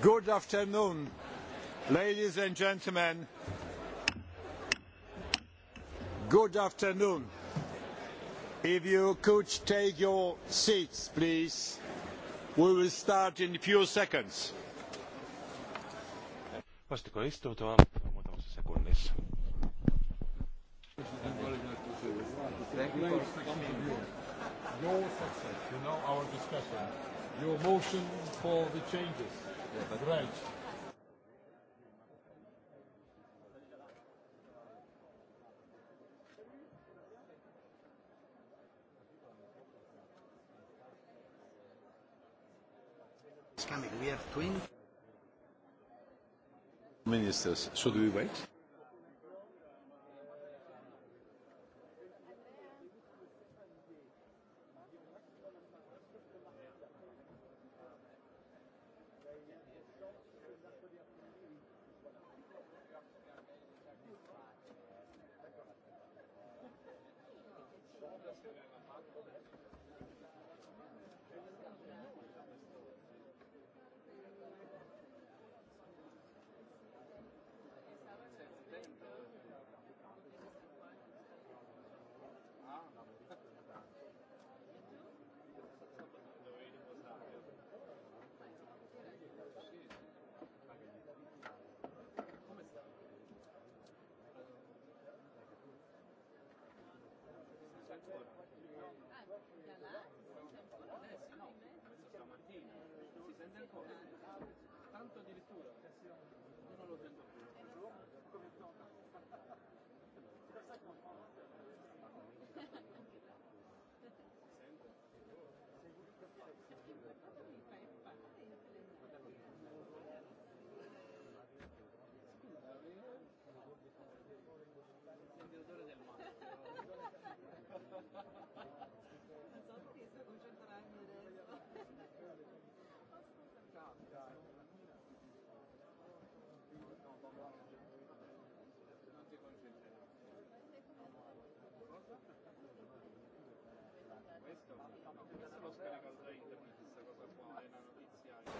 Good afternoon, ladies and gentlemen. Good afternoon. If you could take your seats, please. We will start in a few seconds. Voisitteko istua your motion for the changes. Yeah, but right. It's coming. We have twin ministers. Should we wait?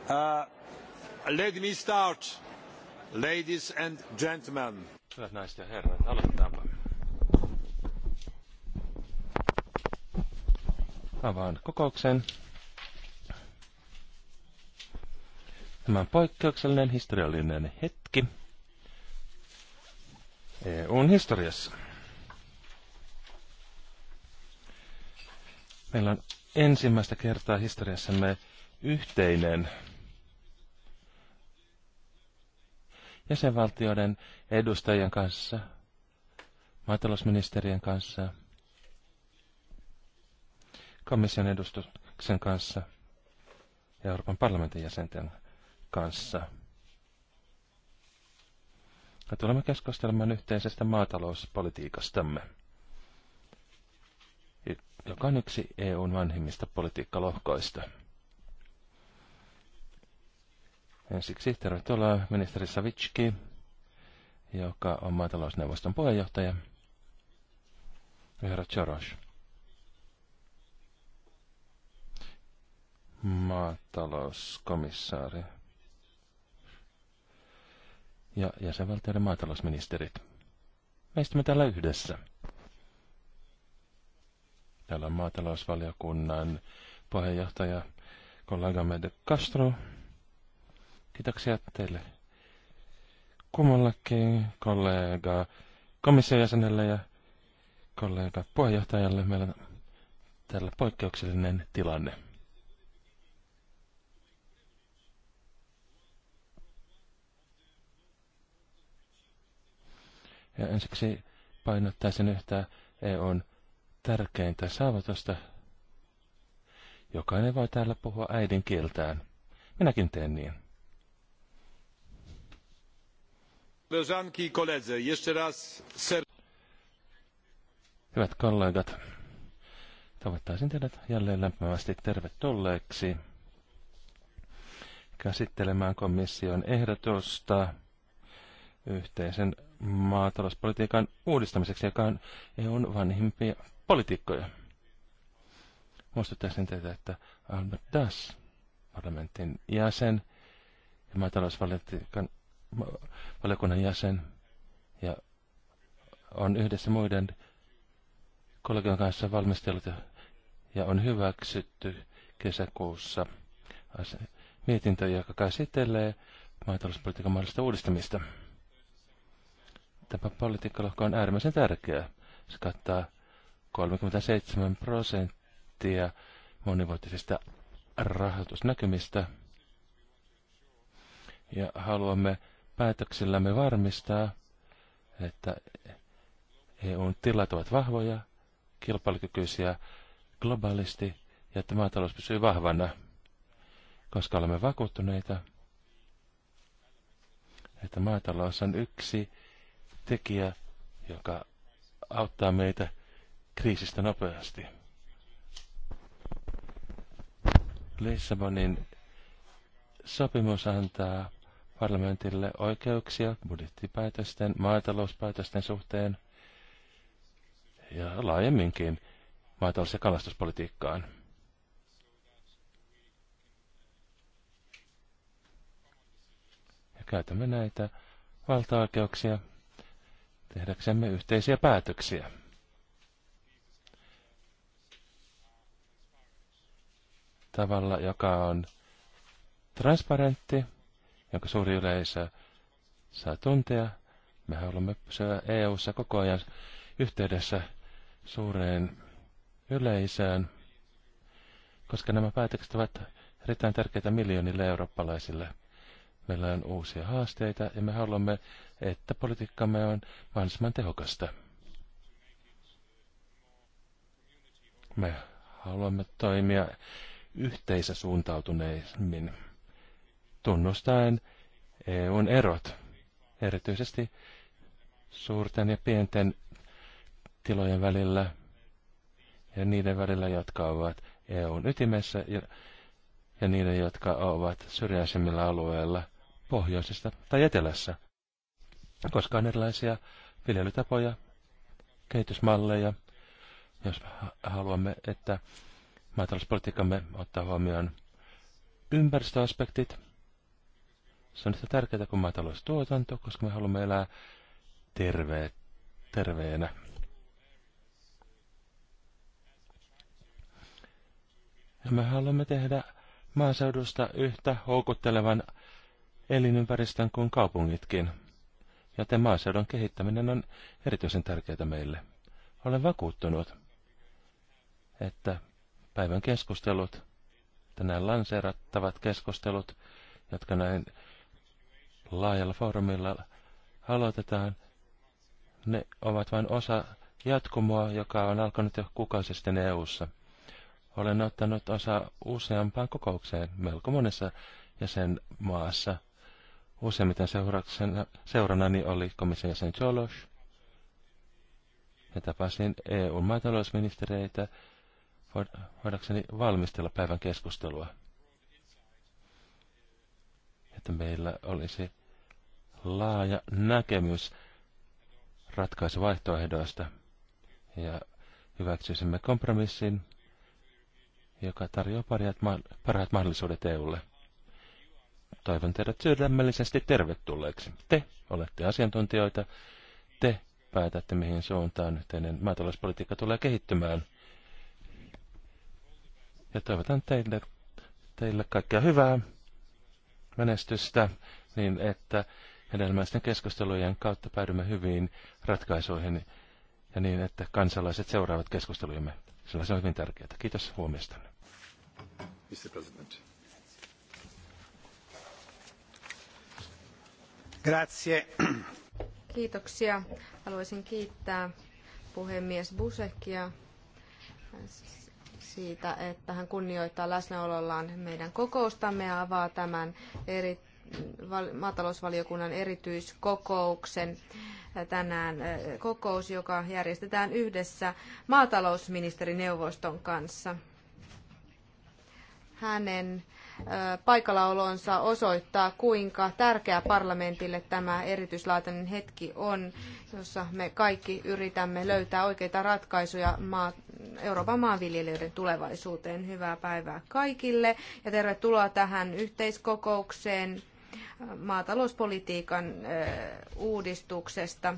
Uh, let me start, ladies and gentlemen. Hyvät naiset ja herrat, aloitetaanpa. Avaan kokouksen. Tämä on poikkeuksellinen historiallinen hetki EUn historiassa. Meillä on ensimmäistä kertaa historiassamme yhteinen jäsenvaltioiden edustajien kanssa, maatalousministerien kanssa, komission edustuksen kanssa ja Euroopan parlamentin jäsenten kanssa. Ja tulemme keskustelemaan yhteisestä maatalouspolitiikastamme joka on yksi EUn vanhimmista politiikkalohkoista. Ensiksi tervetuloa ministeri Savitski, joka on maatalousneuvoston puheenjohtaja, ja herra Choros. Maatalouskomissaari ja jäsenvaltioiden maatalousministerit. Me istumme täällä yhdessä. Täällä on maatalousvaliokunnan puheenjohtaja kollegamme de Castro. Kiitoksia teille kummallakin kollega komission jäsenelle ja kollega puheenjohtajalle. Meillä on täällä poikkeuksellinen tilanne. Ja ensiksi painottaisin yhtä EUn tärkeintä saavutusta. Jokainen voi täällä puhua äidinkieltään. Minäkin teen niin. Hyvät kollegat, toivottaisin teidät jälleen lämpimästi tervetulleeksi käsittelemään komission ehdotusta yhteisen maatalouspolitiikan uudistamiseksi, joka on EUn vanhimpia poliitikkoja. Muistuttaisin teitä, että Albert Das, parlamentin jäsen ja maatalousvaliokunnan jäsen, ja on yhdessä muiden kollegan kanssa valmistellut ja, ja on hyväksytty kesäkuussa mietintö, joka käsittelee maatalouspolitiikan mahdollista uudistamista. Tämä politiikkalohko on äärimmäisen tärkeä. Se kattaa 37 prosenttia monivuotisista rahoitusnäkymistä. Ja haluamme päätöksillämme varmistaa, että EUn tilat ovat vahvoja, kilpailukykyisiä globaalisti ja että maatalous pysyy vahvana, koska olemme vakuuttuneita, että maatalous on yksi tekijä, joka auttaa meitä kriisistä nopeasti. Lissabonin sopimus antaa parlamentille oikeuksia budjettipäätösten, maatalouspäätösten suhteen ja laajemminkin maatalous- ja kalastuspolitiikkaan. Ja käytämme näitä valtaoikeuksia tehdäksemme yhteisiä päätöksiä. tavalla, joka on transparentti, jonka suuri yleisö saa tuntea. Me haluamme pysyä EU-ssa koko ajan yhteydessä suureen yleisöön, koska nämä päätökset ovat erittäin tärkeitä miljoonille eurooppalaisille. Meillä on uusia haasteita ja me haluamme, että politiikkamme on mahdollisimman tehokasta. Me haluamme toimia yhteisö suuntautuneimmin, tunnustaen EUn erot, erityisesti suurten ja pienten tilojen välillä ja niiden välillä, jotka ovat EUn ytimessä ja, ja niiden, jotka ovat syrjäisemmillä alueilla pohjoisesta tai etelässä, koska on erilaisia viljelytapoja, kehitysmalleja, jos haluamme, että maatalouspolitiikkamme ottaa huomioon ympäristöaspektit. Se on yhtä tärkeää kuin maataloustuotanto, koska me haluamme elää terve, terveenä. Ja me haluamme tehdä maaseudusta yhtä houkuttelevan elinympäristön kuin kaupungitkin, joten maaseudun kehittäminen on erityisen tärkeää meille. Olen vakuuttunut, että päivän keskustelut, tänään lanseerattavat keskustelut, jotka näin laajalla foorumilla aloitetaan, ne ovat vain osa jatkumoa, joka on alkanut jo kuukausi sitten EU-ssa. Olen ottanut osaa useampaan kokoukseen melko monessa jäsenmaassa. Useimmiten seurannani oli komission jäsen Cholos. Ja tapasin eu maatalousministereitä voidakseni valmistella päivän keskustelua. Että meillä olisi laaja näkemys ratkaisuvaihtoehdoista ja hyväksyisimme kompromissin, joka tarjoaa parhaat mahdollisuudet EUlle. Toivon teidät sydämellisesti tervetulleeksi. Te olette asiantuntijoita, te päätätte mihin suuntaan yhteinen maatalouspolitiikka tulee kehittymään – ja toivotan teille, teille kaikkea hyvää menestystä niin, että hedelmäisten keskustelujen kautta päädymme hyviin ratkaisuihin ja niin, että kansalaiset seuraavat keskustelujamme. Sillä se on hyvin tärkeää. Kiitos huomiostanne. Mr. President. Grazie. Kiitoksia. Haluaisin kiittää puhemies Busekia siitä, että hän kunnioittaa läsnäolollaan meidän kokoustamme ja avaa tämän eri, maatalousvaliokunnan erityiskokouksen tänään eh, kokous, joka järjestetään yhdessä maatalousministerineuvoston kanssa. Hänen paikallaolonsa osoittaa, kuinka tärkeä parlamentille tämä erityislaatuinen hetki on, jossa me kaikki yritämme löytää oikeita ratkaisuja maa, Euroopan maanviljelijöiden tulevaisuuteen. Hyvää päivää kaikille ja tervetuloa tähän yhteiskokoukseen maatalouspolitiikan uudistuksesta.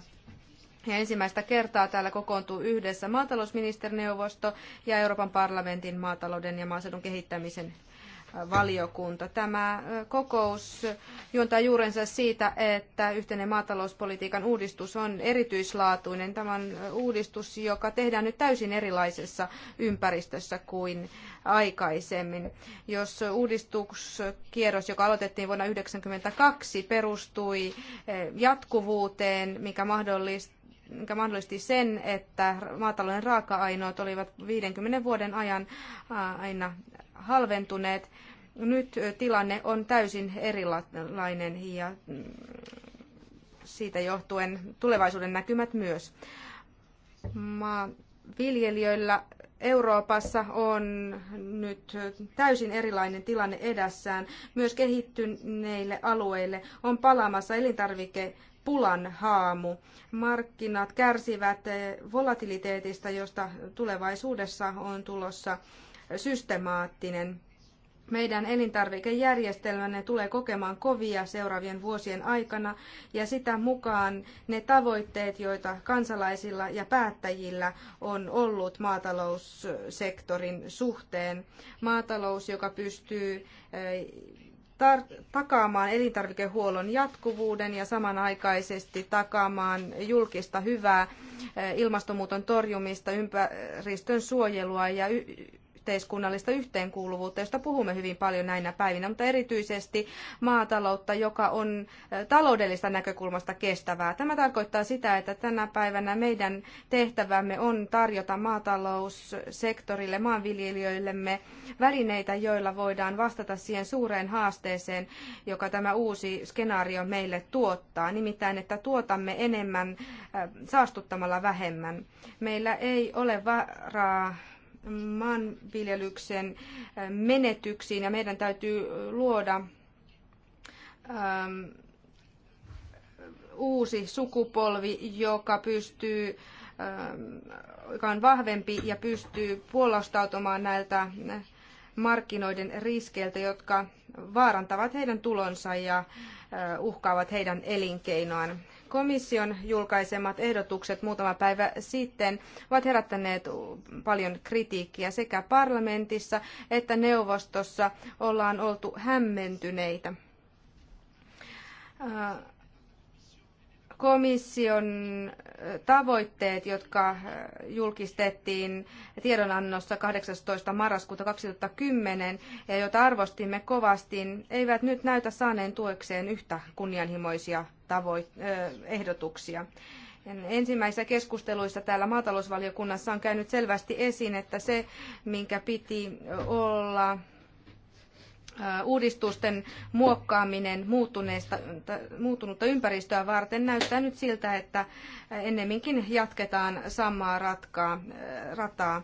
Ja ensimmäistä kertaa täällä kokoontuu yhdessä maatalousministerineuvosto ja Euroopan parlamentin maatalouden ja maaseudun kehittämisen valiokunta. Tämä kokous juontaa juurensa siitä, että yhteinen maatalouspolitiikan uudistus on erityislaatuinen. Tämä on uudistus, joka tehdään nyt täysin erilaisessa ympäristössä kuin aikaisemmin. Jos uudistuskierros, joka aloitettiin vuonna 1992, perustui jatkuvuuteen, mikä mahdollisti mikä mahdollisti sen, että maatalouden raaka ainoat olivat 50 vuoden ajan aina halventuneet. Nyt tilanne on täysin erilainen ja mm, siitä johtuen tulevaisuuden näkymät myös. Maanviljelijöillä Euroopassa on nyt täysin erilainen tilanne edessään. Myös kehittyneille alueille on palaamassa elintarvike pulan haamu. Markkinat kärsivät volatiliteetista, josta tulevaisuudessa on tulossa systemaattinen. Meidän elintarvikejärjestelmänne tulee kokemaan kovia seuraavien vuosien aikana ja sitä mukaan ne tavoitteet, joita kansalaisilla ja päättäjillä on ollut maataloussektorin suhteen. Maatalous, joka pystyy tar- takaamaan elintarvikehuollon jatkuvuuden ja samanaikaisesti takaamaan julkista hyvää eh, ilmastonmuuton torjumista, ympäristön suojelua ja y- yhteiskunnallista yhteenkuuluvuutta, josta puhumme hyvin paljon näinä päivinä, mutta erityisesti maataloutta, joka on taloudellista näkökulmasta kestävää. Tämä tarkoittaa sitä, että tänä päivänä meidän tehtävämme on tarjota maataloussektorille, maanviljelijöillemme välineitä, joilla voidaan vastata siihen suureen haasteeseen, joka tämä uusi skenaario meille tuottaa, nimittäin että tuotamme enemmän saastuttamalla vähemmän. Meillä ei ole varaa maanviljelyksen äh, menetyksiin ja meidän täytyy luoda ähm, uusi sukupolvi, joka pystyy ähm, joka on vahvempi ja pystyy puolustautumaan näiltä äh, markkinoiden riskeiltä, jotka vaarantavat heidän tulonsa ja äh, uhkaavat heidän elinkeinoaan. Komission julkaisemat ehdotukset muutama päivä sitten ovat herättäneet paljon kritiikkiä sekä parlamentissa että neuvostossa ollaan oltu hämmentyneitä. Komission tavoitteet, jotka julkistettiin tiedonannossa 18. marraskuuta 2010 ja joita arvostimme kovasti, eivät nyt näytä saaneen tuekseen yhtä kunnianhimoisia tavoit- ehdotuksia. Ensimmäisissä keskusteluissa täällä maatalousvaliokunnassa on käynyt selvästi esiin, että se, minkä piti olla uudistusten muokkaaminen muuttunutta ympäristöä varten näyttää nyt siltä, että ennemminkin jatketaan samaa ratkaa, rataa.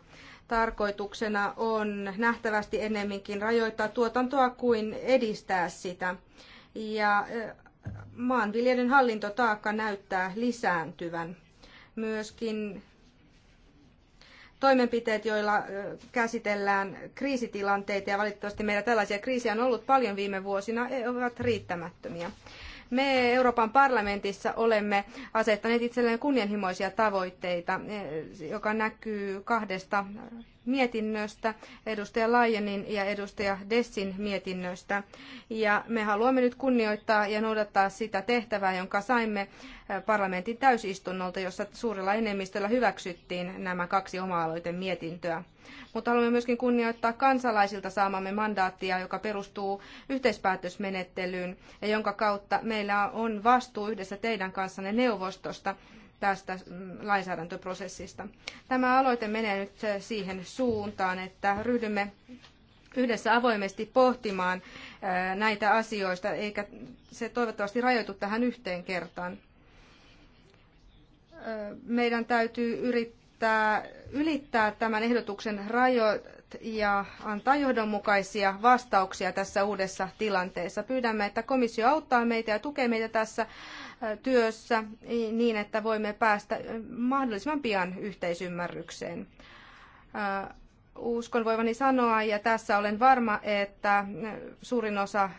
Tarkoituksena on nähtävästi ennemminkin rajoittaa tuotantoa kuin edistää sitä. Ja maanviljelijän hallintotaakka näyttää lisääntyvän. Myöskin toimenpiteet, joilla käsitellään kriisitilanteita, ja valitettavasti meillä tällaisia kriisejä on ollut paljon viime vuosina, e, ovat riittämättömiä. Me Euroopan parlamentissa olemme asettaneet itselleen kunnianhimoisia tavoitteita, e, joka näkyy kahdesta mietinnöstä, edustaja Laajenin ja edustaja Dessin mietinnöstä. Ja me haluamme nyt kunnioittaa ja noudattaa sitä tehtävää, jonka saimme eh, parlamentin täysistunnolta, jossa suurella enemmistöllä hyväksyttiin nämä kaksi oma-aloitemietintöä. Mutta haluamme myöskin kunnioittaa kansalaisilta saamamme mandaattia, joka perustuu yhteispäätösmenettelyyn ja jonka kautta meillä on vastuu yhdessä teidän kanssanne neuvostosta tästä lainsäädäntöprosessista. Tämä aloite menee nyt äh, siihen suuntaan, että ryhdymme yhdessä avoimesti pohtimaan äh, näitä asioista, eikä se toivottavasti rajoitu tähän yhteen kertaan. Äh, meidän täytyy yrittää ylittää tämän ehdotuksen rajo ja antaa johdonmukaisia vastauksia tässä uudessa tilanteessa. Pyydämme, että komissio auttaa meitä ja tukee meitä tässä työssä niin, että voimme päästä mahdollisimman pian yhteisymmärrykseen. Uskon voivani sanoa ja tässä olen varma, että suurin osa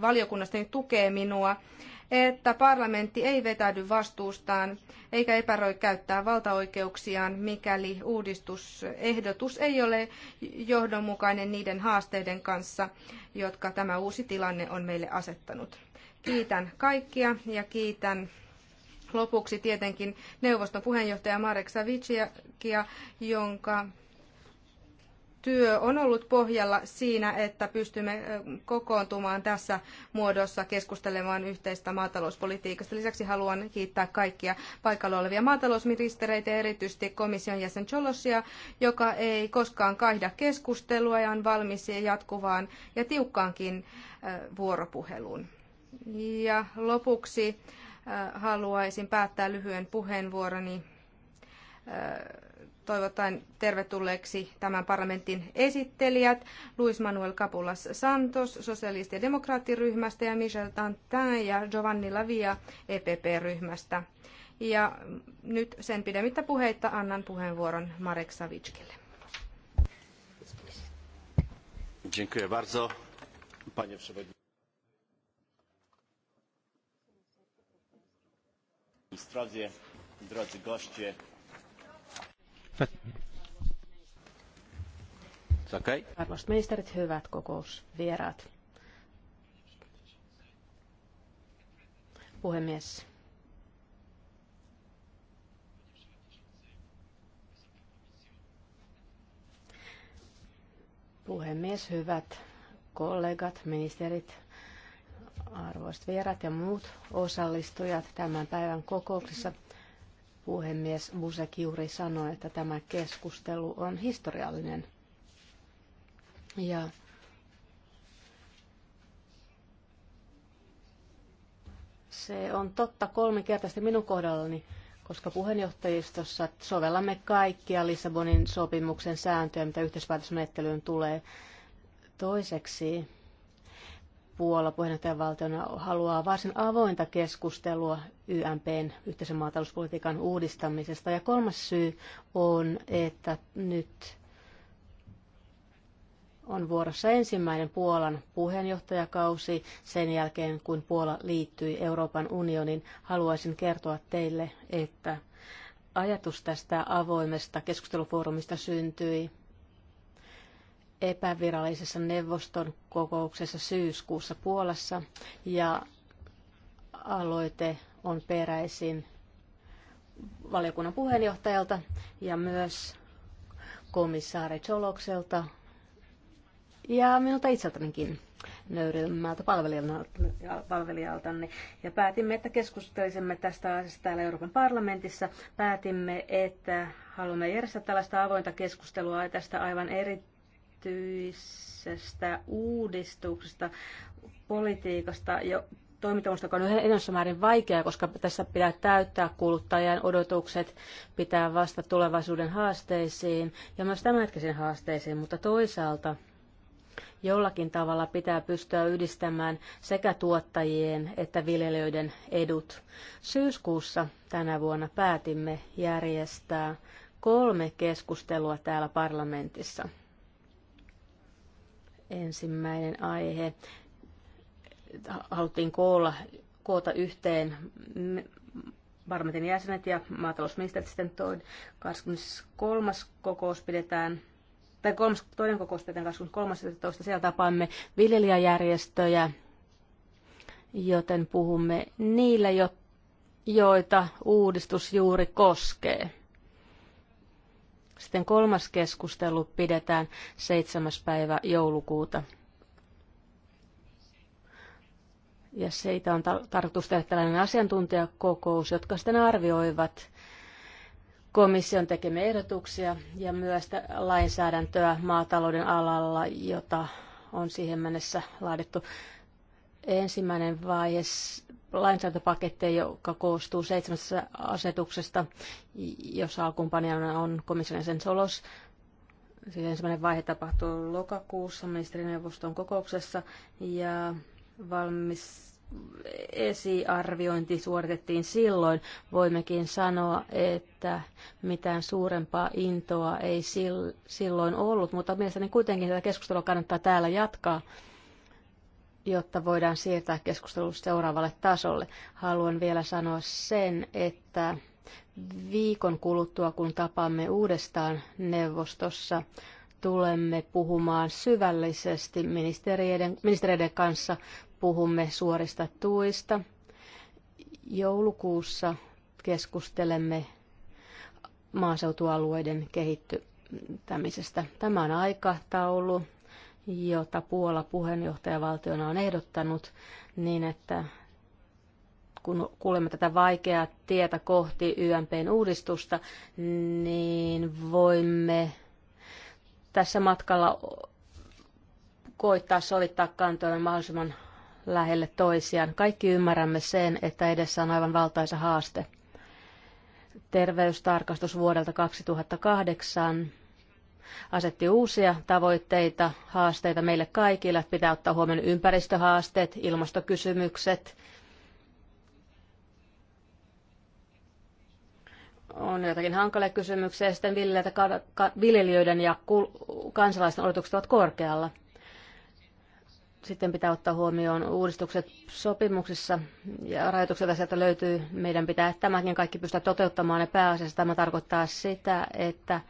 valiokunnasta tukee minua, että parlamentti ei vetäydy vastuustaan eikä epäröi käyttää valtaoikeuksiaan, mikäli uudistusehdotus ei ole johdonmukainen niiden haasteiden kanssa, jotka tämä uusi tilanne on meille asettanut. Kiitän kaikkia ja kiitän lopuksi tietenkin neuvoston puheenjohtaja Marek Saviciakia, jonka työ on ollut pohjalla siinä, että pystymme kokoontumaan tässä muodossa keskustelemaan yhteistä maatalouspolitiikasta. Lisäksi haluan kiittää kaikkia paikalla olevia maatalousministereitä ja erityisesti komission jäsen Cholosia, joka ei koskaan kaihda keskustelua ja on valmis jatkuvaan ja tiukkaankin vuoropuheluun. Ja lopuksi haluaisin päättää lyhyen puheenvuoroni toivotan tervetulleeksi tämän parlamentin esittelijät Luis Manuel Capulas Santos sosialisti- ja demokraattiryhmästä ja Michel Tantin ja Giovanni Lavia EPP-ryhmästä. Ja nyt sen pidemmittä puheitta annan puheenvuoron Marek Savitskille. Dziękuję bardzo, panie przewodniczący. Drodzy goście, Okay. Arvoisat ministerit, hyvät kokousvieraat. Puhemies. Puhemies, hyvät kollegat, ministerit, arvoisat vierat ja muut osallistujat tämän päivän kokouksessa. Puhemies Busek juuri sanoi, että tämä keskustelu on historiallinen. Ja se on totta kolminkertaisesti minun kohdallani, koska puheenjohtajistossa sovellamme kaikkia Lissabonin sopimuksen sääntöjä, mitä yhteispäätösmenettelyyn tulee. Toiseksi Puola puheenjohtajavaltiona haluaa varsin avointa keskustelua YMPn yhteisen maatalouspolitiikan uudistamisesta. Ja kolmas syy on, että nyt on vuorossa ensimmäinen Puolan puheenjohtajakausi sen jälkeen, kun Puola liittyi Euroopan unionin. Haluaisin kertoa teille, että ajatus tästä avoimesta keskustelufoorumista syntyi epävirallisessa neuvoston kokouksessa syyskuussa Puolassa ja aloite on peräisin valiokunnan puheenjohtajalta ja myös komissaari Cholokselta ja minulta itseltänikin nöyrimmältä palvelijalta. Ja päätimme, että keskustelisimme tästä asiasta täällä Euroopan parlamentissa. Päätimme, että haluamme järjestää tällaista avointa keskustelua tästä aivan eri yksityisestä uudistuksesta, politiikasta ja toimintamusta, joka on enemmän määrin vaikeaa, koska tässä pitää täyttää kuluttajien odotukset, pitää vastata tulevaisuuden haasteisiin ja myös tämänhetkisiin haasteisiin, mutta toisaalta jollakin tavalla pitää pystyä yhdistämään sekä tuottajien että viljelijöiden edut. Syyskuussa tänä vuonna päätimme järjestää kolme keskustelua täällä parlamentissa ensimmäinen aihe. Haluttiin koolla, koota yhteen varmaten jäsenet ja maatalousministerit sitten toin 23. kokous pidetään tai kolmas, toinen kokous pidetään 23. Siellä tapaamme viljelijäjärjestöjä, joten puhumme niille, joita uudistus juuri koskee. Sitten kolmas keskustelu pidetään 7. päivä joulukuuta. Ja siitä on tarkoitus tehdä tällainen asiantuntijakokous, jotka sitten arvioivat komission tekemiä ehdotuksia ja myös lainsäädäntöä maatalouden alalla, jota on siihen mennessä laadittu. Ensimmäinen vaihe lainsäädäntöpaketteja, joka koostuu seitsemässä asetuksesta, jossa alkuunpanijana on komission sen solos. sitten siis ensimmäinen vaihe tapahtuu lokakuussa ministerineuvoston kokouksessa ja valmis esiarviointi suoritettiin silloin, voimmekin sanoa, että mitään suurempaa intoa ei silloin ollut, mutta mielestäni kuitenkin tätä keskustelua kannattaa täällä jatkaa jotta voidaan siirtää keskustelu seuraavalle tasolle. Haluan vielä sanoa sen, että viikon kuluttua, kun tapaamme uudestaan neuvostossa, tulemme puhumaan syvällisesti ministeriöiden, ministeriöiden kanssa. Puhumme suorista tuista. Joulukuussa keskustelemme maaseutualueiden kehittymisestä. Tämä on aikataulu, jota Puola puheenjohtajavaltiona on ehdottanut, niin että kun kuulemme tätä vaikeaa tietä kohti YMPn uudistusta, niin voimme tässä matkalla koittaa sovittaa kantoja mahdollisimman lähelle toisiaan. Kaikki ymmärrämme sen, että edessä on aivan valtaisa haaste. Terveystarkastus vuodelta 2008 asetti uusia tavoitteita, haasteita meille kaikille. Pitää ottaa huomioon ympäristöhaasteet, ilmastokysymykset. On jotakin hankalia kysymyksiä. Sitten viljelijöiden ja kansalaisten odotukset ovat korkealla. Sitten pitää ottaa huomioon uudistukset sopimuksissa ja rajoitukset sieltä löytyy. Meidän pitää tämäkin kaikki pystyä toteuttamaan ja pääasiassa tämä tarkoittaa sitä, että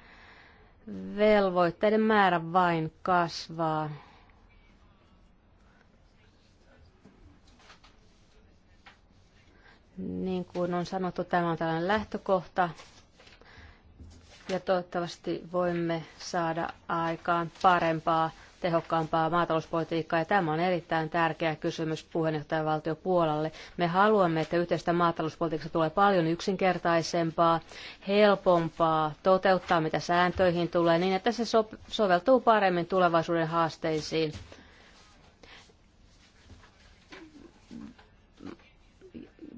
velvoitteiden määrä vain kasvaa. Niin kuin on sanottu, tämä on tällainen lähtökohta. Ja toivottavasti voimme saada aikaan parempaa tehokkaampaa maatalouspolitiikkaa, ja tämä on erittäin tärkeä kysymys puheenjohtajavaltio Puolalle. Me haluamme, että yhteistä maatalouspolitiikasta tulee paljon yksinkertaisempaa, helpompaa toteuttaa, mitä sääntöihin tulee, niin että se soveltuu paremmin tulevaisuuden haasteisiin.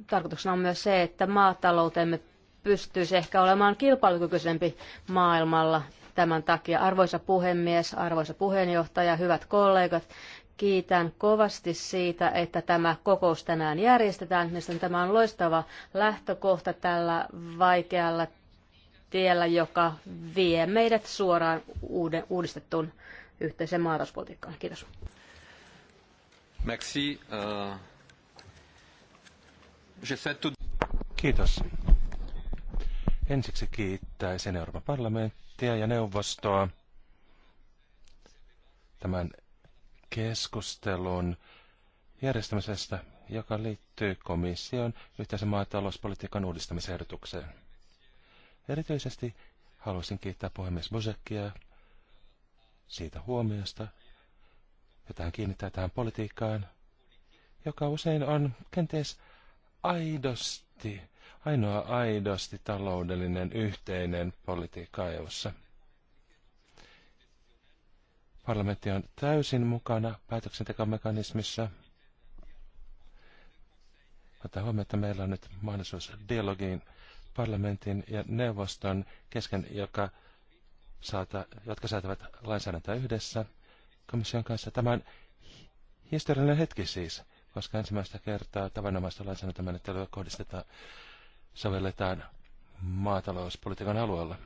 Tarkoituksena on myös se, että maataloutemme pystyisi ehkä olemaan kilpailukykyisempi maailmalla tämän takia. Arvoisa puhemies, arvoisa puheenjohtaja, hyvät kollegat, kiitän kovasti siitä, että tämä kokous tänään järjestetään. Mielestäni tämä on loistava lähtökohta tällä vaikealla tiellä, joka vie meidät suoraan uuden, uudistettuun yhteiseen maatalouspolitiikkaan. Kiitos. Merci. Euh, Kiitos. Ensiksi kiittäisin Euroopan parlamenttia parlamenttia ja neuvostoa tämän keskustelun järjestämisestä, joka liittyy komission yhteisen maatalouspolitiikan uudistamisehdotukseen. Erityisesti haluaisin kiittää puhemies Bosekkiä siitä huomiosta, jota hän kiinnittää tähän politiikkaan, joka usein on kenties aidosti ainoa aidosti taloudellinen yhteinen politiikka EU:ssa. Parlamentti on täysin mukana päätöksentekomekanismissa. Ottaa huomioon, että meillä on nyt mahdollisuus dialogiin parlamentin ja neuvoston kesken, joka saata, jotka säätävät lainsäädäntöä yhdessä komission kanssa. Tämän historiallinen hetki siis, koska ensimmäistä kertaa tavanomaista lainsäädäntömenettelyä kohdistetaan sovelletaan maatalouspolitiikan alueella.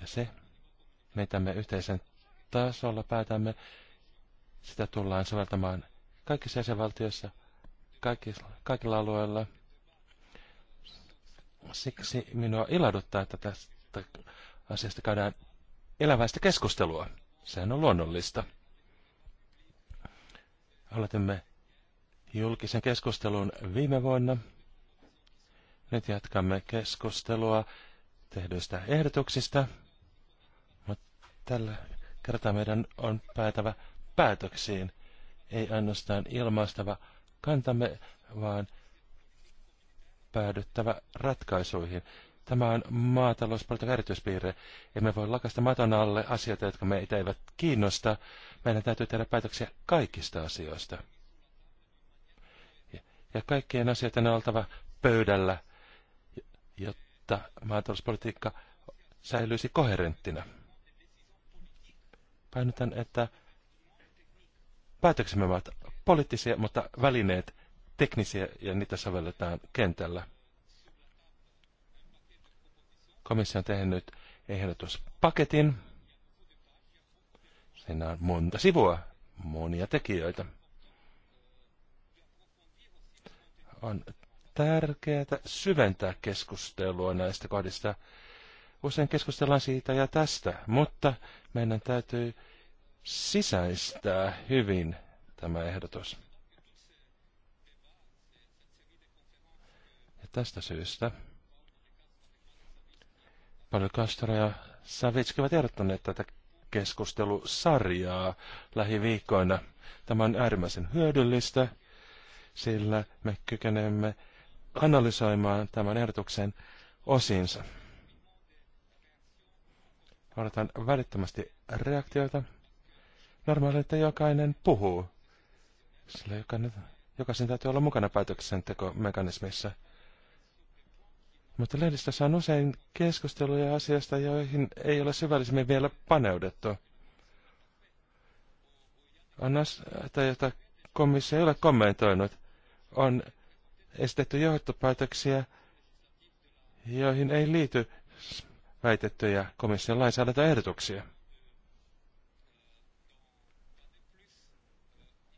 Ja se, mitä me yhteisen tasolla päätämme, sitä tullaan soveltamaan kaikissa jäsenvaltioissa, kaikilla, kaikilla alueilla. Siksi minua ilahduttaa, että tästä asiasta käydään eläväistä keskustelua. Sehän on luonnollista. Oletimme julkisen keskustelun viime vuonna. Nyt jatkamme keskustelua tehdyistä ehdotuksista, mutta tällä kertaa meidän on päätävä päätöksiin, ei ainoastaan ilmaistava kantamme, vaan päädyttävä ratkaisuihin. Tämä on maatalouspolitiikan erityispiirre. Emme voi lakasta maton alle asioita, jotka meitä eivät kiinnosta. Meidän täytyy tehdä päätöksiä kaikista asioista ja kaikkien asioiden on oltava pöydällä, jotta maatalouspolitiikka säilyisi koherenttina. Painotan, että päätöksemme ovat poliittisia, mutta välineet teknisiä ja niitä sovelletaan kentällä. Komissio on tehnyt ehdotuspaketin. Siinä on monta sivua, monia tekijöitä. On tärkeää syventää keskustelua näistä kohdista. Usein keskustellaan siitä ja tästä, mutta meidän täytyy sisäistää hyvin tämä ehdotus. Ja tästä syystä Paljon Kastora ja Savitski ovat ehdottaneet tätä keskustelusarjaa lähiviikkoina. Tämä on äärimmäisen hyödyllistä sillä me kykenemme analysoimaan tämän ehdotuksen osiinsa. Odotan välittömästi reaktioita. Normaali, että jokainen puhuu, sillä jokainen, jokaisen täytyy olla mukana päätöksentekomekanismissa. Mutta lehdistössä on usein keskusteluja asiasta, joihin ei ole syvällisemmin vielä paneudettu. On asioita, jota komissio ei ole kommentoinut on estetty johtopäätöksiä, joihin ei liity väitettyjä komission lainsäädäntöehdotuksia.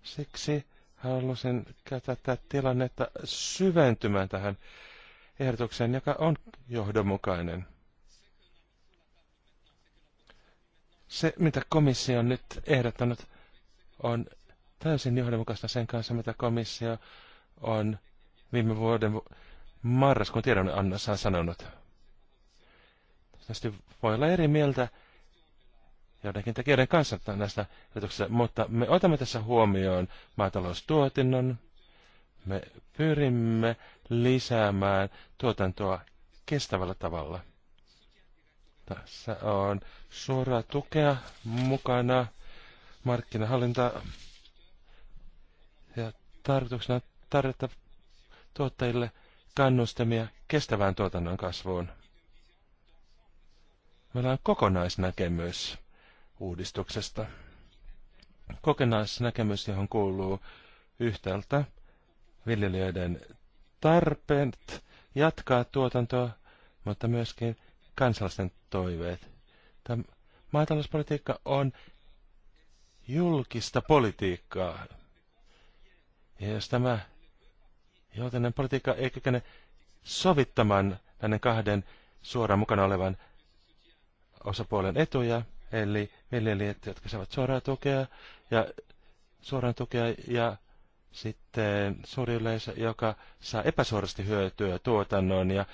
Siksi halusin käyttää tätä tilannetta syventymään tähän ehdotukseen, joka on johdonmukainen. Se, mitä komissio on nyt ehdottanut, on täysin johdonmukaista sen kanssa, mitä komissio on viime vuoden marraskuun tiedon annassaan sanonut. Tästä voi olla eri mieltä joidenkin tekijöiden kanssa näistä ajatuksista, mutta me otamme tässä huomioon maataloustuotinnon. Me pyrimme lisäämään tuotantoa kestävällä tavalla. Tässä on suoraa tukea mukana, markkinahallinta ja tarkoituksena tarjota tuottajille kannustamia kestävään tuotannon kasvuun. Meillä on kokonaisnäkemys uudistuksesta. Kokonaisnäkemys, johon kuuluu yhtäältä viljelijöiden tarpeet jatkaa tuotantoa, mutta myöskin kansalaisten toiveet. Tämä maatalouspolitiikka on julkista politiikkaa. Ja jos tämä Joten politiikka ei kykene sovittamaan näiden kahden suoraan mukana olevan osapuolen etuja, eli viljelijät, jotka saavat suoraa tukea ja suoraan tukea ja sitten suuri yleisö, joka saa epäsuorasti hyötyä tuotannon ja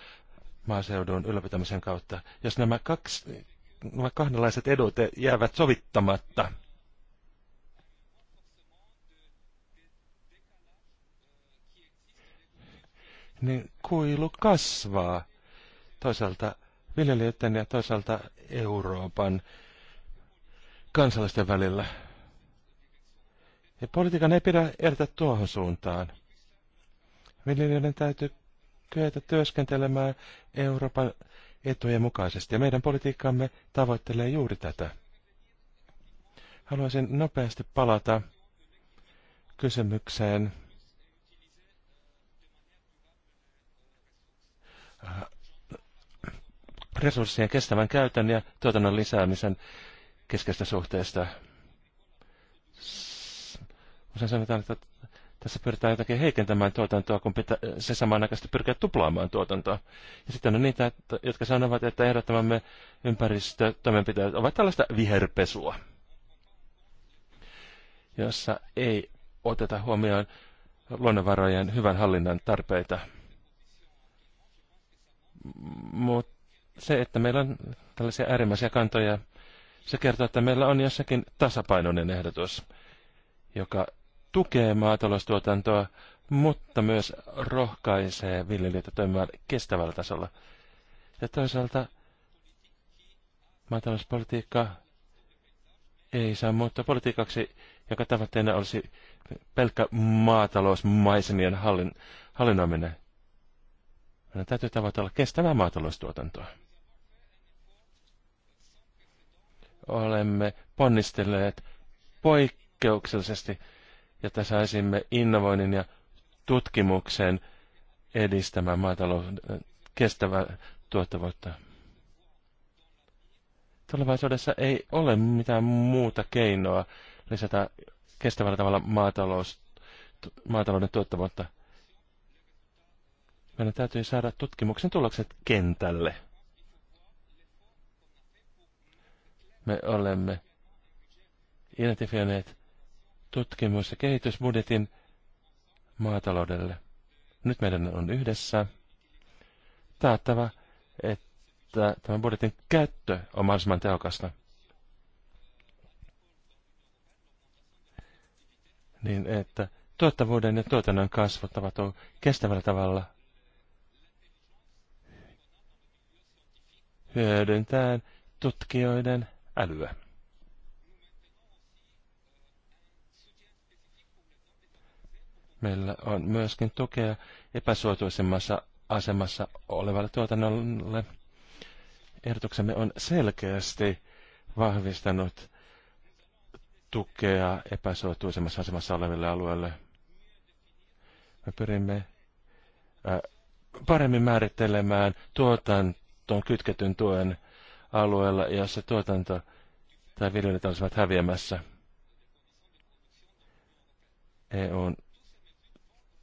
maaseudun ylläpitämisen kautta. Jos nämä, kaksi, nämä kahdenlaiset edut jäävät sovittamatta, niin kuilu kasvaa. Toisaalta viljelijöiden ja toisaalta Euroopan kansalaisten välillä. Ja politiikan ei pidä edetä tuohon suuntaan. Viljelijöiden täytyy kyetä työskentelemään Euroopan etujen mukaisesti, ja meidän politiikkamme tavoittelee juuri tätä. Haluaisin nopeasti palata kysymykseen resurssien kestävän käytön ja tuotannon lisäämisen keskeistä suhteesta. Usein sanotaan, että tässä pyritään jotakin heikentämään tuotantoa, kun pitää, se samanaikaisesti pyrkiä tuplaamaan tuotantoa. Ja sitten on niitä, jotka sanovat, että ehdottamamme ympäristötoimenpiteet ovat tällaista viherpesua, jossa ei oteta huomioon luonnonvarojen hyvän hallinnan tarpeita. Mutta se, että meillä on tällaisia äärimmäisiä kantoja, se kertoo, että meillä on jossakin tasapainoinen ehdotus, joka tukee maataloustuotantoa, mutta myös rohkaisee viljelijöitä toimimaan kestävällä tasolla. Ja toisaalta maatalouspolitiikka ei saa muuttua politiikaksi, joka tavoitteena olisi pelkkä maatalousmaisemien hallin, hallinnoiminen. Meidän täytyy tavoitella kestävää maataloustuotantoa. Olemme ponnistelleet poikkeuksellisesti, jotta saisimme innovoinnin ja tutkimuksen edistämään maatalouden kestävää tuottavuutta. Tulevaisuudessa ei ole mitään muuta keinoa lisätä kestävällä tavalla maatalous, maatalouden tuottavuutta meidän täytyy saada tutkimuksen tulokset kentälle. Me olemme identifioineet tutkimus- ja kehitysbudjetin maataloudelle. Nyt meidän on yhdessä taattava, että tämän budjetin käyttö on mahdollisimman tehokasta. Niin, että tuottavuuden ja tuotannon kasvot ovat kestävällä tavalla hyödyntäen tutkijoiden älyä. Meillä on myöskin tukea epäsuotuisemmassa asemassa olevalle tuotannolle. Ehdotuksemme on selkeästi vahvistanut tukea epäsuotuisemmassa asemassa oleville alueille. Me pyrimme paremmin määrittelemään tuotantoa tuon kytketyn tuen alueella, jossa tuotanto tai viljelijät olisivat häviämässä. EUn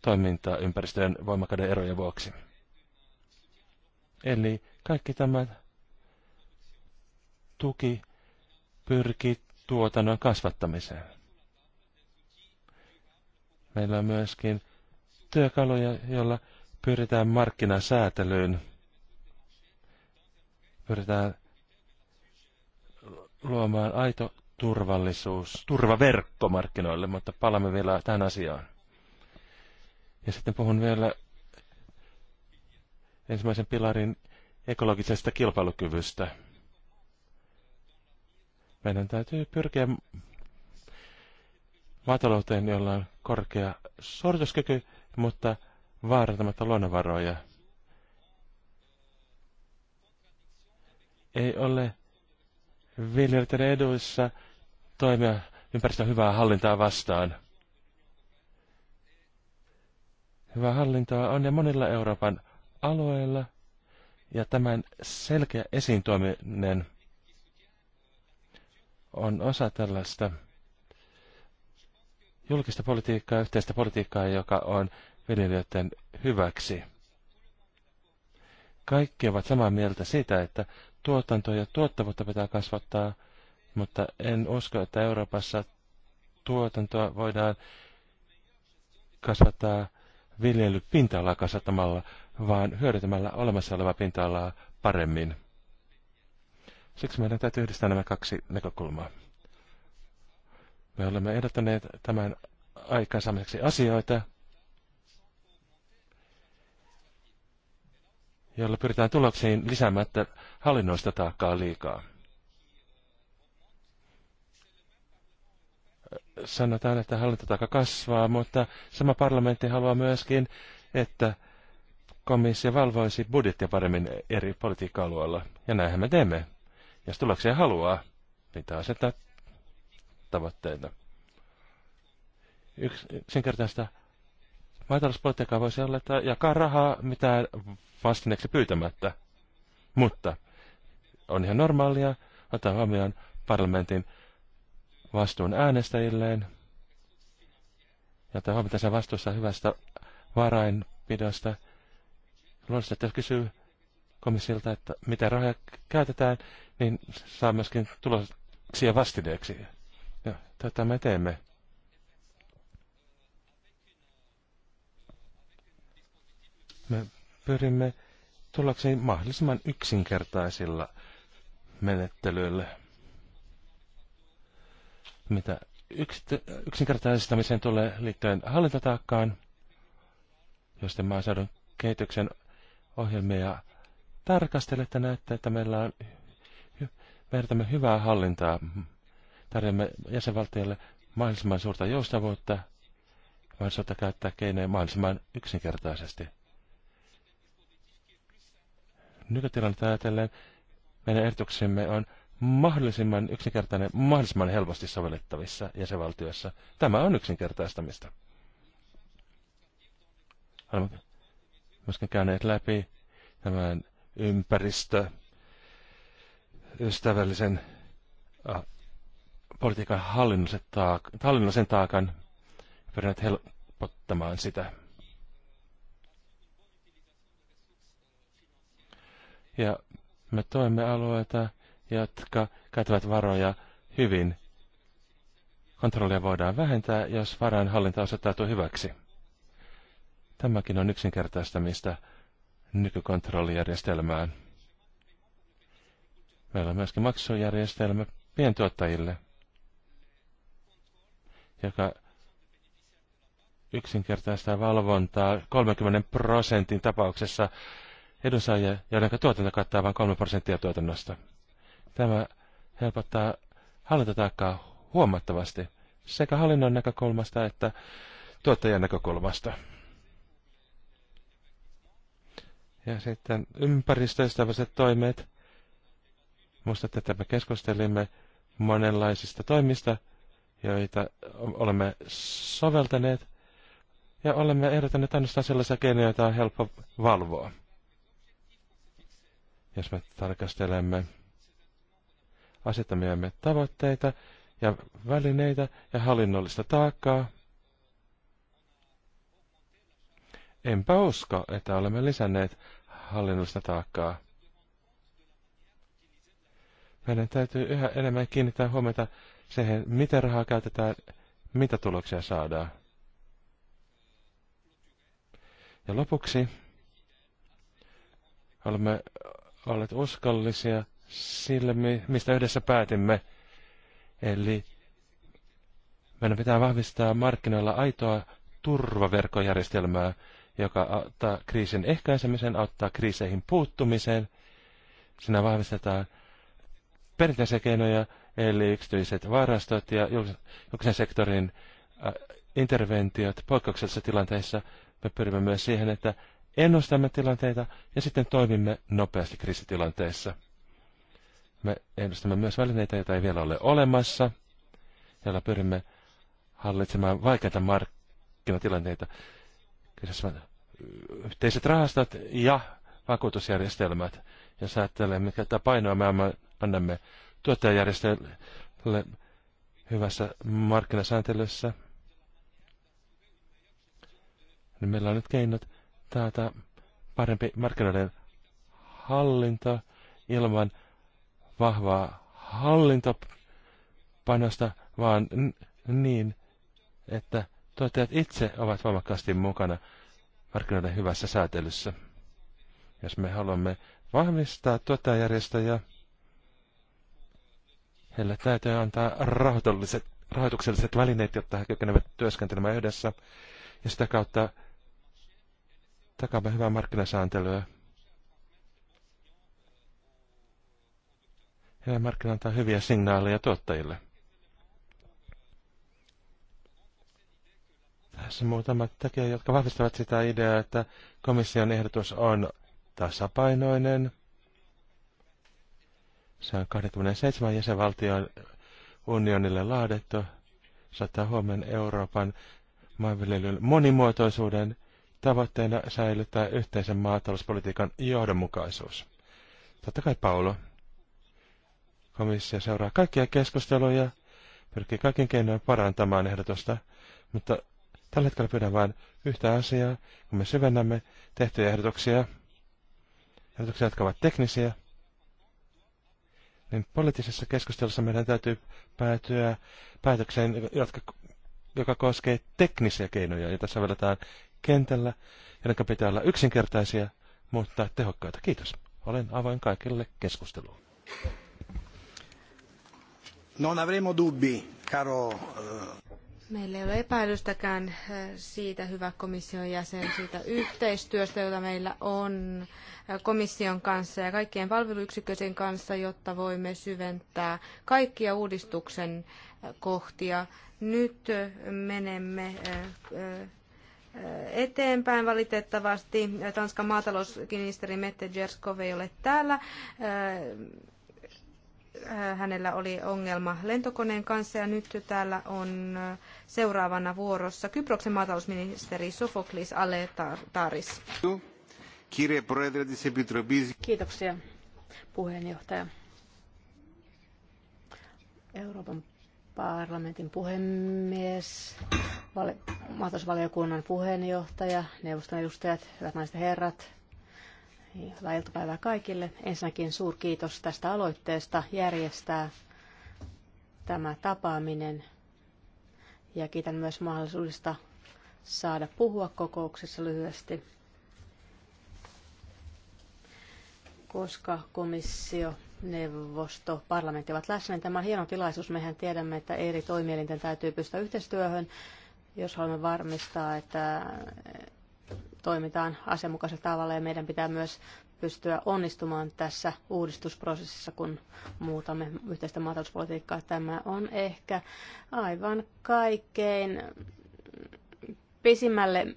toimintaympäristöjen voimakkaiden erojen vuoksi. Eli kaikki tämä tuki pyrkii tuotannon kasvattamiseen. Meillä on myöskin työkaluja, joilla pyritään markkinasäätelyyn pyritään luomaan aito turvallisuus, turvaverkko markkinoille, mutta palaamme vielä tähän asiaan. Ja sitten puhun vielä ensimmäisen pilarin ekologisesta kilpailukyvystä. Meidän täytyy pyrkiä maatalouteen, jolla on korkea suorituskyky, mutta vaarantamatta luonnonvaroja – ei ole viljelijöiden eduissa toimia ympäristön hyvää hallintaa vastaan. Hyvää hallintoa on ja monilla Euroopan alueilla, ja tämän selkeä esiintuominen on osa tällaista julkista politiikkaa, yhteistä politiikkaa, joka on viljelijöiden hyväksi. Kaikki ovat samaa mieltä siitä, että tuotantoa ja tuottavuutta pitää kasvattaa, mutta en usko, että Euroopassa tuotantoa voidaan kasvattaa viljelypinta-alaa kasvattamalla, vaan hyödyntämällä olemassa olevaa pinta-alaa paremmin. Siksi meidän täytyy yhdistää nämä kaksi näkökulmaa. Me olemme ehdottaneet tämän aikaansaamiseksi asioita, jolla pyritään tuloksiin lisäämättä hallinnoista taakkaa liikaa. Sanotaan, että hallintotaakka kasvaa, mutta sama parlamentti haluaa myöskin, että komissio valvoisi budjettia paremmin eri politiikka-alueilla. Ja näinhän me teemme. Jos tuloksia haluaa, pitää niin asettaa tavoitteita. Yksinkertaista maatalouspolitiikkaa voisi olla, että jakaa rahaa, mitä vastineeksi pyytämättä. Mutta on ihan normaalia ottaa huomioon parlamentin vastuun äänestäjilleen ja ottaa huomioon tässä vastuussa hyvästä varainpidosta. Luonnollisesti, jos kysyy komissilta, että mitä rahoja käytetään, niin saa myöskin tuloksia vastineeksi. Ja tätä me teemme. me pyrimme tullakseen mahdollisimman yksinkertaisilla menettelyillä. Mitä yksinkertaistamiseen tulee liittyen hallintataakkaan, josta saadun kehityksen ohjelmia että näette, että meillä on me hyvää hallintaa. Tarjoamme jäsenvaltiolle mahdollisimman suurta joustavuutta, mahdollisuutta käyttää keinoja mahdollisimman yksinkertaisesti – nykytilannetta ajatellen meidän ehdotuksemme on mahdollisimman yksinkertainen, mahdollisimman helposti sovellettavissa jäsenvaltioissa. Tämä on yksinkertaistamista. Olemme myöskin käyneet läpi tämän ympäristö ystävällisen äh, politiikan hallinnollisen taakan, hallinnollisen taakan pyrkineet helpottamaan sitä. Ja me toimme alueita, jotka käyttävät varoja hyvin. Kontrollia voidaan vähentää, jos varainhallinta osoittautuu hyväksi. Tämäkin on yksinkertaistamista nykykontrollijärjestelmään. Meillä on myöskin maksujärjestelmä pientuottajille, joka yksinkertaistaa valvontaa 30 prosentin tapauksessa edunsaajia, joiden tuotanto kattaa vain 3 prosenttia tuotannosta. Tämä helpottaa hallintotaakkaa huomattavasti sekä hallinnon näkökulmasta että tuottajan näkökulmasta. Ja sitten ympäristöystävälliset toimet. Muistatte, että me keskustelimme monenlaisista toimista, joita olemme soveltaneet, ja olemme ehdottaneet ainoastaan sellaisia keinoja, joita on helppo valvoa jos me tarkastelemme asettamiamme tavoitteita ja välineitä ja hallinnollista taakkaa. Enpä usko, että olemme lisänneet hallinnollista taakkaa. Meidän täytyy yhä enemmän kiinnittää huomiota siihen, miten rahaa käytetään, mitä tuloksia saadaan. Ja lopuksi olemme Olet uskollisia sille, mistä yhdessä päätimme. Eli meidän pitää vahvistaa markkinoilla aitoa turvaverkkojärjestelmää, joka auttaa kriisin ehkäisemiseen, auttaa kriiseihin puuttumiseen. Siinä vahvistetaan perinteisiä keinoja, eli yksityiset varastot ja julkisen sektorin äh, interventiot poikkeuksellisissa tilanteissa. Me pyrimme myös siihen, että ennustamme tilanteita ja sitten toimimme nopeasti kriisitilanteessa. Me ennustamme myös välineitä, joita ei vielä ole olemassa, joilla pyrimme hallitsemaan vaikeita markkinatilanteita. Yhteiset rahastot ja vakuutusjärjestelmät, ja ajattelee, mikä tämä painoa me annamme tuottajajärjestelmälle hyvässä markkinasääntelyssä, niin meillä on nyt keinot Tätä parempi markkinoiden hallinto ilman vahvaa hallintopanosta, vaan niin, että tuottajat itse ovat voimakkaasti mukana markkinoiden hyvässä säätelyssä. Jos me haluamme vahvistaa tuottajajärjestöjä, heille täytyy antaa rahoitukselliset välineet, jotta he kykenevät työskentelemään yhdessä ja sitä kautta Takaamme hyvää markkinasääntelyä. Hyvä markkina antaa hyviä signaaleja tuottajille. Tässä muutama tekijä, jotka vahvistavat sitä ideaa, että komission ehdotus on tasapainoinen. Se on 27 jäsenvaltion unionille laadettu. Se ottaa huomioon Euroopan maanviljelyn monimuotoisuuden tavoitteena säilyttää yhteisen maatalouspolitiikan johdonmukaisuus. Totta kai Paulo. Komissio seuraa kaikkia keskusteluja, pyrkii kaiken keinoin parantamaan ehdotusta, mutta tällä hetkellä pyydän vain yhtä asiaa, kun me syvennämme tehtyjä ehdotuksia, ehdotuksia, jotka ovat teknisiä, niin poliittisessa keskustelussa meidän täytyy päätyä päätökseen, jotka, joka koskee teknisiä keinoja, joita sovelletaan kentällä, joiden pitää olla yksinkertaisia, mutta tehokkaita. Kiitos. Olen avoin kaikille keskusteluun. Non avremo dubbi, caro... Eh. Meillä ei ole epäilystäkään eh, siitä, hyvä komission jäsen, siitä yhteistyöstä, jota meillä on eh, komission kanssa ja kaikkien palveluyksiköiden kanssa, jotta voimme syventää kaikkia uudistuksen kohtia. Nyt menemme eteenpäin. Valitettavasti Tanskan maatalousministeri Mette Jerskov ei ole täällä. Äh, hänellä oli ongelma lentokoneen kanssa ja nyt täällä on seuraavana vuorossa Kyproksen maatalousministeri Sofoklis Aletaris. Kiitoksia puheenjohtaja. Euroopan parlamentin puhemies, vali, maatalousvaliokunnan puheenjohtaja, neuvoston edustajat, hyvät naiset ja herrat, hyvää iltapäivää kaikille. Ensinnäkin suurkiitos tästä aloitteesta järjestää tämä tapaaminen ja kiitän myös mahdollisuudesta saada puhua kokouksessa lyhyesti, koska komissio neuvosto, parlamentti ovat läsnä. Niin tämä on hieno tilaisuus. Mehän tiedämme, että eri toimielinten täytyy pystyä yhteistyöhön, jos haluamme varmistaa, että toimitaan asianmukaisella tavalla ja meidän pitää myös pystyä onnistumaan tässä uudistusprosessissa, kun muutamme yhteistä maatalouspolitiikkaa. Tämä on ehkä aivan kaikkein pisimmälle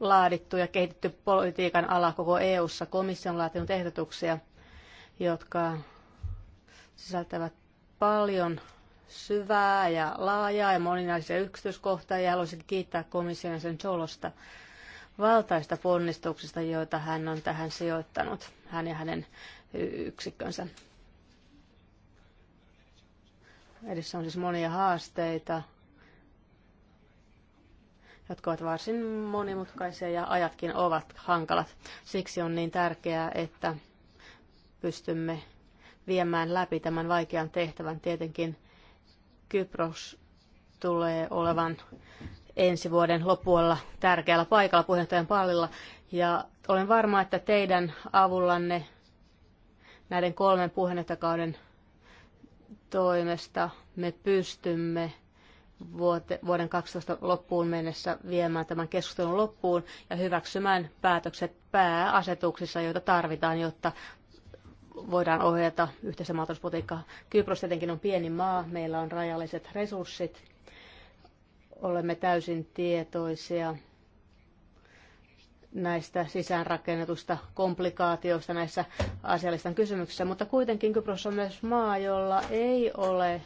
laadittu ja kehitetty politiikan ala koko EU:ssa. Komissio on laatinut ehdotuksia, jotka sisältävät paljon syvää ja laajaa ja moninaisia yksityiskohtia ja haluaisin kiittää komission sen Jolosta valtaista ponnistuksista, joita hän on tähän sijoittanut, hän ja hänen yksikkönsä. Edessä on siis monia haasteita, jotka ovat varsin monimutkaisia ja ajatkin ovat hankalat. Siksi on niin tärkeää, että pystymme viemään läpi tämän vaikean tehtävän. Tietenkin Kypros tulee olevan ensi vuoden lopulla tärkeällä paikalla puheenjohtajan pallilla. Ja olen varma, että teidän avullanne näiden kolmen puheenjohtajakauden toimesta me pystymme vuote, vuoden 12 loppuun mennessä viemään tämän keskustelun loppuun ja hyväksymään päätökset pääasetuksissa, joita tarvitaan, jotta voidaan ohjata yhteistä maatalouspolitiikkaa. Kypros tietenkin on pieni maa, meillä on rajalliset resurssit, olemme täysin tietoisia näistä sisäänrakennetusta komplikaatioista näissä asiallisten kysymyksissä, mutta kuitenkin Kypros on myös maa, jolla ei ole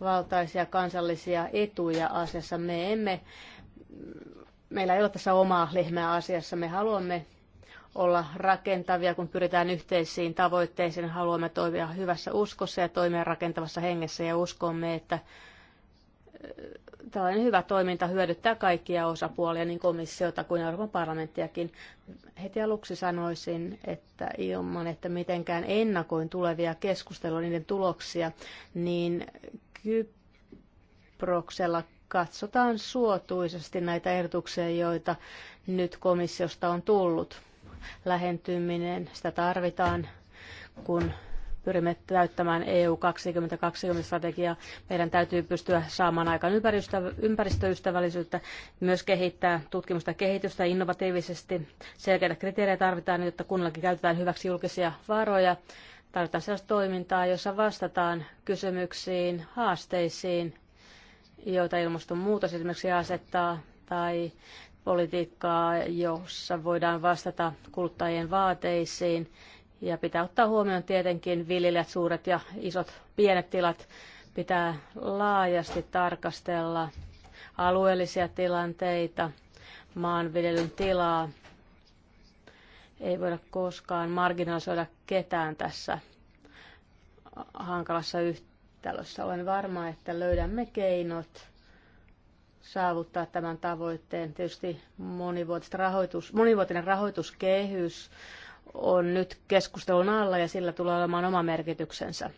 valtaisia kansallisia etuja asiassa. Me emme, meillä ei ole tässä omaa lehmää asiassa. Me haluamme olla rakentavia, kun pyritään yhteisiin tavoitteisiin. Haluamme toimia hyvässä uskossa ja toimia rakentavassa hengessä ja uskomme, että äh, tällainen hyvä toiminta hyödyttää kaikkia osapuolia, niin komissiota kuin Euroopan parlamenttiakin. Heti aluksi sanoisin, että ilman, että mitenkään ennakoin tulevia keskusteluja, niiden tuloksia, niin Kyproksella katsotaan suotuisesti näitä ehdotuksia, joita nyt komissiosta on tullut lähentyminen, sitä tarvitaan, kun pyrimme täyttämään EU 2020-strategiaa. Meidän täytyy pystyä saamaan aikaan ympäristöystävällisyyttä, myös kehittää tutkimusta ja kehitystä innovatiivisesti. Selkeitä kriteerejä tarvitaan, jotta kunnallakin käytetään hyväksi julkisia varoja. Tarvitaan sellaista toimintaa, jossa vastataan kysymyksiin, haasteisiin, joita ilmastonmuutos esimerkiksi asettaa, tai politiikkaa, jossa voidaan vastata kuluttajien vaateisiin. Ja pitää ottaa huomioon tietenkin viljelijät, suuret ja isot pienet tilat. Pitää laajasti tarkastella alueellisia tilanteita, maanviljelyn tilaa. Ei voida koskaan marginalisoida ketään tässä hankalassa yhtälössä. Olen varma, että löydämme keinot saavuttaa tämän tavoitteen. Tietysti rahoitus, monivuotinen rahoituskehys on nyt keskustelun alla ja sillä tulee olemaan oma merkityksensä.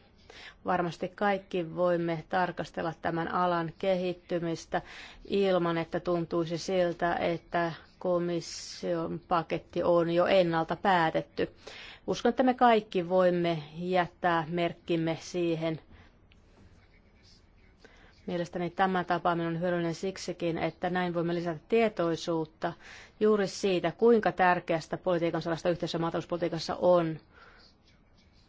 Varmasti kaikki voimme tarkastella tämän alan kehittymistä ilman, että tuntuisi siltä, että komission paketti on jo ennalta päätetty. Uskon, että me kaikki voimme jättää merkkimme siihen, Mielestäni tämä tapaaminen on hyödyllinen siksikin, että näin voimme lisätä tietoisuutta juuri siitä, kuinka tärkeästä politiikan sellaista yhteisessä maatalouspolitiikassa on.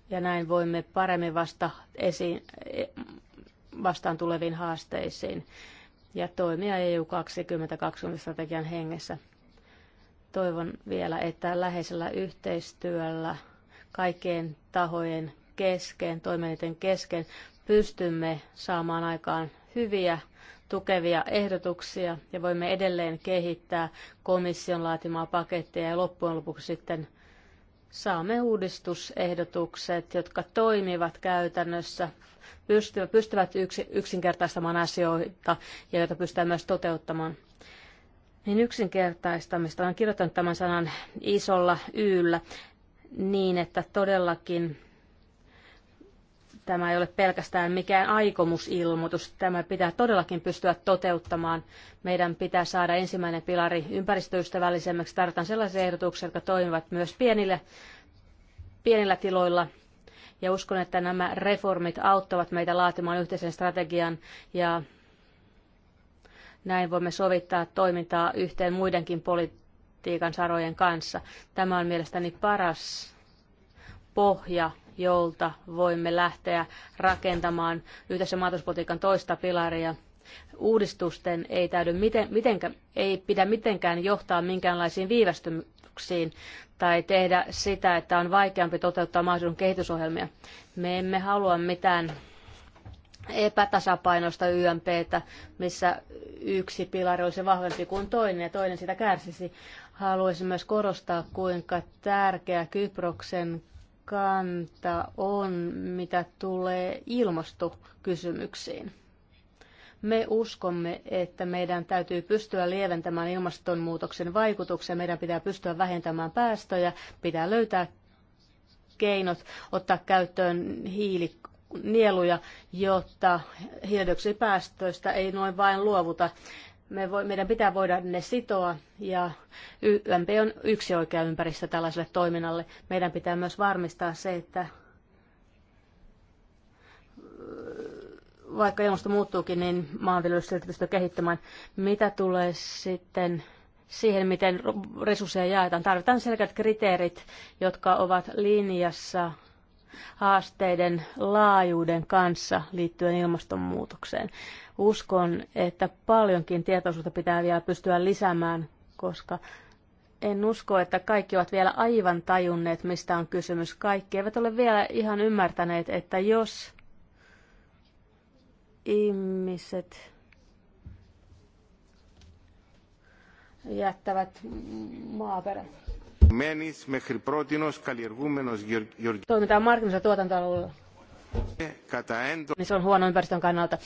Ja näin voimme paremmin vasta esiin, e, vastaan tuleviin haasteisiin ja toimia EU 2020 strategian hengessä. Toivon vielä, että läheisellä yhteistyöllä kaikkien tahojen kesken, toimijoiden kesken, pystymme saamaan aikaan hyviä tukevia ehdotuksia ja voimme edelleen kehittää komission laatimaa pakettia ja loppujen lopuksi sitten saamme uudistusehdotukset, jotka toimivat käytännössä, pystyvät yksinkertaistamaan asioita ja joita pystytään myös toteuttamaan. Niin yksinkertaistamista olen kirjoittanut tämän sanan isolla yllä, niin, että todellakin Tämä ei ole pelkästään mikään aikomusilmoitus. Tämä pitää todellakin pystyä toteuttamaan. Meidän pitää saada ensimmäinen pilari ympäristöystävällisemmäksi. Tarvitaan sellaisia ehdotuksia, jotka toimivat myös pienille, pienillä tiloilla. Ja uskon, että nämä reformit auttavat meitä laatimaan yhteisen strategian ja näin voimme sovittaa toimintaa yhteen muidenkin politiikan sarojen kanssa. Tämä on mielestäni paras pohja jolta voimme lähteä rakentamaan yhdessä maatalouspolitiikan toista pilaria. Uudistusten ei, täydy miten, mitenkä, ei pidä mitenkään johtaa minkäänlaisiin viivästymyksiin tai tehdä sitä, että on vaikeampi toteuttaa mahdollisuuden kehitysohjelmia. Me emme halua mitään epätasapainoista YMPtä, missä yksi pilari olisi vahvempi kuin toinen ja toinen sitä kärsisi. Haluaisin myös korostaa, kuinka tärkeä Kyproksen kanta on, mitä tulee ilmastokysymyksiin. Me uskomme, että meidän täytyy pystyä lieventämään ilmastonmuutoksen vaikutuksia, meidän pitää pystyä vähentämään päästöjä, pitää löytää keinot ottaa käyttöön hiilinieluja, jotta hiilidioksidipäästöistä ei noin vain luovuta me voi, meidän pitää voida ne sitoa ja YMP on yksi oikea ympäristö tällaiselle toiminnalle. Meidän pitää myös varmistaa se, että vaikka ilmasto muuttuukin, niin maanviljelys pystyy kehittämään. Mitä tulee sitten siihen, miten resursseja jaetaan? Tarvitaan selkeät kriteerit, jotka ovat linjassa haasteiden laajuuden kanssa liittyen ilmastonmuutokseen. Uskon, että paljonkin tietoisuutta pitää vielä pystyä lisäämään, koska en usko, että kaikki ovat vielä aivan tajunneet, mistä on kysymys. Kaikki eivät ole vielä ihan ymmärtäneet, että jos ihmiset jättävät maaperän Menis μέχρι πρότινος καλλιεργούμενος γεωργικός. Toimitaan markkinoilla tuotantoalueella. Niin se on huono ympäristön kannalta.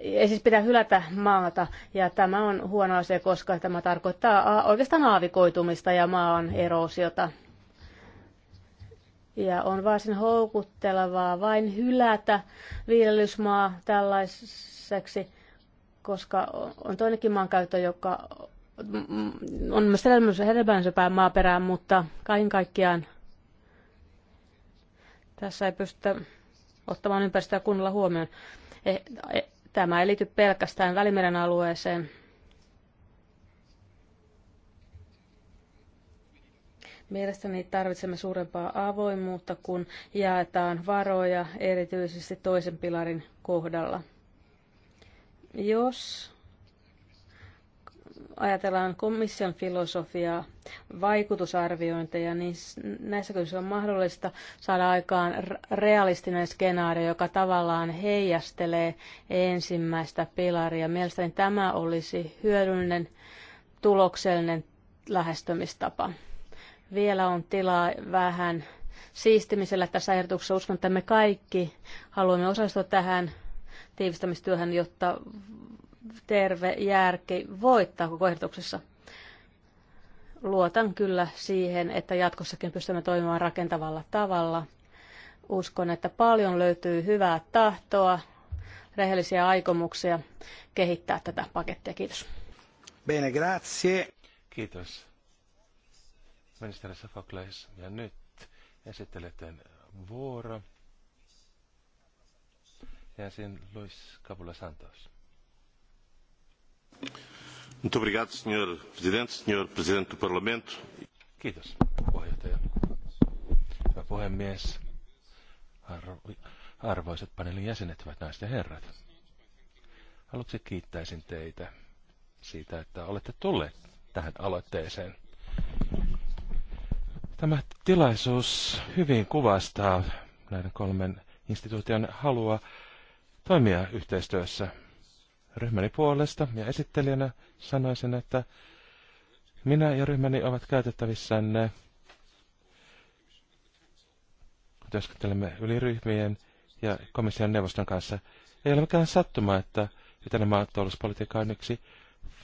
Ei siis pitää hylätä maata, ja tämä on huono asia, koska tämä tarkoittaa oikeastaan aavikoitumista ja maan erosiota. Ja on varsin houkuttelevaa vain hylätä viljelysmaa tällaiseksi, koska on toinenkin maankäyttö, joka on myös hedelmällisempää maaperää, mutta kaiken kaikkiaan tässä ei pystytä ottamaan ympäristöä kunnolla huomioon. E, e, tämä ei liity pelkästään Välimeren alueeseen. Mielestäni tarvitsemme suurempaa avoimuutta, kun jaetaan varoja erityisesti toisen pilarin kohdalla. Jos ajatellaan komission filosofiaa, vaikutusarviointeja, niin näissä kyllä on mahdollista saada aikaan realistinen skenaario, joka tavallaan heijastelee ensimmäistä pilaria. Mielestäni tämä olisi hyödyllinen, tuloksellinen lähestymistapa. Vielä on tilaa vähän siistimisellä tässä ehdotuksessa. Uskon, että me kaikki haluamme osallistua tähän tiivistämistyöhön, jotta terve järki voittaa koko ehdotuksessa. Luotan kyllä siihen, että jatkossakin pystymme toimimaan rakentavalla tavalla. Uskon, että paljon löytyy hyvää tahtoa, rehellisiä aikomuksia kehittää tätä pakettia. Kiitos. Bene, grazie. Kiitos. Ministeri Sofokles, ja nyt esitteleten vuoro. sen Luis Capula Santos. Muito obrigado, senhor presidente, senhor presidente do parlamento. Kiitos, puheenjohtaja. puhemies, arvoisat paneelin jäsenet, hyvät naiset ja herrat. Aluksi kiittäisin teitä siitä, että olette tulleet tähän aloitteeseen. Tämä tilaisuus hyvin kuvastaa näiden kolmen instituution halua toimia yhteistyössä ryhmäni puolesta ja esittelijänä sanoisin, että minä ja ryhmäni ovat käytettävissänne. Työskentelemme yli ryhmien ja komission neuvoston kanssa. Ei ole mikään sattuma, että yhteinen maatalouspolitiikka on yksi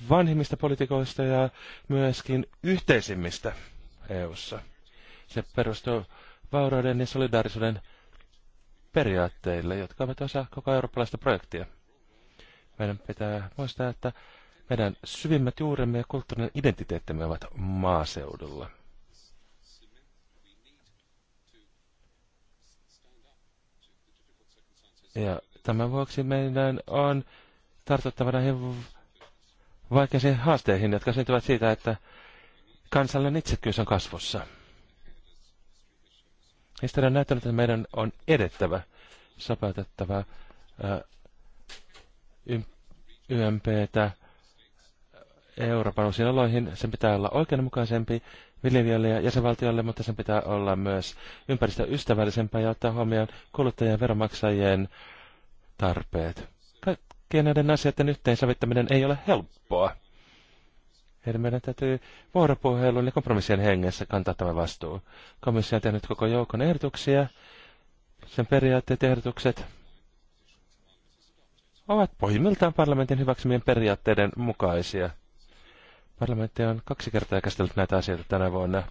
vanhimmista politikoista ja myöskin yhteisimmistä EU:ssa. Se perustuu vaurauden ja solidaarisuuden periaatteille, jotka ovat osa koko eurooppalaista projektia. Meidän pitää muistaa, että meidän syvimmät juuremme ja kulttuurinen identiteettimme ovat maaseudulla. Ja tämän vuoksi meidän on tartuttava näihin vaikeisiin haasteihin, jotka syntyvät siitä, että kansallinen itsekkyys on kasvussa. Historia on näyttänyt, että meidän on edettävä, sopeutettava YMPtä Euroopan uusiin oloihin. Sen pitää olla oikeudenmukaisempi viljelijöille ja jäsenvaltioille, mutta sen pitää olla myös ympäristöystävällisempää ja ottaa huomioon kuluttajien ja veronmaksajien tarpeet. Kaikkien näiden asioiden yhteensovittaminen ei ole helppoa. Eli meidän täytyy vuoropuhelun ja kompromissien hengessä kantaa tämä vastuu. Komissio on tehnyt koko joukon ehdotuksia, sen periaatteet ehdotukset, ovat pohjimmiltaan parlamentin hyväksymien periaatteiden mukaisia. Parlamentti on kaksi kertaa käsitellyt näitä asioita tänä vuonna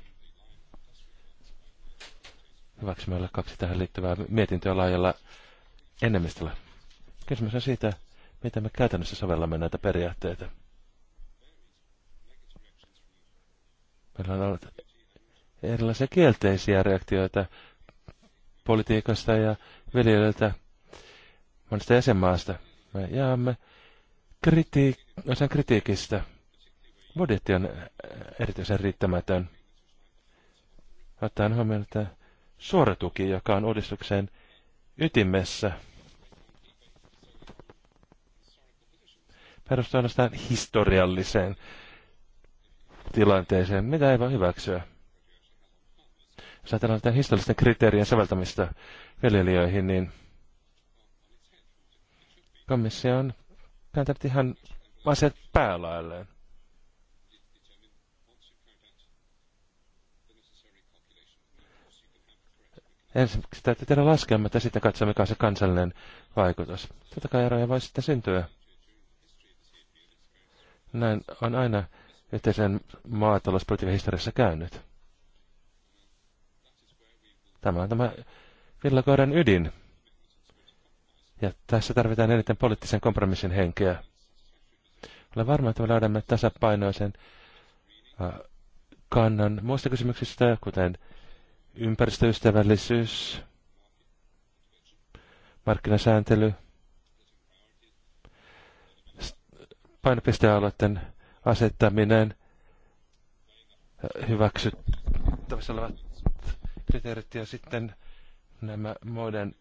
hyväksymällä kaksi tähän liittyvää mietintöä laajalla enemmistöllä. Kysymys on siitä, miten me käytännössä sovellamme näitä periaatteita. Meillä on ollut erilaisia kielteisiä reaktioita politiikasta ja viljelijöiltä monesta jäsenmaasta – me jäämme kritiik- osan kritiikistä. Budjetti on eh, erityisen riittämätön. Ottaen huomioon, että suoratuki, joka on uudistuksen ytimessä, perustuu ainoastaan historialliseen tilanteeseen, mitä ei voi hyväksyä. Jos ajatellaan tämän historiallisten kriteerien säveltämistä viljelijöihin, niin Komissio on kääntänyt ihan asiat päälailleen. Ensimmäiseksi täytyy tehdä laskelmat ja sitten katsoa, mikä on se kansallinen vaikutus. Totta kai eroja voi sitten syntyä. Näin on aina yhteisen maatalouspolitiikan historiassa käynyt. Tämä on tämä villakoiran ydin. Ja tässä tarvitaan eniten poliittisen kompromissin henkeä. Olen varma, että me löydämme tasapainoisen äh, kannan muista kysymyksistä, kuten ympäristöystävällisyys, markkinasääntely, painopistealueiden asettaminen, äh, hyväksyttävissä olevat kriteerit ja sitten nämä muiden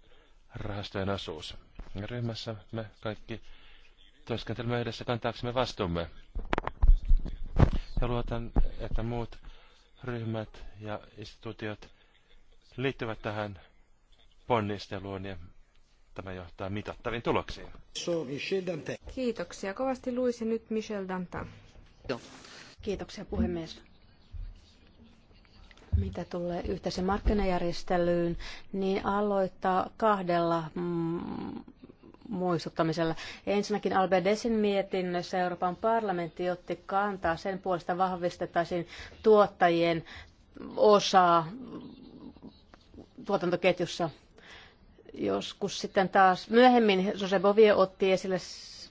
rahastojen asuus ryhmässä me kaikki työskentelemme yhdessä kantaaksemme vastuumme. Ja luotan, että muut ryhmät ja instituutiot liittyvät tähän ponnisteluun ja tämä johtaa mitattaviin tuloksiin. Kiitoksia kovasti Luisi nyt Michel Danta. Kiitoksia puhemies. Mitä tulee yhteisen markkinajärjestelyyn, niin aloittaa kahdella mm, muistuttamisella. Ensinnäkin Alberdesin mietinnössä Euroopan parlamentti otti kantaa sen puolesta vahvistettaisiin tuottajien osaa tuotantoketjussa. Joskus sitten taas myöhemmin Jose Bovie otti esille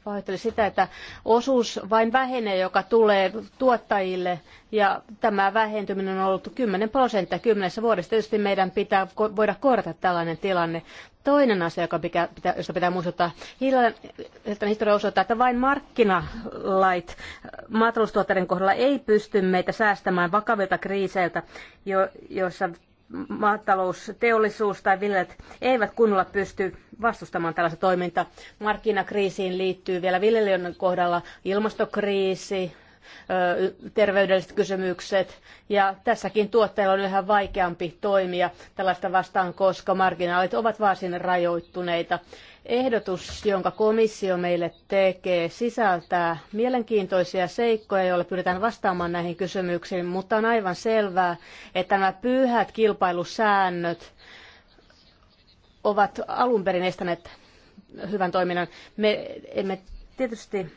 pahoittelen sitä, että osuus vain vähenee, joka tulee tuottajille, ja tämä vähentyminen on ollut 10 prosenttia kymmenessä vuodessa. Tietysti meidän pitää voida korjata tällainen tilanne. Toinen asia, joka pitää, josta pitää muistuttaa, hiilen historia osoittaa, että vain markkinalait maataloustuotteiden kohdalla ei pysty meitä säästämään vakavilta kriiseiltä, jo, joissa maatalousteollisuus tai viljelijät eivät kunnolla pysty vastustamaan tällaista toimintaa. Markkinakriisiin liittyy vielä viljelijöiden kohdalla ilmastokriisi, terveydelliset kysymykset. Ja tässäkin tuotteilla on yhä vaikeampi toimia tällaista vastaan, koska marginaalit ovat varsin rajoittuneita. Ehdotus, jonka komissio meille tekee, sisältää mielenkiintoisia seikkoja, joilla pyritään vastaamaan näihin kysymyksiin, mutta on aivan selvää, että nämä pyhät kilpailusäännöt ovat alun perin estäneet hyvän toiminnan. Me emme tietysti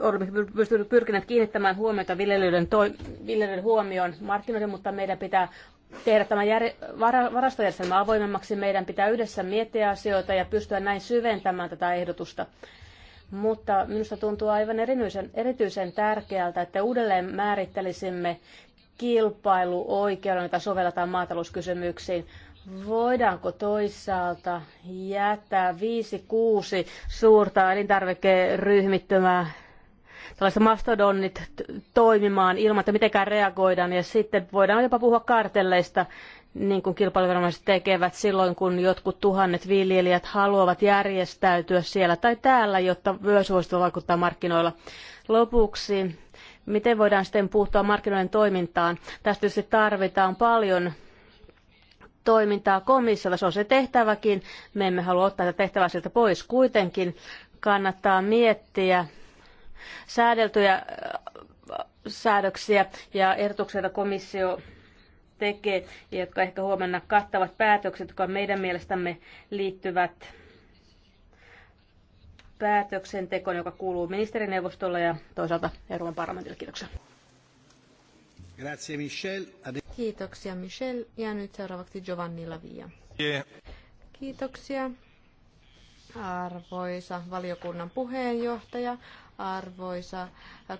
olemme pyrkineet kiinnittämään huomiota viljelijöiden, toi, viljelijöiden huomioon markkinoiden, mutta meidän pitää tehdä tämä varastojärjestelmä avoimemmaksi. Meidän pitää yhdessä miettiä asioita ja pystyä näin syventämään tätä ehdotusta. Mutta minusta tuntuu aivan erityisen, erityisen tärkeältä, että uudelleen määrittelisimme kilpailuoikeuden, jota sovelletaan maatalouskysymyksiin. Voidaanko toisaalta jättää viisi kuusi suurta elintarvikeryhmittymää tällaiset mastodonnit toimimaan ilman, että mitenkään reagoidaan. Ja sitten voidaan jopa puhua kartelleista, niin kuin kilpailuviranomaiset tekevät silloin, kun jotkut tuhannet viljelijät haluavat järjestäytyä siellä tai täällä, jotta myös voisivat vaikuttaa markkinoilla. Lopuksi, miten voidaan sitten puuttua markkinoiden toimintaan? Tästä tietysti tarvitaan paljon toimintaa komissiolla. Se on se tehtäväkin. Me emme halua ottaa tätä tehtävää sieltä pois. Kuitenkin kannattaa miettiä, säädeltyjä äh, säädöksiä ja ehdotuksia, joita komissio tekee, ja jotka ehkä huomenna kattavat päätökset, jotka meidän mielestämme liittyvät päätöksentekoon, joka kuuluu ministerineuvostolle ja toisaalta Euroopan parlamentille. Kiitoksia. Kiitoksia Michel. Ja nyt seuraavaksi Giovanni Lavia. Kiitoksia arvoisa valiokunnan puheenjohtaja, arvoisa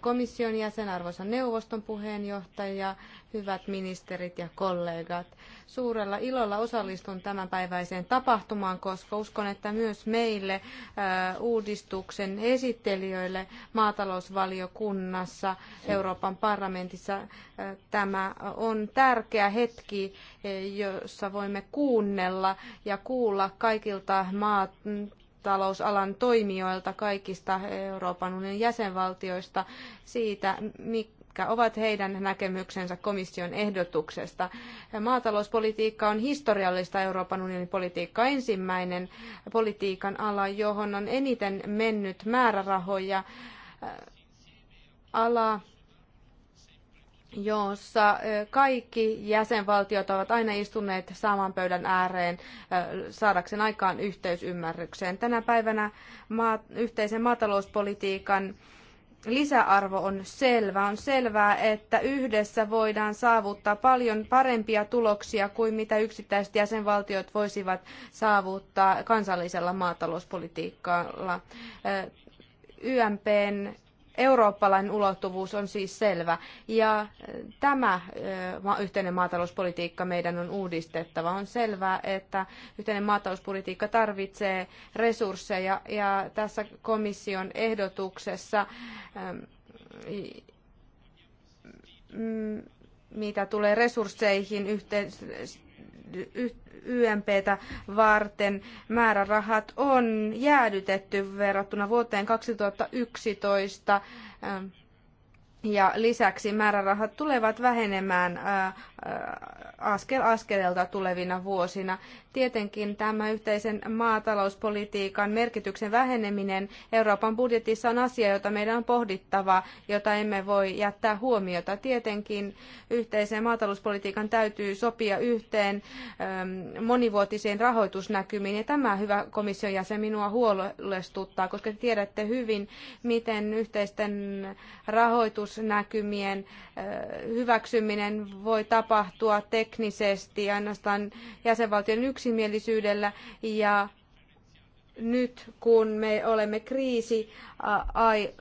komission jäsen, arvoisa neuvoston puheenjohtaja, hyvät ministerit ja kollegat. Suurella ilolla osallistun tämänpäiväiseen tapahtumaan, koska uskon, että myös meille äh, uudistuksen esittelijöille maatalousvaliokunnassa Euroopan parlamentissa äh, tämä on tärkeä hetki, äh, jossa voimme kuunnella ja kuulla kaikilta maat maatalousalan toimijoilta kaikista Euroopan unionin jäsenvaltioista siitä, mikä ovat heidän näkemyksensä komission ehdotuksesta. Maatalouspolitiikka on historiallista Euroopan unionin politiikkaa ensimmäinen politiikan ala, johon on eniten mennyt määrärahoja ala jossa kaikki jäsenvaltiot ovat aina istuneet saman pöydän ääreen saadakseen aikaan yhteisymmärrykseen. Tänä päivänä maat, yhteisen maatalouspolitiikan lisäarvo on selvä. On selvää, että yhdessä voidaan saavuttaa paljon parempia tuloksia kuin mitä yksittäiset jäsenvaltiot voisivat saavuttaa kansallisella maatalouspolitiikalla. YMPn Eurooppalainen ulottuvuus on siis selvä. Ja äh, tämä äh, yhteinen maatalouspolitiikka meidän on uudistettava. On selvää, että yhteinen maatalouspolitiikka tarvitsee resursseja ja tässä komission ehdotuksessa ähm, mm, mitä tulee resursseihin yhteen, YMPtä varten määrärahat on jäädytetty verrattuna vuoteen 2011. Ähm, ja lisäksi määrärahat tulevat vähenemään äh, Äh, askel askeleelta tulevina vuosina. Tietenkin tämä yhteisen maatalouspolitiikan merkityksen väheneminen Euroopan budjetissa on asia, jota meidän on pohdittava, jota emme voi jättää huomiota. Tietenkin yhteisen maatalouspolitiikan täytyy sopia yhteen ähm, monivuotisiin rahoitusnäkymiin, ja tämä hyvä komission jäsen minua huolestuttaa, koska te tiedätte hyvin, miten yhteisten rahoitusnäkymien äh, hyväksyminen voi tapahtua tapahtua teknisesti ainoastaan jäsenvaltion yksimielisyydellä ja nyt kun me olemme kriisi, ai,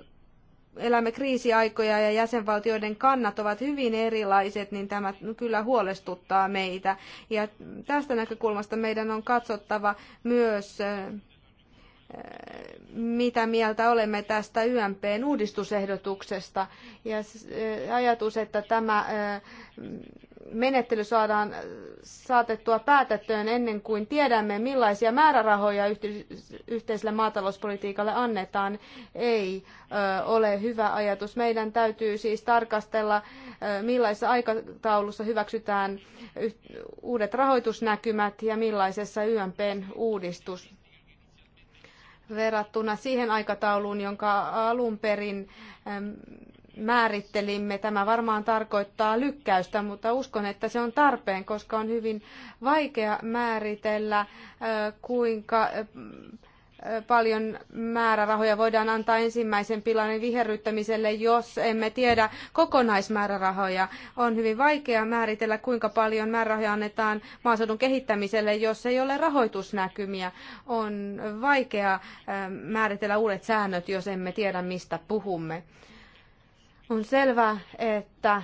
elämme kriisiaikoja ja jäsenvaltioiden kannat ovat hyvin erilaiset, niin tämä kyllä huolestuttaa meitä. Ja tästä näkökulmasta meidän on katsottava myös mitä mieltä olemme tästä YMPn uudistusehdotuksesta. Ja ajatus, että tämä menettely saadaan äh, saatettua päätettöön ennen kuin tiedämme, millaisia määrärahoja yhteiselle maatalouspolitiikalle annetaan, ei äh, ole hyvä ajatus. Meidän täytyy siis tarkastella, äh, millaisessa aikataulussa hyväksytään uudet rahoitusnäkymät ja millaisessa YMPn uudistus verrattuna siihen aikatauluun, jonka alun perin määrittelimme. Tämä varmaan tarkoittaa lykkäystä, mutta uskon, että se on tarpeen, koska on hyvin vaikea määritellä, kuinka paljon määrärahoja voidaan antaa ensimmäisen pilarin viherryttämiselle, jos emme tiedä kokonaismäärärahoja. On hyvin vaikea määritellä, kuinka paljon määrärahoja annetaan maaseudun kehittämiselle, jos ei ole rahoitusnäkymiä. On vaikea määritellä uudet säännöt, jos emme tiedä, mistä puhumme. On selvää, että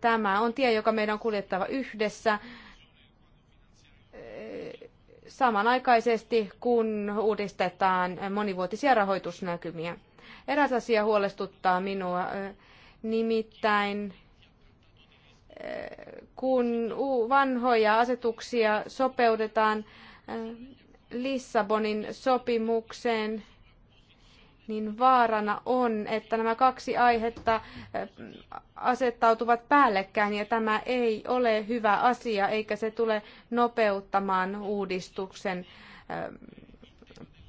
tämä on tie, joka meidän on kuljettava yhdessä samanaikaisesti, kun uudistetaan monivuotisia rahoitusnäkymiä. Eräs asia huolestuttaa minua, nimittäin kun vanhoja asetuksia sopeutetaan Lissabonin sopimukseen, niin vaarana on, että nämä kaksi aihetta eh, asettautuvat päällekkäin ja tämä ei ole hyvä asia eikä se tule nopeuttamaan uudistuksen eh,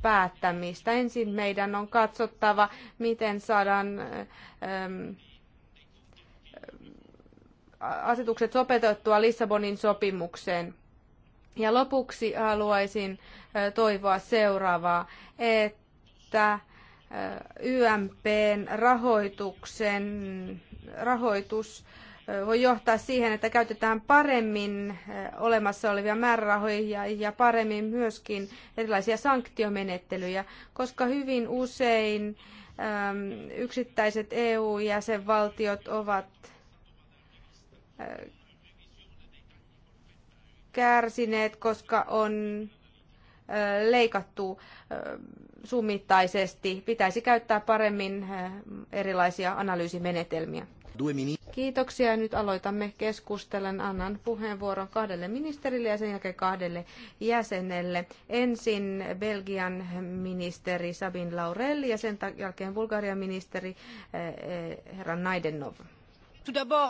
päättämistä. Ensin meidän on katsottava, miten saadaan eh, asetukset sopeutettua Lissabonin sopimukseen. Ja lopuksi haluaisin toivoa seuraavaa, että YMPn rahoituksen rahoitus voi johtaa siihen, että käytetään paremmin olemassa olevia määrärahoja ja paremmin myöskin erilaisia sanktiomenettelyjä, koska hyvin usein yksittäiset EU-jäsenvaltiot ovat kärsineet, koska on leikattu sumittaisesti. Pitäisi käyttää paremmin eh, erilaisia analyysimenetelmiä. Kiitoksia. Nyt aloitamme keskustelun. Annan puheenvuoron kahdelle ministerille ja sen jälkeen kahdelle jäsenelle. Ensin Belgian ministeri Sabin Laurelli ja sen jälkeen Bulgarian ministeri eh, eh, herra Naidenov.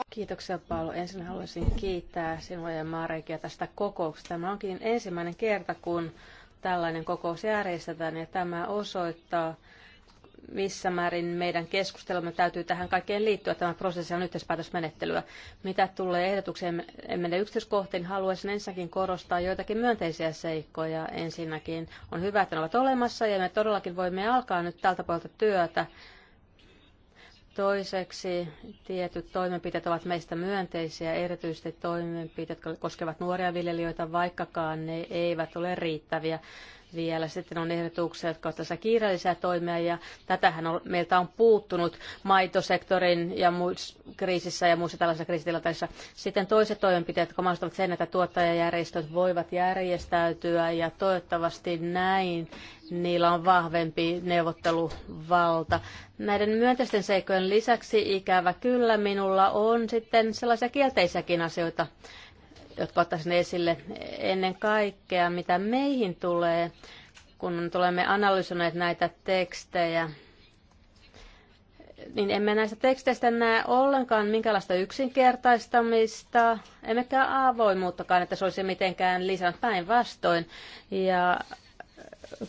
Kiitoksia Paolo. Ensin haluaisin kiittää sinua ja Marekia tästä kokouksesta. Tämä onkin ensimmäinen kerta, kun tällainen kokous järjestetään ja tämä osoittaa, missä määrin meidän keskustelumme täytyy tähän kaikkeen liittyä. Tämä prosessi on yhteispäätösmenettelyä. Mitä tulee ehdotukseen, en mene yksityiskohtiin, haluaisin ensinnäkin korostaa joitakin myönteisiä seikkoja. Ensinnäkin on hyvä, että ne ovat olemassa ja me todellakin voimme alkaa nyt tältä puolta työtä Toiseksi tietyt toimenpiteet ovat meistä myönteisiä, erityisesti toimenpiteet, jotka koskevat nuoria viljelijöitä, vaikkakaan ne eivät ole riittäviä vielä sitten on ehdotuksia, jotka ovat tässä kiireellisiä toimia ja tätähän on, meiltä on puuttunut maitosektorin ja muissa kriisissä ja muissa tällaisissa kriisitilanteissa. Sitten toiset toimenpiteet, jotka mahdollistavat sen, että tuottajajärjestöt voivat järjestäytyä ja toivottavasti näin niillä on vahvempi neuvotteluvalta. Näiden myönteisten seikkojen lisäksi ikävä kyllä minulla on sitten sellaisia kielteisiäkin asioita jotka ottaisin esille ennen kaikkea, mitä meihin tulee, kun tulemme analysoineet näitä tekstejä, niin emme näistä teksteistä näe ollenkaan minkälaista yksinkertaistamista, emmekä avoimuuttakaan, että se olisi mitenkään lisännyt päinvastoin. Ja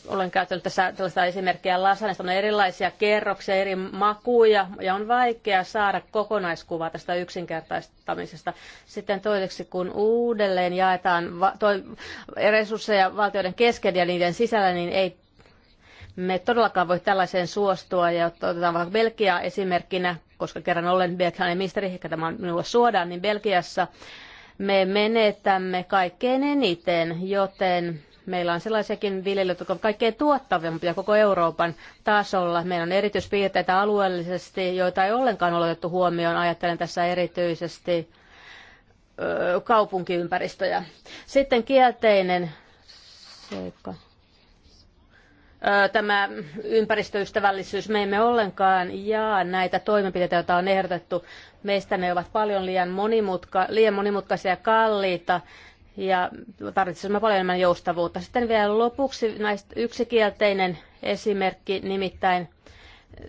olen käyttänyt tässä tällaista esimerkkiä lasanesta, on erilaisia kerroksia, eri makuja, ja on vaikea saada kokonaiskuva tästä yksinkertaistamisesta. Sitten toiseksi, kun uudelleen jaetaan va- toi, resursseja valtioiden kesken ja niiden sisällä, niin ei me todellakaan voi tällaiseen suostua, ja otetaan vaikka Belgia esimerkkinä, koska kerran olen Belgian ministeri, ehkä tämä minulle suodaan, niin Belgiassa me menetämme kaikkein eniten, joten Meillä on sellaisiakin viljelijöitä, jotka ovat kaikkein tuottavimpia koko Euroopan tasolla. Meillä on erityispiirteitä alueellisesti, joita ei ollenkaan ole otettu huomioon. Ajattelen tässä erityisesti kaupunkiympäristöjä. Sitten kielteinen seikka. Tämä ympäristöystävällisyys, me emme ollenkaan jaa näitä toimenpiteitä, joita on ehdotettu. Meistä ne ovat paljon liian, monimutka, liian monimutkaisia ja kalliita ja tarvitsisimme paljon enemmän joustavuutta. Sitten vielä lopuksi näistä yksikielteinen esimerkki, nimittäin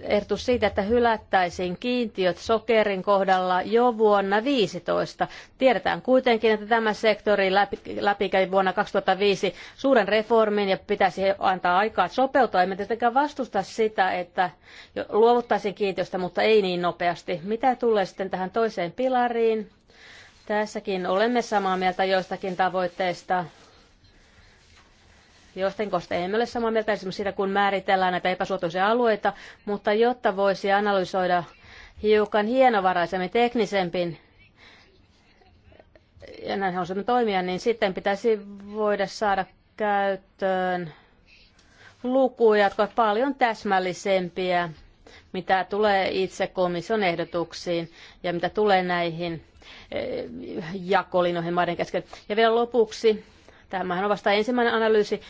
ehdotus siitä, että hylättäisiin kiintiöt sokerin kohdalla jo vuonna 2015. Tiedetään kuitenkin, että tämä sektori läpi, läpikävi vuonna 2005 suuren reformin ja pitäisi antaa aikaa sopeutua. Emme tietenkään vastusta sitä, että luovuttaisiin kiintiöstä, mutta ei niin nopeasti. Mitä tulee sitten tähän toiseen pilariin? Tässäkin olemme samaa mieltä joistakin tavoitteista. Joisten kohdasta emme ole samaa mieltä esimerkiksi siitä, kun määritellään näitä epäsuotuisia alueita, mutta jotta voisi analysoida hiukan hienovaraisemmin, teknisempin, ja näinhän on se toimia, niin sitten pitäisi voida saada käyttöön lukuja, jotka ovat paljon täsmällisempiä, mitä tulee itse komission ehdotuksiin ja mitä tulee näihin Eh, noihin maiden kesken. Ja vielä lopuksi, tämähän on vasta ensimmäinen analyysi,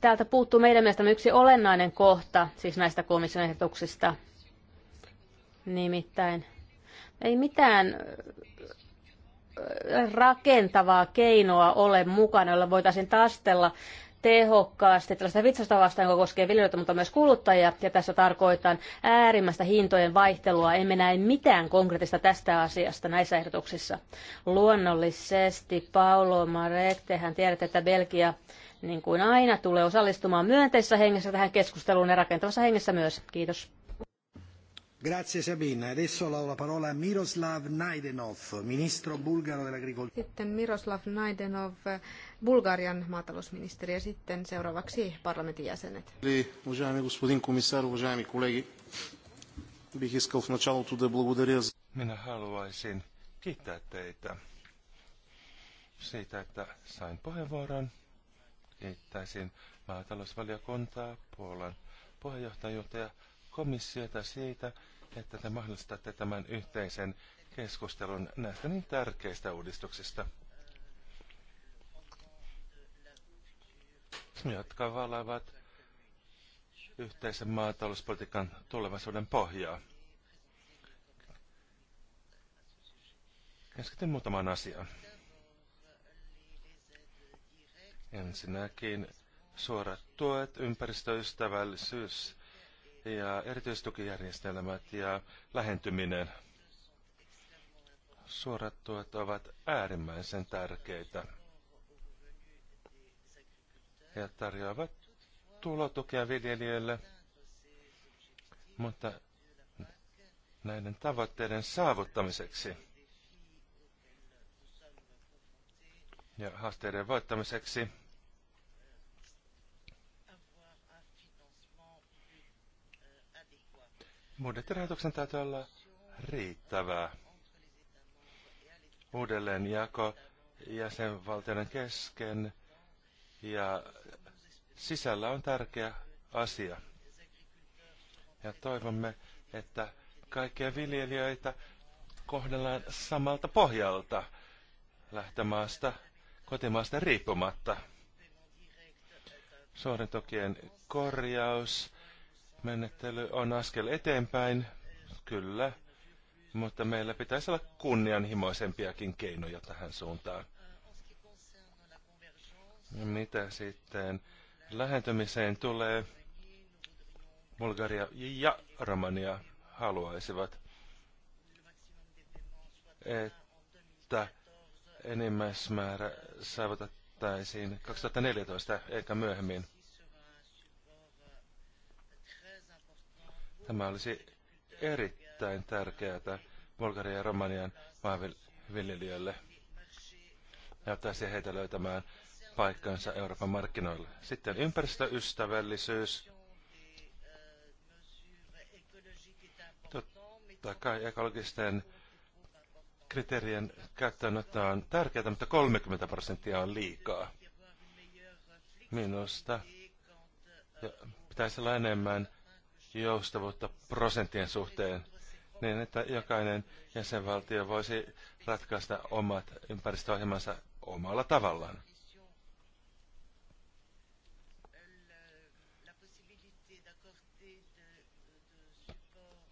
täältä puuttuu meidän mielestämme yksi olennainen kohta, siis näistä komission ehdotuksista. Nimittäin ei mitään eh, rakentavaa keinoa ole mukana, jolla voitaisiin taistella tehokkaasti tällaista vitsasta vastaan, joka koskee viljelijöitä, mutta myös kuluttajia. Ja tässä tarkoitan äärimmäistä hintojen vaihtelua. Emme näe mitään konkreettista tästä asiasta näissä ehdotuksissa. Luonnollisesti Paolo Marek, tehän tiedätte, että Belgia niin kuin aina tulee osallistumaan myönteisessä hengessä tähän keskusteluun ja rakentavassa hengessä myös. Kiitos. Grazie Sabine. Adesso la parola Miroslav Naidenov, ministro bulgaro dell'agricoltura. Sitten Miroslav Naidenov, Bulgarian maatalousministeri ja sitten seuraavaksi parlamentin jäsenet. Minä haluaisin kiittää teitä siitä, että sain puheenvuoron. Kiittäisin maatalousvaliokuntaa, Puolan puheenjohtajuutta ja komissiota siitä, että te mahdollistatte tämän yhteisen keskustelun näistä niin tärkeistä uudistuksista. jotka valavat yhteisen maatalouspolitiikan tulevaisuuden pohjaa. Keskityn muutamaan asiaan. Ensinnäkin suorat tuet, ympäristöystävällisyys ja erityistukijärjestelmät ja lähentyminen. Suorat tuet ovat äärimmäisen tärkeitä. He tarjoavat tulotukea viljelijöille, mutta näiden tavoitteiden saavuttamiseksi ja haasteiden voittamiseksi budjettirahoituksen täytyy olla riittävää. Uudelleenjako jäsenvaltioiden kesken ja sisällä on tärkeä asia. Ja toivomme, että kaikkia viljelijöitä kohdellaan samalta pohjalta lähtömaasta, kotimaasta riippumatta. Suorintokien korjaus, menettely on askel eteenpäin, kyllä, mutta meillä pitäisi olla kunnianhimoisempiakin keinoja tähän suuntaan. Mitä sitten lähentymiseen tulee, Bulgaria ja Romania haluaisivat, että enimmäismäärä saavutettaisiin 2014 eikä myöhemmin. Tämä olisi erittäin tärkeää Bulgarian ja Romanian maanviljelijöille. Näyttäisi heitä löytämään paikkansa Euroopan markkinoille. Sitten ympäristöystävällisyys. Totta kai ekologisten kriteerien käyttöönotto on tärkeää, mutta 30 prosenttia on liikaa. Minusta ja pitäisi olla enemmän joustavuutta prosenttien suhteen, niin että jokainen jäsenvaltio voisi ratkaista omat ympäristöohjelmansa omalla tavallaan.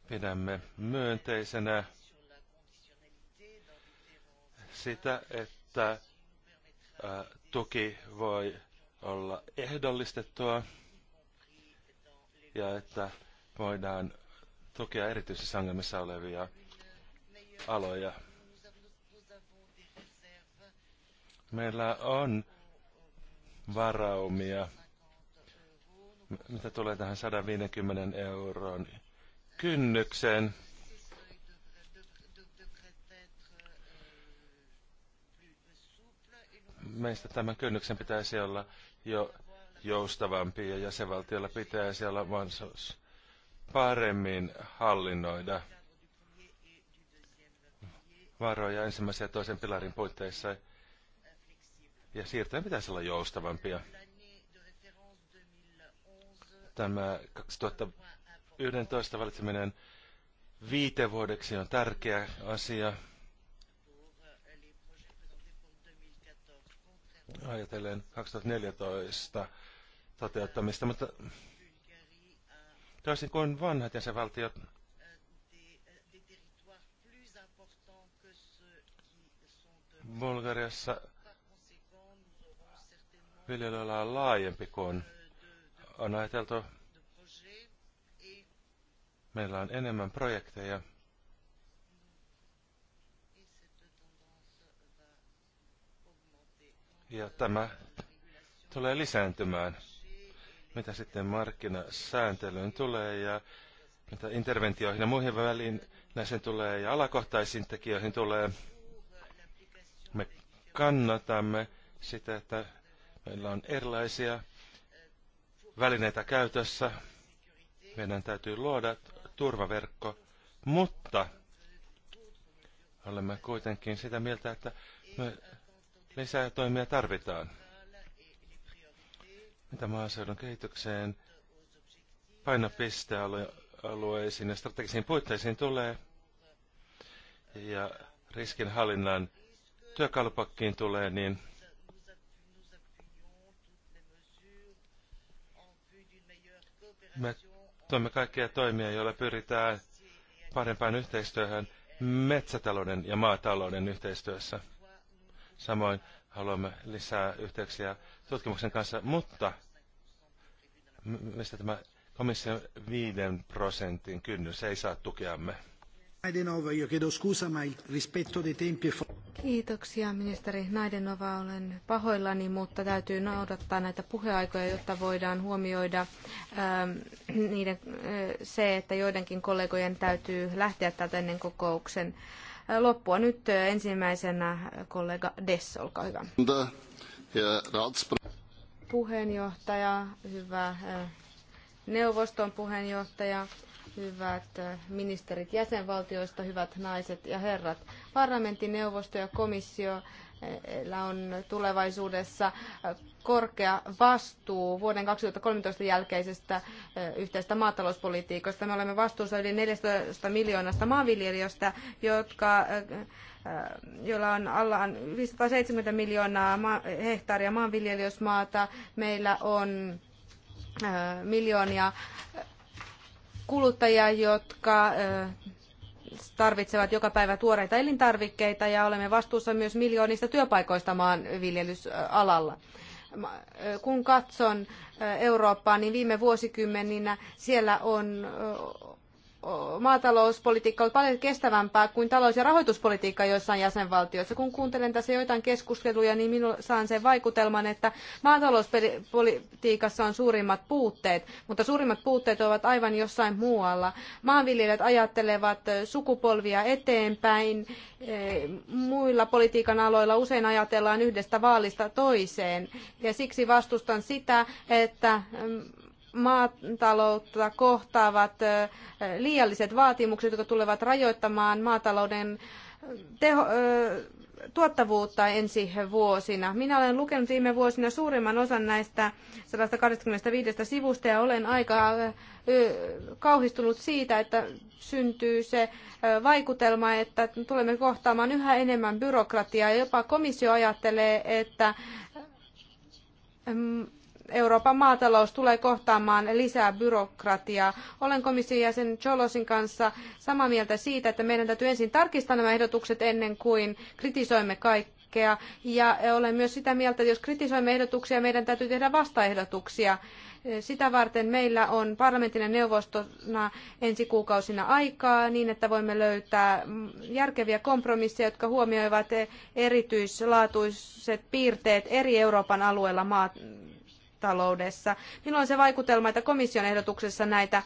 Pidämme myönteisenä sitä, että tuki voi olla ehdollistettua ja että voidaan tukea erityisesti sangemissa olevia aloja. Meillä on varaumia, mitä tulee tähän 150 euron kynnykseen. Meistä tämän kynnyksen pitäisi olla jo joustavampi ja jäsenvaltiolla pitäisi olla mahdollisuus paremmin hallinnoida varoja ensimmäisen ja toisen pilarin puitteissa. Ja siirtojen pitäisi olla joustavampia. Tämä 2000 11 valitseminen viitevuodeksi on tärkeä asia. Ajatellen 2014 toteuttamista, mutta toisin kuin vanhat jäsenvaltiot, Bulgariassa viljelyala on laajempi kuin on ajateltu meillä on enemmän projekteja. Ja tämä tulee lisääntymään, mitä sitten markkinasääntelyyn tulee ja mitä interventioihin ja muihin väliin näihin tulee ja alakohtaisiin tekijöihin tulee. Me kannatamme sitä, että meillä on erilaisia välineitä käytössä. Meidän täytyy luoda turvaverkko, mutta olemme kuitenkin sitä mieltä, että me lisää toimia tarvitaan. Mitä maaseudun kehitykseen painopistealueisiin ja strategisiin puitteisiin tulee ja riskinhallinnan työkalupakkiin tulee, niin me Tuemme kaikkia toimia, joilla pyritään parempaan yhteistyöhön metsätalouden ja maatalouden yhteistyössä. Samoin haluamme lisää yhteyksiä tutkimuksen kanssa, mutta mistä tämä komission viiden prosentin kynnys ei saa tukeamme. Kiitoksia ministeri Naidenova. Olen pahoillani, mutta täytyy noudattaa näitä puheaikoja, jotta voidaan huomioida ähm, niiden, äh, se, että joidenkin kollegojen täytyy lähteä täältä ennen kokouksen äh, loppua. Nyt äh, ensimmäisenä kollega Dess, olkaa hyvä. Puheenjohtaja, hyvä neuvoston puheenjohtaja, hyvät äh, ministerit jäsenvaltioista, hyvät naiset ja herrat. Parlamentin neuvosto ja komissio äh, on tulevaisuudessa äh, korkea vastuu vuoden 2013 jälkeisestä yhteistä maatalouspolitiikasta. Me olemme vastuussa yli 14 miljoonasta maanviljelijöistä, jotka, joilla on alla 570 miljoonaa hehtaaria maanviljelysmaata. Meillä on miljoonia kuluttajia, jotka tarvitsevat joka päivä tuoreita elintarvikkeita ja olemme vastuussa myös miljoonista työpaikoista maanviljelysalalla. Kun katson Eurooppaa, niin viime vuosikymmeninä siellä on maatalouspolitiikka on paljon kestävämpää kuin talous- ja rahoituspolitiikka joissain jäsenvaltioissa. Kun kuuntelen tässä joitain keskusteluja, niin minulla saan sen vaikutelman, että maatalouspolitiikassa on suurimmat puutteet, mutta suurimmat puutteet ovat aivan jossain muualla. Maanviljelijät ajattelevat sukupolvia eteenpäin. Muilla politiikan aloilla usein ajatellaan yhdestä vaalista toiseen, ja siksi vastustan sitä, että maataloutta kohtaavat liialliset vaatimukset, jotka tulevat rajoittamaan maatalouden teho, tuottavuutta ensi vuosina. Minä olen lukenut viime vuosina suurimman osan näistä 125 sivusta ja olen aika kauhistunut siitä, että syntyy se vaikutelma, että tulemme kohtaamaan yhä enemmän byrokratiaa. Jopa komissio ajattelee, että mm, Euroopan maatalous tulee kohtaamaan lisää byrokratiaa. Olen komission jäsen Cholosin kanssa samaa mieltä siitä, että meidän täytyy ensin tarkistaa nämä ehdotukset ennen kuin kritisoimme kaikkea. Ja eh, olen myös sitä mieltä, että jos kritisoimme ehdotuksia, meidän täytyy tehdä vastaehdotuksia. Eh, sitä varten meillä on parlamentin ja neuvostona ensi kuukausina aikaa niin, että voimme löytää mm, järkeviä kompromisseja, jotka huomioivat eh, erityislaatuiset piirteet eri Euroopan alueilla maat Taloudessa, Minulla niin on se vaikutelma, että komission ehdotuksessa näitä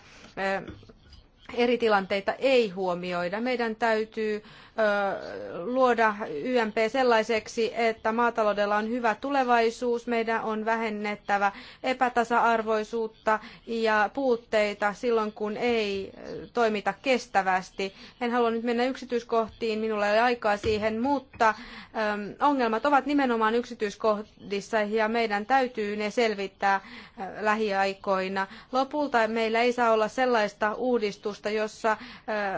eri tilanteita ei huomioida. Meidän täytyy luoda YMP sellaiseksi, että maataloudella on hyvä tulevaisuus. Meidän on vähennettävä epätasa-arvoisuutta ja puutteita silloin, kun ei toimita kestävästi. En halua nyt mennä yksityiskohtiin, minulla ei ole aikaa siihen, mutta ongelmat ovat nimenomaan yksityiskohdissa ja meidän täytyy ne selvittää lähiaikoina. Lopulta meillä ei saa olla sellaista uudistusta, jossa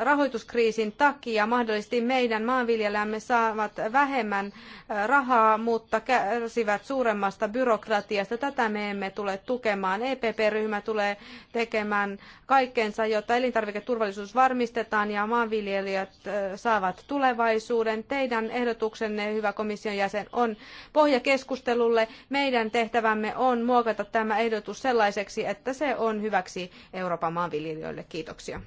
rahoituskriisin takia mahdollisesti meidän maanviljelijämme saavat vähemmän äh, rahaa, mutta kärsivät suuremmasta byrokratiasta. Tätä me emme tule tukemaan. EPP-ryhmä tulee tekemään kaikkensa, jotta elintarviketurvallisuus varmistetaan ja maanviljelijät äh, saavat tulevaisuuden. Teidän ehdotuksenne, hyvä komission jäsen, on pohja keskustelulle. Meidän tehtävämme on muokata tämä ehdotus sellaiseksi, että se on hyväksi Euroopan maanviljelijöille. Kiitoksia.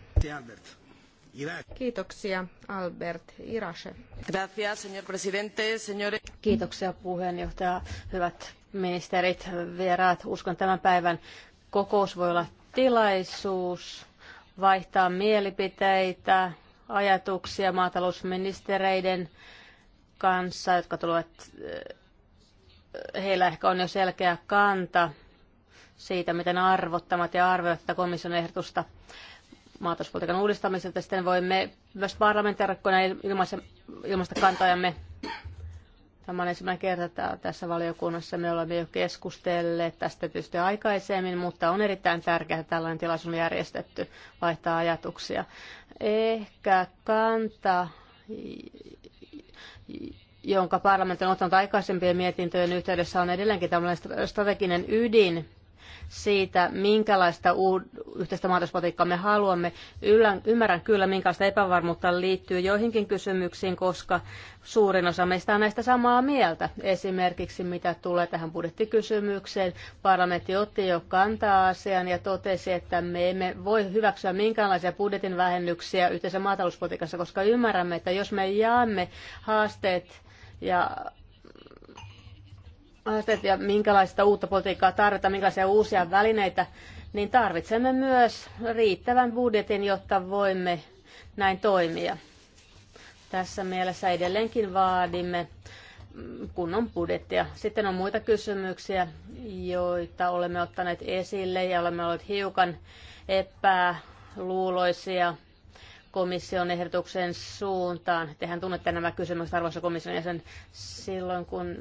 Kiitoksia, Albert Irache. Gracias, señor presidente, señores. Kiitoksia puheenjohtaja, hyvät ministerit, vieraat. Uskon tämän päivän kokous voi olla tilaisuus vaihtaa mielipiteitä, ajatuksia maatalousministereiden kanssa, jotka tulevat, eh, heillä ehkä on jo selkeä kanta siitä, miten arvottamat ja arvioivat tätä komission ehdotusta maatalouspolitiikan uudistamiselta. Sitten voimme myös parlamentaarikkoina ilmaista, ilmaista kantajamme. Tämä on ensimmäinen kerta että tässä valiokunnassa. Me olemme jo keskustelleet tästä tietysti aikaisemmin, mutta on erittäin tärkeää, että tällainen tilaisuus on järjestetty, vaihtaa ajatuksia. Ehkä kanta, jonka parlamentti on ottanut aikaisempien mietintöjen yhteydessä, on edelleenkin tämmöinen strateginen ydin, siitä, minkälaista yhteistä maatalouspolitiikkaa me haluamme. ymmärrän kyllä, minkälaista epävarmuutta liittyy joihinkin kysymyksiin, koska suurin osa meistä on näistä samaa mieltä. Esimerkiksi mitä tulee tähän budjettikysymykseen, parlamentti otti jo kantaa asiaan ja totesi, että me emme voi hyväksyä minkäänlaisia budjetin vähennyksiä yhteisessä maatalouspolitiikassa, koska ymmärrämme, että jos me jaamme haasteet ja ja minkälaista uutta politiikkaa tarvitaan, minkälaisia uusia välineitä, niin tarvitsemme myös riittävän budjetin, jotta voimme näin toimia. Tässä mielessä edelleenkin vaadimme kunnon budjettia. Sitten on muita kysymyksiä, joita olemme ottaneet esille ja olemme olleet hiukan epäluuloisia komission ehdotuksen suuntaan. Tehän tunnette nämä kysymykset, arvoisa komission jäsen, silloin kun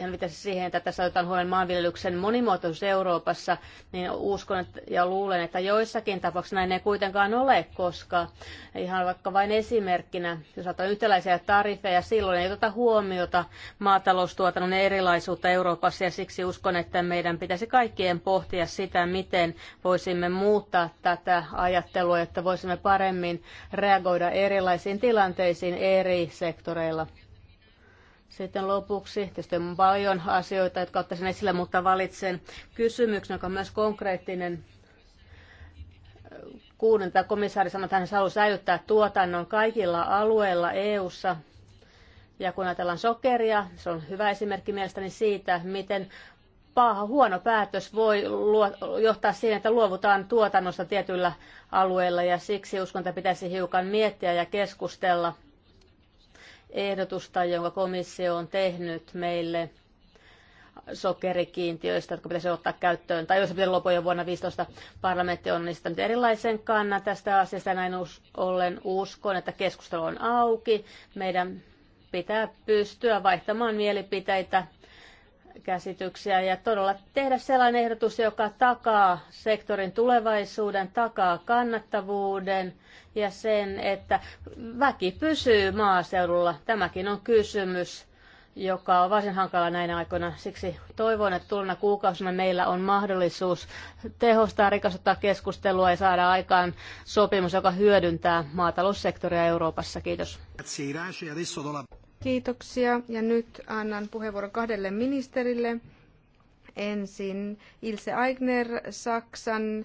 hän viittasi siihen, että tässä otetaan huomioon maanviljelyksen monimuotoisuus Euroopassa, niin uskon ja luulen, että joissakin tapauksissa näin ei kuitenkaan ole, koska ihan vaikka vain esimerkkinä, jos otetaan yhtäläisiä tarifeja, silloin ei oteta huomiota maataloustuotannon erilaisuutta Euroopassa, ja siksi uskon, että meidän pitäisi kaikkien pohtia sitä, miten voisimme muuttaa tätä ajattelua, että voisimme paremmin reagoida erilaisiin tilanteisiin eri sektoreilla. Sitten lopuksi, tietysti on paljon asioita, jotka ottaisin esille, mutta valitsen kysymyksen, joka on myös konkreettinen. Kuuden tämä komissaari sanoi, että hän haluaa säilyttää tuotannon kaikilla alueilla EU:ssa. Ja kun ajatellaan sokeria, se on hyvä esimerkki mielestäni siitä, miten paha huono päätös voi luo, johtaa siihen, että luovutaan tuotannosta tietyllä alueella ja siksi uskon, että pitäisi hiukan miettiä ja keskustella ehdotusta, jonka komissio on tehnyt meille sokerikiintiöistä, jotka pitäisi ottaa käyttöön, tai jos pitäisi lopua jo vuonna 15 parlamentti on niistä erilaisen kannan tästä asiasta, näin us, ollen uskon, että keskustelu on auki. Meidän pitää pystyä vaihtamaan mielipiteitä, käsityksiä ja todella tehdä sellainen ehdotus, joka takaa sektorin tulevaisuuden, takaa kannattavuuden – ja sen, että väki pysyy maaseudulla. Tämäkin on kysymys, joka on varsin hankala näinä aikoina. Siksi toivon, että tulevana kuukausina meillä on mahdollisuus tehostaa, rikastuttaa keskustelua ja saada aikaan sopimus, joka hyödyntää maataloussektoria Euroopassa. Kiitos. Kiitoksia. Ja nyt annan puheenvuoron kahdelle ministerille ensin Ilse Aigner, Saksan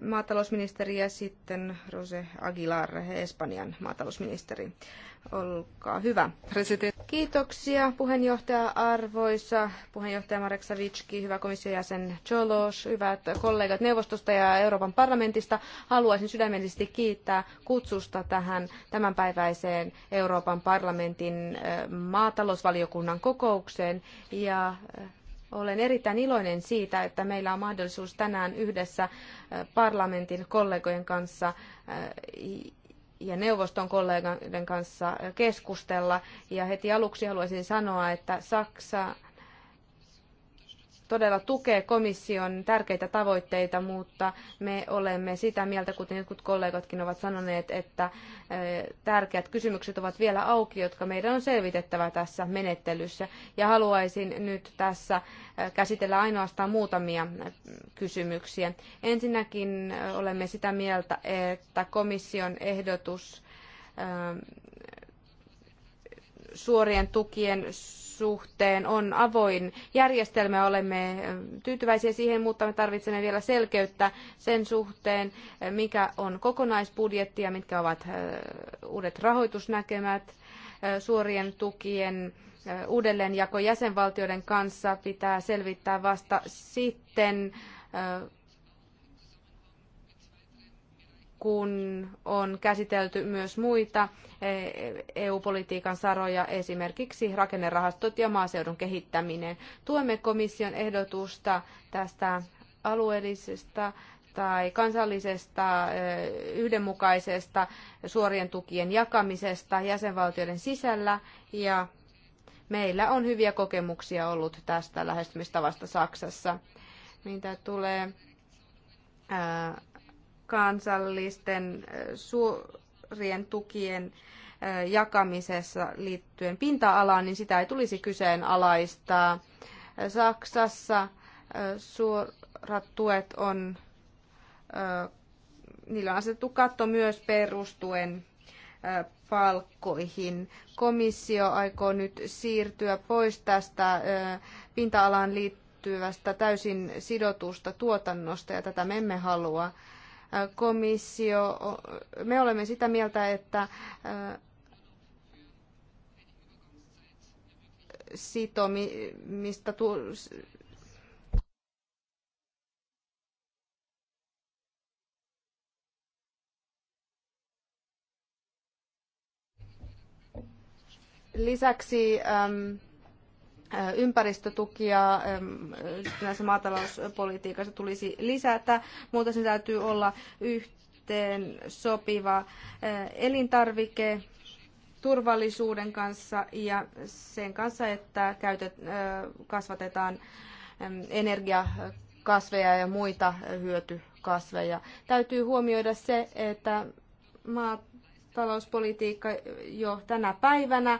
maatalousministeri ja sitten Rose Aguilar, Espanjan maatalousministeri. Olkaa hyvä. President. Kiitoksia puheenjohtaja Arvoisa, puheenjohtaja Marek Savitski, hyvä komission jäsen Cholos, hyvät kollegat neuvostosta ja Euroopan parlamentista. Haluaisin sydämellisesti kiittää kutsusta tähän tämänpäiväiseen Euroopan parlamentin maatalousvaliokunnan kokoukseen ja olen erittäin iloinen siitä, että meillä on mahdollisuus tänään yhdessä parlamentin kollegojen kanssa ja neuvoston kollegoiden kanssa keskustella. Ja heti aluksi haluaisin sanoa, että Saksa todella tukee komission tärkeitä tavoitteita, mutta me olemme sitä mieltä, kuten jotkut kollegatkin ovat sanoneet, että tärkeät kysymykset ovat vielä auki, jotka meidän on selvitettävä tässä menettelyssä. Ja haluaisin nyt tässä käsitellä ainoastaan muutamia kysymyksiä. Ensinnäkin olemme sitä mieltä, että komission ehdotus suorien tukien suhteen on avoin järjestelmä. Olemme eh, tyytyväisiä siihen, mutta me tarvitsemme vielä selkeyttä sen suhteen, eh, mikä on kokonaisbudjetti ja mitkä ovat eh, uudet rahoitusnäkemät suorien tukien uudelleenjako jäsenvaltioiden kanssa pitää selvittää vasta sitten, kun on käsitelty myös muita eh, EU-politiikan saroja, esimerkiksi rakennerahastot ja maaseudun kehittäminen. Tuemme komission ehdotusta tästä alueellisesta tai kansallisesta eh, yhdenmukaisesta suorien tukien jakamisesta jäsenvaltioiden sisällä ja meillä on hyviä kokemuksia ollut tästä lähestymistavasta Saksassa. Mitä tulee eh, kansallisten suorien tukien jakamisessa liittyen pinta-alaan, niin sitä ei tulisi kyseenalaistaa. Saksassa suorat tuet on, niillä on asetettu katto myös perustuen palkkoihin. Komissio aikoo nyt siirtyä pois tästä pinta-alaan liittyvästä täysin sidotusta tuotannosta ja tätä me emme halua komissio, me olemme sitä mieltä, että äh, sitomista Lisäksi ähm, ympäristötukia näissä maatalouspolitiikassa tulisi lisätä, mutta sen täytyy olla yhteen sopiva elintarvike turvallisuuden kanssa ja sen kanssa, että käytet, kasvatetaan energiakasveja ja muita hyötykasveja. Täytyy huomioida se, että maatalouspolitiikka jo tänä päivänä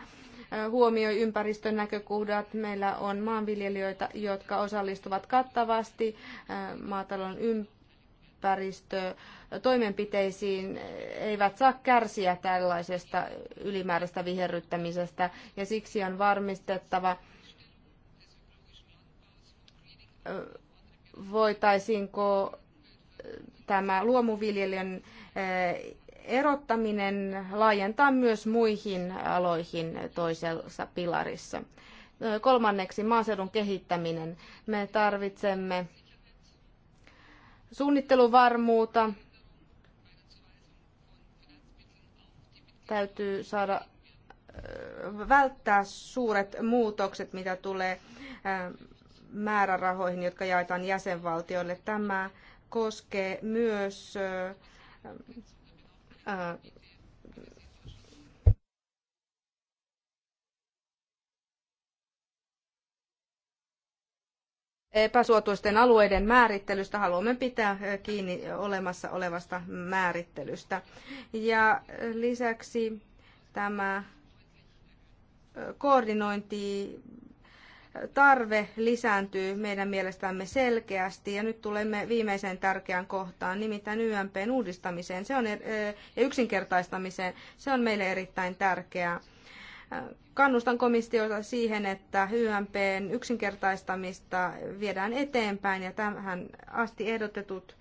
huomioi ympäristön näkökohdat. Meillä on maanviljelijöitä, jotka osallistuvat kattavasti maatalon ympäristötoimenpiteisiin eivät saa kärsiä tällaisesta ylimääräistä viherryttämisestä ja siksi on varmistettava, voitaisiinko tämä luomuviljelyn erottaminen laajentaa myös muihin aloihin toisessa pilarissa. Kolmanneksi maaseudun kehittäminen. Me tarvitsemme suunnitteluvarmuutta. Täytyy saada välttää suuret muutokset, mitä tulee määrärahoihin, jotka jaetaan jäsenvaltioille. Tämä koskee myös epäsuotuisten alueiden määrittelystä. Haluamme pitää kiinni olemassa olevasta määrittelystä. Ja lisäksi tämä koordinointi tarve lisääntyy meidän mielestämme selkeästi ja nyt tulemme viimeiseen tärkeään kohtaan, nimittäin YMPn uudistamiseen se on, eh, ja yksinkertaistamiseen. Se on meille erittäin tärkeää. Kannustan komissiota siihen, että YMPn yksinkertaistamista viedään eteenpäin ja tähän asti ehdotetut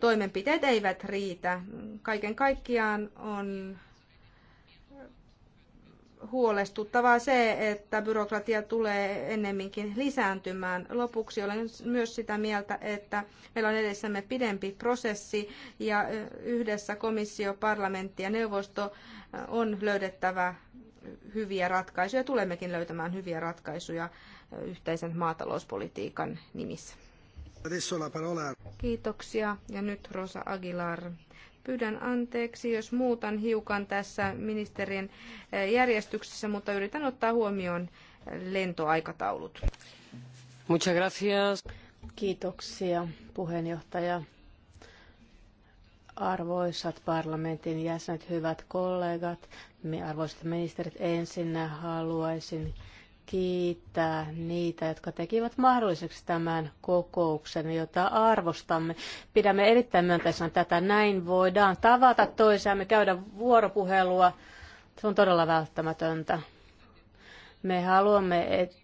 toimenpiteet eivät riitä. Kaiken kaikkiaan on huolestuttavaa se, että byrokratia tulee ennemminkin lisääntymään. Lopuksi olen myös sitä mieltä, että meillä on edessämme pidempi prosessi ja yhdessä komissio, parlamentti ja neuvosto on löydettävä hyviä ratkaisuja. Tulemmekin löytämään hyviä ratkaisuja yhteisen maatalouspolitiikan nimissä. Kiitoksia. Ja nyt Rosa Aguilar Pyydän anteeksi, jos muutan hiukan tässä ministerien eh, järjestyksessä, mutta yritän ottaa huomioon eh, lentoaikataulut. Muchas gracias. Kiitoksia puheenjohtaja. Arvoisat parlamentin jäsenet, hyvät kollegat, me arvoisat ministerit, ensinnä haluaisin kiittää niitä, jotka tekivät mahdolliseksi tämän kokouksen, jota arvostamme. Pidämme erittäin myönteisenä tätä. Näin voidaan tavata toisiamme, käydä vuoropuhelua. Se on todella välttämätöntä. Me haluamme, että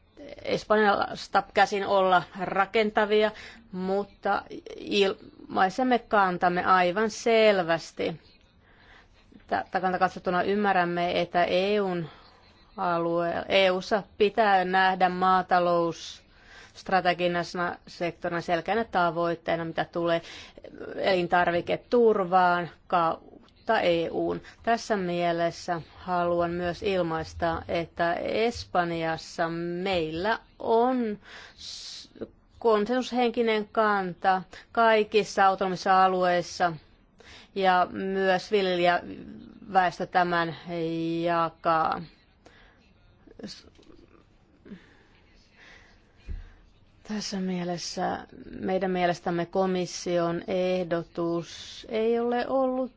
Espanjasta käsin olla rakentavia, mutta ilmaisemme kantamme aivan selvästi. Takanta katsottuna ymmärrämme, että EUn alueella. EU:ssa pitää nähdä maatalous strategisena sektorina selkeänä tavoitteena, mitä tulee elintarviketurvaan kautta EUn. Tässä mielessä haluan myös ilmaista, että Espanjassa meillä on konsensushenkinen kanta kaikissa autonomisissa alueissa ja myös viljelijäväestö tämän jakaa. Tässä mielessä meidän mielestämme komission ehdotus ei ole ollut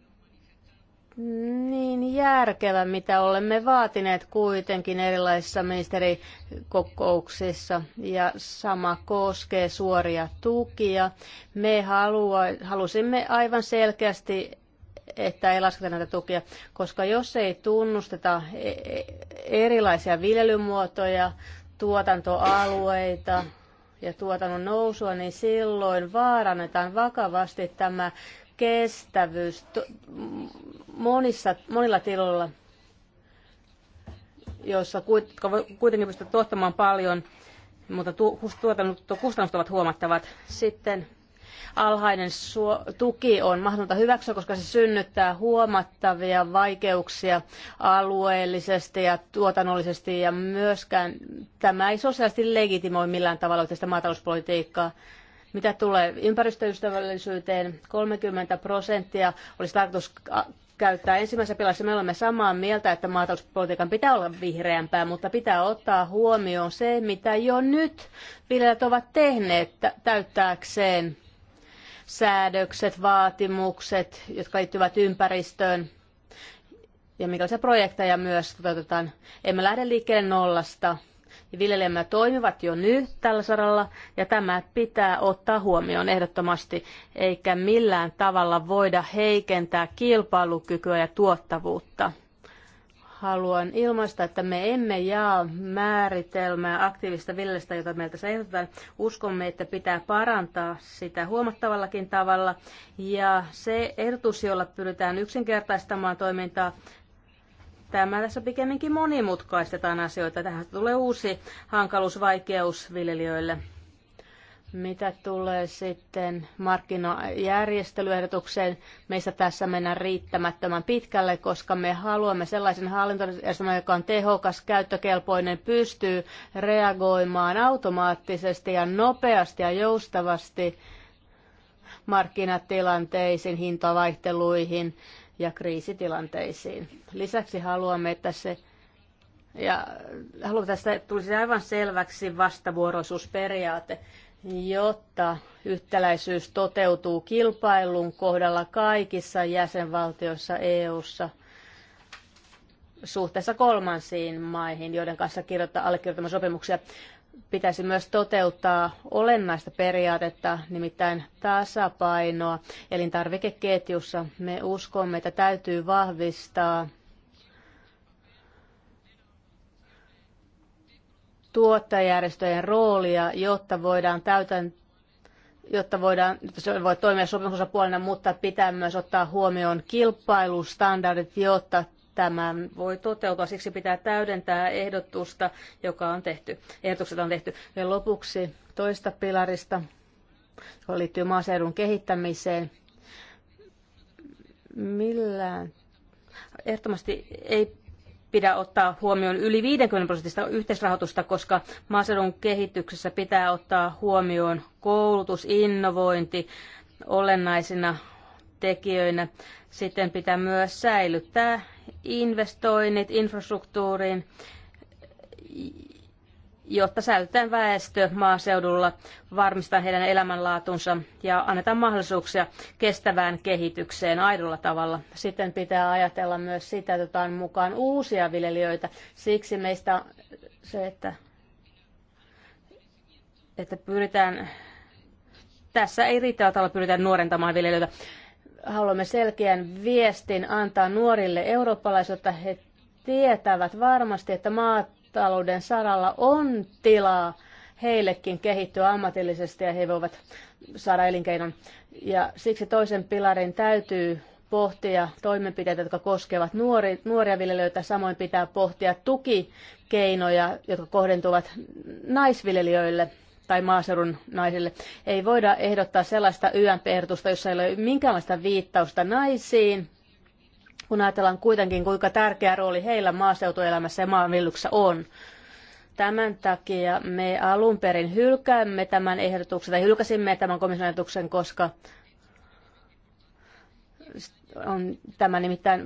niin järkevä, mitä olemme vaatineet kuitenkin erilaisissa ministerikokouksissa. Ja sama koskee suoria tukia. Me halua, halusimme aivan selkeästi että ei lasketa näitä tukia, koska jos ei tunnusteta e- e- erilaisia viljelymuotoja, tuotantoalueita ja tuotannon nousua, niin silloin vaarannetaan vakavasti tämä kestävyys monissa, monilla tiloilla, joissa kuitenkin pystytään tuottamaan paljon, mutta tuotannot, kustannukset ovat huomattavat. Sitten alhainen tuki on mahdotonta hyväksyä, koska se synnyttää huomattavia vaikeuksia alueellisesti ja tuotannollisesti ja myöskään tämä ei sosiaalisesti legitimoi millään tavalla yhteistä maatalouspolitiikkaa. Mitä tulee ympäristöystävällisyyteen, 30 prosenttia olisi tarkoitus käyttää ensimmäisessä pilassa. Me olemme samaa mieltä, että maatalouspolitiikan pitää olla vihreämpää, mutta pitää ottaa huomioon se, mitä jo nyt viljelijät ovat tehneet täyttääkseen säädökset, vaatimukset, jotka liittyvät ympäristöön ja minkälaisia projekteja myös toteutetaan. Emme lähde liikkeelle nollasta. Viljelijämme toimivat jo nyt tällä saralla ja tämä pitää ottaa huomioon ehdottomasti, eikä millään tavalla voida heikentää kilpailukykyä ja tuottavuutta haluan ilmaista, että me emme jaa määritelmää aktiivista villestä, jota meiltä seurataan. Uskomme, että pitää parantaa sitä huomattavallakin tavalla. Ja se ehdotus, jolla pyritään yksinkertaistamaan toimintaa, tämä tässä pikemminkin monimutkaistetaan asioita. Tähän tulee uusi hankaluusvaikeus vaikeus viljelijöille. Mitä tulee sitten markkinajärjestelyehdotukseen, meistä tässä mennään riittämättömän pitkälle, koska me haluamme sellaisen hallintojärjestelmän, joka on tehokas, käyttökelpoinen, pystyy reagoimaan automaattisesti ja nopeasti ja joustavasti markkinatilanteisiin, hintavaihteluihin ja kriisitilanteisiin. Lisäksi haluamme, että se ja haluan tästä tulisi aivan selväksi vastavuoroisuusperiaate. Jotta yhtäläisyys toteutuu kilpailun kohdalla kaikissa jäsenvaltioissa EU:ssa suhteessa kolmansiin maihin, joiden kanssa kirjoittaa allekirjoittamme sopimuksia, pitäisi myös toteuttaa olennaista periaatetta, nimittäin tasapainoa elintarvikeketjussa. Me uskomme, että täytyy vahvistaa tuottajajärjestöjen roolia, jotta voidaan täytän, jotta voidaan, se voi toimia sopimusosapuolena, mutta pitää myös ottaa huomioon kilpailustandardit, jotta tämä voi toteutua. Siksi pitää täydentää ehdotusta, joka on tehty. Ehdotukset on tehty. Ja lopuksi toista pilarista, joka liittyy maaseudun kehittämiseen. Millään ehdottomasti ei pidä ottaa huomioon yli 50 prosentista yhteisrahoitusta, koska maaseudun kehityksessä pitää ottaa huomioon koulutus, innovointi olennaisina tekijöinä. Sitten pitää myös säilyttää investoinnit infrastruktuuriin jotta säilytetään väestö maaseudulla, varmistetaan heidän elämänlaatunsa ja annetaan mahdollisuuksia kestävään kehitykseen aidolla tavalla. Sitten pitää ajatella myös sitä, että otetaan mukaan uusia viljelijöitä. Siksi meistä on se, että, että pyritään, tässä ei riittävä tavalla pyritään nuorentamaan viljelijöitä. Haluamme selkeän viestin antaa nuorille eurooppalaisille, että he tietävät varmasti, että maat talouden saralla on tilaa heillekin kehittyä ammatillisesti ja he voivat saada elinkeinon. Ja siksi toisen pilarin täytyy pohtia toimenpiteitä, jotka koskevat nuori, nuoria viljelijöitä. Samoin pitää pohtia tukikeinoja, jotka kohdentuvat naisviljelijöille tai maaseudun naisille. Ei voida ehdottaa sellaista YMP-ehdotusta, jossa ei ole minkäänlaista viittausta naisiin kun ajatellaan kuitenkin, kuinka tärkeä rooli heillä maaseutuelämässä ja maanviljelyksessä on. Tämän takia me alun perin hylkäämme tämän ehdotuksen, tai hylkäsimme tämän komission ehdotuksen, koska on, tämä nimittäin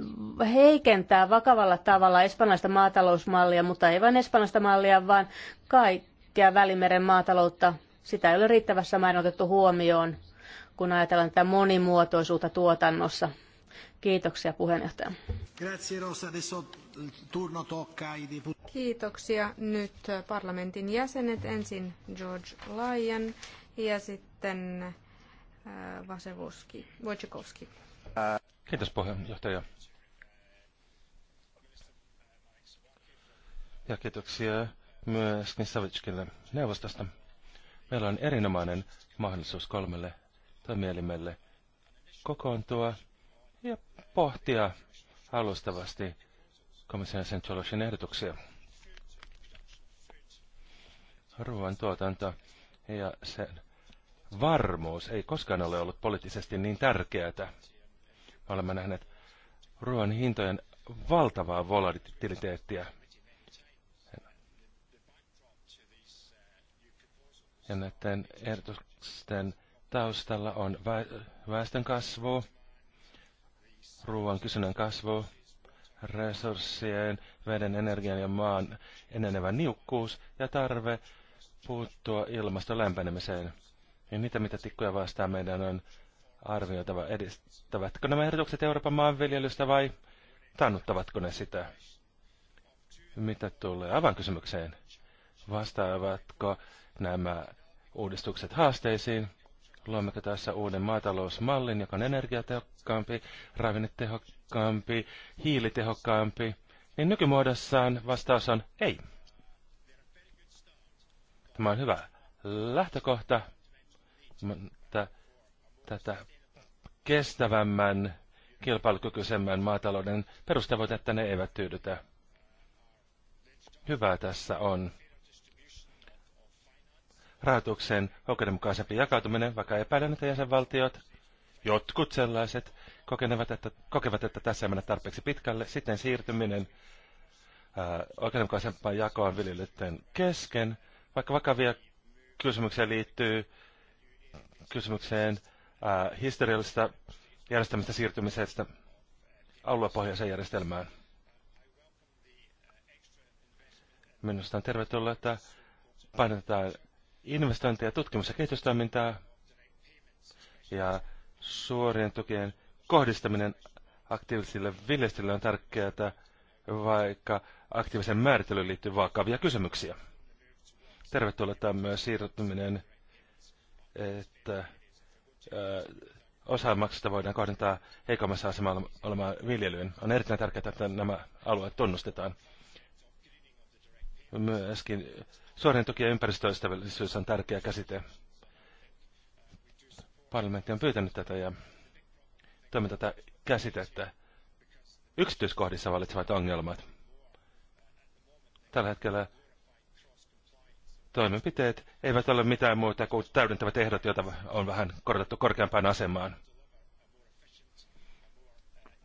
heikentää vakavalla tavalla espanjalaista maatalousmallia, mutta ei vain espanjalaista mallia, vaan kaikkea Välimeren maataloutta. Sitä ei ole riittävässä määrin otettu huomioon, kun ajatellaan tätä monimuotoisuutta tuotannossa. Kiitoksia puheenjohtaja. Eh, kiitoksia. Nyt parlamentin jäsenet. Ensin George Lyon ja sitten Vasevoski, eh, Wojciechowski. Kiitos puheenjohtaja. Ja kiitoksia myös Nisavitskille neuvostosta. Meillä on erinomainen mahdollisuus kolmelle toimielimelle kokoontua – ja pohtia alustavasti komission Sentoloshin ehdotuksia. Ruoan tuotanto ja sen varmuus ei koskaan ole ollut poliittisesti niin tärkeää. Me olemme nähneet ruoan hintojen valtavaa volatiliteettia. Ja näiden ehdotusten taustalla on väestön kasvu, ruoan kysynnän kasvu, resurssien, veden, energian ja maan enenevä niukkuus ja tarve puuttua ilmaston lämpenemiseen. Ja niitä, niin mitä tikkuja vastaan meidän on arvioitava edistävätkö nämä ehdotukset Euroopan maanviljelystä vai tannuttavatko ne sitä? Mitä tulee kysymykseen? Vastaavatko nämä uudistukset haasteisiin? Luommeko tässä uuden maatalousmallin, joka on energiatehokkaampi, ravinnetehokkaampi, hiilitehokkaampi? Niin nykymuodossaan vastaus on ei. Tämä on hyvä lähtökohta, mutta tätä kestävämmän, kilpailukykyisemmän maatalouden perustavoitetta ne eivät tyydytä. Hyvää tässä on rahoituksen oikeudenmukaisempi jakautuminen, vaikka epäilen, että jäsenvaltiot, jotkut sellaiset, kokenevat, että, kokevat, että tässä ei mennä tarpeeksi pitkälle. Sitten siirtyminen äh, oikeudenmukaisempaan jakoon viljelijöiden kesken, vaikka vakavia kysymyksiä liittyy kysymykseen äh, historiallisesta järjestämistä siirtymisestä aluepohjaiseen järjestelmään. Minusta on tervetullut, että painotetaan investointeja tutkimus- ja kehitystoimintaa ja suorien tukien kohdistaminen aktiivisille viljestille on tärkeää, vaikka aktiivisen määrittelyyn liittyy vakavia kysymyksiä. Tervetuloa myös siirtyminen, että osa maksusta voidaan kohdentaa heikommassa asemassa olemaan viljelyyn. On erittäin tärkeää, että nämä alueet tunnustetaan. Myöskin Suorien toki ja ympäristöystävällisyys on tärkeä käsite. Parlamentti on pyytänyt tätä ja toimin tätä käsitettä. Yksityiskohdissa valitsevat ongelmat. Tällä hetkellä toimenpiteet eivät ole mitään muuta kuin täydentävät ehdot, joita on vähän korotettu korkeampaan asemaan.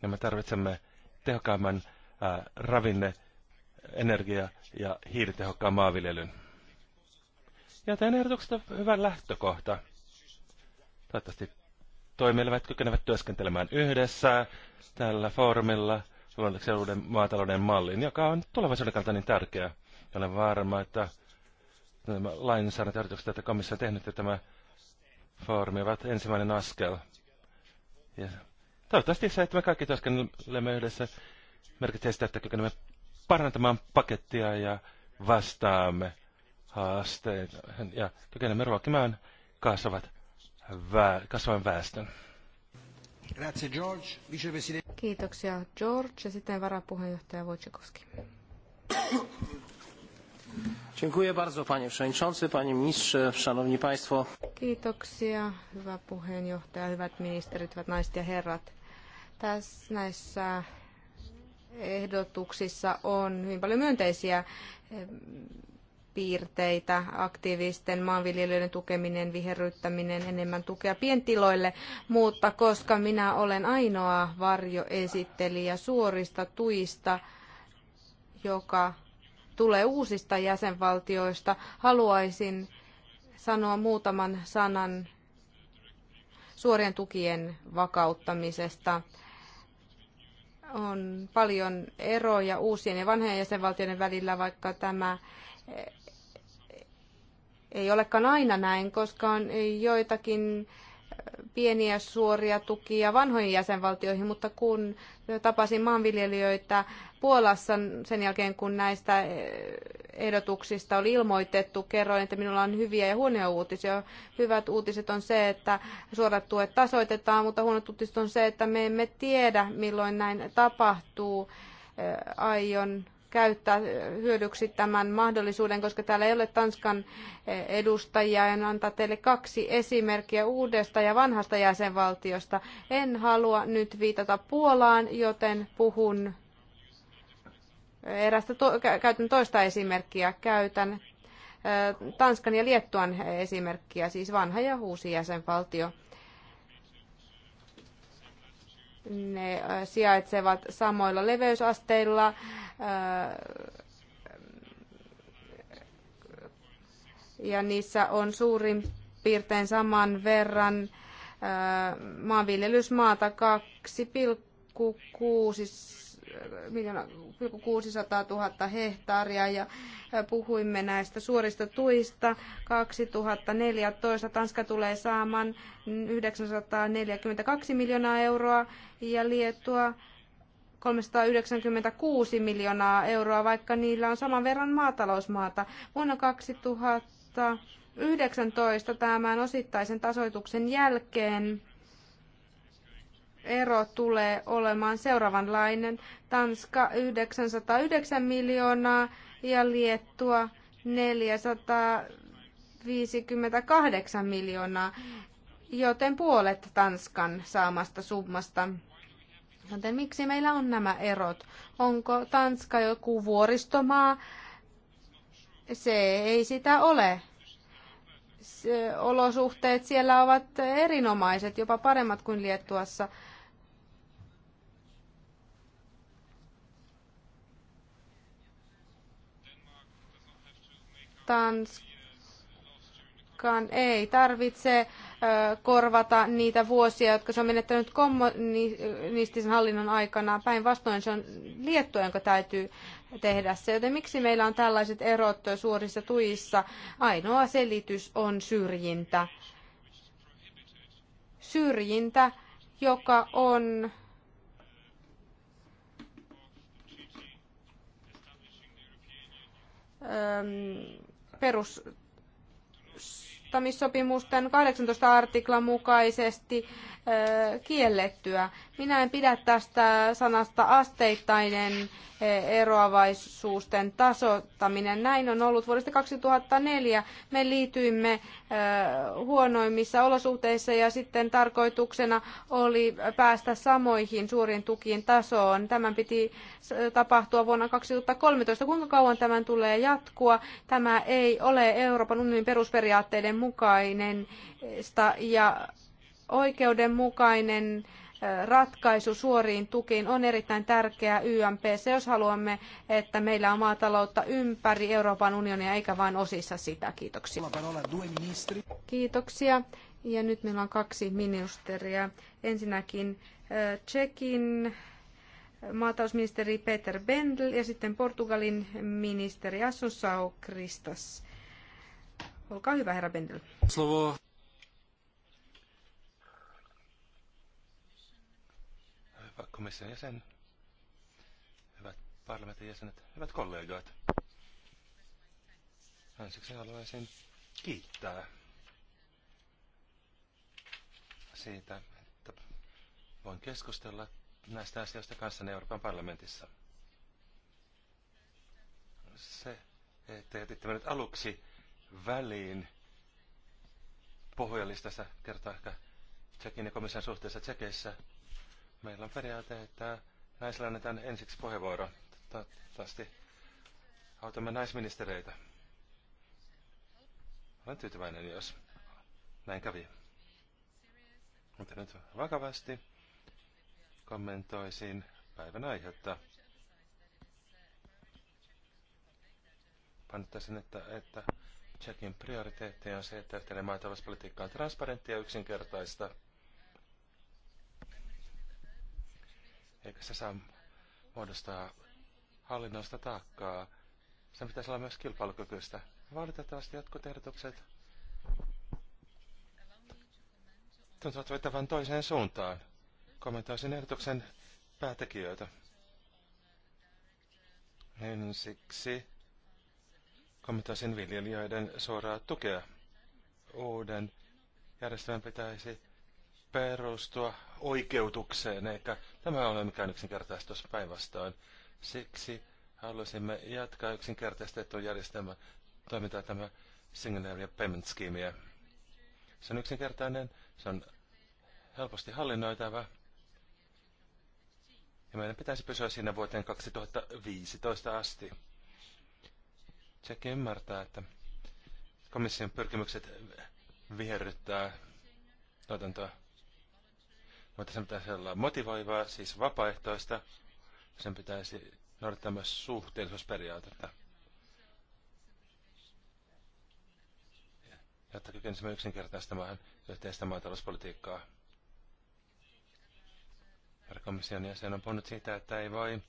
Ja me tarvitsemme tehokkaamman ravinne, energia- ja hiilitehokkaan maanviljelyn. Joten ehdotuksesta hyvä lähtökohta. Toivottavasti toimielevat kykenevät työskentelemään yhdessä tällä foorumilla luonnollisen uuden maatalouden mallin, joka on tulevaisuuden kannalta niin tärkeä. Olen varma, että nämä lainsäädäntöyritykset, joita komissio on tehnyt, ja tämä foorumi ovat ensimmäinen askel. Ja toivottavasti se, että me kaikki työskentelemme yhdessä, merkitsee sitä, että kykenemme parantamaan pakettia ja vastaamme haasteet ja kykenemme ruokkimaan kasvavat vä- kasvavan väestön. Grazie George, vicepresidente. Kiitoksia George ja sitten varapuheenjohtaja Wojciechowski. Dziękuję bardzo panie przewodniczący, panie ministrze, szanowni państwo. Kiitoksia, hyvä puheenjohtaja, hyvät ministerit, hyvät naiset ja herrat. Tässä näissä ehdotuksissa on hyvin paljon myönteisiä piirteitä, aktiivisten maanviljelijöiden tukeminen, viherryttäminen, enemmän tukea pientiloille, mutta koska minä olen ainoa varjoesittelijä suorista tuista, joka tulee uusista jäsenvaltioista, haluaisin sanoa muutaman sanan suorien tukien vakauttamisesta on paljon eroja uusien ja vanhojen jäsenvaltioiden välillä, vaikka tämä ei olekaan aina näin, koska on joitakin pieniä suoria tukia vanhoihin jäsenvaltioihin, mutta kun tapasin maanviljelijöitä Puolassa sen jälkeen, kun näistä ehdotuksista oli ilmoitettu, kerroin, että minulla on hyviä ja huonoja uutisia. Hyvät uutiset on se, että suorat tuet tasoitetaan, mutta huonot uutiset on se, että me emme tiedä, milloin näin tapahtuu. Äh, aion käyttää hyödyksi tämän mahdollisuuden, koska täällä ei ole Tanskan edustajia. En antaa teille kaksi esimerkkiä uudesta ja vanhasta jäsenvaltiosta. En halua nyt viitata Puolaan, joten puhun erästä to- käytän toista esimerkkiä. Käytän äh, Tanskan ja Liettuan esimerkkiä, siis vanha ja uusi jäsenvaltio. Ne äh, sijaitsevat samoilla leveysasteilla ja niissä on suurin piirtein saman verran maanviljelysmaata 2,6 600 000 hehtaaria ja puhuimme näistä suorista tuista. 2014 Tanska tulee saamaan 942 miljoonaa euroa ja Liettua 396 miljoonaa euroa, vaikka niillä on saman verran maatalousmaata. Vuonna 2019 tämän osittaisen tasoituksen jälkeen ero tulee olemaan seuraavanlainen. Tanska 909 miljoonaa ja Liettua 458 miljoonaa, joten puolet Tanskan saamasta summasta. Joten miksi meillä on nämä erot? Onko Tanska joku vuoristomaa? Se ei sitä ole. Se, olosuhteet siellä ovat erinomaiset, jopa paremmat kuin Liettuassa. Tanskan ei tarvitse korvata niitä vuosia, jotka se on menettänyt kommunistisen hallinnon aikana. Päinvastoin se on Liettua, jonka täytyy tehdä se. Joten miksi meillä on tällaiset erot suorissa tuissa? Ainoa selitys on syrjintä. Syrjintä, joka on perus vapaauttamissopimusten 18 artiklan mukaisesti kiellettyä. Minä en pidä tästä sanasta asteittainen eh, eroavaisuusten tasoittaminen. Näin on ollut vuodesta 2004. Me liityimme eh, huonoimmissa olosuhteissa ja sitten tarkoituksena oli päästä samoihin suurin tukien tasoon. Tämän piti tapahtua vuonna 2013. Kuinka kauan tämän tulee jatkua? Tämä ei ole Euroopan unionin perusperiaatteiden mukainen eh, ja oikeudenmukainen ratkaisu suoriin tukiin on erittäin tärkeä YMPC, jos haluamme, että meillä on maataloutta ympäri Euroopan unionia eikä vain osissa sitä. Kiitoksia. Kiitoksia. Ja nyt meillä on kaksi ministeriä. Ensinnäkin Tsekin maatalousministeri Peter Bendel ja sitten Portugalin ministeri Assunção Cristas. Olkaa hyvä, herra Bendel. Slovo. komission jäsen, hyvät parlamentin jäsenet, hyvät kollegat. Ensiksi haluaisin kiittää siitä, että voin keskustella näistä asioista kanssa Euroopan parlamentissa. Se, että jätitte nyt aluksi väliin pohjalistassa kertoo ehkä Tsekin ja komission suhteessa Tsekeissä Meillä on periaate, että naisille annetaan ensiksi puheenvuoro. Toivottavasti autamme naisministereitä. Olen tyytyväinen, jos näin kävi. Mutta nyt vakavasti kommentoisin päivän aihetta. Painottaisin, että, että Tsekin prioriteetti on se, että maatalouspolitiikka on transparenttia ja yksinkertaista – eikä se saa muodostaa hallinnosta taakkaa. Sen pitäisi olla myös kilpailukykyistä. Valitettavasti jotkut ehdotukset tuntuvat vetävän toiseen suuntaan. Kommentoisin ehdotuksen päätekijöitä. Ensiksi kommentoisin viljelijöiden suoraa tukea. Uuden järjestelmän pitäisi perustua oikeutukseen, eikä tämä ole mikään yksinkertaistus päinvastoin. Siksi haluaisimme jatkaa yksinkertaistettua järjestelmän toimintaa tämä Single Area Payment Scheme. Se on yksinkertainen, se on helposti hallinnoitava. Ja meidän pitäisi pysyä siinä vuoteen 2015 asti. Tsekki ymmärtää, että komission pyrkimykset viherryttää tuotantoa. Mutta sen pitäisi olla motivoivaa, siis vapaaehtoista. Sen pitäisi noudattaa myös suhteellisuusperiaatetta. Jotta kykenisimme yksinkertaistamaan yhteistä maatalouspolitiikkaa. Komission jäsen on puhunut siitä, että ei voi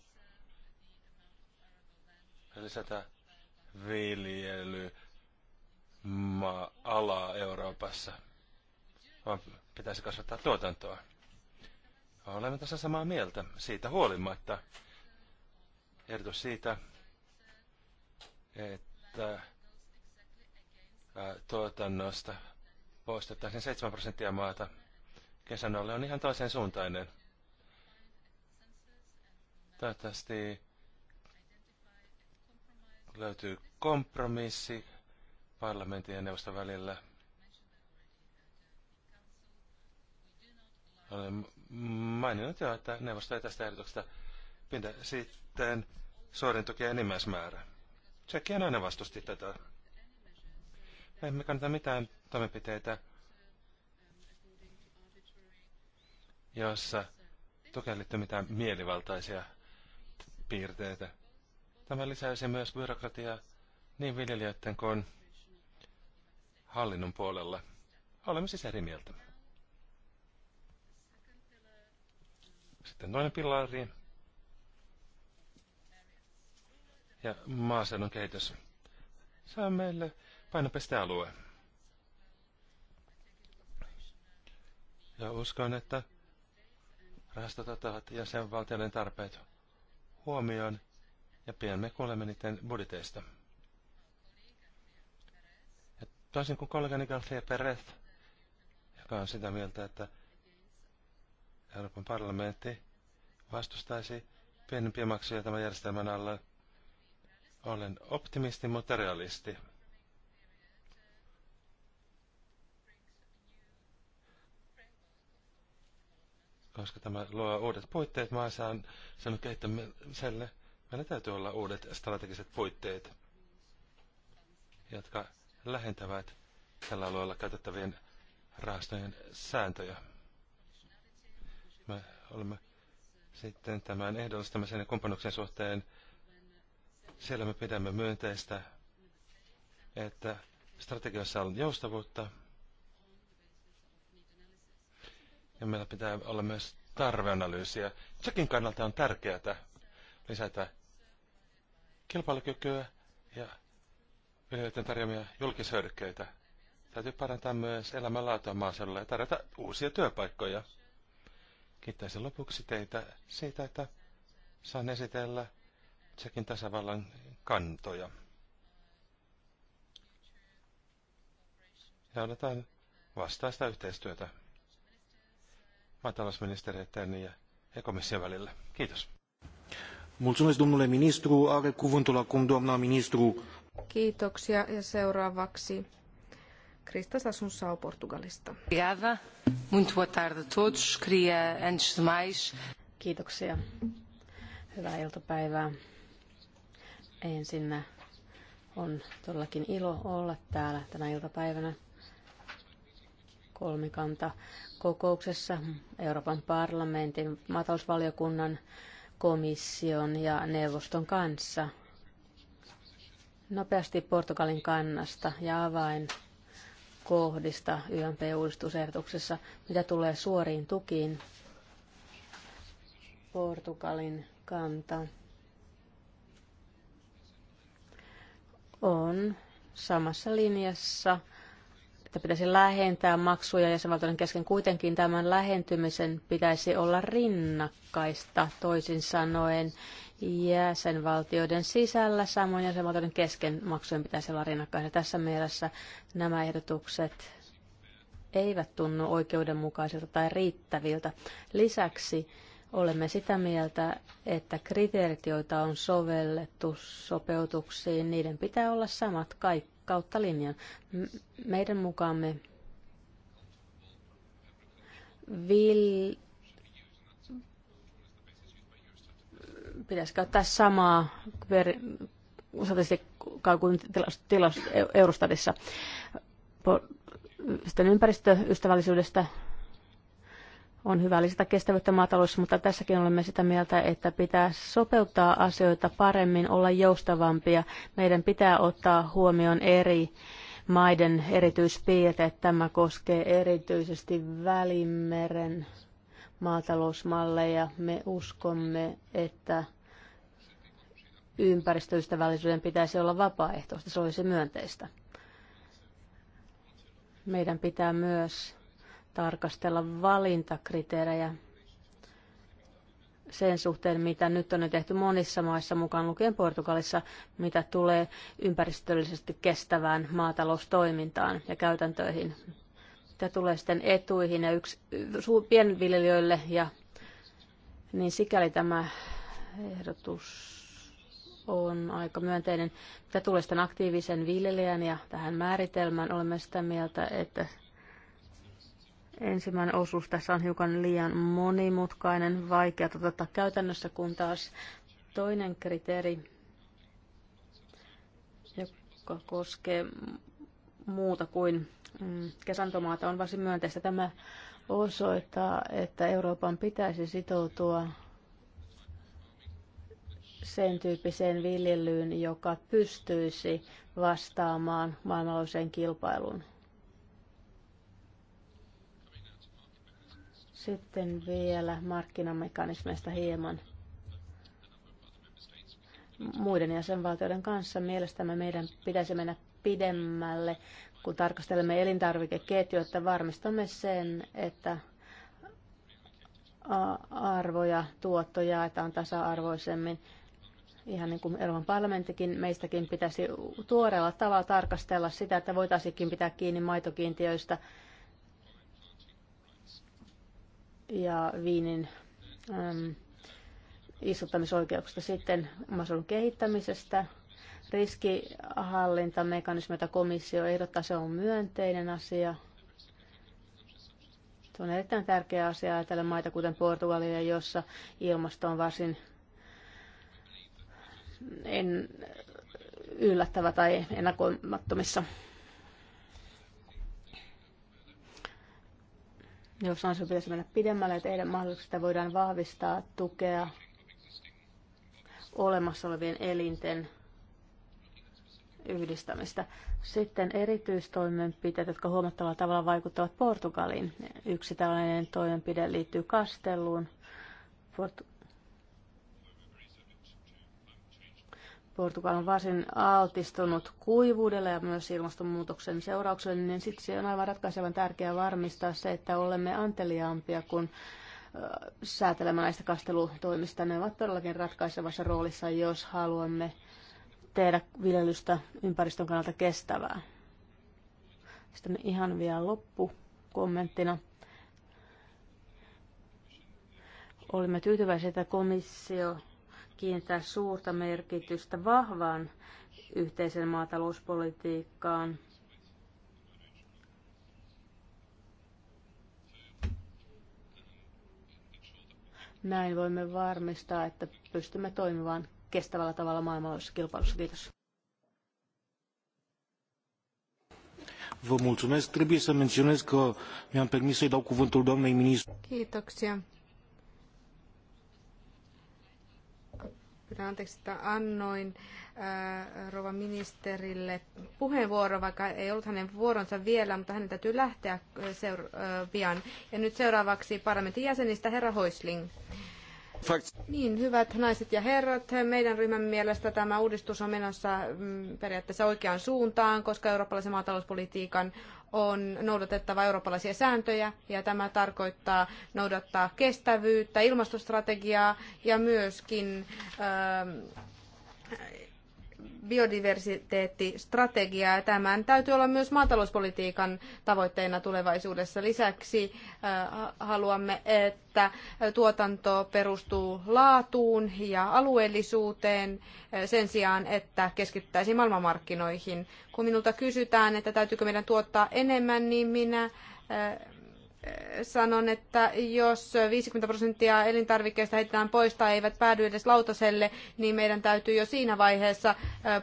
lisätä viljelymaa-alaa Euroopassa, vaan pitäisi kasvattaa tuotantoa. Olemme tässä samaa mieltä siitä huolimatta. Ehdotus siitä, että tuotannosta poistettaisiin 7 prosenttia maata kesän alle on ihan toisen suuntainen. Toivottavasti löytyy kompromissi parlamentin ja neuvoston välillä. Olen maininnut jo, että neuvosto ei tästä ehdotuksesta pinta sitten suorin enimmäismäärä. Tsekki aina vastusti tätä. Me emme kannata mitään toimenpiteitä, jossa tukeen liittyy mitään mielivaltaisia piirteitä. Tämä lisäisi myös byrokratiaa niin viljelijöiden kuin hallinnon puolella. Olemme siis eri mieltä. Sitten toinen pilari. Ja maaseudun kehitys. Se on meille painopistealue. Ja uskon, että rahastot ottavat jäsenvaltioiden tarpeet huomioon ja pian me kuulemme niiden budjeteista. Ja toisin kuin kollegani Garcia Perez, joka on sitä mieltä, että Euroopan parlamentti vastustaisi pienempiä maksuja tämän järjestelmän alla. Olen optimisti, mutta realisti. Koska tämä luo uudet puitteet maassaan sen kehittämiselle, meillä täytyy olla uudet strategiset puitteet, jotka lähentävät tällä alueella käytettävien rahastojen sääntöjä. Me olemme sitten tämän ehdollistamisen ja kumppanuksen suhteen. Siellä me pidämme myönteistä, että strategiassa on joustavuutta. Ja meillä pitää olla myös tarveanalyysiä. Tsekin kannalta on tärkeää lisätä kilpailukykyä ja viljelijöiden tarjoamia julkishyödykkeitä. Täytyy parantaa myös elämänlaatua maaseudulla ja tarjota uusia työpaikkoja. Kiittäisin lopuksi teitä siitä, että saan esitellä Tsekin tasavallan kantoja. Ja odotan vastaista yhteistyötä maatalousministeriöiden ja komission välillä. Kiitos. Mulțumesc, domnule ministru. Are cuvântul acum doamna ministru. Kiitoksia ja seuraavaksi Cristas Assunção, Portugalista. Obrigada. Muito boa tarde a todos. Queria, antes de mais... Kiitoksia. Hyvää iltapäivää. Ensin on todellakin ilo olla täällä tänä iltapäivänä kolmikanta kokouksessa Euroopan parlamentin maatalousvaliokunnan komission ja neuvoston kanssa. Nopeasti Portugalin kannasta ja avain kohdista YMP-uudistusehdotuksessa, mitä tulee suoriin tukiin. Portugalin kanta on samassa linjassa, että pitäisi lähentää maksuja jäsenvaltioiden kesken. Kuitenkin tämän lähentymisen pitäisi olla rinnakkaista, toisin sanoen jäsenvaltioiden sisällä, samoin jäsenvaltioiden kesken maksujen pitäisi olla rinnakkaisia. tässä mielessä nämä ehdotukset eivät tunnu oikeudenmukaisilta tai riittäviltä. Lisäksi olemme sitä mieltä, että kriteerit, joita on sovellettu sopeutuksiin, niiden pitää olla samat kaikki kautta linjan. Meidän mukaamme pitäisi käyttää samaa statistiikkaa kuin tilas, Eurostadissa Eurostatissa. Sitten ympäristöystävällisyydestä on hyvä lisätä kestävyyttä maataloudessa, mutta tässäkin olemme sitä mieltä, että pitää sopeuttaa asioita paremmin, olla joustavampia. Meidän pitää ottaa huomioon eri maiden erityispiirteet. Tämä koskee erityisesti Välimeren maatalousmalleja. Me uskomme, että ympäristöystävällisyyden pitäisi olla vapaaehtoista, se olisi myönteistä. Meidän pitää myös tarkastella valintakriteerejä sen suhteen, mitä nyt on tehty monissa maissa, mukaan lukien Portugalissa, mitä tulee ympäristöllisesti kestävään maataloustoimintaan ja käytäntöihin. Mitä tulee sitten etuihin ja yks, pienviljelijöille, ja, niin sikäli tämä ehdotus on aika myönteinen. Mitä tulee sitten aktiivisen viljelijän ja tähän määritelmään, olemme sitä mieltä, että ensimmäinen osuus tässä on hiukan liian monimutkainen, vaikea toteuttaa käytännössä, kun taas toinen kriteeri, joka koskee muuta kuin mm, kesantomaata on varsin myönteistä. Tämä osoittaa, että Euroopan pitäisi sitoutua sen tyyppiseen viljelyyn, joka pystyisi vastaamaan maailmanlaajuiseen kilpailuun. Sitten vielä markkinamekanismeista hieman muiden jäsenvaltioiden kanssa. Mielestäni meidän pitäisi mennä pidemmälle, kun tarkastelemme elintarvikeketjua, että varmistamme sen, että arvoja, tuotto jaetaan tasa-arvoisemmin ihan niin kuin Euroopan parlamenttikin, meistäkin pitäisi tuoreella tavalla tarkastella sitä, että voitaisiinkin pitää kiinni maitokiintiöistä ja viinin äm, istuttamisoikeuksista. Sitten maaseudun kehittämisestä, riskihallintamekanismi, jota komissio ehdottaa, se on myönteinen asia. Se on erittäin tärkeä asia ajatella maita, kuten Portugalia, jossa ilmasto on varsin en yllättävä tai ennakoimattomissa. Jos ansio pitäisi mennä pidemmälle ja tehdä mahdollisuuksia, voidaan vahvistaa tukea olemassa olevien elinten yhdistämistä. Sitten erityistoimenpiteet, jotka huomattavalla tavalla vaikuttavat Portugaliin. Yksi tällainen toimenpide liittyy kasteluun. Portu- Portugal on varsin altistunut kuivuudelle ja myös ilmastonmuutoksen seurauksena, niin siksi on aivan ratkaisevan tärkeää varmistaa se, että olemme anteliaampia kuin säätelemään näistä kastelutoimista. Ne ovat todellakin ratkaisevassa roolissa, jos haluamme tehdä viljelystä ympäristön kannalta kestävää. Sitten ihan vielä loppu kommenttina. Olimme tyytyväisiä, että komissio kiinnittää suurta merkitystä vahvaan yhteisen maatalouspolitiikkaan. Näin voimme varmistaa, että pystymme toimimaan kestävällä tavalla maailmanlaajuisessa kilpailussa. Kiitos. Vă mulțumesc. Trebuie să menționez că mi-am permis să-i dau cuvântul doamnei ministru. Kiitoksia. Pyydän anteeksi, että annoin äh, rouva ministerille puheenvuoro, vaikka ei ollut hänen vuoronsa vielä, mutta hänen täytyy lähteä äh, seur- äh, pian. Ja nyt seuraavaksi parlamentin jäsenistä herra Hoisling. Niin, hyvät naiset ja herrat, meidän ryhmämme mielestä tämä uudistus on menossa mm, periaatteessa oikeaan suuntaan, koska eurooppalaisen maatalouspolitiikan on noudatettava eurooppalaisia sääntöjä ja tämä tarkoittaa noudattaa kestävyyttä, ilmastostrategiaa ja myöskin ähm, biodiversiteettistrategiaa. Tämän täytyy olla myös maatalouspolitiikan tavoitteena tulevaisuudessa. Lisäksi äh, haluamme, että tuotanto perustuu laatuun ja alueellisuuteen äh, sen sijaan, että keskittäisiin maailmanmarkkinoihin. Kun minulta kysytään, että täytyykö meidän tuottaa enemmän, niin minä äh, sanon, että jos 50 prosenttia elintarvikkeista heitetään pois tai eivät päädy edes lautaselle, niin meidän täytyy jo siinä vaiheessa äh,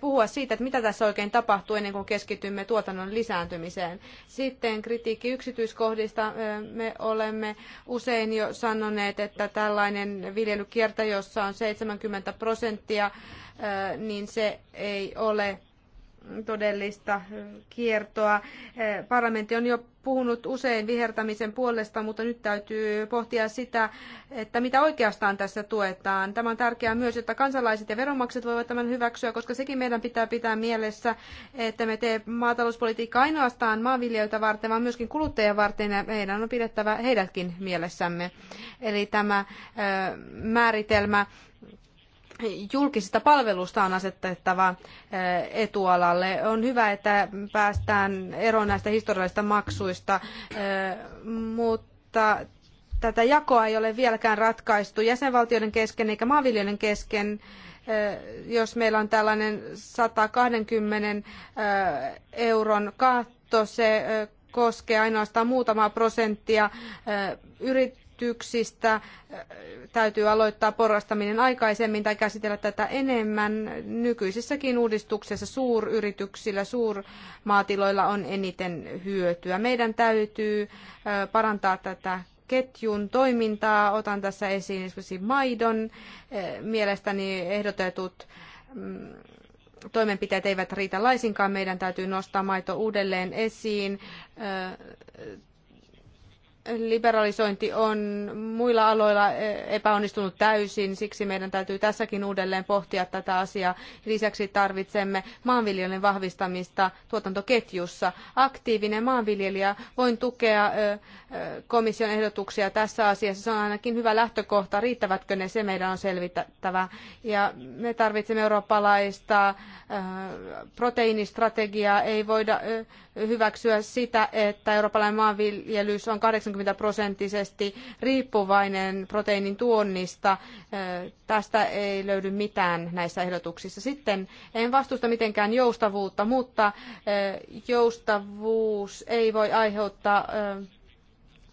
puhua siitä, että mitä tässä oikein tapahtuu ennen kuin keskitymme tuotannon lisääntymiseen. Sitten kritiikki yksityiskohdista. Äh, me olemme usein jo sanoneet, että tällainen viljelykierto, jossa on 70 prosenttia, äh, niin se ei ole todellista kiertoa. Parlamentti on jo puhunut usein vihertämisen puolesta, mutta nyt täytyy pohtia sitä, että mitä oikeastaan tässä tuetaan. Tämä on tärkeää myös, että kansalaiset ja veronmaksajat voivat tämän hyväksyä, koska sekin meidän pitää pitää mielessä, että me tee maatalouspolitiikkaa ainoastaan maanviljelijöitä varten, vaan myöskin kuluttajia varten, ja meidän on pidettävä heidätkin mielessämme. Eli tämä määritelmä julkisista palveluista on asettettava eh, etualalle. On hyvä, että päästään eroon näistä historiallisista maksuista, eh, mutta tätä jakoa ei ole vieläkään ratkaistu jäsenvaltioiden kesken eikä maanviljelijöiden kesken. Eh, jos meillä on tällainen 120 euron katto, se koskee ainoastaan muutamaa prosenttia yrittäjistä yrityksistä täytyy aloittaa porrastaminen aikaisemmin tai käsitellä tätä enemmän. Nykyisessäkin uudistuksessa suuryrityksillä, suurmaatiloilla on eniten hyötyä. Meidän täytyy parantaa tätä ketjun toimintaa. Otan tässä esiin esimerkiksi maidon. Mielestäni ehdotetut mm, toimenpiteet eivät riitä laisinkaan. Meidän täytyy nostaa maito uudelleen esiin liberalisointi on muilla aloilla e, epäonnistunut täysin, siksi meidän täytyy tässäkin uudelleen pohtia tätä asiaa. Lisäksi tarvitsemme maanviljelijän vahvistamista tuotantoketjussa. Aktiivinen maanviljelijä voin tukea e, e, komission ehdotuksia tässä asiassa. Se on ainakin hyvä lähtökohta. Riittävätkö ne, se meidän on selvittävä. Ja me tarvitsemme eurooppalaista proteiinistrategiaa. Ei voida hyväksyä sitä, että eurooppalainen maanviljelys on 80 20 prosenttisesti riippuvainen proteiinin tuonnista. Tästä ei löydy mitään näissä ehdotuksissa. Sitten en vastusta mitenkään joustavuutta, mutta joustavuus ei voi aiheuttaa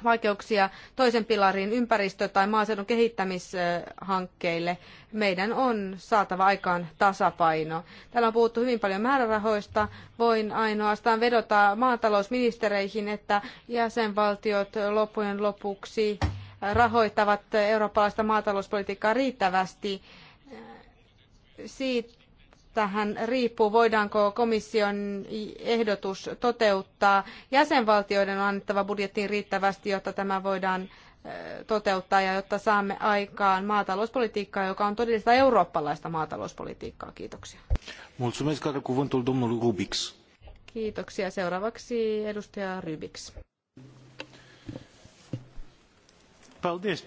vaikeuksia toisen pilarin ympäristö- tai maaseudun kehittämishankkeille, meidän on saatava aikaan tasapaino. Täällä on puhuttu hyvin paljon määrärahoista. Voin ainoastaan vedota maatalousministereihin, että jäsenvaltiot loppujen lopuksi rahoittavat eurooppalaista maatalouspolitiikkaa riittävästi siitä tähän riippuu, voidaanko komission ehdotus toteuttaa. Jäsenvaltioiden on annettava budjettiin riittävästi, jotta tämä voidaan toteuttaa ja jotta saamme aikaan maatalouspolitiikkaa, joka on todellista eurooppalaista maatalouspolitiikkaa. Kiitoksia. Kiitoksia. Seuraavaksi edustaja Rybiks. Paldies,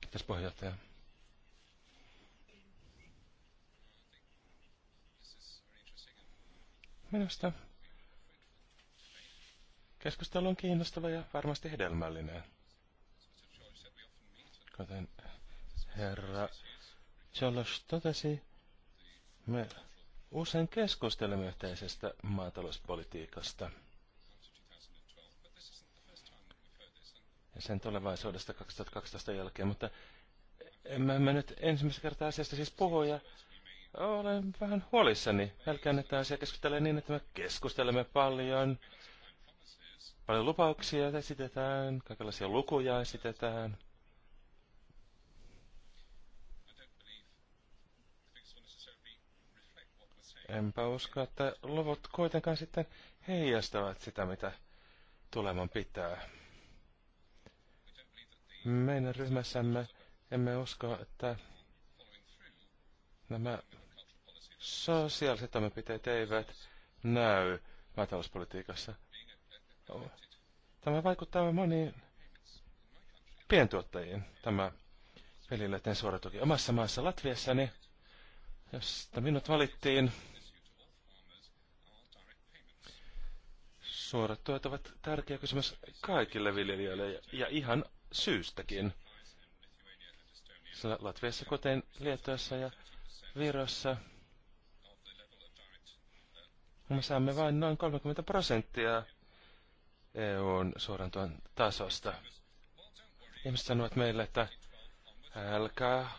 Kiitos puheenjohtaja. Minusta keskustelu on kiinnostava ja varmasti hedelmällinen. Kuten herra Jolos totesi, me usein keskustelemme yhteisestä maatalouspolitiikasta ja sen tulevaisuudesta 2012 jälkeen, mutta emme me nyt ensimmäistä kertaa asiasta siis puhu ja olen vähän huolissani. Pelkään, että asia keskustelee niin, että me keskustelemme paljon. Paljon lupauksia esitetään, kaikenlaisia lukuja esitetään. Enpä usko, että luvut kuitenkaan sitten heijastavat sitä, mitä tuleman pitää. Meidän ryhmässämme emme usko, että nämä Sosiaaliset toimenpiteet eivät näy maatalouspolitiikassa. Tämä vaikuttaa moniin pientuottajiin, tämä pelilleiden suoratuki. Omassa maassa Latviassani, josta minut valittiin, Suorat tuet ovat tärkeä kysymys kaikille viljelijöille ja ihan syystäkin. Latviassa, kuten Lietoissa ja Virossa, me saamme vain noin 30 prosenttia EUn suorantuan tasosta. Ihmiset sanovat meille, että älkää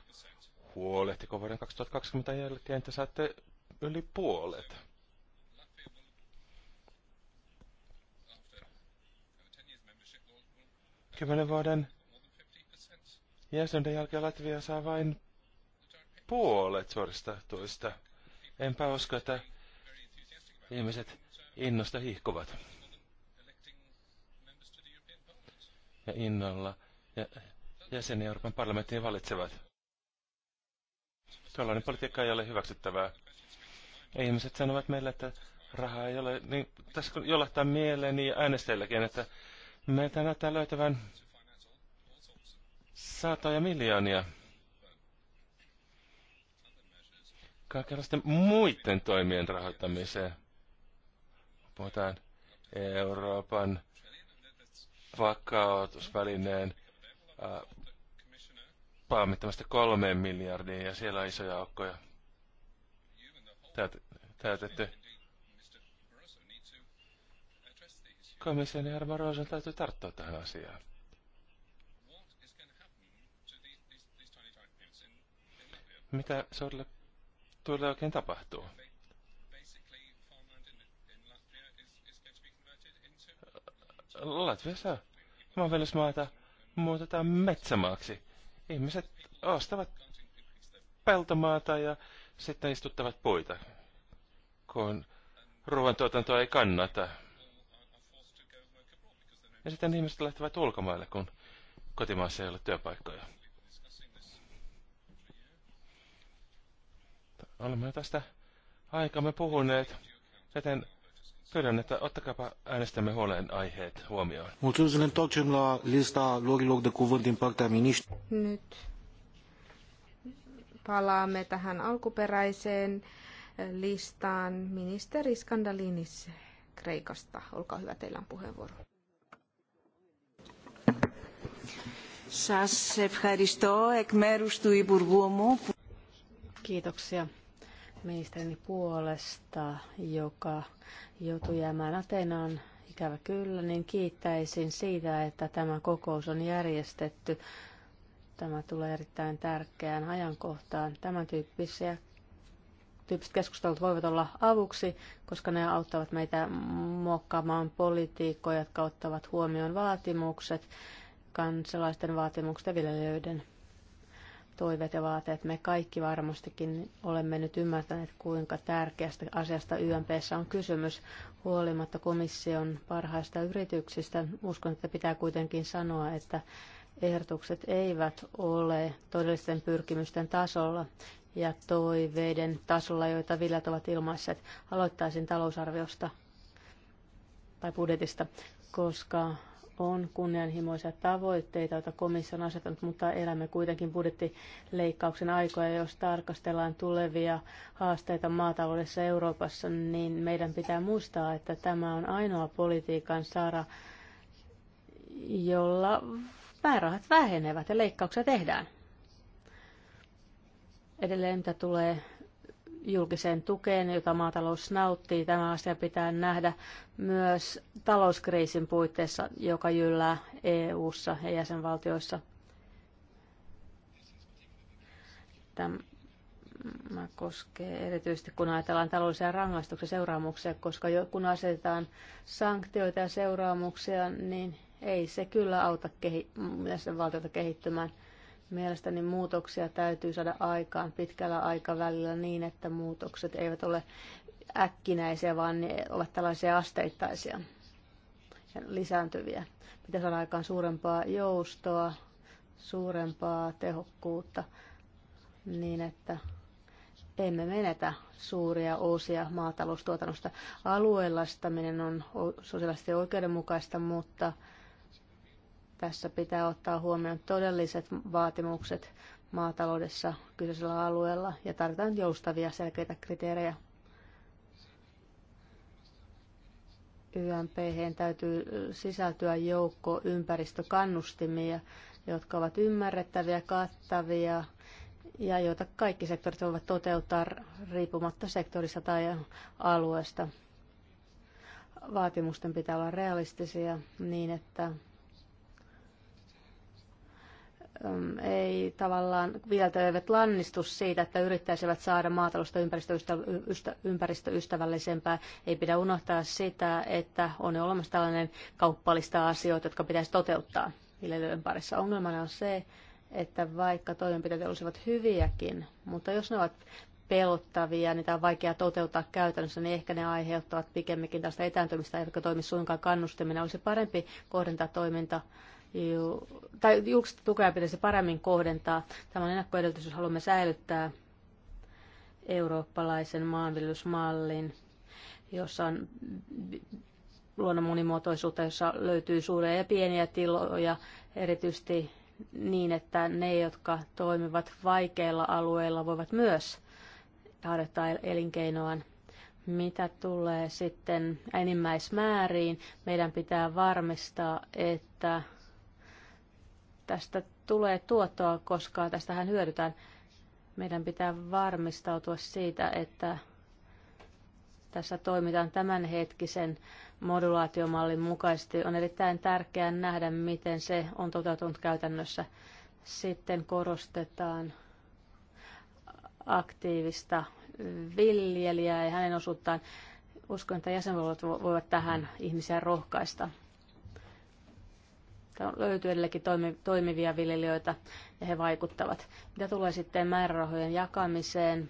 huolehtiko vuoden 2020 jälkeen, että saatte yli puolet. Kymmenen vuoden jäsenyyden jälkeen Latvia saa vain puolet suorista tuista. Enpä usko, että ihmiset innosta hihkuvat. Ja innolla ja jäseniä Euroopan parlamenttiin valitsevat. Tuollainen politiikka ei ole hyväksyttävää. Ja ihmiset sanovat meille, että rahaa ei ole, niin tässä kun jollahtaa mieleen, niin äänestäjilläkin, että meiltä näyttää löytävän satoja miljoonia kaikenlaisten muiden toimien rahoittamiseen. Puhutaan Euroopan vakautusvälineen äh, paamittamasta kolmeen miljardiin ja siellä on isoja aukkoja täytetty. Komission ja Barroson täytyy tarttua tähän asiaan. Mitä suurille tuille oikein tapahtuu? Latviassa maanviljelysmaata muutetaan metsämaaksi. Ihmiset ostavat peltomaata ja sitten istuttavat puita, kun ruoantuotantoa ei kannata. Ja sitten ihmiset lähtevät ulkomaille, kun kotimaassa ei ole työpaikkoja. Olemme tästä aikamme puhuneet, joten Pyydän, että ottakaapa äänestämme huolen aiheet huomioon. Nyt palaamme tähän alkuperäiseen listaan ministeri Skandalinis Kreikasta. Olkaa hyvä, teillä on puheenvuoro. Σας ευχαριστώ εκ μέρους του Υπουργού μου. Kiitoksia ministerin puolesta, joka joutui jäämään Atenaan ikävä kyllä, niin kiittäisin siitä, että tämä kokous on järjestetty. Tämä tulee erittäin tärkeään ajankohtaan. Tämän tyyppisiä tyyppiset keskustelut voivat olla avuksi, koska ne auttavat meitä muokkaamaan politiikkoja, jotka ottavat huomioon vaatimukset, kansalaisten vaatimukset ja viljelijöiden toiveet ja vaateet. Me kaikki varmastikin olemme nyt ymmärtäneet, kuinka tärkeästä asiasta YMPssä on kysymys. Huolimatta komission parhaista yrityksistä, uskon, että pitää kuitenkin sanoa, että ehdotukset eivät ole todellisten pyrkimysten tasolla ja toiveiden tasolla, joita viljat ovat ilmaisseet. Aloittaisin talousarviosta tai budjetista, koska on kunnianhimoisia tavoitteita, joita komissio on asettanut, mutta elämme kuitenkin budjettileikkauksen aikoja. Jos tarkastellaan tulevia haasteita maataloudessa Euroopassa, niin meidän pitää muistaa, että tämä on ainoa politiikan saara, jolla määrärahat vähenevät ja leikkauksia tehdään. Edelleen mitä tulee julkiseen tukeen, jota maatalous nauttii. Tämä asia pitää nähdä myös talouskriisin puitteissa, joka jyllää EU-ssa ja jäsenvaltioissa. Tämä koskee erityisesti, kun ajatellaan taloudellisia rangaistuksia seuraamuksia, koska kun asetetaan sanktioita ja seuraamuksia, niin ei se kyllä auta kehi- jäsenvaltiota kehittymään – Mielestäni muutoksia täytyy saada aikaan pitkällä aikavälillä niin, että muutokset eivät ole äkkinäisiä, vaan ne ovat tällaisia asteittaisia ja lisääntyviä. Pitäisi saada aikaan suurempaa joustoa, suurempaa tehokkuutta niin, että emme menetä suuria osia maataloustuotannosta. Alueellistaminen on sosiaalisesti oikeudenmukaista, mutta tässä pitää ottaa huomioon todelliset vaatimukset maataloudessa kyseisellä alueella ja tarvitaan joustavia selkeitä kriteerejä. YMP täytyy sisältyä joukko ympäristökannustimia, jotka ovat ymmärrettäviä, kattavia ja joita kaikki sektorit voivat toteuttaa riippumatta sektorista tai alueesta. Vaatimusten pitää olla realistisia niin, että ei tavallaan viljeltäjät lannistu siitä, että yrittäisivät saada maatalousta ympäristöystävällisempää. Ei pidä unohtaa sitä, että on jo olemassa tällainen kauppalista asioita, jotka pitäisi toteuttaa viljelijöiden parissa. Ongelmana on se, että vaikka toimenpiteet olisivat hyviäkin, mutta jos ne ovat pelottavia, niitä on vaikea toteuttaa käytännössä, niin ehkä ne aiheuttavat pikemminkin tästä etääntymistä, eivätkä toimi suinkaan kannustaminen. Olisi parempi kohdentaa toiminta tai julkista tukea pitäisi paremmin kohdentaa. Tämä on ennakkoedellytys, jos haluamme säilyttää eurooppalaisen maanviljelysmallin, jossa on luonnon monimuotoisuutta, jossa löytyy suuria ja pieniä tiloja, erityisesti niin, että ne, jotka toimivat vaikeilla alueilla, voivat myös harjoittaa elinkeinoaan. Mitä tulee sitten enimmäismääriin, meidän pitää varmistaa, että tästä tulee tuottoa, koska tästähän hyödytään. Meidän pitää varmistautua siitä, että tässä toimitaan tämänhetkisen modulaatiomallin mukaisesti. On erittäin tärkeää nähdä, miten se on toteutunut käytännössä. Sitten korostetaan aktiivista viljelijää ja hänen osuuttaan. Uskon, että jäsenvaltiot voivat tähän ihmisiä rohkaista että löytyy edelleenkin toimi, toimivia viljelijöitä ja he vaikuttavat. Mitä tulee sitten määrärahojen jakamiseen?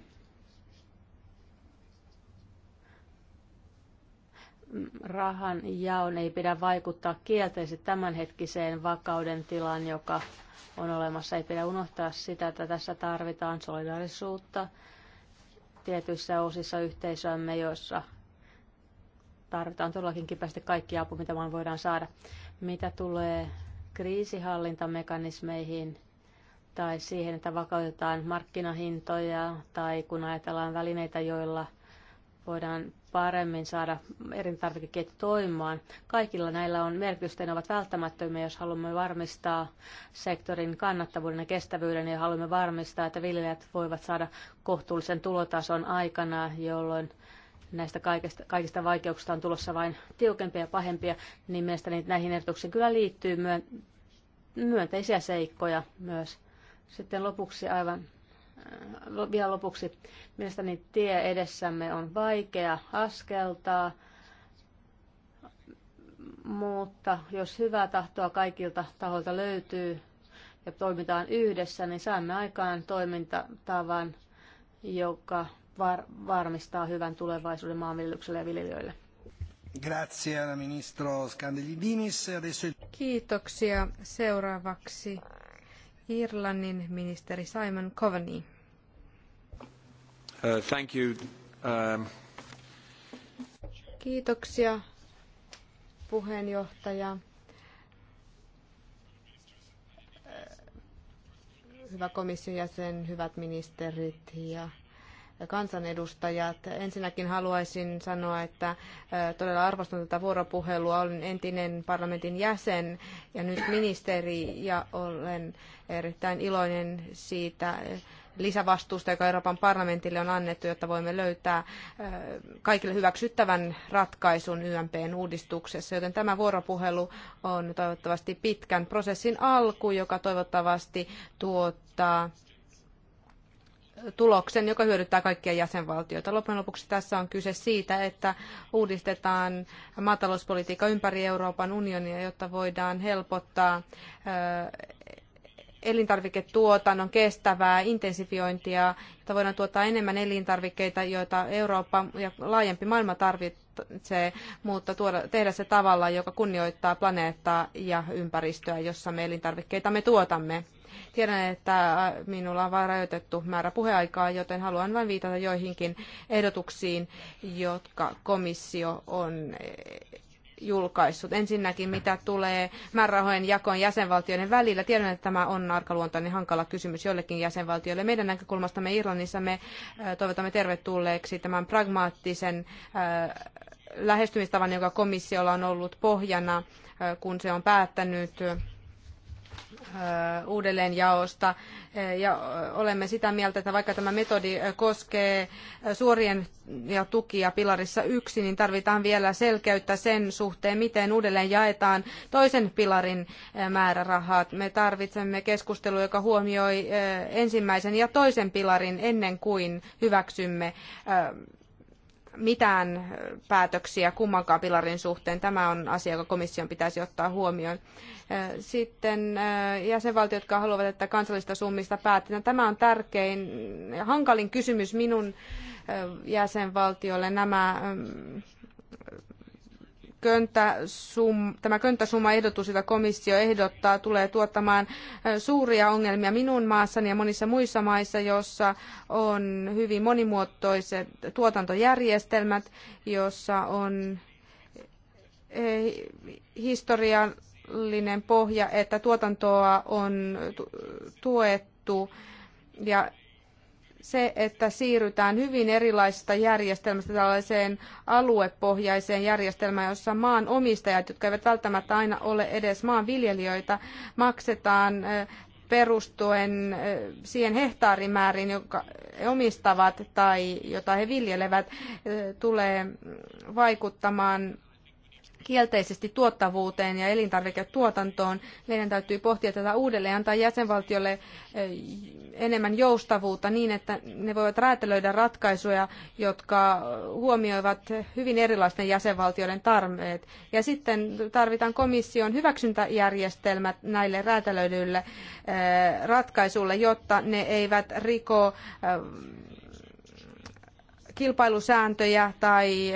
Rahan jaon ei pidä vaikuttaa kielteisesti tämänhetkiseen vakauden tilaan, joka on olemassa. Ei pidä unohtaa sitä, että tässä tarvitaan solidaarisuutta tietyissä osissa yhteisöämme, joissa tarvitaan todellakin kipästi kaikki apu, mitä vaan voidaan saada. Mitä tulee kriisihallintamekanismeihin tai siihen, että vakautetaan markkinahintoja tai kun ajatellaan välineitä, joilla voidaan paremmin saada elintarvikeketju toimimaan. Kaikilla näillä on merkitystä, ne ovat välttämättömiä, jos haluamme varmistaa sektorin kannattavuuden ja kestävyyden ja haluamme varmistaa, että viljelijät voivat saada kohtuullisen tulotason aikana, jolloin näistä kaikista, kaikista vaikeuksista on tulossa vain tiukempia ja pahempia, niin mielestäni näihin ehdotuksiin kyllä liittyy myönteisiä seikkoja myös. Sitten lopuksi aivan äh, vielä lopuksi. Mielestäni tie edessämme on vaikea askeltaa, mutta jos hyvää tahtoa kaikilta tahoilta löytyy ja toimitaan yhdessä, niin saamme aikaan toimintatavan, joka var- varmistaa hyvän tulevaisuuden maanviljelykselle ja viljelijöille. Grazie, ministro Scandelidinis. Adesso... Kiitoksia. Seuraavaksi Irlannin ministeri Simon Coveney. Uh, thank you. Um... Kiitoksia, puheenjohtaja. Hyvä komission jäsen, hyvät ministerit ja kansanedustajat. Ensinnäkin haluaisin sanoa, että todella arvostan tätä vuoropuhelua. Olen entinen parlamentin jäsen ja nyt ministeri ja olen erittäin iloinen siitä lisävastuusta, joka Euroopan parlamentille on annettu, jotta voimme löytää kaikille hyväksyttävän ratkaisun YMPn uudistuksessa. Joten tämä vuoropuhelu on toivottavasti pitkän prosessin alku, joka toivottavasti tuottaa tuloksen, joka hyödyttää kaikkia jäsenvaltioita. Loppujen lopuksi tässä on kyse siitä, että uudistetaan maatalouspolitiikka ympäri Euroopan unionia, jotta voidaan helpottaa elintarviketuotannon kestävää intensifiointia, jotta voidaan tuottaa enemmän elintarvikkeita, joita Eurooppa ja laajempi maailma tarvitsee, mutta tuoda, tehdä se tavalla, joka kunnioittaa planeettaa ja ympäristöä, jossa me elintarvikkeita me tuotamme. Tiedän, että äh, minulla on vain rajoitettu määrä puheaikaa, joten haluan vain viitata joihinkin ehdotuksiin, jotka komissio on eh, julkaissut. Ensinnäkin, mitä tulee määrärahojen jakoon jäsenvaltioiden välillä. Tiedän, että tämä on arkaluontainen hankala kysymys jollekin jäsenvaltiolle. Meidän näkökulmastamme Irlannissa me eh, toivotamme tervetulleeksi tämän pragmaattisen eh, lähestymistavan, joka komissiolla on ollut pohjana, kun se on päättänyt Äh, uudelleenjaosta. Äh, ja äh, olemme sitä mieltä, että vaikka tämä metodi koskee suorien ja tukia pilarissa yksi, niin tarvitaan vielä selkeyttä sen suhteen, miten uudelleen jaetaan toisen pilarin määrärahat. Me tarvitsemme keskustelua, joka huomioi ensimmäisen ja toisen pilarin ennen kuin hyväksymme mitään päätöksiä kummankaan pilarin suhteen. Tämä on asia, joka komission pitäisi ottaa huomioon. Sitten jäsenvaltiot, jotka haluavat, että kansallista summista päätetään. Tämä on tärkein, hankalin kysymys minun jäsenvaltiolle. Nämä mm, tämä könttäsummaehdotus, jota komissio ehdottaa, tulee tuottamaan suuria ongelmia minun maassani ja monissa muissa maissa, joissa on hyvin monimuotoiset tuotantojärjestelmät, jossa on historiallinen pohja, että tuotantoa on tuettu ja se, että siirrytään hyvin erilaisesta järjestelmästä tällaiseen aluepohjaiseen järjestelmään, jossa maan omistajat, jotka eivät välttämättä aina ole edes maanviljelijöitä, maksetaan perustuen siihen hehtaarimäärin, jonka he omistavat tai jota he viljelevät, tulee vaikuttamaan kielteisesti tuottavuuteen ja elintarviketuotantoon. Meidän täytyy pohtia tätä uudelleen ja antaa jäsenvaltiolle eh, enemmän joustavuutta niin, että ne voivat räätälöidä ratkaisuja, jotka huomioivat hyvin erilaisten jäsenvaltioiden tarpeet. Ja sitten tarvitaan komission hyväksyntäjärjestelmät näille räätälöidyille eh, ratkaisuille, jotta ne eivät riko eh, kilpailusääntöjä tai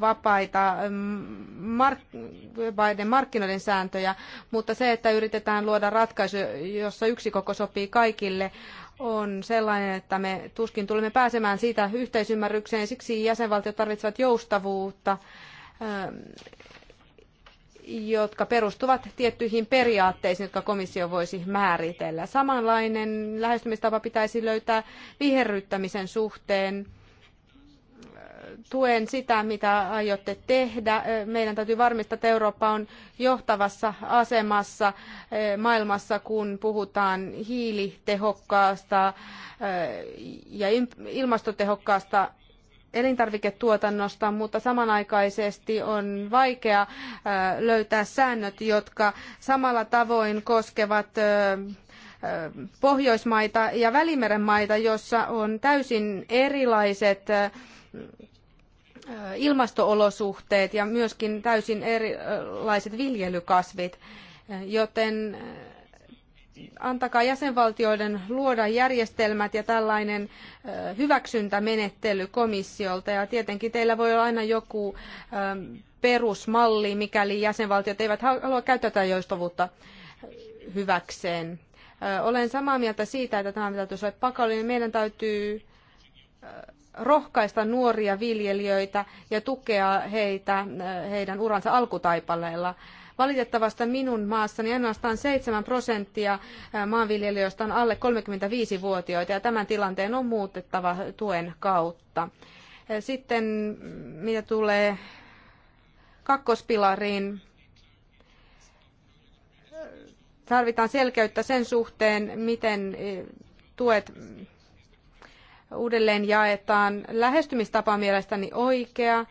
vapaita markkinoiden sääntöjä, mutta se, että yritetään luoda ratkaisu, jossa yksi koko sopii kaikille, on sellainen, että me tuskin tulemme pääsemään siitä yhteisymmärrykseen. Siksi jäsenvaltiot tarvitsevat joustavuutta jotka perustuvat tiettyihin periaatteisiin, jotka komissio voisi määritellä. Samanlainen lähestymistapa pitäisi löytää viherryttämisen suhteen. Tuen sitä, mitä aiotte tehdä. Meidän täytyy varmistaa, että Eurooppa on johtavassa asemassa maailmassa, kun puhutaan hiilitehokkaasta ja ilmastotehokkaasta elintarviketuotannosta, mutta samanaikaisesti on vaikea äh, löytää säännöt, jotka samalla tavoin koskevat äh, äh, Pohjoismaita ja Välimeren maita, jossa on täysin erilaiset ilmastoolosuhteet ja myöskin täysin erilaiset viljelykasvit, joten antakaa jäsenvaltioiden luoda järjestelmät ja tällainen hyväksyntämenettely komissiolta. Ja tietenkin teillä voi olla aina joku perusmalli, mikäli jäsenvaltiot eivät halua käyttää tätä joustavuutta hyväkseen. Olen samaa mieltä siitä, että tämä täytyisi olla pakollinen. Niin meidän täytyy rohkaista nuoria viljelijöitä ja tukea heitä heidän uransa alkutaipaleella Valitettavasti minun maassani ainoastaan 7 prosenttia maanviljelijöistä on alle 35-vuotiaita ja tämän tilanteen on muutettava tuen kautta. Sitten mm, mitä tulee kakkospilariin, tarvitaan selkeyttä sen suhteen, miten tuet mm, uudelleen jaetaan. Lähestymistapa on mielestäni oikea.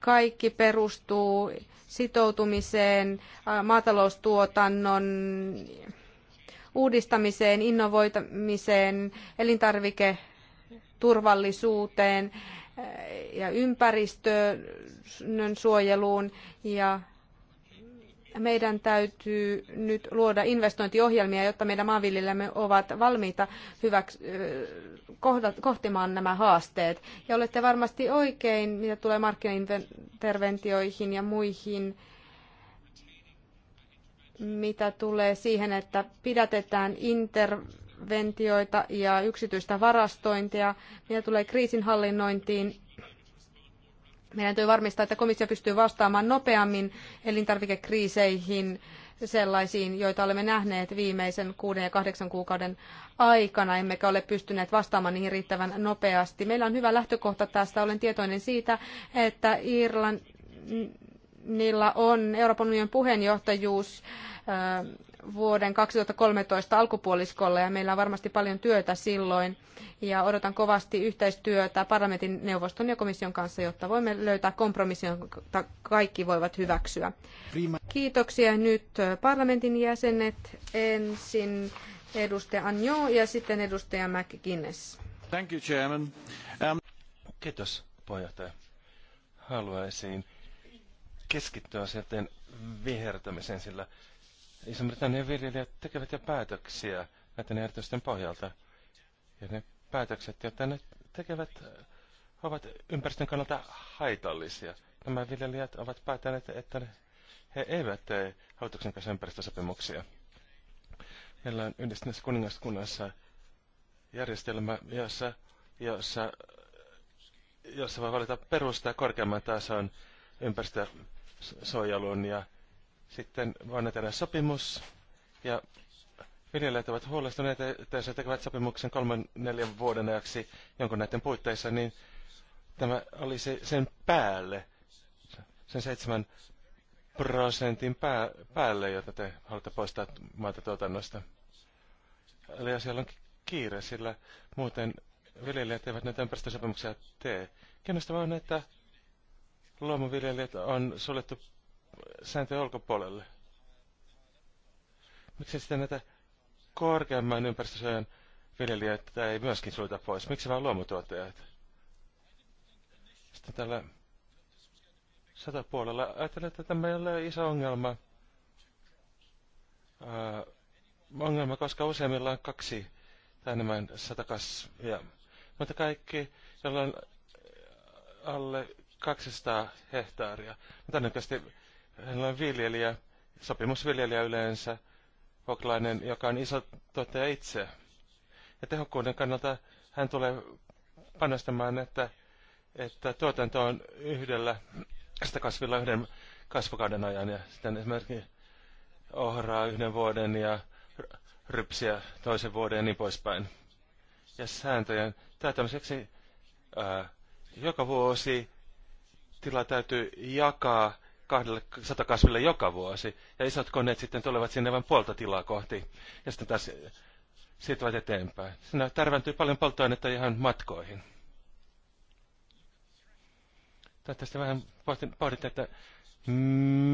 Kaikki perustuu sitoutumiseen, maataloustuotannon uudistamiseen, innovoitamiseen, elintarviketurvallisuuteen ja ympäristön suojeluun ja meidän täytyy nyt luoda investointiohjelmia, jotta meidän maanviljelijämme ovat valmiita hyväks- kohtimaan nämä haasteet. Ja olette varmasti oikein, mitä tulee markkinainterventioihin ja muihin, mitä tulee siihen, että pidätetään interventioita ja yksityistä varastointia, mitä tulee kriisinhallinnointiin meidän täytyy varmistaa, että komissio pystyy vastaamaan nopeammin elintarvikekriiseihin sellaisiin, joita olemme nähneet viimeisen kuuden ja kahdeksan kuukauden aikana, emmekä ole pystyneet vastaamaan niihin riittävän nopeasti. Meillä on hyvä lähtökohta tästä. Olen tietoinen siitä, että Irlannilla on Euroopan unionin puheenjohtajuus vuoden 2013 alkupuoliskolla ja meillä on varmasti paljon työtä silloin ja odotan kovasti yhteistyötä parlamentin neuvoston ja komission kanssa, jotta voimme löytää kompromissin, jonka kaikki voivat hyväksyä. Kiitoksia nyt parlamentin jäsenet. Ensin edustaja Anjo ja sitten edustaja McGuinness. Thank you, Chairman. Um... Kiitos, puheenjohtaja. Haluaisin keskittyä sieltä vihertämiseen, sillä Iso-Britannian viljelijät tekevät jo päätöksiä näiden ehdotusten pohjalta. Ja ne päätökset, joita ne tekevät, ovat ympäristön kannalta haitallisia. Nämä viljelijät ovat päättäneet, että he eivät tee hallituksen kanssa ympäristösopimuksia. Meillä on yhdistyneessä kuningaskunnassa järjestelmä, jossa, jossa, jossa voi valita perustaa korkeamman tason ympäristösuojelun ja sitten vuonna tehdään sopimus ja viljelijät ovat huolestuneet että jos he tekevät sopimuksen kolmen neljän vuoden ajaksi jonkun näiden puitteissa, niin tämä olisi sen päälle, sen seitsemän prosentin pää, päälle, jota te haluatte poistaa maata tuotannosta. Eli asialla on kiire, sillä muuten viljelijät eivät näitä ympäristösopimuksia tee. Kiinnostavaa on, että luomuviljelijät on suljettu sääntöjen ulkopuolelle. Miksi sitten näitä korkeamman ympäristösuojan viljelijöitä ei myöskin suljeta pois? Miksi vain luomutuottajat? Sitten tällä satapuolella ajattelen, että tämä ei ole iso ongelma. Ää, ongelma, koska useimmilla on kaksi tai enemmän satakasvia. Mutta kaikki, joilla on alle 200 hehtaaria. Todennäköisesti Hänellä on viljelijä, sopimusviljelijä yleensä, koklainen, joka on iso tuottaja itse. Ja tehokkuuden kannalta hän tulee panostamaan, että, että tuotanto on yhdellä, sitä kasvilla yhden kasvukauden ajan ja sitten esimerkiksi ohraa yhden vuoden ja rypsiä toisen vuoden ja niin poispäin. Ja sääntöjen täytämiseksi joka vuosi tila täytyy jakaa kahdelle satakasville joka vuosi. Ja isot koneet sitten tulevat sinne vain puolta tilaa kohti ja sitten taas siirtyvät eteenpäin. Siinä tärväntyy paljon polttoainetta ihan matkoihin. Tästä vähän pohdin, pohdin, että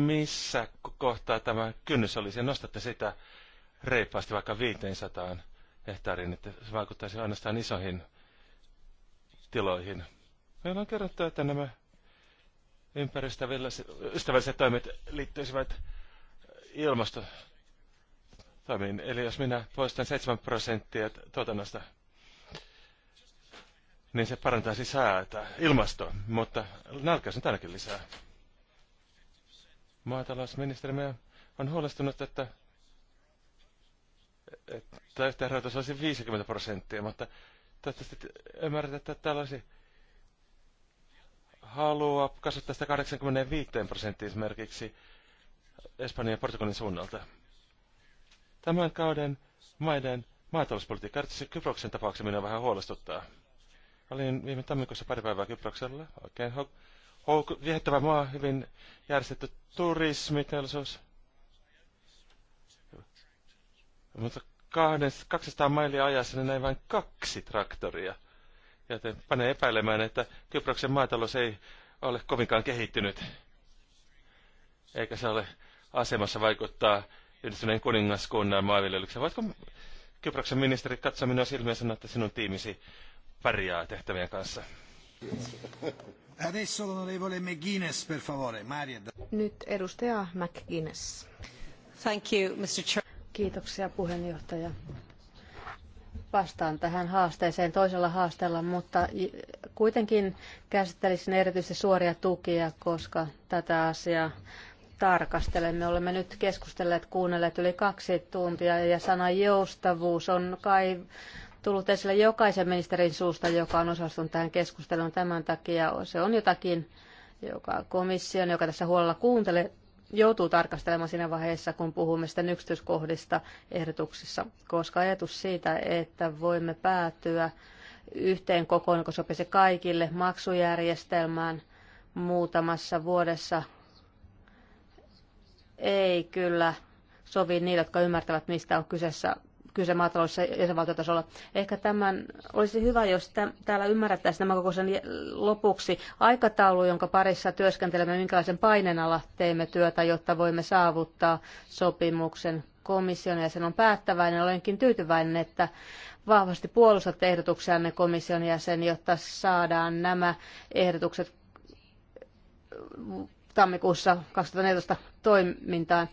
missä kohtaa tämä kynnys olisi ja nostatte sitä reippaasti vaikka 500 hehtaariin, että se vaikuttaisi ainoastaan isoihin tiloihin. Meillä on kerrottu, että nämä ympäristöystävälliset toimet liittyisivät ilmastotoimiin. Eli jos minä poistan 7 prosenttia tuotannosta, niin se parantaisi säätä, ilmastoa, mutta nälkäisen tänäkin lisää. Maatalousministerimme on huolestunut, että, että yhteenrahoitus olisi 50 prosenttia, mutta toivottavasti ymmärrät, että tällaisia halua kasvattaa sitä 85 prosenttia esimerkiksi Espanjan ja Portugalin suunnalta. Tämän kauden maiden maatalouspolitiikka, erityisesti Kyproksen tapauksessa minua vähän huolestuttaa. Olin viime tammikuussa pari päivää Kyproksella, oikein ho- houk- viettävä maa, hyvin järjestetty turismiteollisuus. Mutta kahden, 200 mailia ajassa niin näin vain kaksi traktoria – joten panee epäilemään, että Kyproksen maatalous ei ole kovinkaan kehittynyt, eikä se ole asemassa vaikuttaa yhdistyneen kuningaskunnan maanviljelykseen. Voitko Kyproksen ministeri katsoa minua silmiä ja sanoa, että sinun tiimisi pärjää tehtävien kanssa? Adesso l'onorevole McGuinness, per favore. Maria. Nyt edustaja McGuinness. Thank you, Mr. Chair. Kiitoksia puheenjohtaja vastaan tähän haasteeseen toisella haasteella, mutta kuitenkin käsittelisin erityisesti suoria tukia, koska tätä asiaa tarkastelemme. Olemme nyt keskustelleet, kuunnelleet yli kaksi tuntia ja sana joustavuus on kai tullut esille jokaisen ministerin suusta, joka on osallistunut tähän keskusteluun tämän takia. Se on jotakin, joka komission, joka tässä huolella kuuntelee joutuu tarkastelemaan siinä vaiheessa, kun puhumme sitten yksityiskohdista ehdotuksissa, koska ajatus siitä, että voimme päätyä yhteen kokoon, kun sopisi kaikille maksujärjestelmään muutamassa vuodessa, ei kyllä sovi niille, jotka ymmärtävät, mistä on kyseessä kyse maatalous- ja jäsenvaltiotasolla. Ehkä tämän olisi hyvä, jos täm, täällä ymmärrettäisiin koko sen lopuksi aikataulu, jonka parissa työskentelemme, minkälaisen paineen alla teemme työtä, jotta voimme saavuttaa sopimuksen komission ja sen on päättäväinen. Olenkin tyytyväinen, että vahvasti puolustatte ehdotuksianne komission jäsen, jotta saadaan nämä ehdotukset tammikuussa 2014 toimintaan.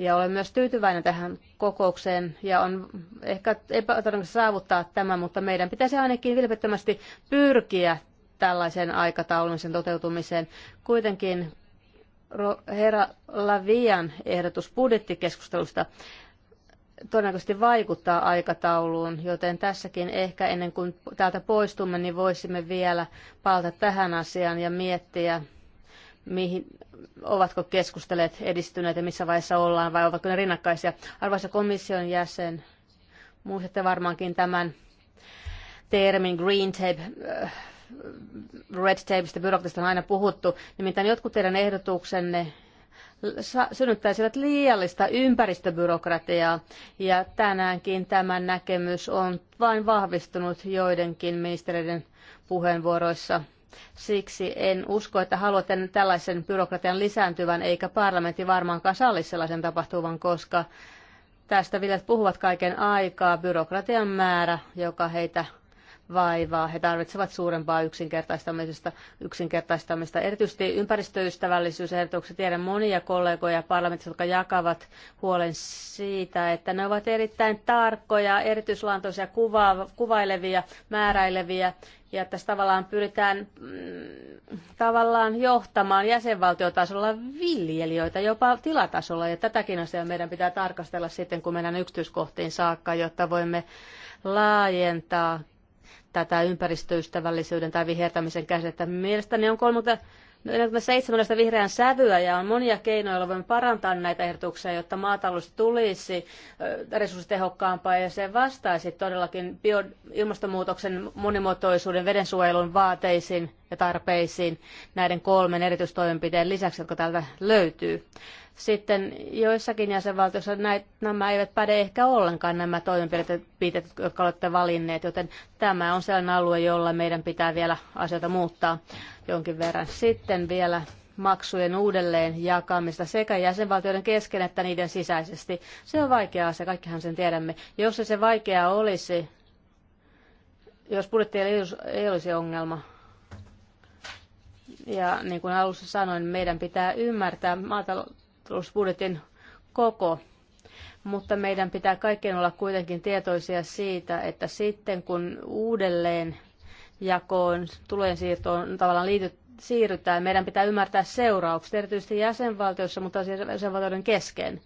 Ja olen myös tyytyväinen tähän kokoukseen ja on ehkä epätodennäköistä saavuttaa tämä, mutta meidän pitäisi ainakin vilpittömästi pyrkiä tällaisen aikataulumisen toteutumiseen. Kuitenkin herra Lavian ehdotus budjettikeskustelusta todennäköisesti vaikuttaa aikatauluun, joten tässäkin ehkä ennen kuin täältä poistumme, niin voisimme vielä palata tähän asiaan ja miettiä, mihin, ovatko keskustelet edistyneet ja missä vaiheessa ollaan vai ovatko ne rinnakkaisia. Arvoisa komission jäsen, muistatte varmaankin tämän termin green tape, äh, red tapeista, byrokratista on aina puhuttu. Nimittäin jotkut teidän ehdotuksenne synnyttäisivät liiallista ympäristöbyrokratiaa ja tänäänkin tämä näkemys on vain vahvistunut joidenkin ministereiden puheenvuoroissa Siksi en usko, että haluatte tällaisen byrokratian lisääntyvän, eikä parlamentti varmaankaan salli sellaisen tapahtuvan, koska tästä viljat puhuvat kaiken aikaa. Byrokratian määrä, joka heitä vaivaa. He tarvitsevat suurempaa yksinkertaistamista, yksinkertaistamista. erityisesti ympäristöystävällisyysehdotukset. Tiedän monia kollegoja parlamentissa, jotka jakavat huolen siitä, että ne ovat erittäin tarkkoja, erityislaantoisia, kuva- kuvailevia, määräileviä ja tässä tavallaan pyritään mm, tavallaan johtamaan jäsenvaltiotasolla viljelijöitä jopa tilatasolla ja tätäkin asiaa meidän pitää tarkastella sitten kun mennään yksityiskohtiin saakka, jotta voimme laajentaa tätä ympäristöystävällisyyden tai vihertämisen käsitettä. Mielestäni on 37 vihreän sävyä ja on monia keinoja, joilla voimme parantaa näitä ehdotuksia, jotta maatalous tulisi resurssitehokkaampaa ja se vastaisi todellakin bio- ilmastonmuutoksen monimuotoisuuden vedensuojelun vaateisiin ja tarpeisiin näiden kolmen erityistoimenpiteen lisäksi, jotka täältä löytyy. Sitten joissakin jäsenvaltioissa näitä, nämä eivät päde ehkä ollenkaan nämä toimenpiteet, jotka olette valinneet, joten tämä on sellainen alue, jolla meidän pitää vielä asioita muuttaa jonkin verran. Sitten vielä maksujen uudelleen jakamista sekä jäsenvaltioiden kesken että niiden sisäisesti. Se on vaikea asia, kaikkihan sen tiedämme. Jos se, vaikea vaikeaa olisi, jos budjetti ei olisi ongelma, ja niin kuin alussa sanoin, meidän pitää ymmärtää maatalous maatalousbudjetin koko. Mutta meidän pitää kaikkien olla kuitenkin tietoisia siitä, että sitten kun uudelleen jakoon, tulojen siirtoon tavallaan liityt, siirrytään, meidän pitää ymmärtää seuraukset, erityisesti jäsenvaltioissa, mutta siis jäsenvaltioiden kesken.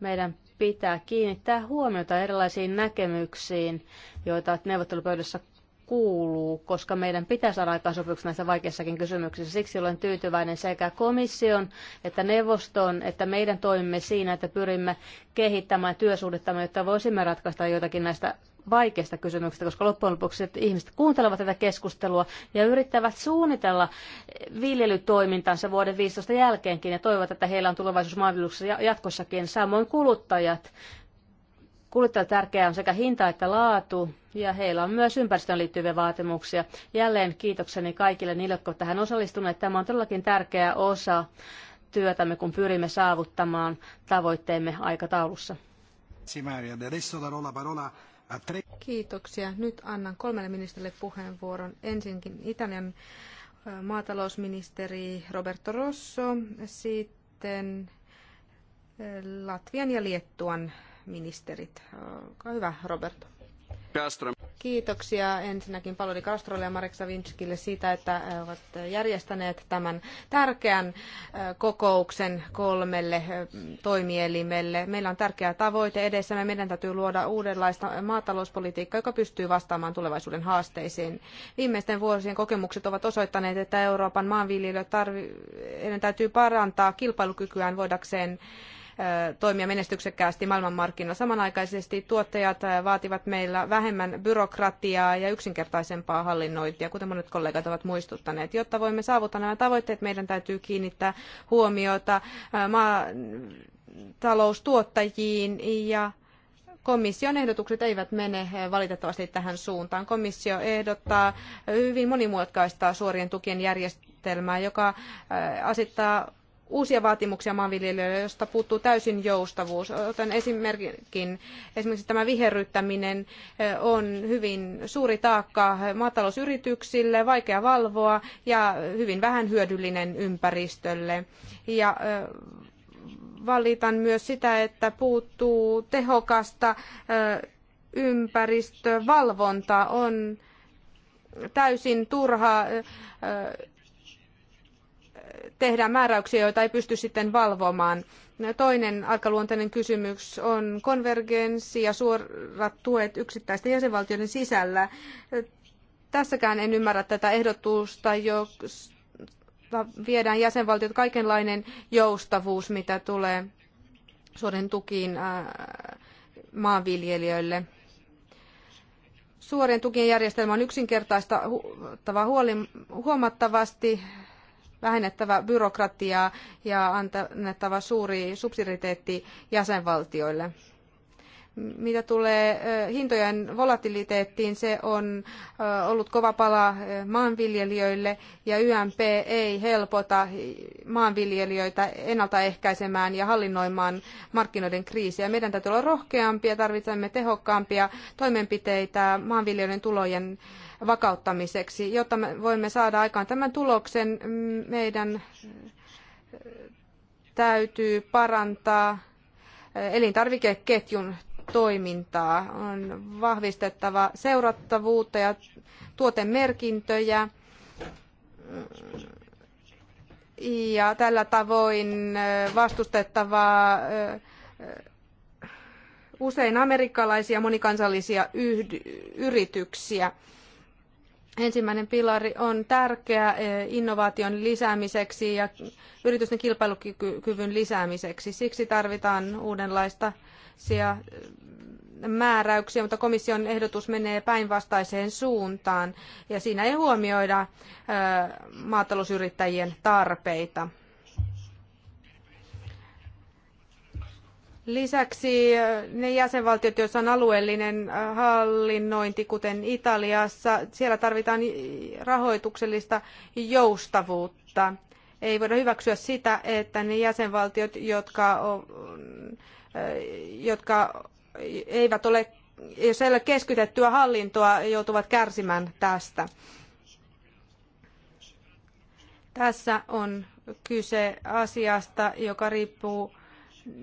Meidän pitää kiinnittää huomiota erilaisiin näkemyksiin, joita neuvottelupöydässä kuuluu, koska meidän pitää saada aikaan sopimus näissä vaikeissakin kysymyksissä. Siksi olen tyytyväinen sekä komission että neuvoston, että meidän toimimme siinä, että pyrimme kehittämään työsuhdettamme, jotta voisimme ratkaista joitakin näistä vaikeista kysymyksistä, koska loppujen lopuksi ihmiset kuuntelevat tätä keskustelua ja yrittävät suunnitella viljelytoimintansa vuoden 15 jälkeenkin ja toivovat, että heillä on mahdollisuus jatkossakin. Samoin kuluttajat Kuluttajalle tärkeää on sekä hinta että laatu, ja heillä on myös ympäristöön liittyviä vaatimuksia. Jälleen kiitokseni kaikille niille, jotka ovat tähän osallistuneet. Tämä on todellakin tärkeä osa työtämme, kun pyrimme saavuttamaan tavoitteemme aikataulussa. E Kiitoksia. Nyt annan kolmelle ministerille puheenvuoron. Ensinkin Italian maatalousministeri Roberto Rosso, sitten Latvian ja Liettuan ministerit. Olkaa hyvä, Roberto. Castro. Kiitoksia ensinnäkin Palodi Castrolle ja Marek Savinskille siitä, että he ovat järjestäneet tämän tärkeän kokouksen kolmelle toimielimelle. Meillä on tärkeä tavoite edessämme. Meidän täytyy luoda uudenlaista maatalouspolitiikkaa, joka pystyy vastaamaan tulevaisuuden haasteisiin. Viimeisten vuosien kokemukset ovat osoittaneet, että Euroopan maanviljelijöiden täytyy parantaa kilpailukykyään voidakseen toimia menestyksekkäästi maailmanmarkkinoilla. Samanaikaisesti tuottajat vaativat meillä vähemmän byrokratiaa ja yksinkertaisempaa hallinnointia, kuten monet kollegat ovat muistuttaneet. Jotta voimme saavuttaa nämä tavoitteet, meidän täytyy kiinnittää huomiota maataloustuottajiin ja komission ehdotukset eivät mene valitettavasti tähän suuntaan. Komissio ehdottaa hyvin monimuotoista suorien tukien järjestelmää, joka asettaa uusia vaatimuksia maanviljelijöille, josta puuttuu täysin joustavuus. Otan esimerkin, esimerkiksi tämä viherryttäminen eh, on hyvin suuri taakka maatalousyrityksille, vaikea valvoa ja hyvin vähän hyödyllinen ympäristölle. Ja eh, valitan myös sitä, että puuttuu tehokasta eh, ympäristövalvontaa. On täysin turha tehdään määräyksiä, joita ei pysty sitten valvomaan. Toinen arkaluonteinen kysymys on konvergenssi ja suorat tuet yksittäisten jäsenvaltioiden sisällä. Tässäkään en ymmärrä tätä ehdotusta, jos viedään jäsenvaltiot kaikenlainen joustavuus, mitä tulee suoren tukiin äh, maanviljelijöille. Suorien tukien järjestelmä on yksinkertaista huomattavasti vähennettävä byrokratiaa ja annettava suuri subsiditeetti jäsenvaltioille. Mitä tulee hintojen volatiliteettiin, se on ollut kova pala maanviljelijöille ja YMP ei helpota maanviljelijöitä ennaltaehkäisemään ja hallinnoimaan markkinoiden kriisiä. Meidän täytyy olla rohkeampia, tarvitsemme tehokkaampia toimenpiteitä maanviljelijöiden tulojen vakauttamiseksi. Jotta me voimme saada aikaan tämän tuloksen, meidän täytyy parantaa elintarvikeketjun toimintaa. On vahvistettava seurattavuutta ja tuotemerkintöjä. Ja tällä tavoin vastustettava usein amerikkalaisia monikansallisia yrityksiä. Ensimmäinen pilari on tärkeä eh, innovaation lisäämiseksi ja yritysten kilpailukyvyn lisäämiseksi. Siksi tarvitaan uudenlaista eh, määräyksiä, mutta komission ehdotus menee päinvastaiseen suuntaan ja siinä ei huomioida eh, maatalousyrittäjien tarpeita. Lisäksi äh, ne jäsenvaltiot, joissa on alueellinen äh, hallinnointi, kuten Italiassa, siellä tarvitaan rahoituksellista joustavuutta. Ei voida hyväksyä sitä, että ne jäsenvaltiot, jotka, äh, jotka eivät ole, jos ei ole keskitettyä hallintoa, joutuvat kärsimään tästä. Tässä on kyse asiasta, joka riippuu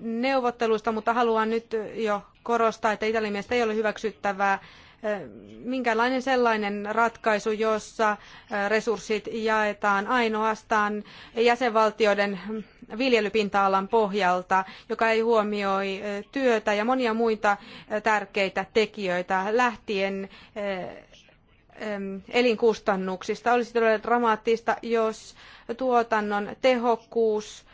neuvotteluista, mutta haluan nyt jo korostaa, että Italian mielestä ei ole hyväksyttävää minkälainen sellainen ratkaisu, jossa resurssit jaetaan ainoastaan jäsenvaltioiden viljelypinta-alan pohjalta, joka ei huomioi työtä ja monia muita tärkeitä tekijöitä lähtien elinkustannuksista. Olisi todella dramaattista, jos tuotannon tehokkuus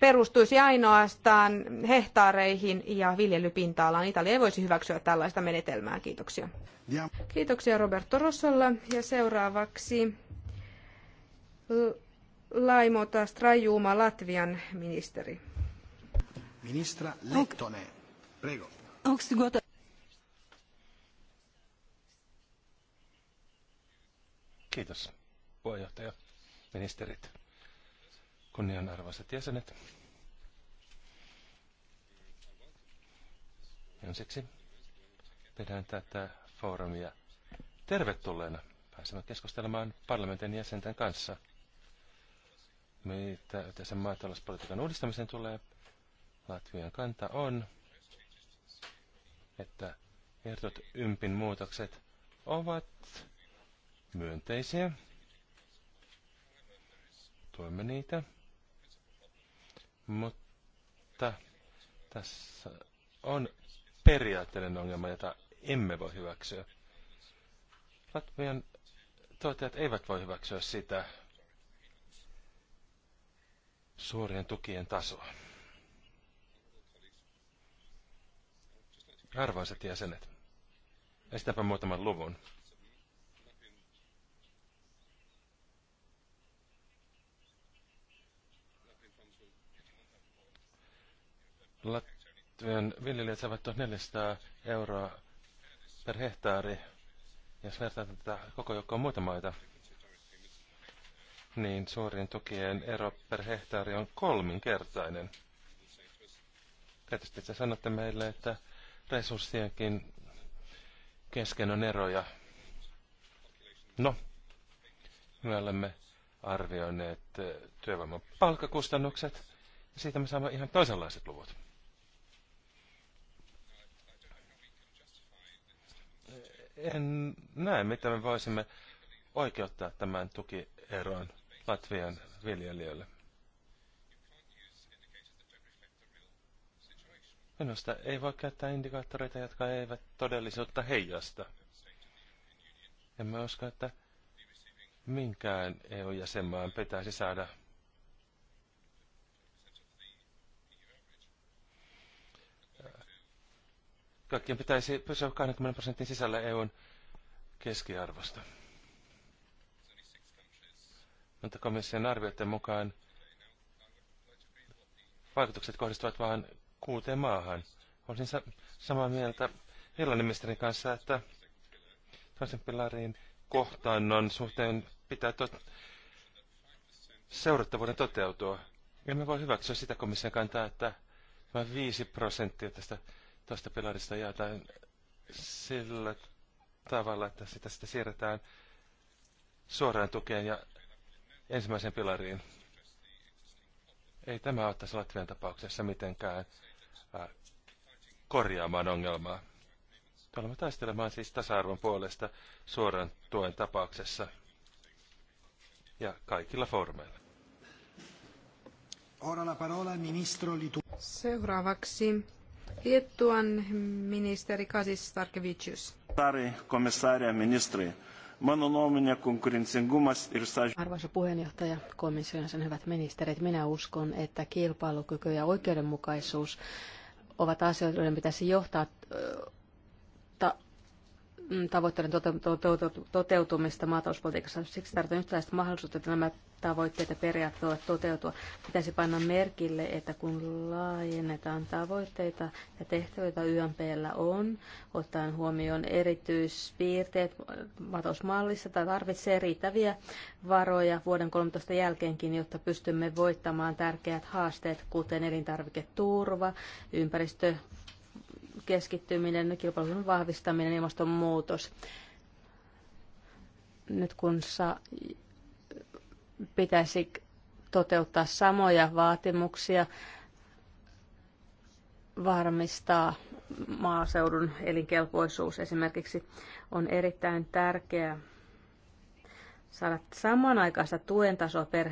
perustuisi ainoastaan hehtaareihin ja viljelypinta-alaan. Italia ei voisi hyväksyä tällaista menetelmää. Kiitoksia. Kiitoksia Roberto Rossolla. Ja seuraavaksi Laimota Strajuuma, Latvian ministeri. Ministra Lehtonen, prego. Kiitos, puheenjohtaja, ministerit. Kunnianarvoiset jäsenet. Ensiksi pidän tätä foorumia tervetulleena. Pääsemme keskustelemaan parlamentin jäsenten kanssa. Mitä yhteisen maatalouspolitiikan uudistamiseen tulee, Latvian kanta on, että ehdotut ympin muutokset ovat myönteisiä. Tuemme niitä. Mutta tässä on periaatteellinen ongelma, jota emme voi hyväksyä. Latvian tuottajat eivät voi hyväksyä sitä suorien tukien tasoa. Arvoisat jäsenet, esitänpä muutaman luvun. Latvian viljelijät saavat 1400 euroa per hehtaari. Jos verrataan tätä koko joukkoa muita maita, niin suurin tukien ero per hehtaari on kolminkertainen. Tietysti te sanotte meille, että resurssienkin kesken on eroja. No, me olemme arvioineet eh, työvoiman palkkakustannukset, ja siitä me saamme ihan toisenlaiset luvut. en näe, mitä me voisimme oikeuttaa tämän tukieron Latvian viljelijöille. Minusta ei voi käyttää indikaattoreita, jotka eivät todellisuutta heijasta. Emme usko, että minkään EU-jäsenmaan pitäisi saada kaikkien pitäisi pysyä 20 prosentin sisällä EUn keskiarvosta. Mutta komission arvioiden mukaan vaikutukset kohdistuvat vain kuuteen maahan. Olisin sa- samaa mieltä Irlannin ministerin kanssa, että toisen pilarin kohtaannon suhteen pitää tot- seurattavuuden toteutua. Emme voi hyväksyä sitä komission kantaa, että tämä 5 prosenttia tästä toista pilarista jaetaan sillä tavalla, että sitä, sitä siirretään suoraan tukeen ja ensimmäiseen pilariin. Ei tämä auttaisi Latvian tapauksessa mitenkään äh, korjaamaan ongelmaa. Olemme taistelemaan siis tasa-arvon puolesta suoran tuen tapauksessa ja kaikilla foorumeilla. Seuraavaksi Liettuan ministeri Kasis Starkevicius. Komissaari, ministeri. Mano nuomonė konkurencingumas ir Arvoisa puheenjohtaja, komission sen hyvät ministerit, minä uskon, että kilpailukyky ja oikeudenmukaisuus ovat asioita, joiden pitäisi johtaa Mm, tavoitteiden toteutumista maatalouspolitiikassa. Siksi tarvitaan yhtäläiset mahdollisuudet, että nämä tavoitteet ja periaatteet voivat toteutua. Pitäisi panna merkille, että kun laajennetaan tavoitteita ja tehtäviä, joita on, ottaen huomioon erityispiirteet maatalousmallissa, tai tarvitsee riittäviä varoja vuoden 13 jälkeenkin, jotta pystymme voittamaan tärkeät haasteet, kuten elintarviketurva, ympäristö, keskittyminen, kilpailun vahvistaminen, ilmastonmuutos. Nyt kun sa- pitäisi toteuttaa samoja vaatimuksia, varmistaa maaseudun elinkelpoisuus esimerkiksi on erittäin tärkeää saada samanaikaista tuen tasoa per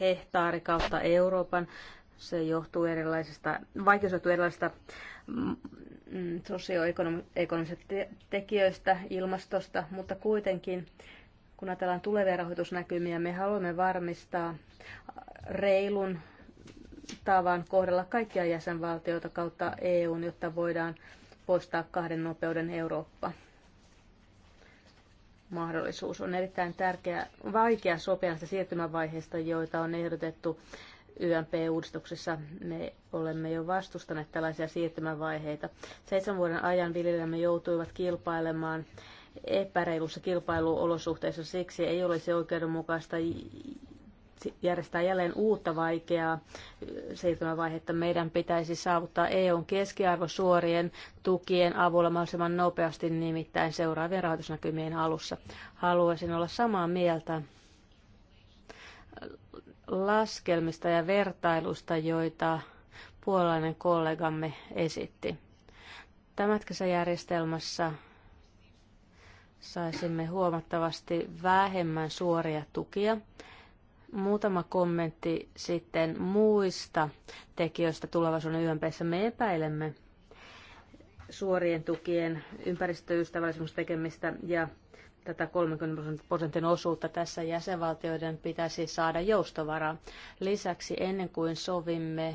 hehtaari kautta Euroopan. Se johtuu erilaisista, vaikeus johtuu erilaisista mm, mm, sosioekonomisista te- tekijöistä, ilmastosta, mutta kuitenkin kun ajatellaan tulevia rahoitusnäkymiä, me haluamme varmistaa reilun tavan kohdella kaikkia jäsenvaltioita kautta EUn, jotta voidaan poistaa kahden nopeuden Eurooppa. Mahdollisuus on erittäin tärkeä, vaikea sopia näistä siirtymävaiheista, joita on ehdotettu YMP-uudistuksessa me olemme jo vastustaneet tällaisia siirtymävaiheita. Seitsemän vuoden ajan viljelijämme joutuivat kilpailemaan epäreilussa kilpailuolosuhteissa. Siksi ei olisi oikeudenmukaista järjestää jälleen uutta vaikeaa siirtymävaihetta. Meidän pitäisi saavuttaa EUn keskiarvo suorien tukien avulla mahdollisimman nopeasti, nimittäin seuraavien rahoitusnäkymien alussa. Haluaisin olla samaa mieltä laskelmista ja vertailusta, joita puolalainen kollegamme esitti. Tämätkässä järjestelmässä saisimme huomattavasti vähemmän suoria tukia. Muutama kommentti sitten muista tekijöistä tulevaisuuden YMPssä. Me epäilemme suorien tukien ympäristöystävällisyystekemistä ja tätä 30 prosentin osuutta tässä jäsenvaltioiden pitäisi saada joustovaraa. Lisäksi ennen kuin sovimme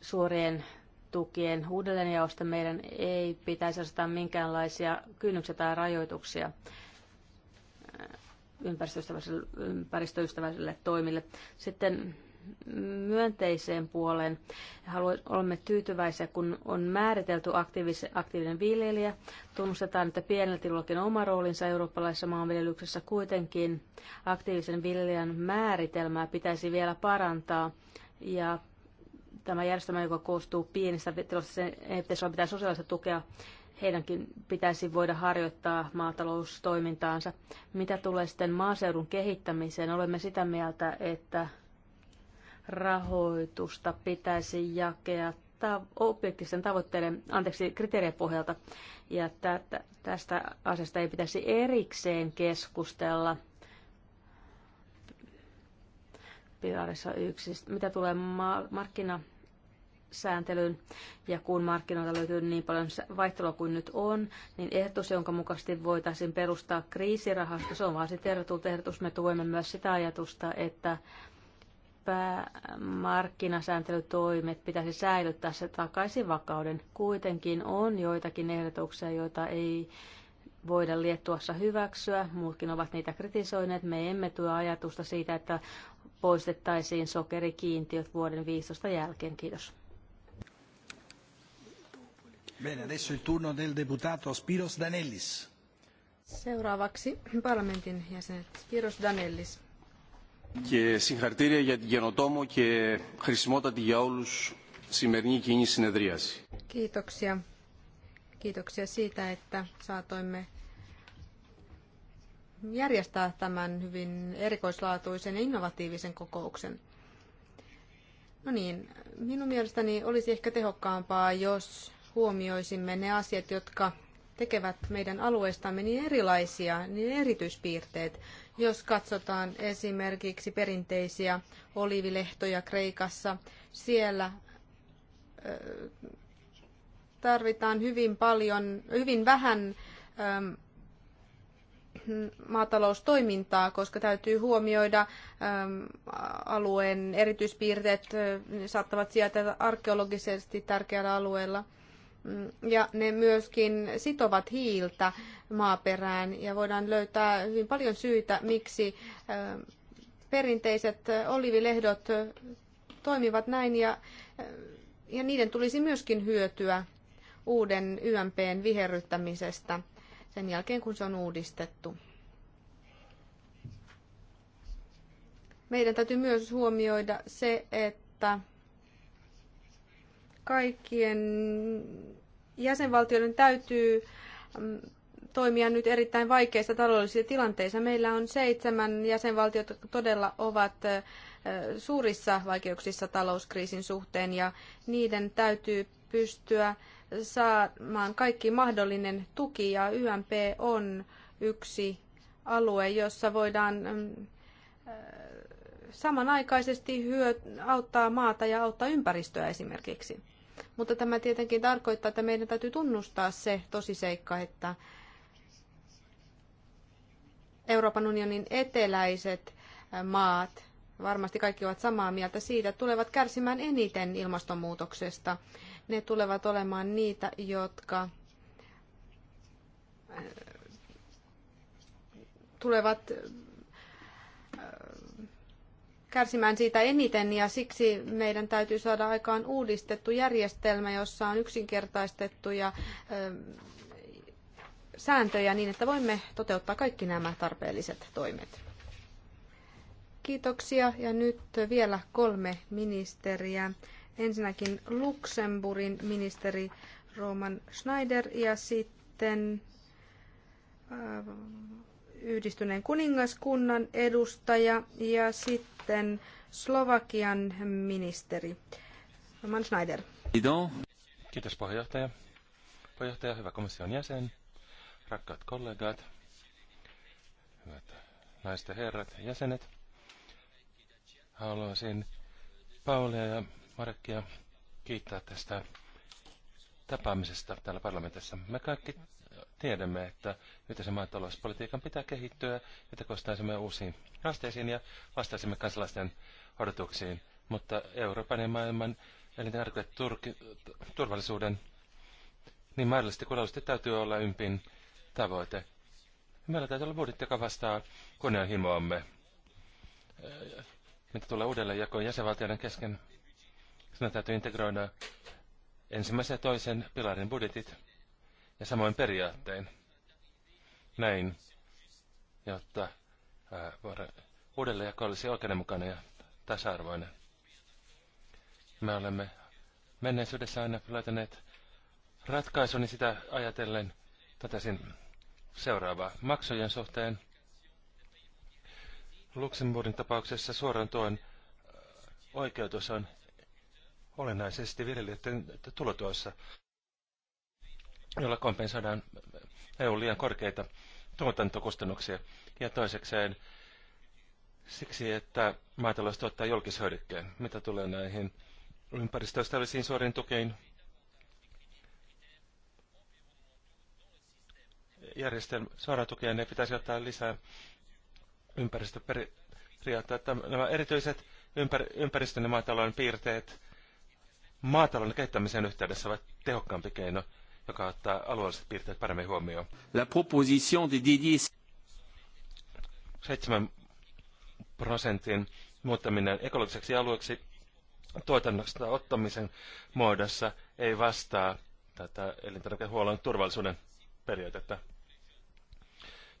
suorien tukien uudelleenjaosta, meidän ei pitäisi asettaa minkäänlaisia kynnyksiä tai rajoituksia ympäristöystävällisille, ympäristöystävällisille toimille. Sitten myönteiseen puoleen. olemme tyytyväisiä, kun on määritelty aktiivis, aktiivinen viljelijä. Tunnustetaan, että pienellä oma roolinsa eurooppalaisessa maanviljelyksessä. Kuitenkin aktiivisen viljelijän määritelmää pitäisi vielä parantaa ja tämä järjestelmä, joka koostuu pienistä tiloista, sen pitäisi olla sosiaalista tukea. Heidänkin pitäisi voida harjoittaa maataloustoimintaansa. Mitä tulee sitten maaseudun kehittämiseen, olemme sitä mieltä, että rahoitusta pitäisi jakea objektisten tavoitteiden, anteeksi, kriteerien pohjalta. Ja tästä asiasta ei pitäisi erikseen keskustella pilarissa yksi. Mitä tulee markkinasääntelyyn ja kun markkinoilta löytyy niin paljon vaihtelua kuin nyt on, niin ehdotus, jonka mukaisesti voitaisiin perustaa kriisirahasto, se on varsin tervetullut ehdotus. Me tuemme myös sitä ajatusta, että päämarkkinasääntelytoimet pitäisi säilyttää se takaisin vakauden. Kuitenkin on joitakin ehdotuksia, joita ei voida Liettuassa hyväksyä. Muutkin ovat niitä kritisoineet. Me emme tue ajatusta siitä, että poistettaisiin sokerikiintiöt vuoden 15 jälkeen. Kiitos. Bene, adesso il turno del deputato Spiros Danellis. Seuraavaksi parlamentin jäsenet Spiros Danellis. Και συγχαρητήρια για την καινοτόμο και χρησιμότατη για όλους σημερινή κοινή συνεδρίαση. Kiitoksia. Kiitoksia siitä, että saatoimme järjestää tämän hyvin erikoislaatuisen ja innovatiivisen kokouksen. No niin, minun mielestäni olisi ehkä tehokkaampaa, jos huomioisimme ne asiat, jotka tekevät meidän alueestamme niin erilaisia, niin erityispiirteet. Jos katsotaan esimerkiksi perinteisiä oliivilehtoja Kreikassa, siellä tarvitaan hyvin paljon, hyvin vähän maataloustoimintaa, koska täytyy huomioida alueen erityispiirteet, ne saattavat sijaita arkeologisesti tärkeällä alueella. Mm, ja ne myöskin sitovat hiiltä maaperään ja voidaan löytää hyvin paljon syitä, miksi ähm, perinteiset äh, olivilehdot äh, toimivat näin ja, äh, ja niiden tulisi myöskin hyötyä uuden YMPn viherryttämisestä sen jälkeen, kun se on uudistettu. Meidän täytyy myös huomioida se, että kaikkien jäsenvaltioiden täytyy mm, toimia nyt erittäin vaikeissa taloudellisissa tilanteissa. Meillä on seitsemän jäsenvaltiota, jotka todella ovat suurissa vaikeuksissa talouskriisin suhteen ja niiden täytyy pystyä saamaan kaikki mahdollinen tuki ja YMP on yksi alue, jossa voidaan mm, samanaikaisesti hyö- auttaa maata ja auttaa ympäristöä esimerkiksi. Mutta tämä tietenkin tarkoittaa, että meidän täytyy tunnustaa se tosiseikka, että Euroopan unionin eteläiset maat, varmasti kaikki ovat samaa mieltä siitä, tulevat kärsimään eniten ilmastonmuutoksesta. Ne tulevat olemaan niitä, jotka tulevat kärsimään siitä eniten ja siksi meidän täytyy saada aikaan uudistettu järjestelmä, jossa on yksinkertaistettuja sääntöjä niin, että voimme toteuttaa kaikki nämä tarpeelliset toimet. Kiitoksia ja nyt vielä kolme ministeriä. Ensinnäkin Luxemburgin ministeri Roman Schneider ja sitten yhdistyneen kuningaskunnan edustaja ja sitten Slovakian ministeri Roman Schneider. Kiitos puheenjohtaja. Puheenjohtaja, hyvä komission jäsen, rakkaat kollegat, hyvät naiset ja herrat, jäsenet. Haluaisin Paulia ja Marekia kiittää tästä tapaamisesta täällä parlamentissa. Me kaikki tiedämme, että yhteisen maatalouspolitiikan pitää kehittyä, että kostaisimme uusiin haasteisiin ja vastaisimme kansalaisten odotuksiin. Mutta Euroopan ja maailman elintarvike turvallisuuden niin mahdollisesti kuin täytyy olla ympin tavoite. Meillä täytyy olla budjetti, joka vastaa kunnianhimoamme. Mitä tulee jakoon jäsenvaltioiden kesken, sinä täytyy integroida ensimmäisen ja toisen pilarin budjetit ja samoin periaattein. Näin, jotta uudelleenjako olisi oikeudenmukainen ja tasa-arvoinen. Me olemme menneisyydessä aina löytäneet ratkaisuni sitä ajatellen totesin seuraavaa. Maksujen suhteen Luxemburgin tapauksessa suoran tuon oikeutus on olennaisesti viljelijöiden tulotuossa jolla kompensoidaan EU liian korkeita tuotantokustannuksia. Ja toisekseen siksi, että maatalous tuottaa julkishyödykkeen. Mitä tulee näihin ympäristöystävällisiin suoriin tukiin? Järjestelmä, suoraan tukeen ne pitäisi ottaa lisää ympäristöperiaatteita. Nämä erityiset ympär, ympäristön ja maatalouden piirteet maatalouden kehittämisen yhteydessä ovat tehokkaampi keino – joka ottaa alueelliset piirteet paremmin huomioon. La proposition de dédier... 7 prosentin muuttaminen ekologiseksi alueeksi tuotannosta ottamisen muodossa ei vastaa tätä elintarvikehuollon turvallisuuden periaatetta.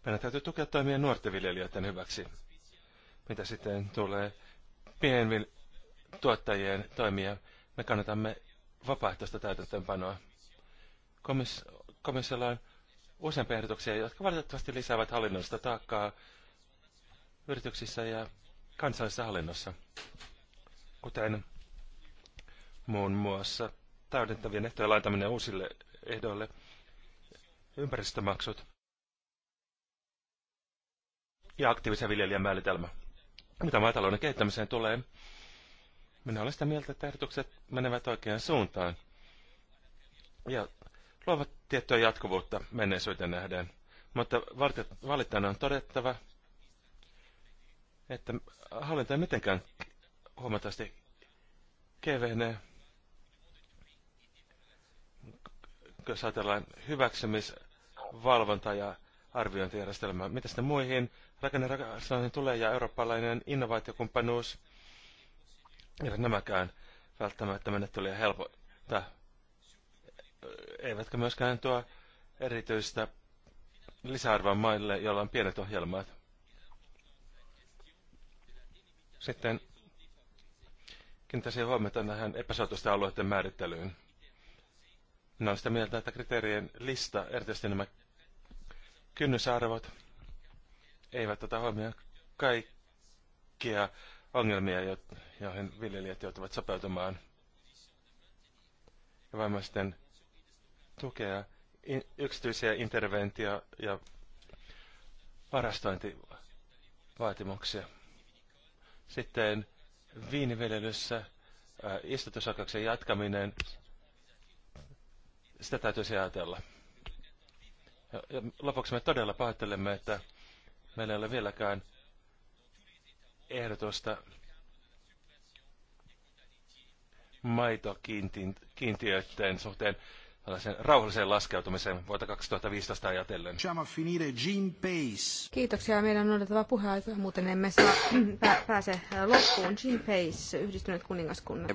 Meidän täytyy tukea toimia nuorten viljelijöiden hyväksi. Mitä sitten tulee tuottajien toimia, me kannatamme vapaaehtoista täytäntöönpanoa. Komis- komissiolla on useampia ehdotuksia, jotka valitettavasti lisäävät hallinnollista taakkaa yrityksissä ja kansallisessa hallinnossa, kuten muun muassa täydentävien ehtojen laitaminen uusille ehdoille, ympäristömaksut ja aktiivisen viljelijän määritelmä. Mitä maatalouden kehittämiseen tulee, minä olen sitä mieltä, että ehdotukset menevät oikeaan suuntaan. Ja luovat tiettyä jatkuvuutta menneisyyteen nähden. Mutta valittajana on todettava, että hallinta ei mitenkään huomattavasti kevenee. Jos ajatellaan hyväksymisvalvonta ja arviointijärjestelmää, mitä sitten muihin rakennerakennuksiin tulee ja eurooppalainen innovaatiokumppanuus, eivät niin nämäkään välttämättä menettelyjä helpottaa eivätkä myöskään tuo erityistä lisäarvoa maille, joilla on pienet ohjelmat. Sitten kiinnittäisin huomiota tähän epäsuotuisten alueiden määrittelyyn. Minä olen sitä mieltä, että kriteerien lista, erityisesti nämä kynnysarvot, eivät ota huomioon kaikkia ongelmia, joihin viljelijät joutuvat sopeutumaan. Ja varmasti tukea in, yksityisiä interventio- ja varastointivaatimuksia. Sitten viiniviljelyssä äh, istutusakauksen jatkaminen, sitä täytyisi ajatella. Ja, ja lopuksi me todella pahoittelemme, että meillä ei ole vieläkään ehdotusta maitokiintiöiden suhteen tällaiseen rauhalliseen laskeutumiseen vuotta 2015 ajatellen. Kiitoksia. Meidän on odotettava puheaikoja, muuten emme saa pääse loppuun. Jim Pace, yhdistynyt kuningaskunnan.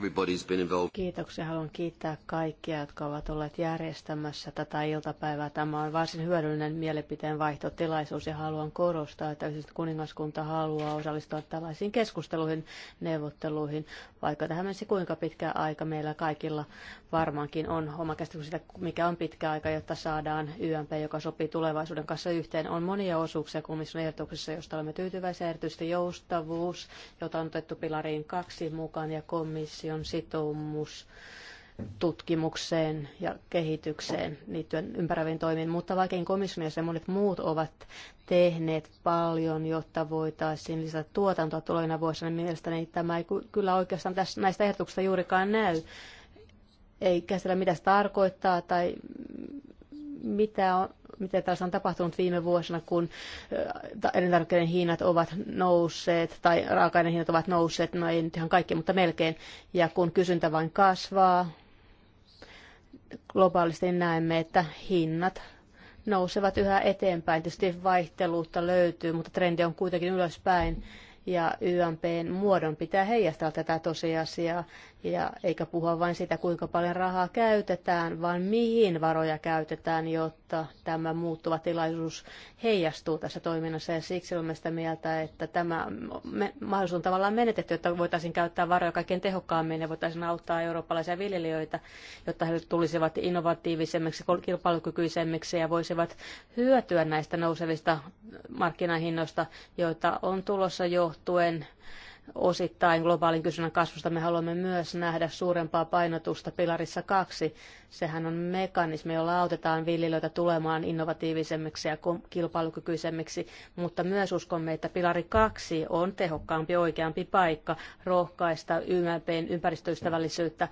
Kiitoksia. Haluan kiittää kaikkia, jotka ovat olleet järjestämässä tätä iltapäivää. Tämä on varsin hyödyllinen mielipiteen vaihtotilaisuus ja haluan korostaa, että yhdistynyt kuningaskunta haluaa osallistua tällaisiin keskusteluihin, neuvotteluihin, vaikka tähän mennessä kuinka pitkä aika meillä kaikilla varmaankin on oma käsitys että mikä on pitkä aika, jotta saadaan YMP, joka sopii tulevaisuuden kanssa yhteen. On monia osuuksia komission ehdotuksessa, joista olemme tyytyväisiä, erityisesti joustavuus, jota on otettu pilariin kaksi mukaan, ja komission sitoumus tutkimukseen ja kehitykseen liittyen ympäröiviin toimiin, mutta vaikein komission ja monet muut ovat tehneet paljon, jotta voitaisiin lisätä tuotantoa tulevina vuosina. Niin mielestäni tämä ei kyllä oikeastaan tässä, näistä ehdotuksista juurikaan näy ei käsitellä, mitä se tarkoittaa tai mitä, on, mitä tässä on tapahtunut viime vuosina, kun äh, elintarvikkeiden hinnat ovat nousseet tai raaka hinnat ovat nousseet, no ei nyt ihan kaikki, mutta melkein. Ja kun kysyntä vain kasvaa, globaalisti näemme, että hinnat nousevat yhä eteenpäin. Tietysti vaihteluutta löytyy, mutta trendi on kuitenkin ylöspäin ja YMPn muodon pitää heijastaa tätä tosiasiaa ja eikä puhua vain sitä, kuinka paljon rahaa käytetään, vaan mihin varoja käytetään, jotta tämä muuttuva tilaisuus heijastuu tässä toiminnassa. Ja siksi olemme sitä mieltä, että tämä mahdollisuus on tavallaan menetetty, että voitaisiin käyttää varoja kaikkein tehokkaammin ja voitaisiin auttaa eurooppalaisia viljelijöitä, jotta he tulisivat innovatiivisemmiksi, kilpailukykyisemmiksi ja voisivat hyötyä näistä nousevista markkinahinnoista, joita on tulossa johtuen osittain globaalin kysynnän kasvusta me haluamme myös nähdä suurempaa painotusta pilarissa kaksi. Sehän on mekanismi, jolla autetaan viljelijöitä tulemaan innovatiivisemmiksi ja kilpailukykyisemmiksi, mutta myös uskomme, että pilari kaksi on tehokkaampi, oikeampi paikka rohkaista YMPn ympäristöystävällisyyttä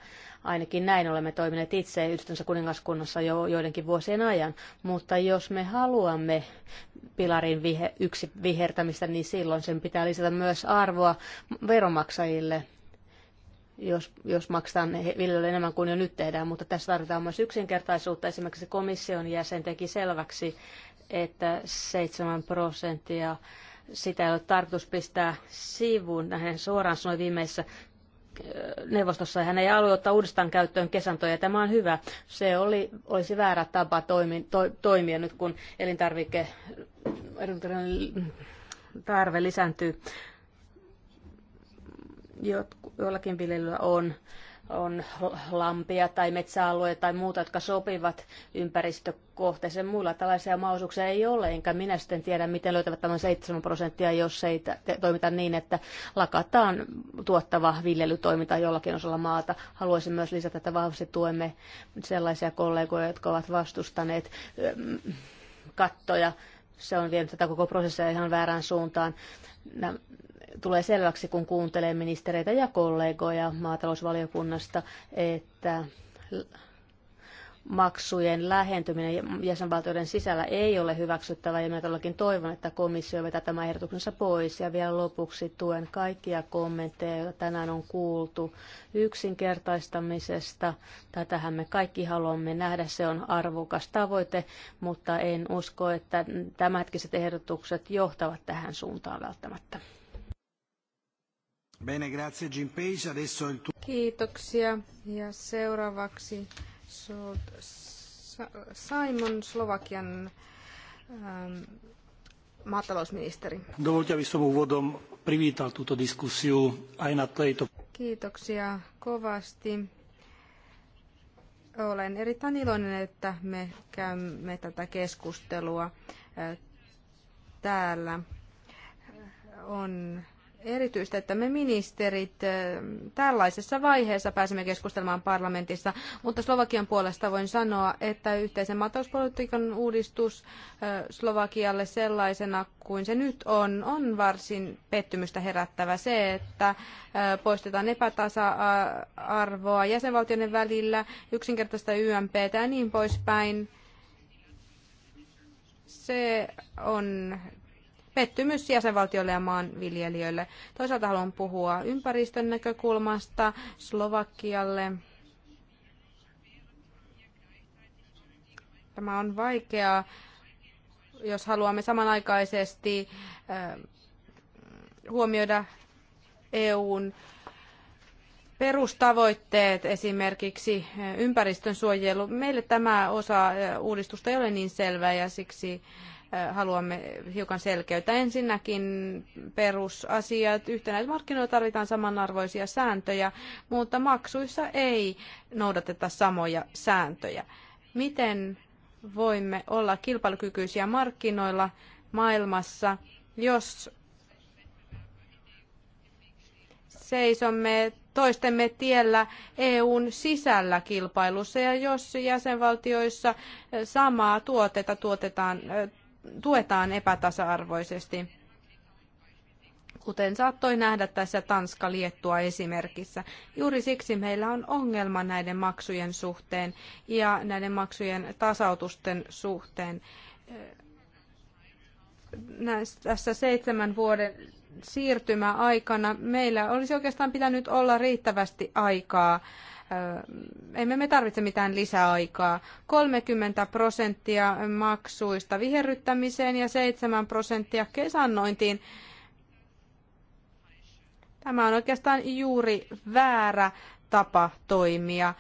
Ainakin näin olemme toimineet itse yhdistönsä kuningaskunnassa jo joidenkin vuosien ajan. Mutta jos me haluamme pilarin vihe, yksi vihertämistä, niin silloin sen pitää lisätä myös arvoa veromaksajille jos, jos maksetaan viljelijöille enemmän kuin jo nyt tehdään, mutta tässä tarvitaan myös yksinkertaisuutta. Esimerkiksi komission jäsen teki selväksi, että 7 prosenttia sitä ei ole tarkoitus pistää sivuun näihin suoraan sanoi viimeisessä neuvostossa hän ei halua ottaa uudestaan käyttöön kesantoja. Ja tämä on hyvä. Se oli, olisi väärä tapa toimi, to, toimia nyt, kun elintarvike tarve lisääntyy. Jot, jollakin viljelyllä on on lampia tai metsäalueita tai muuta, jotka sopivat ympäristökohteeseen. Muilla tällaisia mahdollisuuksia ei ole, enkä minä sitten tiedä, miten löytävät tämän 7 prosenttia, jos ei toimita niin, että lakataan tuottava viljelytoiminta jollakin osalla maata. Haluaisin myös lisätä, että vahvasti tuemme sellaisia kollegoja, jotka ovat vastustaneet kattoja. Se on vienyt tätä koko prosessia ihan väärään suuntaan tulee selväksi, kun kuuntelee ministereitä ja kollegoja maatalousvaliokunnasta, että maksujen lähentyminen jäsenvaltioiden sisällä ei ole hyväksyttävää ja minä todellakin toivon, että komissio vetää tämä ehdotuksensa pois. Ja vielä lopuksi tuen kaikkia kommentteja, joita tänään on kuultu yksinkertaistamisesta. Tätähän me kaikki haluamme nähdä, se on arvokas tavoite, mutta en usko, että tämänhetkiset ehdotukset johtavat tähän suuntaan välttämättä. Bene, grazie Jim Page. Adesso il tu... Kiitoksia. Ja seuraavaksi Simon Slovakian ähm, maatalousministeri. Dovolte, aby som úvodom privítal túto diskusiu aj Kiitoksia kovasti. Olen erittäin iloinen, että me käymme tätä keskustelua äh, täällä. Äh, on erityistä, että me ministerit eh, tällaisessa vaiheessa pääsemme keskustelemaan parlamentissa, mutta Slovakian puolesta voin sanoa, että yhteisen maatalouspolitiikan uudistus eh, Slovakialle sellaisena kuin se nyt on, on varsin pettymystä herättävä se, että eh, poistetaan epätasa-arvoa jäsenvaltioiden välillä, yksinkertaista YMPtä ja niin poispäin. Se on pettymys jäsenvaltioille ja maanviljelijöille. Toisaalta haluan puhua ympäristön näkökulmasta Slovakialle. Tämä on vaikeaa, jos haluamme samanaikaisesti äh, huomioida EUn perustavoitteet, esimerkiksi äh, ympäristön suojelu. Meille tämä osa äh, uudistusta ei ole niin selvä ja siksi haluamme hiukan selkeyttä. Ensinnäkin perusasiat, yhtenäiset markkinoilla tarvitaan samanarvoisia sääntöjä, mutta maksuissa ei noudateta samoja sääntöjä. Miten voimme olla kilpailukykyisiä markkinoilla maailmassa, jos seisomme toistemme tiellä EUn sisällä kilpailussa ja jos jäsenvaltioissa samaa tuotetta tuotetaan tuetaan epätasa-arvoisesti, kuten saattoi nähdä tässä Tanska-Liettua esimerkissä. Juuri siksi meillä on ongelma näiden maksujen suhteen ja näiden maksujen tasautusten suhteen. Tässä seitsemän vuoden siirtymäaikana meillä olisi oikeastaan pitänyt olla riittävästi aikaa emme me tarvitse mitään lisäaikaa. 30 prosenttia maksuista viherryttämiseen ja 7 prosenttia kesannointiin. Tämä on oikeastaan juuri väärä tapa toimia,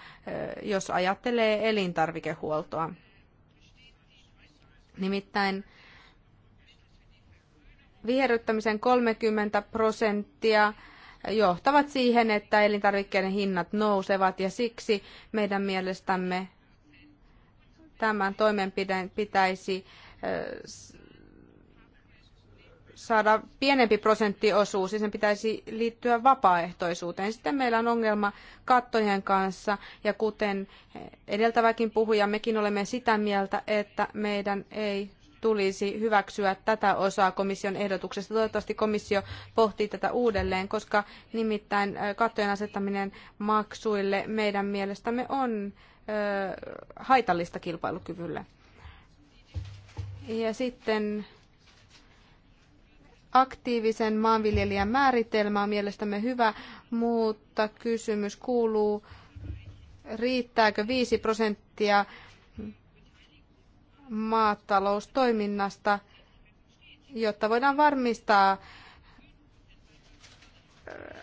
jos ajattelee elintarvikehuoltoa. Nimittäin viherryttämisen 30 prosenttia johtavat siihen, että elintarvikkeiden hinnat nousevat ja siksi meidän mielestämme tämän toimenpiteen pitäisi saada pienempi prosenttiosuus ja sen pitäisi liittyä vapaaehtoisuuteen. Sitten meillä on ongelma kattojen kanssa ja kuten edeltäväkin puhuja, mekin olemme sitä mieltä, että meidän ei tulisi hyväksyä tätä osaa komission ehdotuksesta. Toivottavasti komissio pohtii tätä uudelleen, koska nimittäin kattojen asettaminen maksuille meidän mielestämme on haitallista kilpailukyvylle. Ja sitten aktiivisen maanviljelijän määritelmä on mielestämme hyvä, mutta kysymys kuuluu, riittääkö 5 prosenttia maataloustoiminnasta, jotta voidaan varmistaa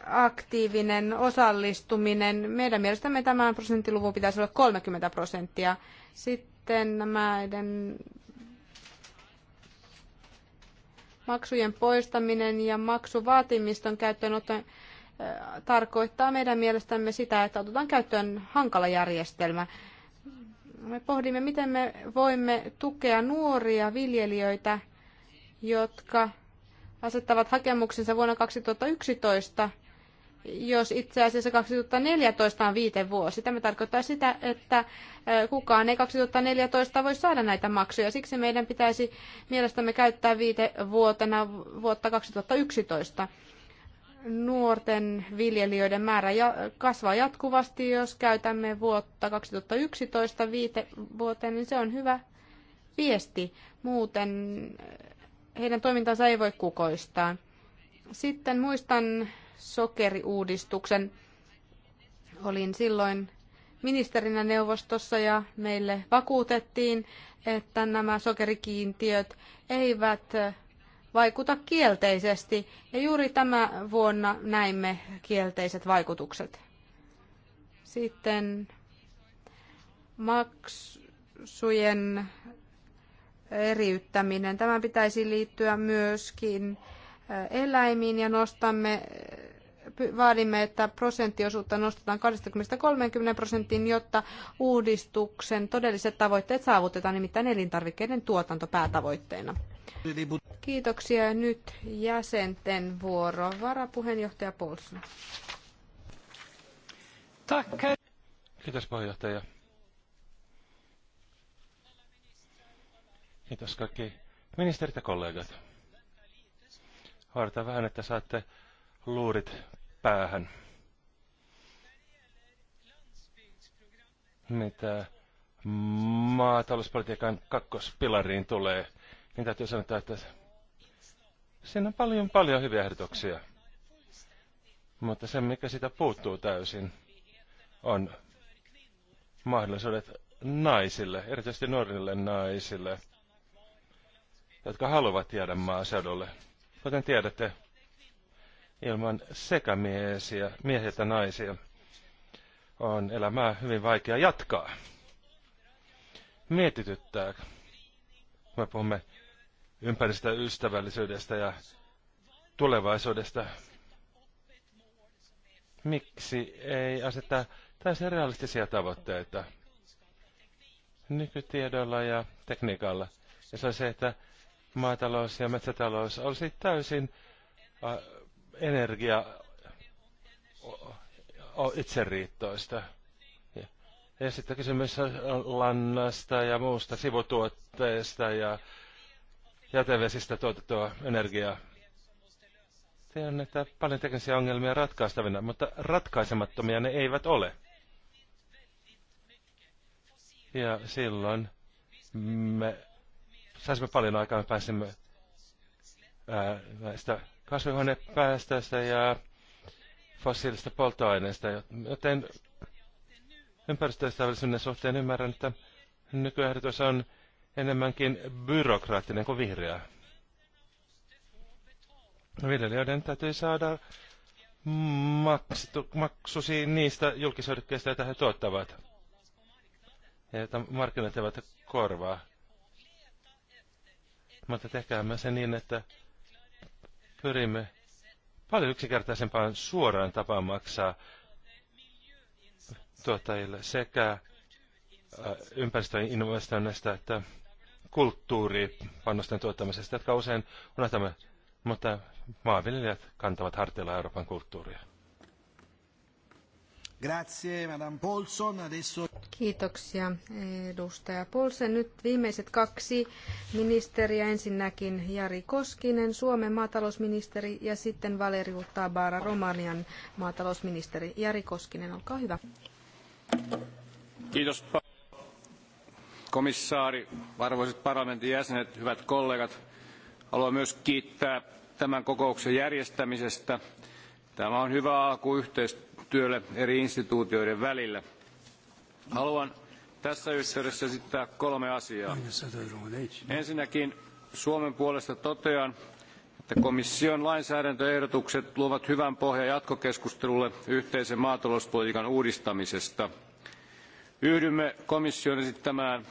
aktiivinen osallistuminen. Meidän mielestämme tämän prosenttiluvun pitäisi olla 30 prosenttia. Sitten nämä maksujen poistaminen ja maksuvaatimiston käyttöönotto tarkoittaa meidän mielestämme sitä, että otetaan käyttöön hankala järjestelmä. Me pohdimme, miten me voimme tukea nuoria viljelijöitä, jotka asettavat hakemuksensa vuonna 2011, jos itse asiassa 2014 on viite vuosi. Tämä tarkoittaa sitä, että kukaan ei 2014 voi saada näitä maksuja. Siksi meidän pitäisi mielestämme käyttää viite vuotena vuotta 2011 nuorten viljelijöiden määrä kasvaa jatkuvasti. Jos käytämme vuotta 2011 viite vuoteen, niin se on hyvä viesti. Muuten eh, heidän toimintansa ei voi kukoistaa. Sitten muistan sokeriuudistuksen. Olin silloin ministerinä neuvostossa ja meille vakuutettiin, että nämä sokerikiintiöt eivät eh, vaikuta kielteisesti, ja juuri tämä vuonna näimme kielteiset vaikutukset. Sitten maksujen eriyttäminen. Tämän pitäisi liittyä myöskin eläimiin ja nostamme vaadimme, että prosenttiosuutta nostetaan 20-30 prosenttiin, jotta uudistuksen todelliset tavoitteet saavutetaan, nimittäin elintarvikkeiden tuotanto päätavoitteena. Kiitoksia. Nyt jäsenten vuoro. Varapuheenjohtaja Poulsson. Kiitos puheenjohtaja. Kiitos kaikki ministerit ja kollegat. Vaaditaan vähän, että saatte luurit päähän. Mitä maatalouspolitiikan kakkospilariin tulee, niin täytyy sanoa, että siinä on paljon, paljon hyviä ehdotuksia. Mutta se, mikä sitä puuttuu täysin, on mahdollisuudet naisille, erityisesti nuorille naisille, jotka haluavat jäädä maaseudulle. Kuten tiedätte, ilman sekä miehiä, miehiä että naisia on elämää hyvin vaikea jatkaa. Mietityttää, kun me puhumme ystävällisyydestä ja tulevaisuudesta. Miksi ei aseta täysin realistisia tavoitteita nykytiedolla ja tekniikalla? Ja se on se, että maatalous ja metsätalous olisi täysin äh, energia itseriittoista. Ja, ja sitten kysymys on lannasta ja muusta sivutuotteesta ja jätevesistä tuotettua energiaa. Tiedän, että paljon teknisiä ongelmia ratkaistavina, mutta ratkaisemattomia ne eivät ole. Ja silloin me saisimme paljon aikaa, me pääsimme ää, näistä kasvihuonepäästöistä ja fossiilista polttoaineista, joten ympäristöystävällisyyden suhteen ymmärrän, että nykyehdotus on enemmänkin byrokraattinen kuin vihreä. Viljelijöiden täytyy saada maksu, maksusi niistä julkisodikkeista, joita he tuottavat. Ja että markkinat eivät korvaa. Mutta tehkäämme se niin, että pyrimme paljon yksinkertaisempaan suoraan tapaan maksaa tuottajille sekä äh, ympäristöinvestoinnista että kulttuuripannosten tuottamisesta, jotka usein unohtamme, mutta maanviljelijät kantavat harteilla Euroopan kulttuuria. Grazie, Madame Paulson. Adesso... Kiitoksia, edustaja Polsen. Nyt viimeiset kaksi ministeriä. Ensinnäkin Jari Koskinen, Suomen maatalousministeri, ja sitten Valeriu Tabara, Romanian maatalousministeri. Jari Koskinen, olkaa hyvä. Kiitos, komissaari, arvoisat parlamentin jäsenet, hyvät kollegat. Haluan myös kiittää tämän kokouksen järjestämisestä Tämä on hyvä alku yhteistyölle eri instituutioiden välillä. Haluan tässä yhteydessä esittää kolme asiaa. Ensinnäkin Suomen puolesta totean, että komission lainsäädäntöehdotukset luovat hyvän pohjan jatkokeskustelulle yhteisen maatalouspolitiikan uudistamisesta. Yhdymme komission esittämään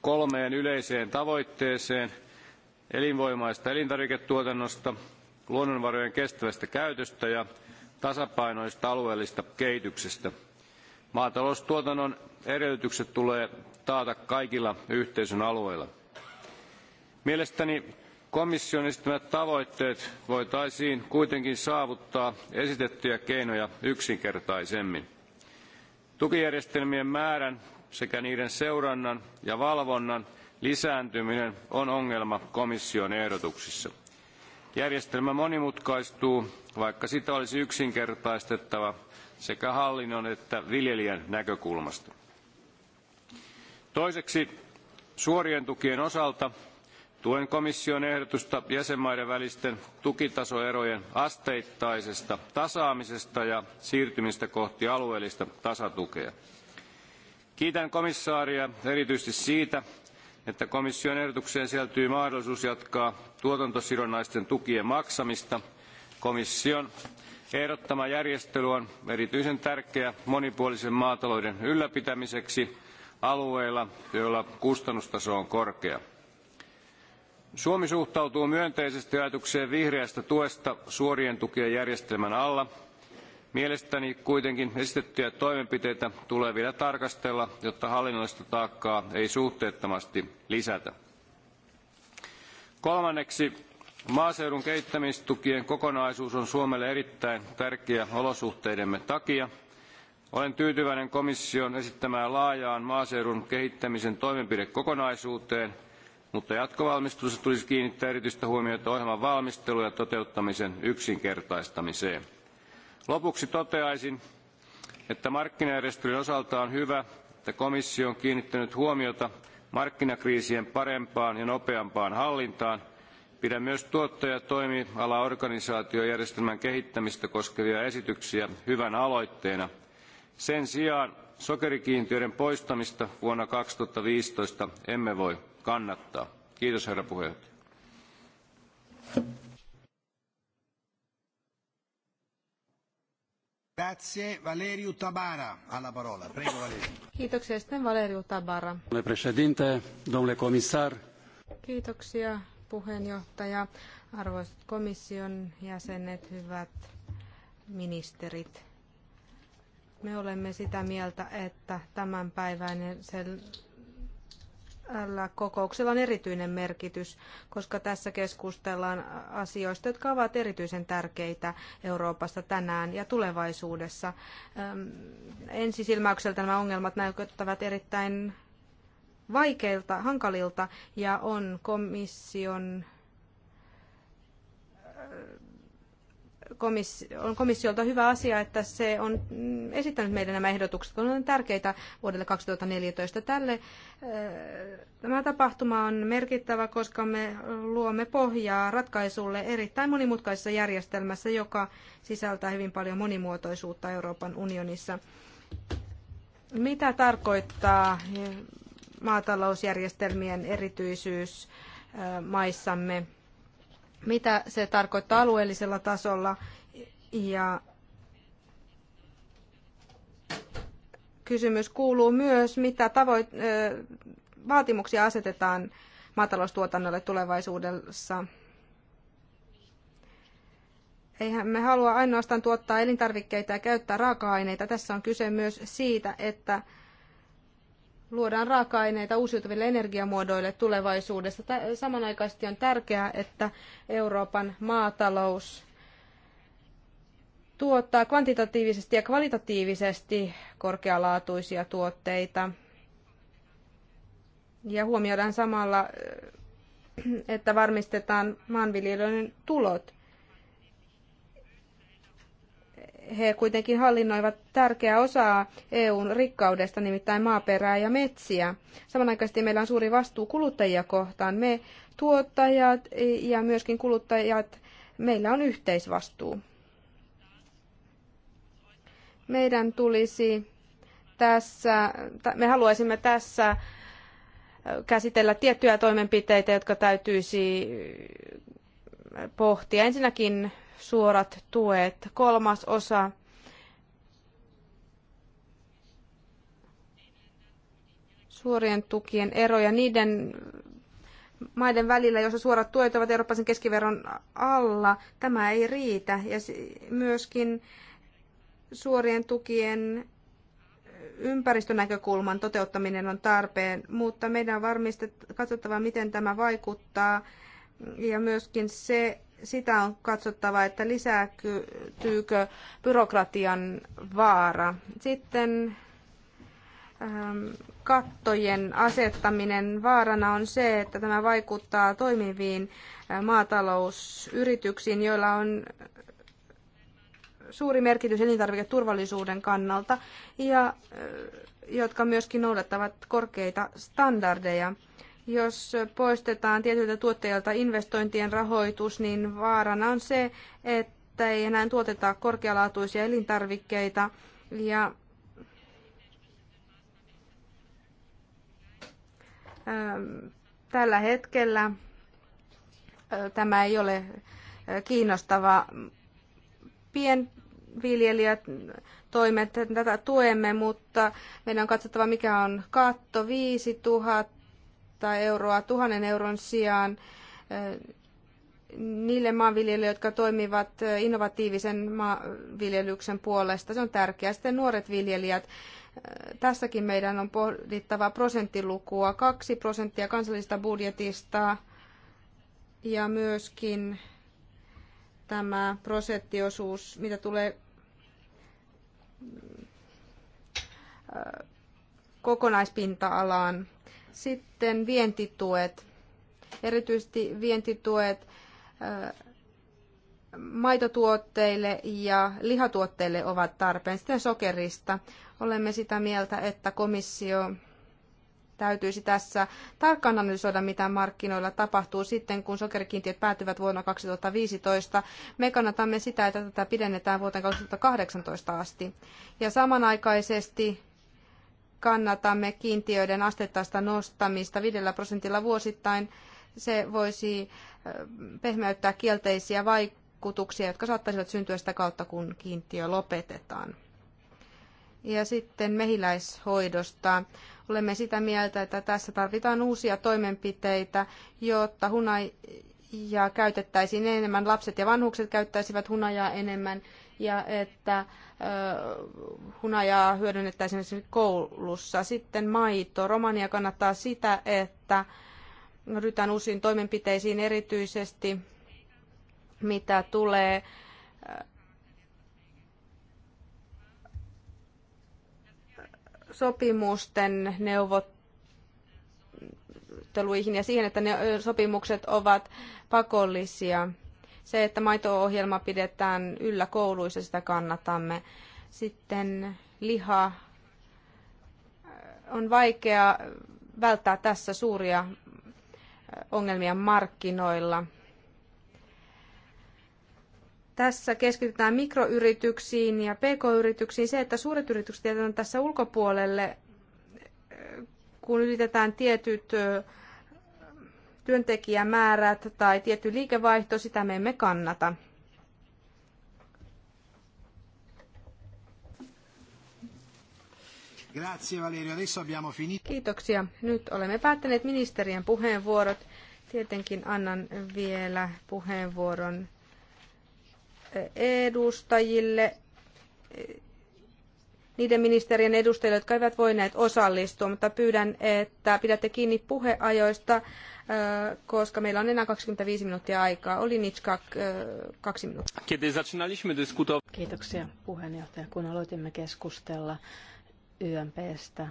kolmeen yleiseen tavoitteeseen elinvoimaista elintarviketuotannosta, luonnonvarojen kestävästä käytöstä ja tasapainoisesta alueellisesta kehityksestä. Maataloustuotannon edellytykset tulee taata kaikilla yhteisön alueilla. Mielestäni komission esittämät tavoitteet voitaisiin kuitenkin saavuttaa esitettyjä keinoja yksinkertaisemmin. Tukijärjestelmien määrän sekä niiden seurannan ja valvonnan lisääntyminen on ongelma komission ehdotuksissa. Järjestelmä monimutkaistuu, vaikka sitä olisi yksinkertaistettava sekä hallinnon että viljelijän näkökulmasta. Toiseksi suorien tukien osalta tuen komission ehdotusta jäsenmaiden välisten tukitasoerojen asteittaisesta tasaamisesta ja siirtymistä kohti alueellista tasatukea. Kiitän komissaaria erityisesti siitä, että komission ehdotukseen sisältyy mahdollisuus jatkaa tuotantosidonnaisten tukien maksamista. Komission ehdottama järjestely on erityisen tärkeä monipuolisen maatalouden ylläpitämiseksi alueilla, joilla kustannustaso on korkea. Suomi suhtautuu myönteisesti ajatukseen vihreästä tuesta suorien tukien järjestelmän alla – mielestäni kuitenkin esitettyjä toimenpiteitä tulee vielä tarkastella jotta hallinnollista taakkaa ei suhteettomasti lisätä. kolmanneksi maaseudun kehittämistukien kokonaisuus on suomelle erittäin tärkeä olosuhteidemme takia. olen tyytyväinen komission esittämään laajaan maaseudun kehittämisen toimenpidekokonaisuuteen mutta jatkovalmistelussa tulisi kiinnittää erityistä huomiota ohjelman valmisteluun ja toteuttamisen yksinkertaistamiseen lopuksi toteaisin että markkinajärjestelyjen osalta on hyvä että komissio on kiinnittänyt huomiota markkinakriisien parempaan ja nopeampaan hallintaan. pidän myös tuottaja ja toimialaorganisaatiojärjestelmän kehittämistä koskevia esityksiä hyvänä aloitteena. sen sijaan sokerikiintiöiden poistamista vuonna kaksituhatta viisitoista emme voi kannattaa. kiitos herra Grazie. Valeriu Tabara alla parola. Prego, Valeriu. Kiitoksia. Sitten Valeriu Tabara. Domnule președinte, domnule comisar. Kiitoksia puheenjohtaja, arvoisat komission jäsenet, hyvät ministerit. Me olemme sitä mieltä, että tämänpäiväinen kokouksella on erityinen merkitys, koska tässä keskustellaan asioista, jotka ovat erityisen tärkeitä Euroopassa tänään ja tulevaisuudessa. Ensisilmäykseltä nämä ongelmat näyttävät erittäin vaikeilta, hankalilta ja on komission on komissiolta hyvä asia, että se on mm, esittänyt meille nämä ehdotukset, kun on tärkeitä vuodelle 2014. Tälle, äh, tämä tapahtuma on merkittävä, koska me luomme pohjaa ratkaisulle erittäin monimutkaisessa järjestelmässä, joka sisältää hyvin paljon monimuotoisuutta Euroopan unionissa. Mitä tarkoittaa eh, maatalousjärjestelmien erityisyys äh, maissamme? mitä se tarkoittaa alueellisella tasolla ja kysymys kuuluu myös, mitä tavoit- vaatimuksia asetetaan maataloustuotannolle tulevaisuudessa. Eihän me halua ainoastaan tuottaa elintarvikkeita ja käyttää raaka-aineita. Tässä on kyse myös siitä, että luodaan raaka-aineita uusiutuville energiamuodoille tulevaisuudessa. Samanaikaisesti on tärkeää, että Euroopan maatalous tuottaa kvantitatiivisesti ja kvalitatiivisesti korkealaatuisia tuotteita. Ja huomioidaan samalla, että varmistetaan maanviljelijöiden tulot. he kuitenkin hallinnoivat tärkeää osaa EUn rikkaudesta, nimittäin maaperää ja metsiä. Samanaikaisesti meillä on suuri vastuu kuluttajia kohtaan. Me tuottajat ja myöskin kuluttajat, meillä on yhteisvastuu. Meidän tulisi tässä, me haluaisimme tässä käsitellä tiettyjä toimenpiteitä, jotka täytyisi pohtia. Ensinnäkin suorat tuet. Kolmas osa suorien tukien eroja niiden maiden välillä, joissa suorat tuet ovat eurooppalaisen keskiveron alla. Tämä ei riitä. Ja myöskin suorien tukien ympäristönäkökulman toteuttaminen on tarpeen, mutta meidän on varmistettava, katsottava, miten tämä vaikuttaa ja myöskin se, sitä on katsottava, että lisääntyykö byrokratian vaara. Sitten ähm, kattojen asettaminen vaarana on se, että tämä vaikuttaa toimiviin äh, maatalousyrityksiin, joilla on suuri merkitys elintarviketurvallisuuden kannalta ja äh, jotka myöskin noudattavat korkeita standardeja. Jos poistetaan tietyiltä tuottajilta investointien rahoitus, niin vaarana on se, että ei enää tuoteta korkealaatuisia elintarvikkeita ja ähm, tällä hetkellä äh, tämä ei ole äh, kiinnostava. Pienviljelijät toimet tätä tuemme, mutta meidän on katsottava mikä on katto 5000 euroa tuhannen euron sijaan eh, niille maanviljelijöille, jotka toimivat eh, innovatiivisen maanviljelyksen puolesta. Se on tärkeää. Sitten nuoret viljelijät. Eh, tässäkin meidän on pohdittava prosenttilukua. kaksi prosenttia kansallisesta budjetista ja myöskin tämä prosenttiosuus, mitä tulee kokonaispinta-alaan. Sitten vientituet, erityisesti vientituet maitotuotteille ja lihatuotteille ovat tarpeen. Sitten sokerista. Olemme sitä mieltä, että komissio täytyisi tässä tarkkaan analysoida, mitä markkinoilla tapahtuu sitten, kun sokerikiintiöt päätyvät vuonna 2015. Me kannatamme sitä, että tätä pidennetään vuoteen 2018 asti. Ja samanaikaisesti kannatamme kiintiöiden asteittaista nostamista 5 prosentilla vuosittain. Se voisi pehmeyttää kielteisiä vaikutuksia, jotka saattaisivat syntyä sitä kautta, kun kiintiö lopetetaan. Ja sitten mehiläishoidosta. Olemme sitä mieltä, että tässä tarvitaan uusia toimenpiteitä, jotta hunajaa käytettäisiin enemmän, lapset ja vanhukset käyttäisivät hunajaa enemmän ja että hunajaa hyödynnettäisiin esimerkiksi koulussa. Sitten maito. Romania kannattaa sitä, että ryhdytään uusiin toimenpiteisiin erityisesti, mitä tulee sopimusten neuvotteluihin ja siihen, että ne sopimukset ovat pakollisia. Se, että maito-ohjelma pidetään yllä kouluissa, sitä kannatamme. Sitten liha. On vaikea välttää tässä suuria ongelmia markkinoilla. Tässä keskitytään mikroyrityksiin ja pk-yrityksiin. Se, että suuret yritykset jätetään tässä ulkopuolelle, kun ylitetään tietyt työntekijämäärät tai tietty liikevaihto, sitä me emme kannata. Kiitoksia. Nyt olemme päättäneet ministerien puheenvuorot. Tietenkin annan vielä puheenvuoron eh, edustajille, eh, niiden ministerien edustajille, jotka eivät voineet osallistua, mutta pyydän, että pidätte kiinni puheajoista koska meillä on enää 25 minuuttia aikaa. Oli Nitska kaksi minuuttia. Kiitoksia puheenjohtaja, kun aloitimme keskustella YMPstä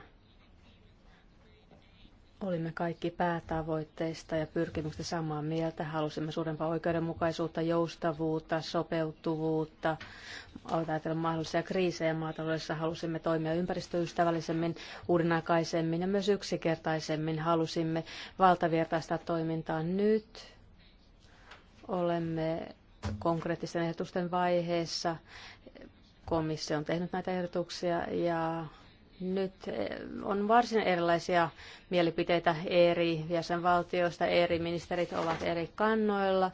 Olimme kaikki päätavoitteista ja pyrkimyksistä samaa mieltä. Halusimme suurempaa oikeudenmukaisuutta, joustavuutta, sopeutuvuutta. Ajatella mahdollisia kriisejä maataloudessa halusimme toimia ympäristöystävällisemmin, uudenaikaisemmin ja myös yksinkertaisemmin. Halusimme valtavirtaista toimintaa nyt. Olemme konkreettisten ehdotusten vaiheessa. Komissio on tehnyt näitä ehdotuksia ja nyt eh, on varsin erilaisia mielipiteitä eri jäsenvaltioista, eri ministerit ovat eri kannoilla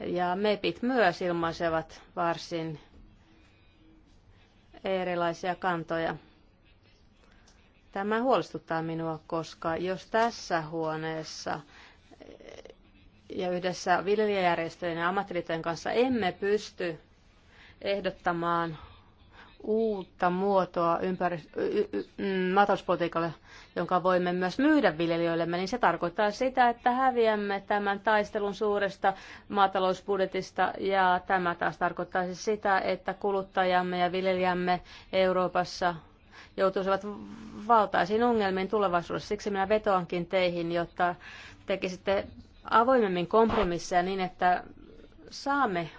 ja MEPit myös ilmaisevat varsin erilaisia kantoja. Tämä huolestuttaa minua, koska jos tässä huoneessa eh, ja yhdessä viljelijäjärjestöjen ja ammattiliittojen kanssa emme pysty ehdottamaan uutta muotoa ympärist- mm, maatalouspolitiikalle, jonka voimme myös myydä viljelijöillemme, niin se tarkoittaa sitä, että häviämme tämän taistelun suuresta maatalousbudjetista ja tämä taas tarkoittaisi sitä, että kuluttajamme ja viljelijämme Euroopassa joutuisivat valtaisiin ongelmiin tulevaisuudessa. Siksi minä vetoankin teihin, jotta tekisitte avoimemmin kompromisseja niin, että saamme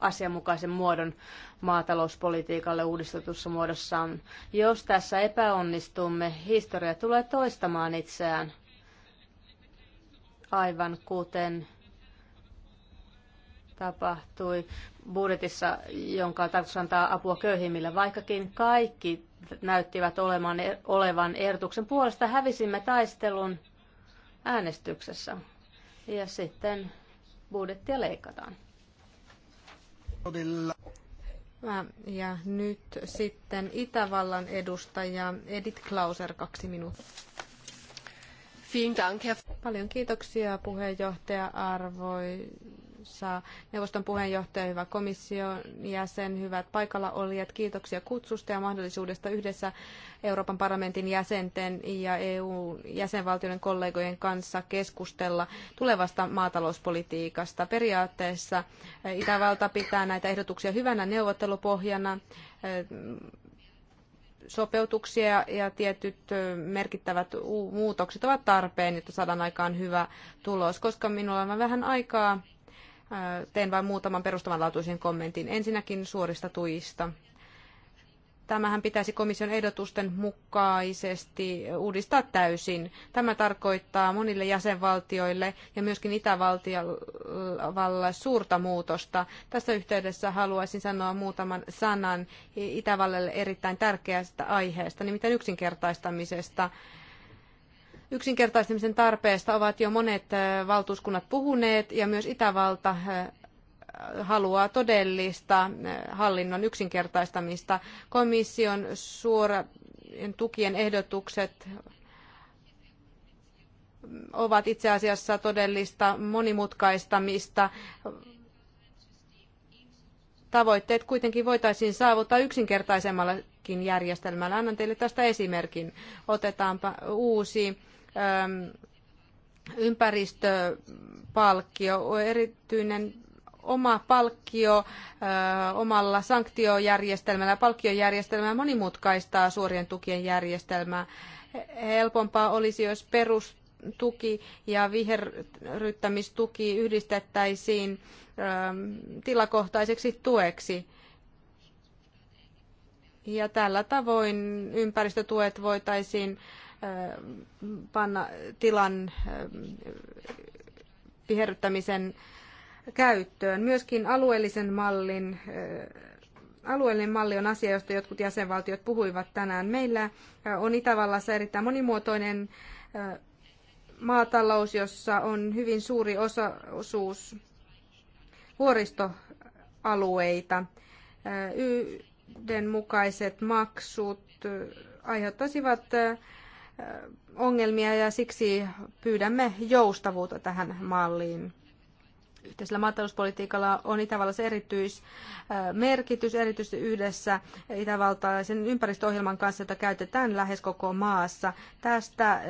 asianmukaisen muodon maatalouspolitiikalle uudistetussa muodossaan. Jos tässä epäonnistumme, historia tulee toistamaan itseään, aivan kuten tapahtui budjetissa, jonka tarkoitus antaa apua köyhimmille. Vaikkakin kaikki näyttivät olevan, olevan ehdotuksen puolesta, hävisimme taistelun äänestyksessä. Ja sitten budjettia leikataan. Ja nyt sitten Itävallan edustaja Edith Klauser, kaksi minuuttia. Paljon kiitoksia puheenjohtaja Arvoi arvonsa. Neuvoston puheenjohtaja, hyvä komission jäsen, hyvät paikalla olijat, kiitoksia kutsusta ja mahdollisuudesta yhdessä Euroopan parlamentin jäsenten ja EU-jäsenvaltioiden kollegojen kanssa keskustella tulevasta maatalouspolitiikasta. Periaatteessa eh, Itävalta pitää näitä ehdotuksia hyvänä neuvottelupohjana eh, sopeutuksia ja tietyt eh, merkittävät muutokset ovat tarpeen, jotta saadaan aikaan hyvä tulos. Koska minulla on vähän aikaa Teen vain muutaman perustavanlaatuisen kommentin. Ensinnäkin suorista tuista. Tämähän pitäisi komission ehdotusten mukaisesti uudistaa täysin. Tämä tarkoittaa monille jäsenvaltioille ja myöskin Itävallalle suurta muutosta. Tässä yhteydessä haluaisin sanoa muutaman sanan Itävallalle erittäin tärkeästä aiheesta, nimittäin yksinkertaistamisesta yksinkertaistamisen tarpeesta ovat jo monet äh, valtuuskunnat puhuneet ja myös Itävalta äh, haluaa todellista äh, hallinnon yksinkertaistamista. Komission suorien tukien ehdotukset ovat itse asiassa todellista monimutkaistamista. Tavoitteet kuitenkin voitaisiin saavuttaa yksinkertaisemmallakin järjestelmällä. Annan teille tästä esimerkin. Otetaanpa uusi ympäristöpalkkio, erityinen oma palkkio omalla sanktiojärjestelmällä palkkiojärjestelmällä monimutkaistaa suorien tukien järjestelmää. Helpompaa olisi, jos perustuki ja viherryttämistuki yhdistettäisiin tilakohtaiseksi tueksi. Ja tällä tavoin ympäristötuet voitaisiin Äh, panna tilan äh, viherryttämisen käyttöön. Myöskin alueellisen mallin äh, alueellinen malli on asia, josta jotkut jäsenvaltiot puhuivat tänään. Meillä on Itävallassa erittäin monimuotoinen maatalous, jossa on hyvin suuri osa, osuus vuoristoalueita. Yhdenmukaiset maksut aiheuttaisivat ongelmia ja siksi pyydämme joustavuutta tähän malliin. Yhteisellä maatalouspolitiikalla on Itävallassa erityismerkitys, erityisesti yhdessä itävaltaisen ympäristöohjelman kanssa, jota käytetään lähes koko maassa. Tästä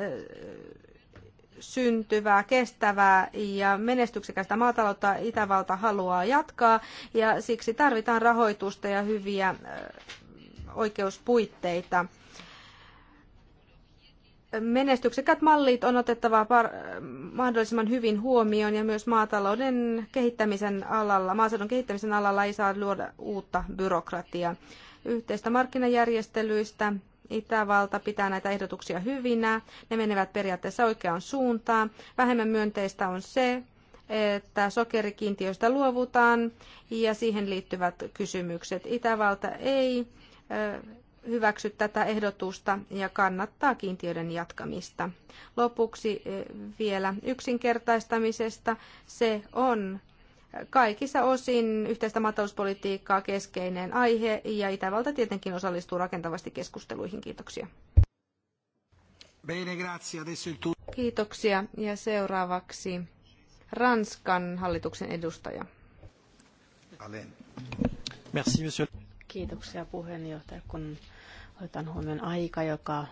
syntyvää, kestävää ja menestyksekästä maataloutta Itävalta haluaa jatkaa ja siksi tarvitaan rahoitusta ja hyviä oikeuspuitteita menestyksekät mallit on otettava mahdollisimman hyvin huomioon ja myös maatalouden kehittämisen alalla, maaseudun kehittämisen alalla ei saa luoda uutta byrokratiaa. Yhteistä markkinajärjestelyistä Itävalta pitää näitä ehdotuksia hyvinä. Ne menevät periaatteessa oikeaan suuntaan. Vähemmän myönteistä on se, että sokerikiintiöistä luovutaan ja siihen liittyvät kysymykset. Itävalta ei hyväksy tätä ehdotusta ja kannattaa kiintiöiden jatkamista. Lopuksi eh, vielä yksinkertaistamisesta. Se on kaikissa osin yhteistä maatalouspolitiikkaa keskeinen aihe ja Itävalta tietenkin osallistuu rakentavasti keskusteluihin. Kiitoksia. Kiitoksia ja seuraavaksi Ranskan hallituksen edustaja. Merci, monsieur. Kiitoksia puheenjohtaja, kun otetaan huomioon aika, joka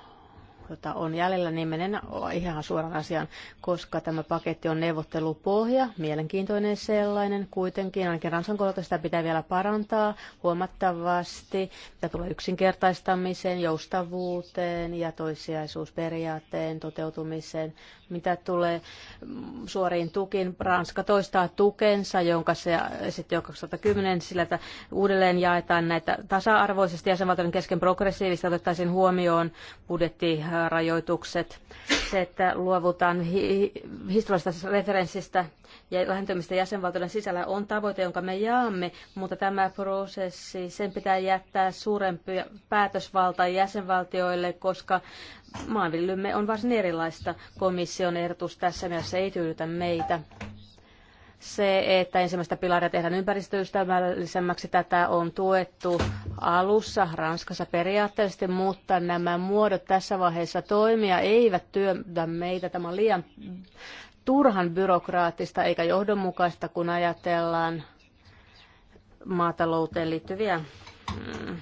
jota on jäljellä, niin menen ihan suoran asian, koska tämä paketti on neuvottelupohja, mielenkiintoinen sellainen kuitenkin, ainakin Ranskan kohdalta sitä pitää vielä parantaa huomattavasti, mitä tulee yksinkertaistamiseen, joustavuuteen ja toissijaisuusperiaatteen toteutumiseen, mitä tulee mm, suoriin tukiin. Ranska toistaa tukensa, jonka se sitten jo 2010 sillä, että uudelleen jaetaan näitä tasa-arvoisesti jäsenvaltioiden kesken progressiivista otettaisiin huomioon budjetti äh, rajoitukset, se, että luovutaan hi- historiallisesta referenssistä ja lähentymistä jäsenvaltioiden sisällä on tavoite, jonka me jaamme, mutta tämä prosessi, sen pitää jättää suurempi päätösvalta jäsenvaltioille, koska maanviljelymme on varsin erilaista. Komission ehdotus tässä mielessä ei tyydytä meitä. Se, että ensimmäistä pilaria tehdään ympäristöystävällisemmäksi, tätä on tuettu alussa Ranskassa periaatteellisesti, mutta nämä muodot tässä vaiheessa toimia eivät työtä meitä. Tämä on liian turhan byrokraattista eikä johdonmukaista, kun ajatellaan maatalouteen liittyviä mm,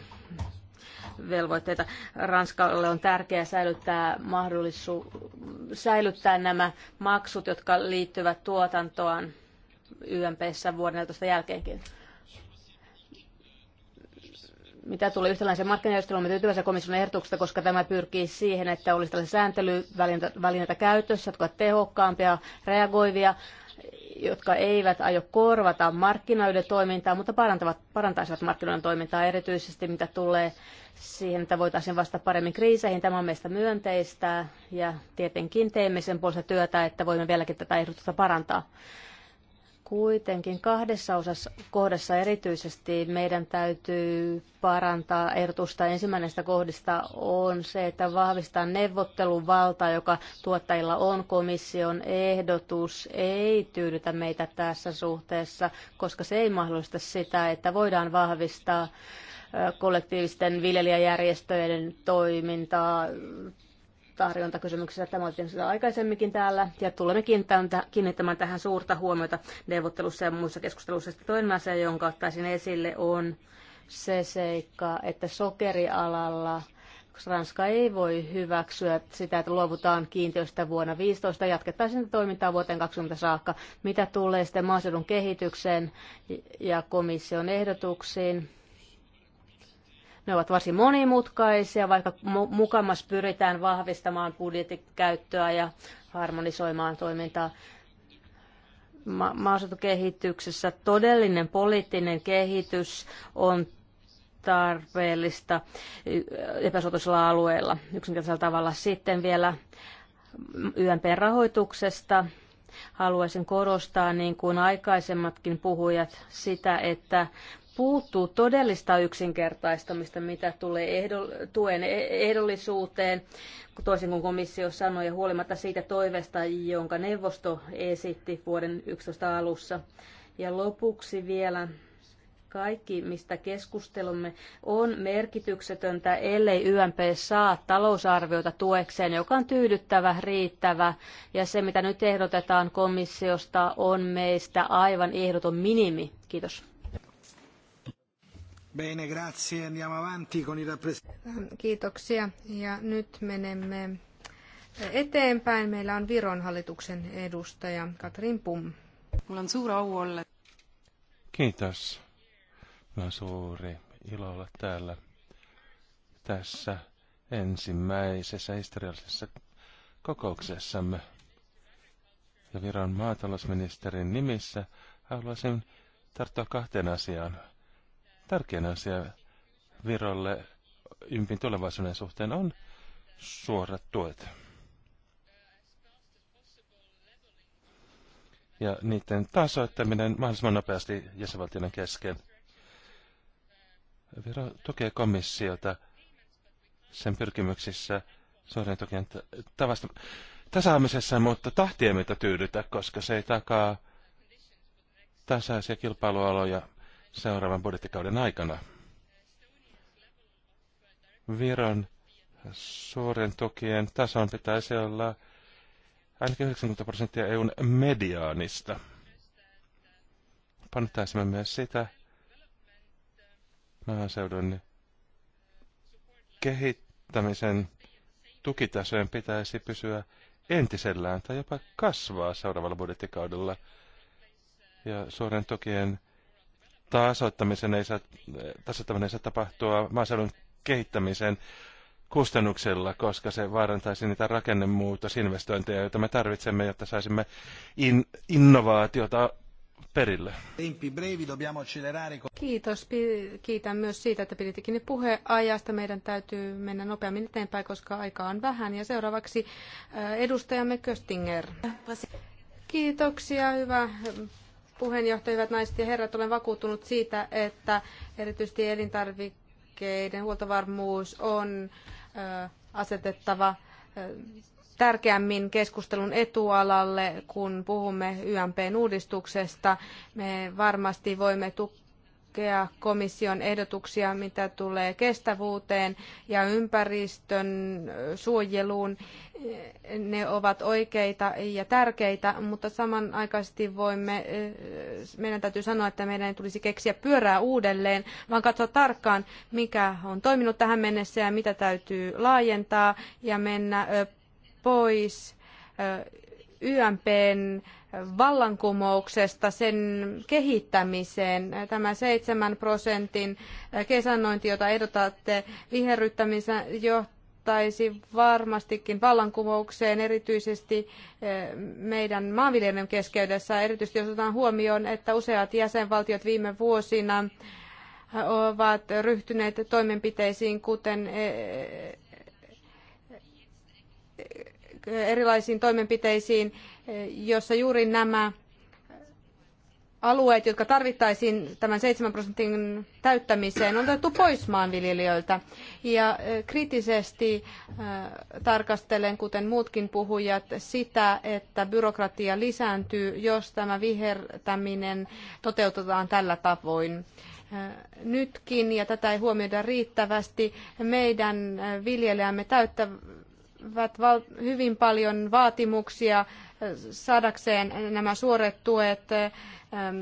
velvoitteita. Ranskalle on tärkeää säilyttää mahdollisuus säilyttää nämä maksut, jotka liittyvät tuotantoon YMPssä vuoden jälkeenkin. Mitä tulee yhtäläisen markkinajärjestelmän olemme tyytyväisiä komission ehdotuksesta, koska tämä pyrkii siihen, että olisi tällaisia sääntelyvälineitä käytössä, jotka ovat tehokkaampia, reagoivia, jotka eivät aio korvata markkinoiden toimintaa, mutta parantavat, parantaisivat markkinoiden toimintaa erityisesti, mitä tulee siihen, että voitaisiin vastata paremmin kriiseihin. Tämä on meistä myönteistä ja tietenkin teemme sen puolesta työtä, että voimme vieläkin tätä ehdotusta parantaa. Kuitenkin kahdessa osassa, kohdassa erityisesti meidän täytyy parantaa ehdotusta. Ensimmäisestä kohdista on se, että vahvistaa neuvotteluvaltaa, joka tuottajilla on. Komission ehdotus ei tyydytä meitä tässä suhteessa, koska se ei mahdollista sitä, että voidaan vahvistaa kollektiivisten viljelijäjärjestöjen toimintaa tarjontakysymyksessä. Tämä on sitä aikaisemminkin täällä ja tulemme kiinnittämään tähän suurta huomiota neuvottelussa ja muissa keskusteluissa. Sitten toinen asia, jonka ottaisin esille, on se seikka, että sokerialalla Ranska ei voi hyväksyä sitä, että luovutaan kiintiöstä vuonna 15 jatkettaisiin toimintaa vuoteen 20 saakka. Mitä tulee sitten maaseudun kehitykseen ja komission ehdotuksiin, ne ovat varsin monimutkaisia, vaikka mukamas pyritään vahvistamaan budjettikäyttöä ja harmonisoimaan toimintaa. Ma- maaseutukehityksessä todellinen poliittinen kehitys on tarpeellista epäsuotuisilla alueilla yksinkertaisella tavalla. Sitten vielä YMP-rahoituksesta haluaisin korostaa, niin kuin aikaisemmatkin puhujat, sitä, että puuttuu todellista yksinkertaistamista, mitä tulee ehdo, tuen e, ehdollisuuteen, toisin kuin komissio sanoi, ja huolimatta siitä toiveesta, jonka neuvosto esitti vuoden 11 alussa. Ja lopuksi vielä kaikki, mistä keskustelumme, on merkityksetöntä, ellei YMP saa talousarviota tuekseen, joka on tyydyttävä, riittävä. Ja se, mitä nyt ehdotetaan komissiosta, on meistä aivan ehdoton minimi. Kiitos. Bene, grazie. Andiamo avanti con i Kiitoksia. Ja nyt menemme eteenpäin. Meillä on Viron hallituksen edustaja Katrin Pum. Mulla on suuri au olla. Kiitos. Minulla on suuri ilo olla täällä tässä ensimmäisessä historiallisessa kokouksessamme. Ja Viron maatalousministerin nimissä haluaisin tarttua kahteen asiaan tärkein asia Virolle ympin tulevaisuuden suhteen on suorat tuet. Ja niiden tasoittaminen mahdollisimman nopeasti jäsenvaltioiden kesken. Viro tukee komissiota sen pyrkimyksissä suorien tukien tavasta tasaamisessa, mutta tahtia mitä tyydytä, koska se ei takaa tasaisia kilpailualoja seuraavan budjettikauden aikana. Viron suuren tukien tason pitäisi olla ainakin 90 prosenttia EUn mediaanista. Panettaisimme myös sitä maaseudun kehittämisen tukitasojen pitäisi pysyä entisellään tai jopa kasvaa seuraavalla budjettikaudella. Ja suorien tukien tasoittamisen ei saa, tasoittaminen ei saa tapahtua maaseudun kehittämisen kustannuksella, koska se vaarantaisi niitä rakennemuutosinvestointeja, joita me tarvitsemme, jotta saisimme in, innovaatiota perille. Kiitos. Kiitän myös siitä, että pidittekin puheajasta. Meidän täytyy mennä nopeammin eteenpäin, koska aikaa on vähän. Ja seuraavaksi äh, edustajamme Köstinger. Kiitoksia, hyvä puheenjohtaja, hyvät naiset ja herrat, olen vakuuttunut siitä, että erityisesti elintarvikkeiden huoltovarmuus on asetettava tärkeämmin keskustelun etualalle, kun puhumme YMPn uudistuksesta. Me varmasti voimme tukea tukea komission ehdotuksia, mitä tulee kestävyyteen ja ympäristön suojeluun. Ne ovat oikeita ja tärkeitä, mutta samanaikaisesti voimme, meidän täytyy sanoa, että meidän ei tulisi keksiä pyörää uudelleen, vaan katsoa tarkkaan, mikä on toiminut tähän mennessä ja mitä täytyy laajentaa ja mennä pois YMPn vallankumouksesta sen kehittämiseen. Tämä seitsemän prosentin kesannointi, jota ehdotatte viherryttämisen johtaisi varmastikin vallankumoukseen erityisesti eh, meidän maanviljelijöiden keskeydessä, erityisesti jos otetaan huomioon, että useat jäsenvaltiot viime vuosina ovat ryhtyneet toimenpiteisiin, kuten eh, erilaisiin toimenpiteisiin, jossa juuri nämä alueet, jotka tarvittaisiin tämän 7 prosentin täyttämiseen, on otettu pois maanviljelijöiltä. Ja kriittisesti tarkastelen, kuten muutkin puhujat, sitä, että byrokratia lisääntyy, jos tämä vihertäminen toteutetaan tällä tavoin nytkin, ja tätä ei huomioida riittävästi. Meidän viljelijämme täyttävät hyvin paljon vaatimuksia äh, saadakseen nämä suoret tuet, äh, ähm,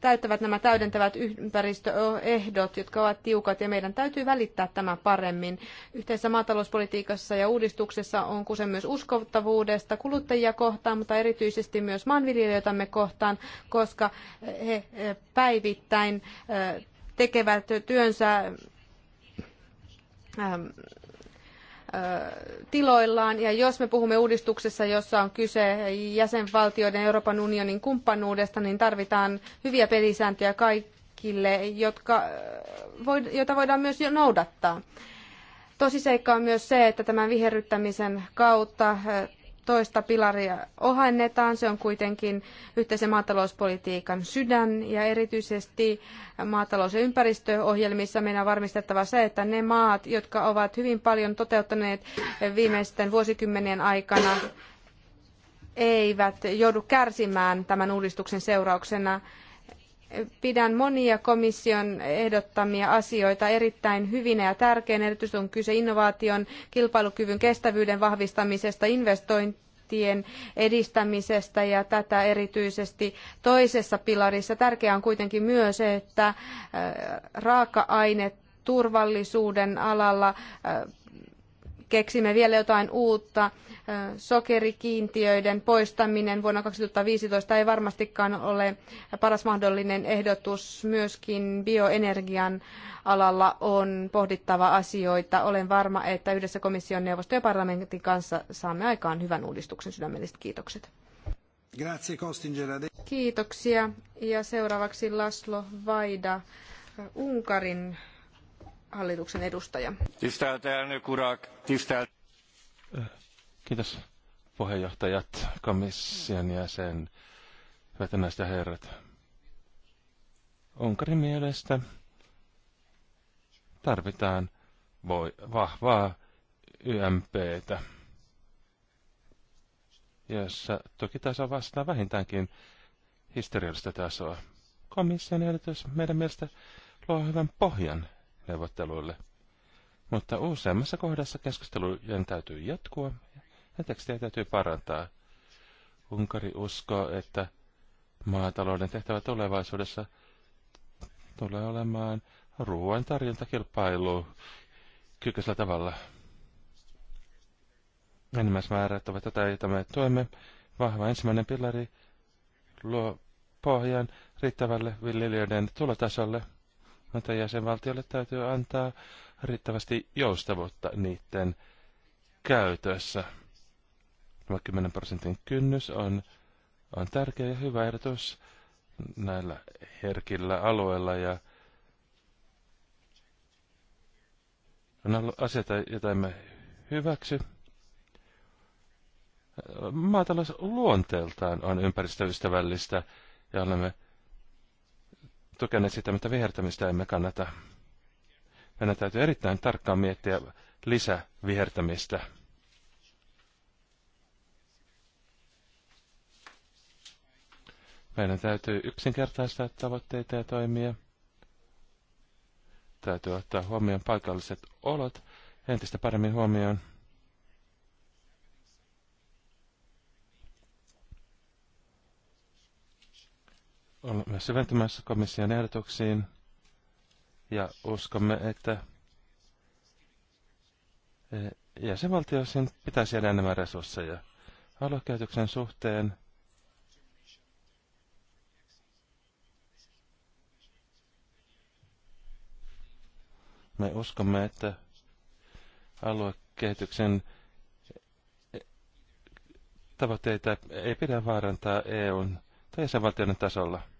täyttävät nämä täydentävät ympäristöehdot, jotka ovat tiukat, ja meidän täytyy välittää tämä paremmin. Yhteisessä maatalouspolitiikassa ja uudistuksessa on kyse myös uskottavuudesta kuluttajia kohtaan, mutta erityisesti myös maanviljelijöitämme kohtaan, koska he äh, päivittäin tekevät työnsä ähm, tiloillaan. Ja jos me puhumme uudistuksessa, jossa on kyse jäsenvaltioiden ja Euroopan unionin kumppanuudesta, niin tarvitaan hyviä pelisääntöjä kaikille, jotka, joita voidaan myös jo noudattaa. Tosiseikka on myös se, että tämän viherryttämisen kautta toista pilaria ohennetaan. Se on kuitenkin yhteisen maatalouspolitiikan sydän ja erityisesti maatalous- ja ympäristöohjelmissa meidän on varmistettava se, että ne maat, jotka ovat hyvin paljon toteuttaneet viimeisten vuosikymmenien aikana, eivät joudu kärsimään tämän uudistuksen seurauksena pidän monia komission ehdottamia asioita erittäin hyvinä ja tärkeinä. Erityisesti on kyse innovaation, kilpailukyvyn, kestävyyden vahvistamisesta, investointien edistämisestä ja tätä erityisesti toisessa pilarissa. Tärkeää on kuitenkin myös, että raaka-aine turvallisuuden alalla keksimme vielä jotain uutta. Sokerikiintiöiden poistaminen vuonna 2015 ei varmastikaan ole paras mahdollinen ehdotus. Myöskin bioenergian alalla on pohdittava asioita. Olen varma, että yhdessä komission neuvoston ja parlamentin kanssa saamme aikaan hyvän uudistuksen. Sydämelliset kiitokset. Kiitoksia. Ja seuraavaksi Laslo Vaida Unkarin hallituksen edustaja. Kiitos puheenjohtajat, komission jäsen, hyvät naiset ja herrat. Unkarin mielestä tarvitaan voi, vahvaa YMPtä, jossa toki taso vastaa vähintäänkin historiallista tasoa. Komission ehdotus meidän mielestä luo hyvän pohjan neuvotteluille. Mutta useammassa kohdassa keskustelujen täytyy jatkua ja tekstiä täytyy parantaa. Unkari uskoo, että maatalouden tehtävä tulevaisuudessa tulee olemaan ruoan tarjontakilpailu kykyisellä tavalla. Enimmäismäärät ovat tätä, jota me tuemme. Vahva ensimmäinen pilari luo pohjan riittävälle viljelijöiden tulotasolle – mutta jäsenvaltiolle täytyy antaa riittävästi joustavuutta niiden käytössä. Tämä 10 prosentin kynnys on, on tärkeä ja hyvä ehdotus näillä herkillä alueilla ja on ollut asioita, joita emme hyväksy. Maatalous luonteeltaan on ympäristöystävällistä ja olemme tukeneet sitä, mitä vihertämistä emme kannata. Meidän täytyy erittäin tarkkaan miettiä lisävihertämistä. Meidän täytyy yksinkertaistaa tavoitteita ja toimia. Täytyy ottaa huomioon paikalliset olot entistä paremmin huomioon. Olemme syventymässä komission ehdotuksiin ja uskomme, että e, jäsenvaltioisiin pitäisi jäädä enemmän resursseja aluekäytöksen suhteen. Me uskomme, että aluekehityksen tavoitteita ei pidä vaarantaa EUn tai jäsenvaltioiden tasolla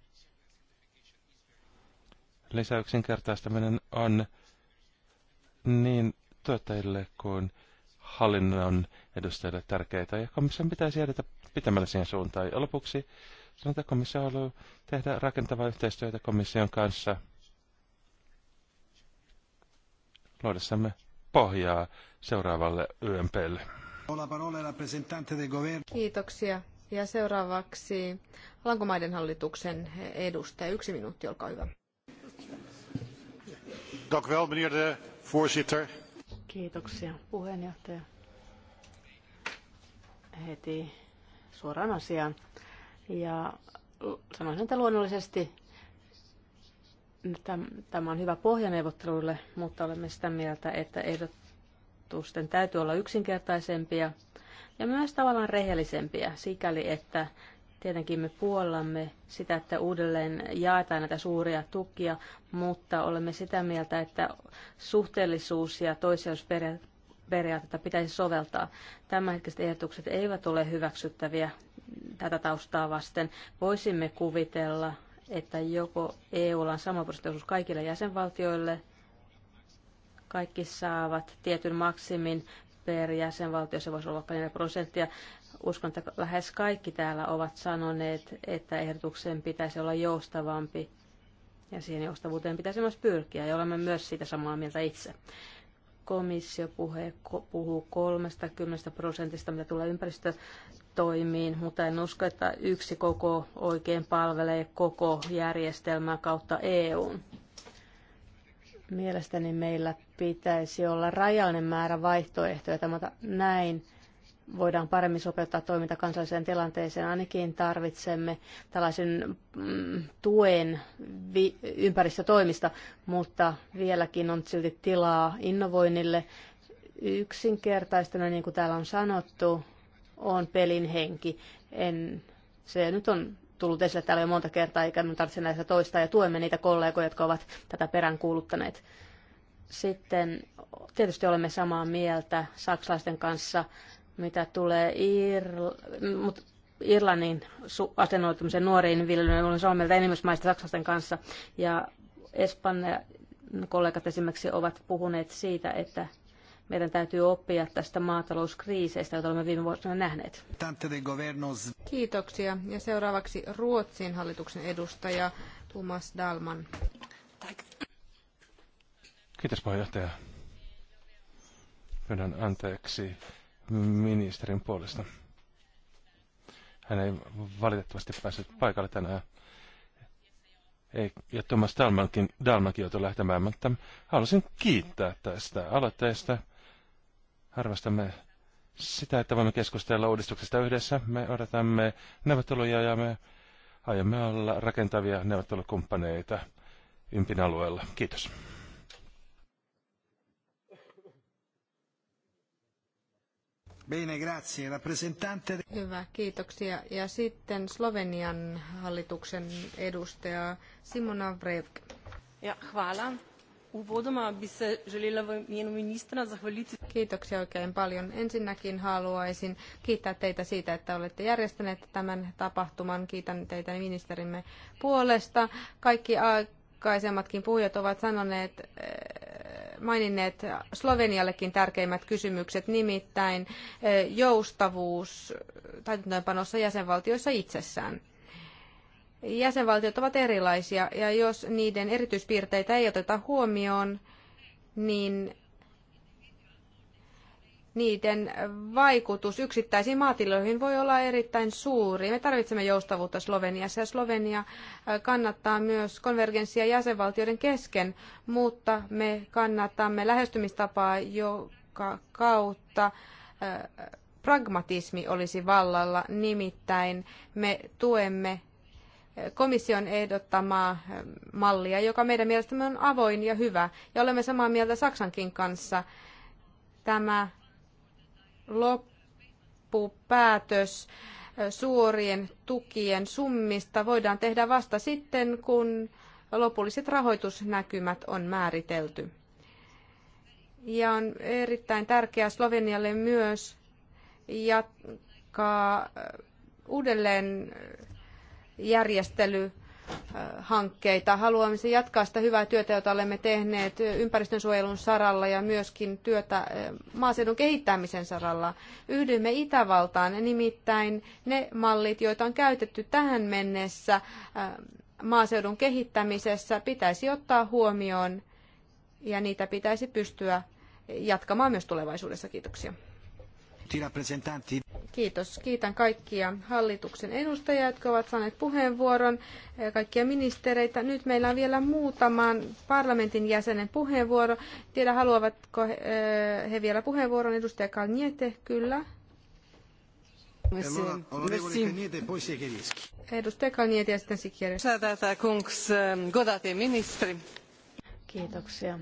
lisäyksinkertaistaminen on niin tuottajille kuin hallinnon edustajille tärkeitä, ja komission pitäisi edetä pitämällä siihen suuntaan. Ja lopuksi sanotaan, että komissio haluaa tehdä rakentavaa yhteistyötä komission kanssa luodessamme pohjaa seuraavalle YMPlle. Kiitoksia. Ja seuraavaksi Lankomaiden hallituksen edustaja. Yksi minuutti, olkaa hyvä voorzitter. Kiitoksia, puheenjohtaja. Heti suoraan asiaan. Ja sanoisin, että luonnollisesti tämä on hyvä pohja neuvotteluille, mutta olemme sitä mieltä, että ehdotusten täytyy olla yksinkertaisempia ja myös tavallaan rehellisempiä sikäli, että Tietenkin me puollamme sitä, että uudelleen jaetaan näitä suuria tukia, mutta olemme sitä mieltä, että suhteellisuus ja toiseusperiaatetta pitäisi soveltaa. Tämänhetkiset ehdotukset eivät ole hyväksyttäviä tätä taustaa vasten. Voisimme kuvitella, että joko EU on sama prosenttiosuus kaikille jäsenvaltioille, kaikki saavat tietyn maksimin per jäsenvaltio, se voisi olla vaikka 4 prosenttia. Uskon, että lähes kaikki täällä ovat sanoneet, että ehdotuksen pitäisi olla joustavampi ja siihen joustavuuteen pitäisi myös pyrkiä ja olemme myös siitä samaa mieltä itse. Komissio puhe, puhuu 30 prosentista, mitä tulee ympäristötoimiin, mutta en usko, että yksi koko oikein palvelee koko järjestelmää kautta EUn. Mielestäni meillä pitäisi olla rajallinen määrä vaihtoehtoja. Tämä näin voidaan paremmin sopeuttaa toiminta kansalliseen tilanteeseen. Ainakin tarvitsemme tällaisen mm, tuen vi- ympäristötoimista, mutta vieläkin on silti tilaa innovoinnille. Yksinkertaistuna, niin kuin täällä on sanottu, on pelin henki. En, se nyt on tullut esille täällä jo monta kertaa, eikä minun tarvitse näistä toista, ja tuemme niitä kollegoja, jotka ovat tätä peräänkuuluttaneet. Sitten tietysti olemme samaa mieltä saksalaisten kanssa mitä tulee Ir- mut Irlannin su- asennoitumisen nuoriin viljelijöihin. Olen samaa mieltä enimmäismaista saksalaisten kanssa. Ja Espanjan kollegat esimerkiksi ovat puhuneet siitä, että meidän täytyy oppia tästä maatalouskriiseistä, jota olemme viime vuosina nähneet. Kiitoksia. Ja seuraavaksi Ruotsin hallituksen edustaja Thomas Dalman. Kiitos puheenjohtaja. Pyydän anteeksi ministerin puolesta. Hän ei valitettavasti päässyt paikalle tänään. Ei, ja Thomas Dalmankin, Dalmankin joutui lähtemään, mutta haluaisin kiittää tästä aloitteesta. Harvastamme sitä, että voimme keskustella uudistuksesta yhdessä. Me odotamme neuvotteluja ja me aiomme olla rakentavia neuvottelukumppaneita ympin alueella. Kiitos. Bene, grazie. Rappresentante... Hyvä, kiitoksia. Ja sitten Slovenian hallituksen edustaja Simona Vrevk. Ja, hvala. Uvodoma bi se želila v imenu ministra zahvaliti. Kiitoksia oikein paljon. Ensinnäkin haluaisin kiittää teitä siitä, että olette järjestäneet tämän tapahtuman. Kiitän teitä ministerimme puolesta. Kaikki aikaisemmatkin puhujat ovat sanoneet, maininneet Sloveniallekin tärkeimmät kysymykset, nimittäin eh, joustavuus täytäntöönpanossa jäsenvaltioissa itsessään. Jäsenvaltiot ovat erilaisia ja jos niiden erityispiirteitä ei oteta huomioon, niin niiden vaikutus yksittäisiin maatiloihin voi olla erittäin suuri. Me tarvitsemme joustavuutta Sloveniassa ja Slovenia äh, kannattaa myös konvergenssia jäsenvaltioiden kesken, mutta me kannatamme lähestymistapaa, joka kautta äh, pragmatismi olisi vallalla, nimittäin me tuemme äh, komission ehdottamaa mallia, joka meidän mielestämme on avoin ja hyvä, ja olemme samaa mieltä Saksankin kanssa. Tämä loppupäätös suorien tukien summista voidaan tehdä vasta sitten, kun lopulliset rahoitusnäkymät on määritelty. Ja on erittäin tärkeää Slovenialle myös jatkaa uudelleen järjestely hankkeita. Haluamme siis jatkaa sitä hyvää työtä, jota olemme tehneet ympäristönsuojelun saralla ja myöskin työtä eh, maaseudun kehittämisen saralla. Yhdymme Itävaltaan, nimittäin ne mallit, joita on käytetty tähän mennessä eh, maaseudun kehittämisessä, pitäisi ottaa huomioon ja niitä pitäisi pystyä jatkamaan myös tulevaisuudessa. Kiitoksia. Kiitos. Kiitän kaikkia hallituksen edustajia, jotka ovat saaneet puheenvuoron, eh, kaikkia ministereitä. Nyt meillä on vielä muutaman parlamentin jäsenen puheenvuoro. Tiedä, haluavatko eh, he vielä puheenvuoron. Edustaja Kalniete, kyllä. E Edustaja Kalniete ja sitten Sikieri. Eh, Kiitoksia.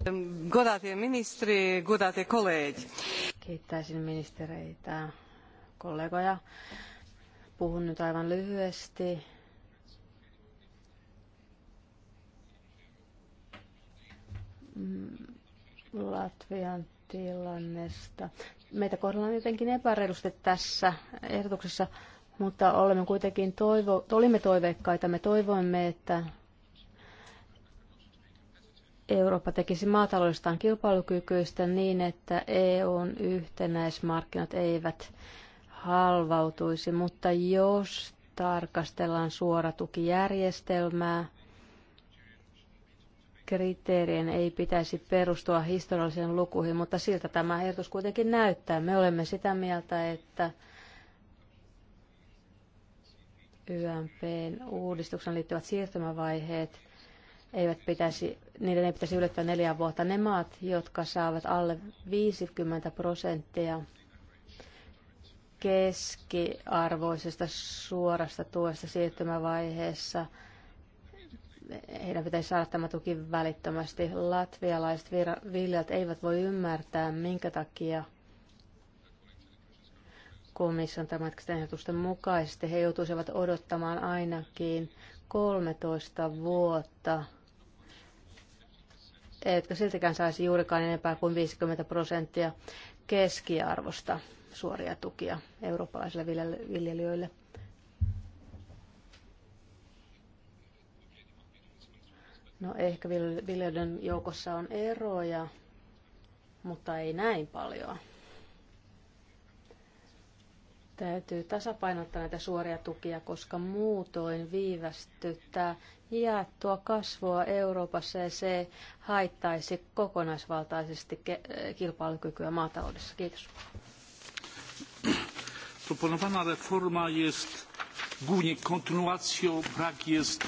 Godātie ministeri, godātie kolēģi. Kiittäisin ministereitä, kollegoja. Puhun nyt aivan lyhyesti. Mm, Latvian tilannesta. Meitä kohdellaan jotenkin epäreilusti tässä ehdotuksessa, mutta olemme kuitenkin toivo, olimme toiveikkaita. Me toivoimme, että Eurooppa tekisi maataloudestaan kilpailukykyistä niin, että EUn yhtenäismarkkinat eivät halvautuisi, mutta jos tarkastellaan suoratukijärjestelmää, kriteerien ei pitäisi perustua historiallisiin lukuihin, mutta siltä tämä ehdotus kuitenkin näyttää. Me olemme sitä mieltä, että YMPn uudistuksen liittyvät siirtymävaiheet – eivät pitäisi, niiden ei pitäisi ylittää neljä vuotta. Ne maat, jotka saavat alle 50 prosenttia keskiarvoisesta suorasta tuesta siirtymävaiheessa, heidän pitäisi saada tämä tuki välittömästi. Latvialaiset viljelijät eivät voi ymmärtää, minkä takia komission tämän ehdotusten mukaisesti he joutuisivat odottamaan ainakin 13 vuotta – eivätkä siltikään saisi juurikaan enempää kuin 50 prosenttia keskiarvosta suoria tukia eurooppalaisille viljelijöille. No ehkä viljelijöiden joukossa on eroja, mutta ei näin paljon. Täytyy tasapainottaa näitä suoria tukia, koska muutoin viivästyttää jaettua kasvua Euroopassa ja se haittaisi kokonaisvaltaisesti kilpailukykyä maataloudessa. Kiitos. Proponowana reforma jest głównie kontynuacją, brak jest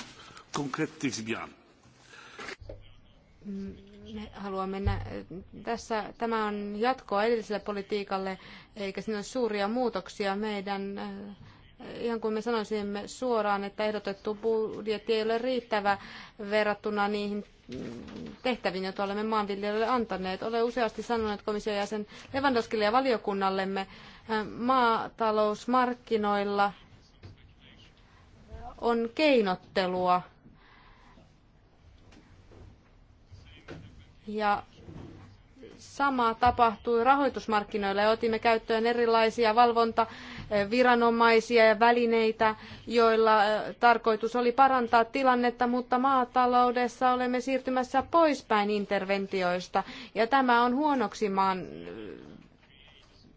konkretnych zmian. Mm halua mennä. Tässä, tämä on jatkoa edelliselle politiikalle, eikä siinä ole suuria muutoksia meidän eh, ihan kuin me sanoisimme suoraan, että ehdotettu budjetti ei ole riittävä verrattuna niihin mm, tehtäviin, joita olemme maanviljelijöille antaneet. Olen useasti sanonut komission jäsen Lewandowskille ja valiokunnallemme eh, maatalousmarkkinoilla on keinottelua Ja sama tapahtui rahoitusmarkkinoilla. Otimme käyttöön erilaisia valvontaviranomaisia ja välineitä, joilla tarkoitus oli parantaa tilannetta, mutta maataloudessa olemme siirtymässä poispäin interventioista. Ja tämä on huonoksi maan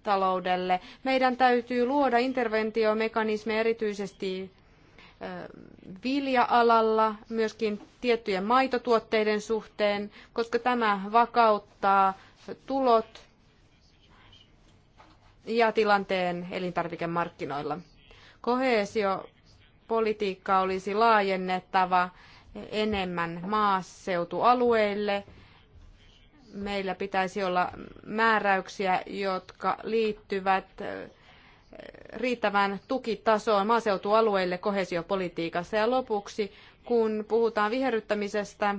taloudelle. Meidän täytyy luoda interventiomekanismeja erityisesti vilja-alalla, myöskin tiettyjen maitotuotteiden suhteen, koska tämä vakauttaa tulot ja tilanteen elintarvikemarkkinoilla. Koheesiopolitiikkaa olisi laajennettava enemmän maaseutualueille. Meillä pitäisi olla määräyksiä, jotka liittyvät riittävän tukitasoon maaseutualueille kohesiopolitiikassa. Ja lopuksi, kun puhutaan viherryttämisestä,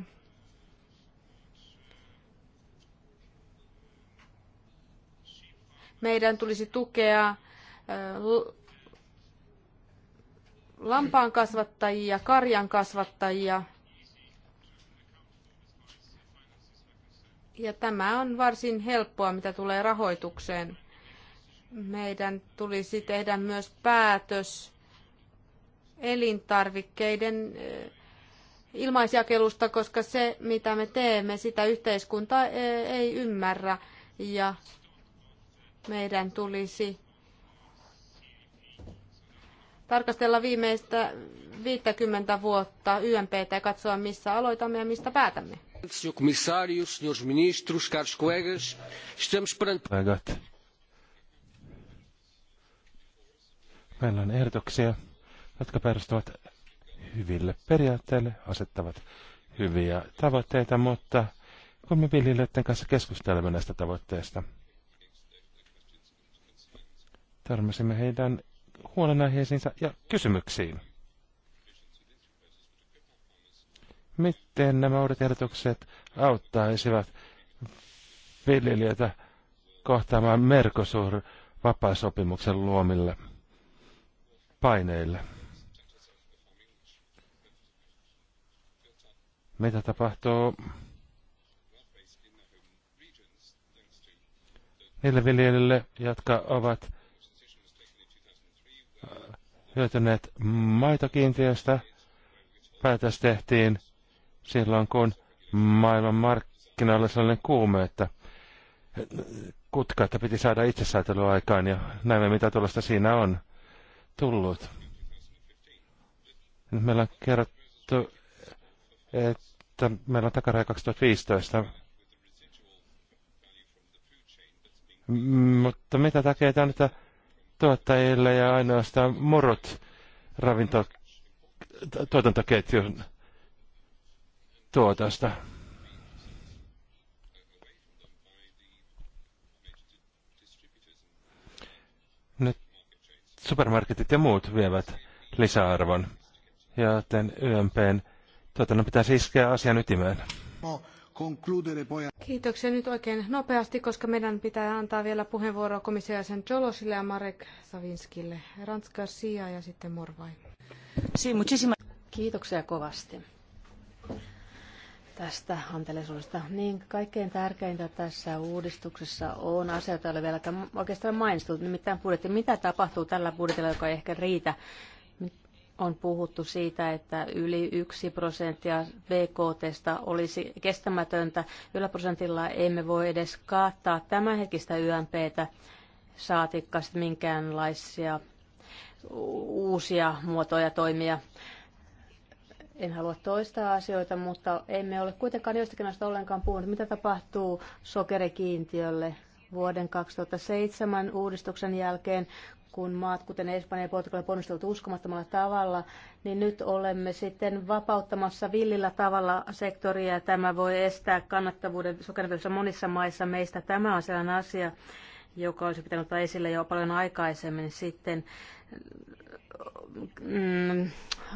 meidän tulisi tukea lampaan kasvattajia, karjan kasvattajia. Ja tämä on varsin helppoa, mitä tulee rahoitukseen meidän tulisi tehdä myös päätös elintarvikkeiden eh, ilmaisjakelusta, koska se, mitä me teemme, sitä yhteiskunta eh, ei ymmärrä ja meidän tulisi tarkastella viimeistä 50 vuotta YMPtä ja katsoa, missä aloitamme ja mistä päätämme. Senhor Comissário, senhores ministros, caros colegas, estamos perante... Meillä on ehdotuksia, jotka perustuvat hyville periaatteille, asettavat hyviä tavoitteita, mutta kun me viljelijöiden kanssa keskustelemme näistä tavoitteista, törmäsimme heidän huolenaiheisiinsa ja kysymyksiin. Miten nämä uudet ehdotukset auttaisivat viljelijöitä kohtaamaan Mercosur-vapaasopimuksen luomille? paineille. Mitä tapahtuu niille viljelijöille, jotka ovat äh, hyötyneet maitokiintiöstä. Päätös tehtiin silloin, kun maailman markkinoilla sellainen kuume, että kutka, että piti saada itsesäätelyaikaan ja näemme mitä tulosta siinä on tullut. Nyt meillä on kerrottu, että meillä on takaraja 2015. Mutta mitä takia tämä, että tuottajille ja ainoastaan murut ravintotuotantoketjun tuotosta? supermarketit ja muut vievät lisäarvon. Joten YMPn tuotannon pitäisi iskeä asian ytimeen. Kiitoksia nyt oikein nopeasti, koska meidän pitää antaa vielä puheenvuoroa komissiaisen Jolosille ja Marek Savinskille. Ranska Sia ja sitten Morvai. Kiitoksia kovasti tästä anteellisuudesta. Niin kaikkein tärkeintä tässä uudistuksessa on asia, jota oli vielä oikeastaan mainittu, nimittäin budjetti. Mitä tapahtuu tällä budjetilla, joka ei ehkä riitä? On puhuttu siitä, että yli 1 prosenttia BKTstä olisi kestämätöntä. Yllä prosentilla emme voi edes kattaa tämänhetkistä YMPtä saatikkaista minkäänlaisia uusia muotoja toimia en halua toistaa asioita, mutta emme ole kuitenkaan joistakin asioista ollenkaan puhunut. Mitä tapahtuu sokerikiintiölle vuoden 2007 uudistuksen jälkeen, kun maat, kuten Espanja ja Portugali, ponnistuvat uskomattomalla tavalla, niin nyt olemme sitten vapauttamassa villillä tavalla sektoria tämä voi estää kannattavuuden sokerivirissä monissa maissa meistä. Tämä on sellainen asia, joka olisi pitänyt ottaa esille jo paljon aikaisemmin. Sitten mm,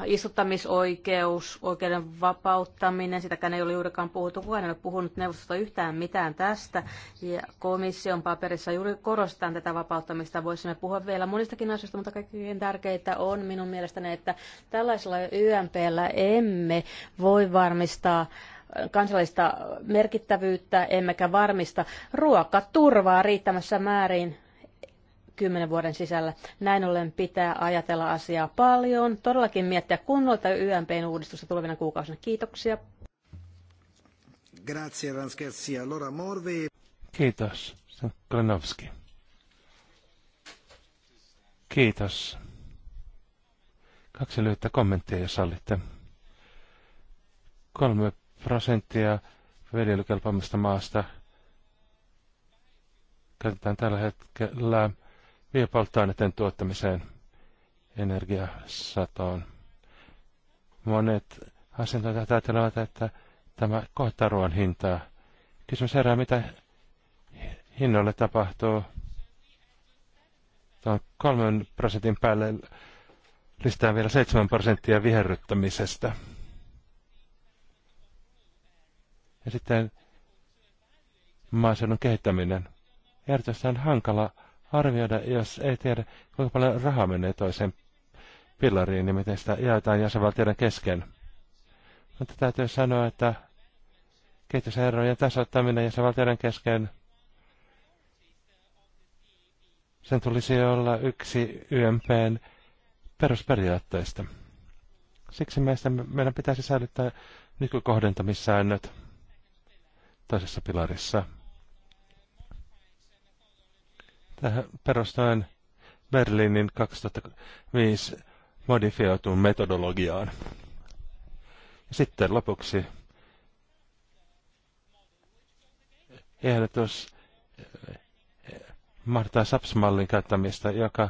istuttamisoikeus, oikeuden vapauttaminen, sitäkään ei ole juurikaan puhuttu. Kukaan ei ole puhunut neuvostosta yhtään mitään tästä. Ja komission paperissa juuri korostetaan tätä vapauttamista. Voisimme puhua vielä monistakin asioista, mutta kaikkein tärkeintä on minun mielestäni, että tällaisella YMPllä emme voi varmistaa kansallista merkittävyyttä, emmekä varmista ruokaturvaa riittämässä määrin kymmenen vuoden sisällä. Näin ollen pitää ajatella asiaa paljon, todellakin miettiä kunnolla YMPn uudistusta tulevina kuukausina. Kiitoksia. Grazie, Allora, Morvi. Kiitos, Klenowski. Kiitos. Kaksi lyhyttä kommenttia, jos sallitte. Kolme prosenttia viljelykelpoimasta maasta käytetään tällä hetkellä biopolttoaineiden tuottamiseen energiasatoon. Monet asiantuntijat ajattelevat, että tämä kohtaa ruoan hintaa. Kysymys herää, mitä hinnoille tapahtuu. Tuon kolmen prosentin päälle listään vielä 7 prosenttia viherryttämisestä. Ja sitten maaseudun kehittäminen. Järjestöstä on hankala arvioida, jos ei tiedä, kuinka paljon rahaa menee toiseen pillariin niin miten sitä jaetaan jäsenvaltioiden kesken. Mutta täytyy sanoa, että kehityserojen tasoittaminen jäsenvaltioiden kesken, sen tulisi olla yksi YMPn perusperiaatteista. Siksi meistä meidän pitäisi säilyttää nykykohdentamissäännöt toisessa pilarissa. Tähän perustuen Berliinin 2005 modifioituun metodologiaan. Ja sitten lopuksi ehdotus eh, Marta Saps-mallin käyttämistä, joka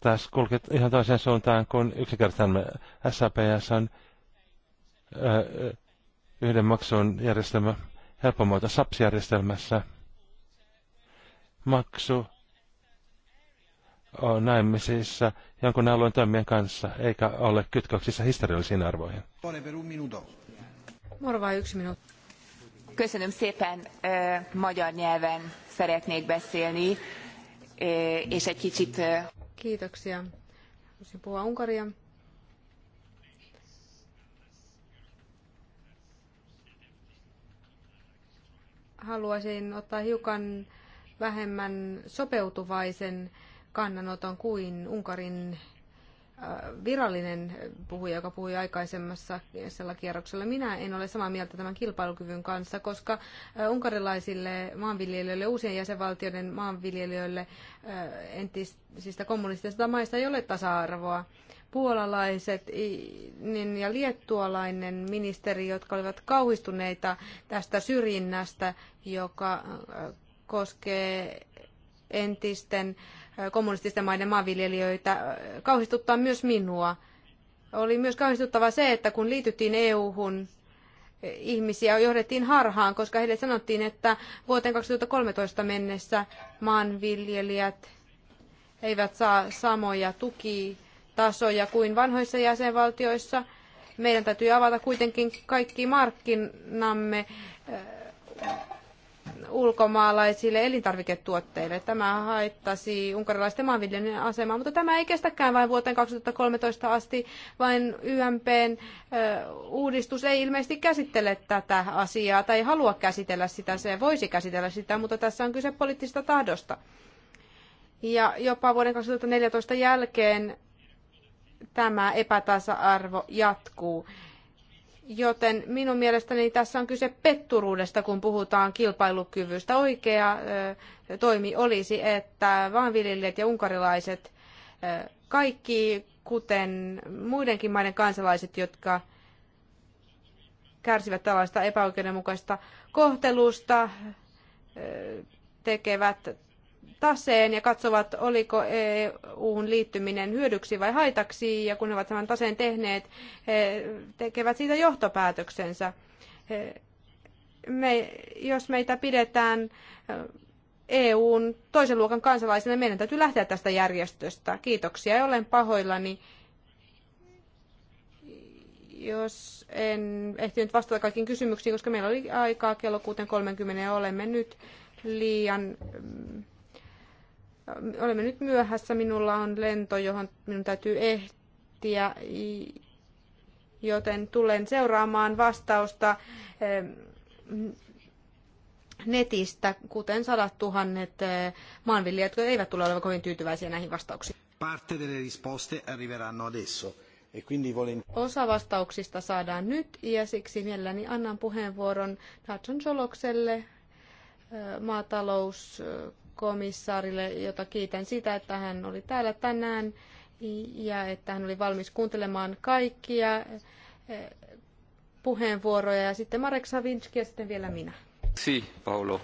taas kulkee ihan toiseen suuntaan kuin yksinkertaistamme SAPS on eh, eh, yhden maksun järjestelmä helppomuoto SAPS-järjestelmässä. Maksu on naimisissa jonkun alueen toimien kanssa, eikä ole kytköksissä historiallisiin arvoihin. Morva yksi minuutti. Köszönöm szépen, magyar nyelven szeretnék beszélni, és egy kicsit... Kiitoksia. Voisin puhua unkaria. haluaisin ottaa hiukan vähemmän sopeutuvaisen kannanoton kuin Unkarin äh, virallinen puhuja, joka puhui aikaisemmassa kierroksella. Minä en ole samaa mieltä tämän kilpailukyvyn kanssa, koska äh, unkarilaisille maanviljelijöille, uusien jäsenvaltioiden maanviljelijöille äh, entisistä kommunistisista maista ei ole tasa-arvoa puolalaiset niin, ja liettualainen ministeri, jotka olivat kauhistuneita tästä syrjinnästä, joka äh, koskee entisten äh, kommunististen maiden maanviljelijöitä, äh, kauhistuttaa myös minua. Oli myös kauhistuttava se, että kun liityttiin EU-hun, ihmisiä johdettiin harhaan, koska heille sanottiin, että vuoteen 2013 mennessä maanviljelijät eivät saa samoja tuki tasoja kuin vanhoissa jäsenvaltioissa. Meidän täytyy avata kuitenkin kaikki markkinamme eh, ulkomaalaisille elintarviketuotteille. Tämä haittasi unkarilaisten maanviljelijöiden asemaa, mutta tämä ei kestäkään vain vuoteen 2013 asti, vain YMPn eh, uudistus ei ilmeisesti käsittele tätä asiaa tai halua käsitellä sitä. Se voisi käsitellä sitä, mutta tässä on kyse poliittisesta tahdosta. Ja jopa vuoden 2014 jälkeen tämä epätasa-arvo jatkuu. Joten minun mielestäni tässä on kyse petturuudesta, kun puhutaan kilpailukyvystä. Oikea toimi olisi, että maanviljelijät ja unkarilaiset, kaikki kuten muidenkin maiden kansalaiset, jotka kärsivät tällaista epäoikeudenmukaista kohtelusta, tekevät taseen ja katsovat, oliko EUn liittyminen hyödyksi vai haitaksi, ja kun he ovat tämän taseen tehneet, he tekevät siitä johtopäätöksensä. Me, jos meitä pidetään EUn e toisen luokan kansalaisina, meidän täytyy lähteä tästä järjestöstä. Kiitoksia ja olen pahoillani, jos en ehtinyt vastata kaikkiin kysymyksiin, koska meillä oli aikaa kello 6.30 ja olemme nyt liian mm, Olemme nyt myöhässä, minulla on lento, johon minun täytyy ehtiä, joten tulen seuraamaan vastausta netistä, kuten sadat tuhannet eh, maanviljelijät, jotka eivät tule olemaan kovin tyytyväisiä näihin vastauksiin. Parte delle risposte arriveranno adesso. E quindi volen... Osa vastauksista saadaan nyt ja siksi mielelläni annan puheenvuoron Natson Jolokselle eh, maatalous komissaarille, jota kiitän sitä, että hän oli täällä tänään ja että hän oli valmis kuuntelemaan kaikkia eh, puheenvuoroja. Ja sitten Marek Savinski ja sitten vielä minä. Si, Paulo.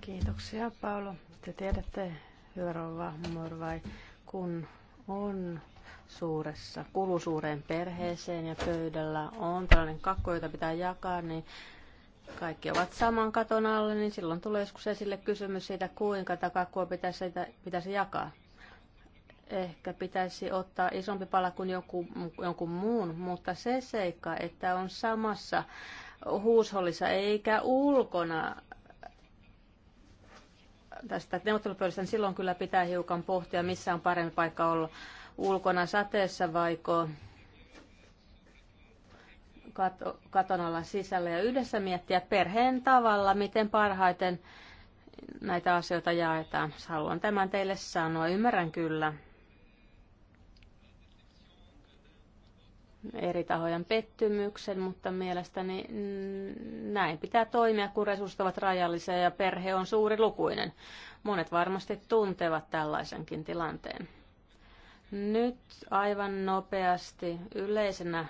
Kiitoksia, Paulo. Te tiedätte, hyvä rouva Morvai, kun on suuressa, kulusuureen perheeseen ja pöydällä on tällainen kakko, jota pitää jakaa, niin kaikki ovat saman katon alle, niin silloin tulee joskus esille kysymys siitä, kuinka takakua pitäisi, pitäisi jakaa. Ehkä pitäisi ottaa isompi pala kuin joku, jonkun muun, mutta se seikka, että on samassa huushollissa eikä ulkona tästä neuvottelupöydästä, niin silloin kyllä pitää hiukan pohtia, missä on parempi paikka olla ulkona sateessa vaiko katon alla sisällä ja yhdessä miettiä perheen tavalla, miten parhaiten näitä asioita jaetaan. Haluan tämän teille sanoa. Ymmärrän kyllä eri tahojen pettymyksen, mutta mielestäni näin pitää toimia, kun resurssit ovat rajallisia ja perhe on suuri lukuinen. Monet varmasti tuntevat tällaisenkin tilanteen. Nyt aivan nopeasti yleisenä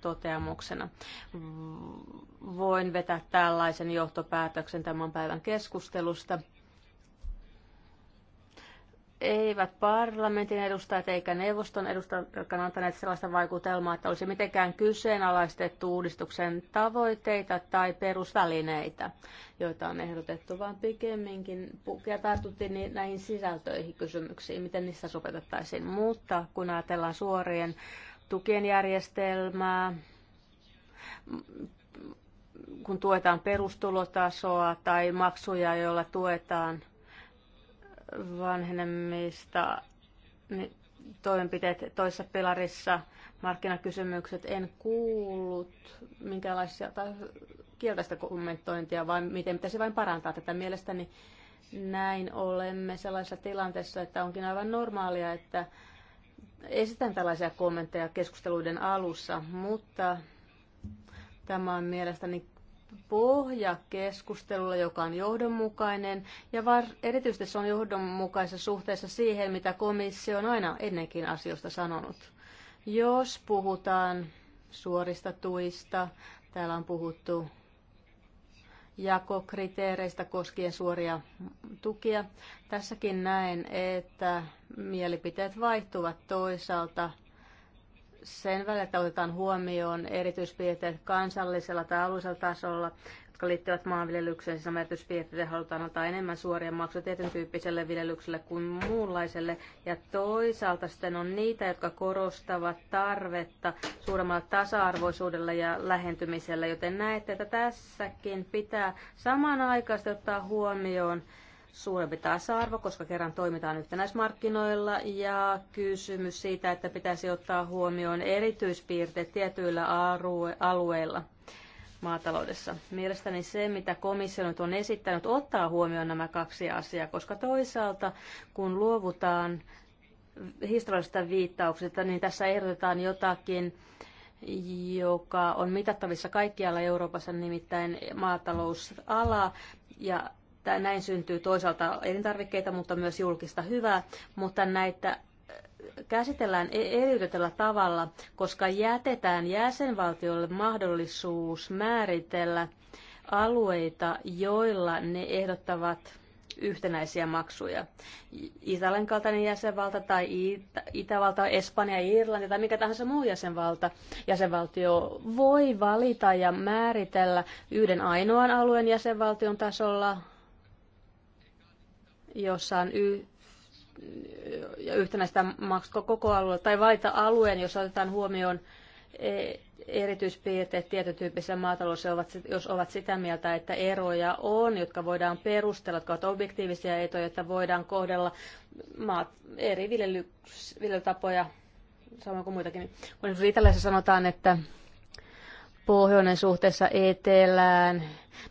toteamuksena. Voin vetää tällaisen johtopäätöksen tämän päivän keskustelusta. Eivät parlamentin edustajat eikä neuvoston edustajat, jotka ovat antaneet sellaista vaikutelmaa, että olisi mitenkään kyseenalaistettu uudistuksen tavoitteita tai perusvälineitä, joita on ehdotettu, vaan pikemminkin ja tartuttiin näihin sisältöihin kysymyksiin, miten niissä sopetettaisiin. Mutta kun ajatellaan suorien tukien järjestelmää, kun tuetaan perustulotasoa tai maksuja, joilla tuetaan vanhenemista, niin toimenpiteet toisessa pilarissa, markkinakysymykset, en kuullut minkälaisia tai kieltäistä kommentointia, vai miten pitäisi vain parantaa tätä. Mielestäni näin olemme sellaisessa tilanteessa, että onkin aivan normaalia, että esitän tällaisia kommentteja keskusteluiden alussa, mutta tämä on mielestäni pohja keskustelulle, joka on johdonmukainen ja var, erityisesti se on johdonmukaisessa suhteessa siihen, mitä komissio on aina ennenkin asioista sanonut. Jos puhutaan suorista tuista, täällä on puhuttu jakokriteereistä koskien suoria tukia. Tässäkin näen, että mielipiteet vaihtuvat toisaalta sen välillä, että otetaan huomioon erityispiirteet kansallisella tai alueellisella tasolla, jotka liittyvät maanviljelykseen, siis merkityspiirteitä halutaan antaa enemmän suoria maksuja tietyn tyyppiselle viljelykselle kuin muunlaiselle. Ja toisaalta sitten on niitä, jotka korostavat tarvetta suuremmalla tasa-arvoisuudella ja lähentymisellä, joten näette, että tässäkin pitää samanaikaisesti ottaa huomioon suurempi tasa-arvo, koska kerran toimitaan yhtenäismarkkinoilla ja kysymys siitä, että pitäisi ottaa huomioon erityispiirteet tietyillä alue- alueilla maataloudessa. Mielestäni se, mitä komissio nyt on esittänyt, ottaa huomioon nämä kaksi asiaa, koska toisaalta kun luovutaan historiallisista viittauksista, niin tässä ehdotetaan jotakin, joka on mitattavissa kaikkialla Euroopassa, nimittäin maatalousala. Ja näin syntyy toisaalta elintarvikkeita, mutta myös julkista hyvää, mutta näitä käsitellään e- eriytetyllä tavalla, koska jätetään jäsenvaltiolle mahdollisuus määritellä alueita, joilla ne ehdottavat yhtenäisiä maksuja. Italian kaltainen jäsenvalta tai Itä, Itävalta, Espanja, Irlanti tai mikä tahansa muu jäsenvalta, jäsenvaltio voi valita ja määritellä yhden ainoan alueen jäsenvaltion tasolla, jossa on y- ja yhtenäistä maksko koko alueella, tai valita alueen, jossa otetaan huomioon e, erityispiirteet tietotyyppisessä maataloudessa, jos ovat sitä mieltä, että eroja on, jotka voidaan perustella, jotka ovat objektiivisia etoja, että voidaan kohdella maat, eri viljelytapoja, samoin kuin muitakin. Kun riitalaisessa sanotaan, että pohjoinen suhteessa etelään,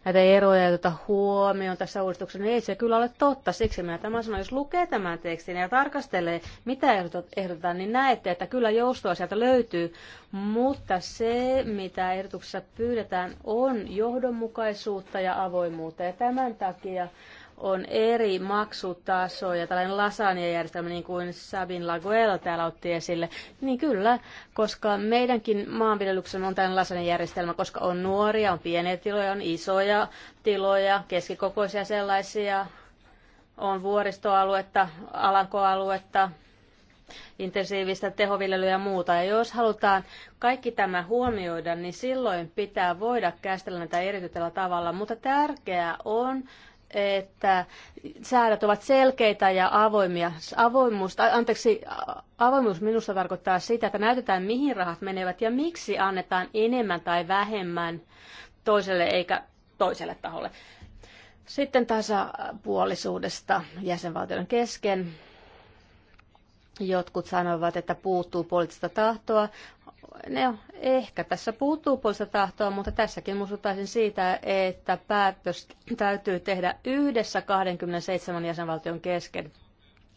näitä eroja, tuota huomioon tässä uudistuksessa, niin ei se kyllä ole totta. Siksi minä tämän sanon, jos lukee tämän tekstin ja tarkastelee, mitä ehdotetaan, niin näette, että kyllä joustoa sieltä löytyy, mutta se, mitä ehdotuksessa pyydetään, on johdonmukaisuutta ja avoimuutta. Ja tämän takia on eri maksutasoja, tällainen lasanjajärjestelmä, niin kuin Sabin Laguel täällä otti esille, niin kyllä, koska meidänkin maanviljelyksen on tällainen lasanjajärjestelmä, koska on nuoria, on pieniä tiloja, on isoja tiloja, keskikokoisia sellaisia, on vuoristoaluetta, alankoaluetta, intensiivistä tehoviljelyä ja muuta. Ja jos halutaan kaikki tämä huomioida, niin silloin pitää voida käsitellä näitä erityisellä tavalla. Mutta tärkeää on, että säädöt ovat selkeitä ja avoimia. Avoimuus, anteeksi, avoimuus minusta tarkoittaa sitä, että näytetään mihin rahat menevät ja miksi annetaan enemmän tai vähemmän toiselle eikä toiselle taholle. Sitten tasapuolisuudesta jäsenvaltioiden kesken. Jotkut sanovat, että puuttuu poliittista tahtoa no, ehkä tässä puuttuu poista tahtoa, mutta tässäkin muistuttaisin siitä, että päätös täytyy tehdä yhdessä 27 jäsenvaltion kesken.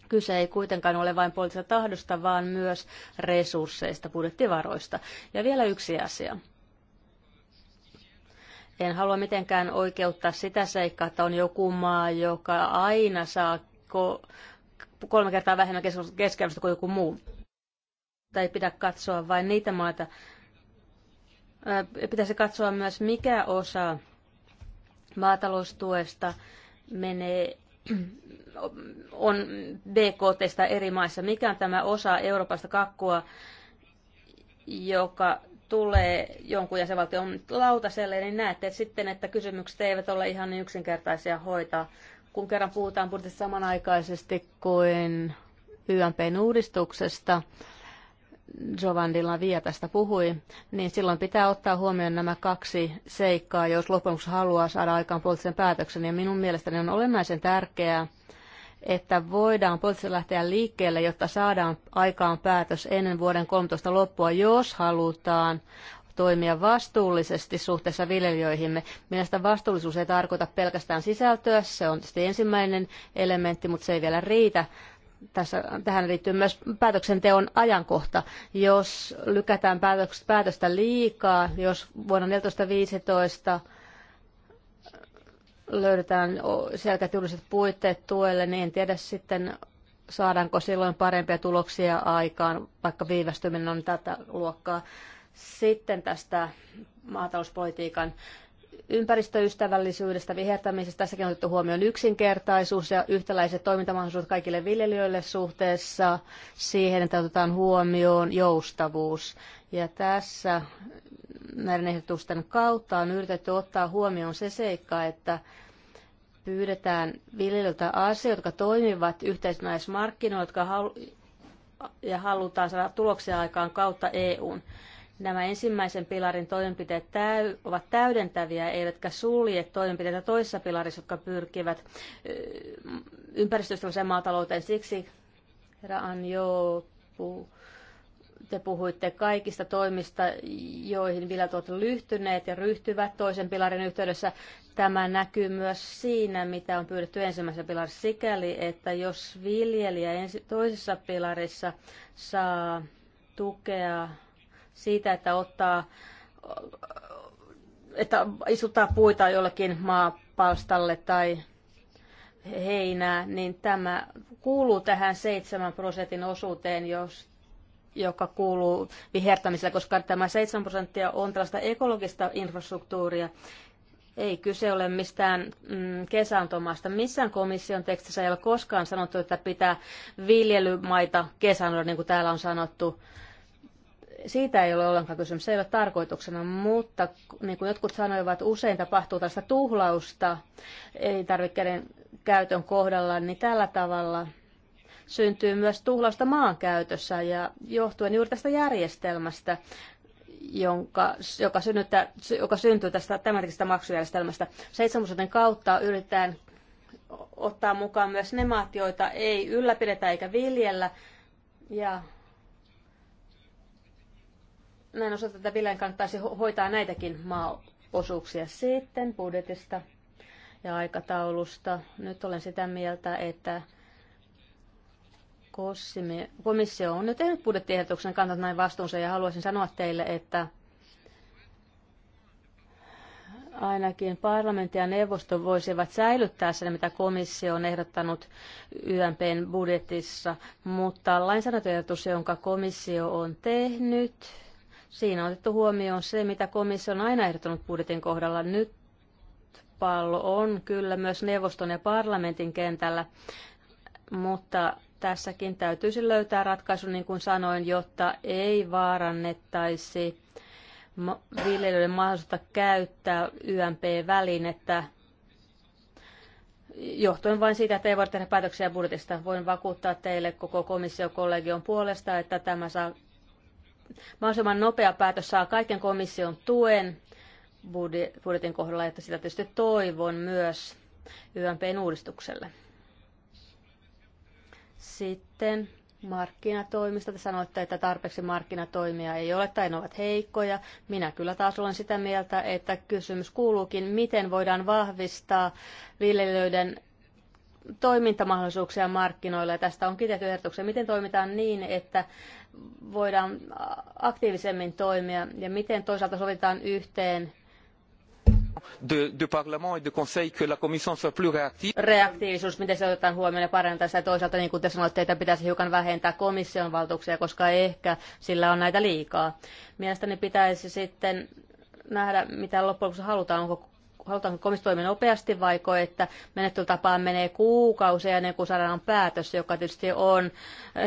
Kyse ei kuitenkaan ole vain poliittisesta tahdosta, vaan myös resursseista, budjettivaroista. Ja vielä yksi asia. En halua mitenkään oikeuttaa sitä seikkaa, että on joku maa, joka aina saa kolme kertaa vähemmän keskustelusta kuin joku muu tai pidä katsoa vain niitä maita. Pitäisi katsoa myös, mikä osa maataloustuesta menee on BKTstä eri maissa. Mikä on tämä osa Euroopasta kakkua, joka tulee jonkun jäsenvaltion lautaselle, niin näette että sitten, että kysymykset eivät ole ihan niin yksinkertaisia hoitaa. Kun kerran puhutaan budjetista samanaikaisesti kuin YMPn uudistuksesta, Giovanni Lavia tästä puhui, niin silloin pitää ottaa huomioon nämä kaksi seikkaa, jos loppujen haluaa saada aikaan poliittisen päätöksen. Ja minun mielestäni on olennaisen tärkeää, että voidaan poliittisesti lähteä liikkeelle, jotta saadaan aikaan päätös ennen vuoden 13 loppua, jos halutaan toimia vastuullisesti suhteessa viljelijöihimme. Mielestäni vastuullisuus ei tarkoita pelkästään sisältöä, se on tietysti ensimmäinen elementti, mutta se ei vielä riitä tässä, tähän liittyy myös päätöksenteon ajankohta. Jos lykätään päätöks, päätöstä liikaa, jos vuonna 1415 löydetään selkeät julkiset puitteet tuelle, niin en tiedä sitten saadaanko silloin parempia tuloksia aikaan, vaikka viivästyminen on tätä luokkaa. Sitten tästä maatalouspolitiikan ympäristöystävällisyydestä, vihertämisestä. Tässäkin on otettu huomioon yksinkertaisuus ja yhtäläiset toimintamahdollisuudet kaikille viljelijöille suhteessa siihen, että otetaan huomioon joustavuus. Ja tässä näiden ehdotusten kautta on yritetty ottaa huomioon se seikka, että pyydetään viljelijöiltä asioita, jotka toimivat yhteismäismarkkinoilla, jotka halu- ja halutaan saada tuloksia aikaan kautta EUn. Nämä ensimmäisen pilarin toimenpiteet täy- ovat täydentäviä, eivätkä sulje toimenpiteitä toisessa pilarissa, jotka pyrkivät ympäristöystävälliseen maatalouteen. Siksi, herra Anjo, te puhuitte kaikista toimista, joihin vielä ovat lyhtyneet ja ryhtyvät toisen pilarin yhteydessä. Tämä näkyy myös siinä, mitä on pyydetty ensimmäisessä pilarissa sikäli, että jos viljelijä toisessa pilarissa saa tukea siitä, että ottaa että istuttaa puita jollekin maapalstalle tai heinää, niin tämä kuuluu tähän 7 prosentin osuuteen, jos, joka kuuluu vihertämiselle, koska tämä 7 prosenttia on tällaista ekologista infrastruktuuria. Ei kyse ole mistään mm, kesantomasta. Missään komission tekstissä ei ole koskaan sanottu, että pitää viljelymaita kesantoida, niin kuin täällä on sanottu siitä ei ole ollenkaan kysymys, se ei ole tarkoituksena, mutta niin kuin jotkut sanoivat, usein tapahtuu tästä tuhlausta elintarvikkeiden käytön kohdalla, niin tällä tavalla syntyy myös tuhlausta maankäytössä ja johtuen juuri tästä järjestelmästä, jonka, joka, synnyttää, joka syntyy tästä tämänhetkisestä maksujärjestelmästä. Seitsemän kautta yritetään ottaa mukaan myös ne maat, joita ei ylläpidetä eikä viljellä, ja näin osalta tätä Viljan kannattaisi hoitaa näitäkin maaosuuksia sitten budjetista ja aikataulusta. Nyt olen sitä mieltä, että komissio on nyt tehnyt budjettiehdotuksen kantat näin vastuunsa ja haluaisin sanoa teille, että ainakin parlamentti ja neuvosto voisivat säilyttää sen, mitä komissio on ehdottanut YMPn budjetissa, mutta lainsäädäntöehdotus, jonka komissio on tehnyt, Siinä on otettu huomioon se, mitä komissio on aina ehdottanut budjetin kohdalla. Nyt pallo on kyllä myös neuvoston ja parlamentin kentällä, mutta tässäkin täytyisi löytää ratkaisu, niin kuin sanoin, jotta ei vaarannettaisi viljelijöiden mahdollisuutta käyttää YMP-välinettä johtuen vain siitä, että ei voi tehdä päätöksiä budjetista. Voin vakuuttaa teille koko komissiokollegion puolesta, että tämä saa mahdollisimman nopea päätös saa kaiken komission tuen budjetin kohdalla, että sitä tietysti toivon myös YMPn uudistukselle. Sitten markkinatoimista. Te sanoitte, että tarpeeksi markkinatoimia ei ole tai ne ovat heikkoja. Minä kyllä taas olen sitä mieltä, että kysymys kuuluukin, miten voidaan vahvistaa viljelijöiden toimintamahdollisuuksia markkinoilla. Ja tästä on kitetty ehdotuksia, miten toimitaan niin, että voidaan aktiivisemmin toimia ja miten toisaalta sovitaan yhteen de, de Parlement et de Conseil que la Commission soit plus réactive. Reaktiivisuus, miten se otetaan huomioon ja parantaa sitä. Toisaalta, niin kuin te sanoitte, että pitäisi hiukan vähentää komission valtuuksia, koska ehkä sillä on näitä liikaa. Mielestäni pitäisi sitten nähdä, mitä loppujen lopuksi halutaan. Onko halutaanko komissio toimia nopeasti vaiko, että menettelytapaan menee kuukausia ennen kuin saadaan päätös, joka tietysti on eh,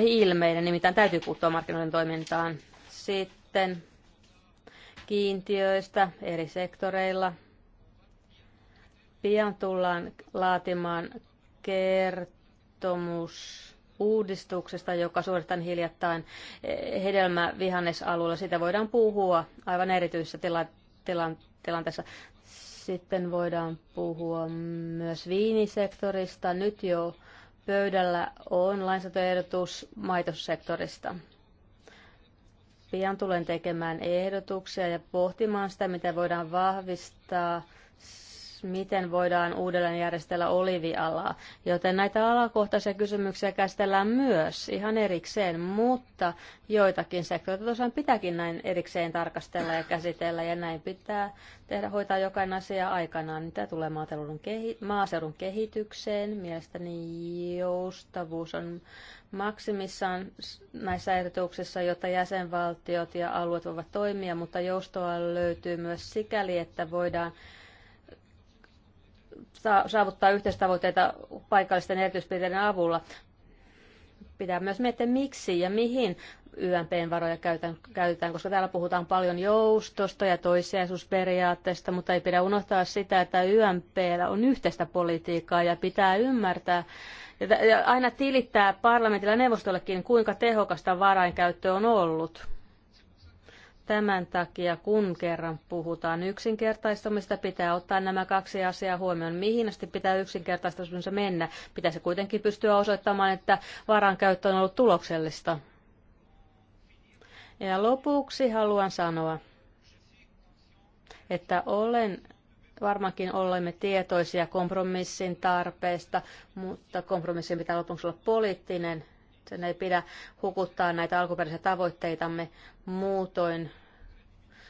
ilmeinen, nimittäin niin täytyy puuttua markkinoiden toimintaan. Sitten kiintiöistä eri sektoreilla. Pian tullaan laatimaan kertomus uudistuksesta, joka suoritetaan hiljattain eh, hedelmävihannesalueella. Sitä voidaan puhua aivan erityisessä tila, tila, tilanteessa. Sitten voidaan puhua myös viinisektorista. Nyt jo pöydällä on lainsäädäntöehdotus maitosektorista. Pian tulen tekemään ehdotuksia ja pohtimaan sitä, mitä voidaan vahvistaa miten voidaan uudelleen järjestellä olivialaa. Joten näitä alakohtaisia kysymyksiä käsitellään myös ihan erikseen, mutta joitakin sektoreita tosiaan pitääkin näin erikseen tarkastella ja käsitellä, ja näin pitää tehdä hoitaa jokainen asia aikanaan. Mitä tulee maaseudun, kehi- maaseudun kehitykseen, mielestäni joustavuus on maksimissaan näissä ehdotuksissa, jotta jäsenvaltiot ja alueet voivat toimia, mutta joustoa löytyy myös sikäli, että voidaan saavuttaa yhteistavoitteita paikallisten erityispiirteiden avulla. Pitää myös miettiä, miksi ja mihin YMPn varoja käytetään, koska täällä puhutaan paljon joustosta ja toissijaisuusperiaatteesta, mutta ei pidä unohtaa sitä, että YMP on yhteistä politiikkaa ja pitää ymmärtää, ja aina tilittää parlamentilla neuvostollekin, kuinka tehokasta varainkäyttö on ollut Tämän takia, kun kerran puhutaan yksinkertaistumista, pitää ottaa nämä kaksi asiaa huomioon. Mihin asti pitää yksinkertaistumissa mennä? Pitäisi kuitenkin pystyä osoittamaan, että varankäyttö on ollut tuloksellista. Ja lopuksi haluan sanoa, että olen varmaankin olemme tietoisia kompromissin tarpeesta, mutta kompromissin pitää lopuksi olla poliittinen sen ei pidä hukuttaa näitä alkuperäisiä tavoitteitamme, muutoin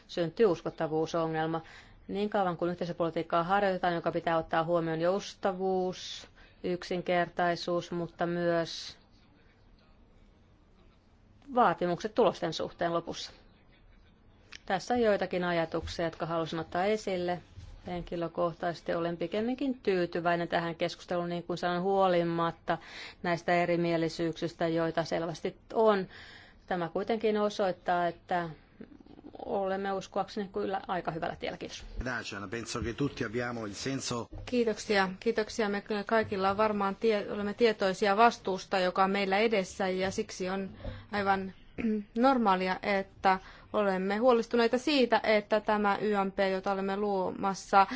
syntyy uskottavuusongelma. Niin kauan kuin yhteisöpolitiikkaa harjoitetaan, joka pitää ottaa huomioon joustavuus, yksinkertaisuus, mutta myös vaatimukset tulosten suhteen lopussa. Tässä on joitakin ajatuksia, jotka halusin ottaa esille. Henkilökohtaisesti olen pikemminkin tyytyväinen tähän keskusteluun, niin kuin sanon, huolimatta näistä erimielisyyksistä, joita selvästi on. Tämä kuitenkin osoittaa, että olemme uskoakseni kyllä aika hyvällä tiellä. Kiitos. Kiitoksia. Kiitoksia. Me kaikilla on varmaan tie, olemme tietoisia vastuusta, joka on meillä edessä ja siksi on aivan normaalia, että Olemme huolestuneita siitä, että tämä YMP, jota olemme luomassa,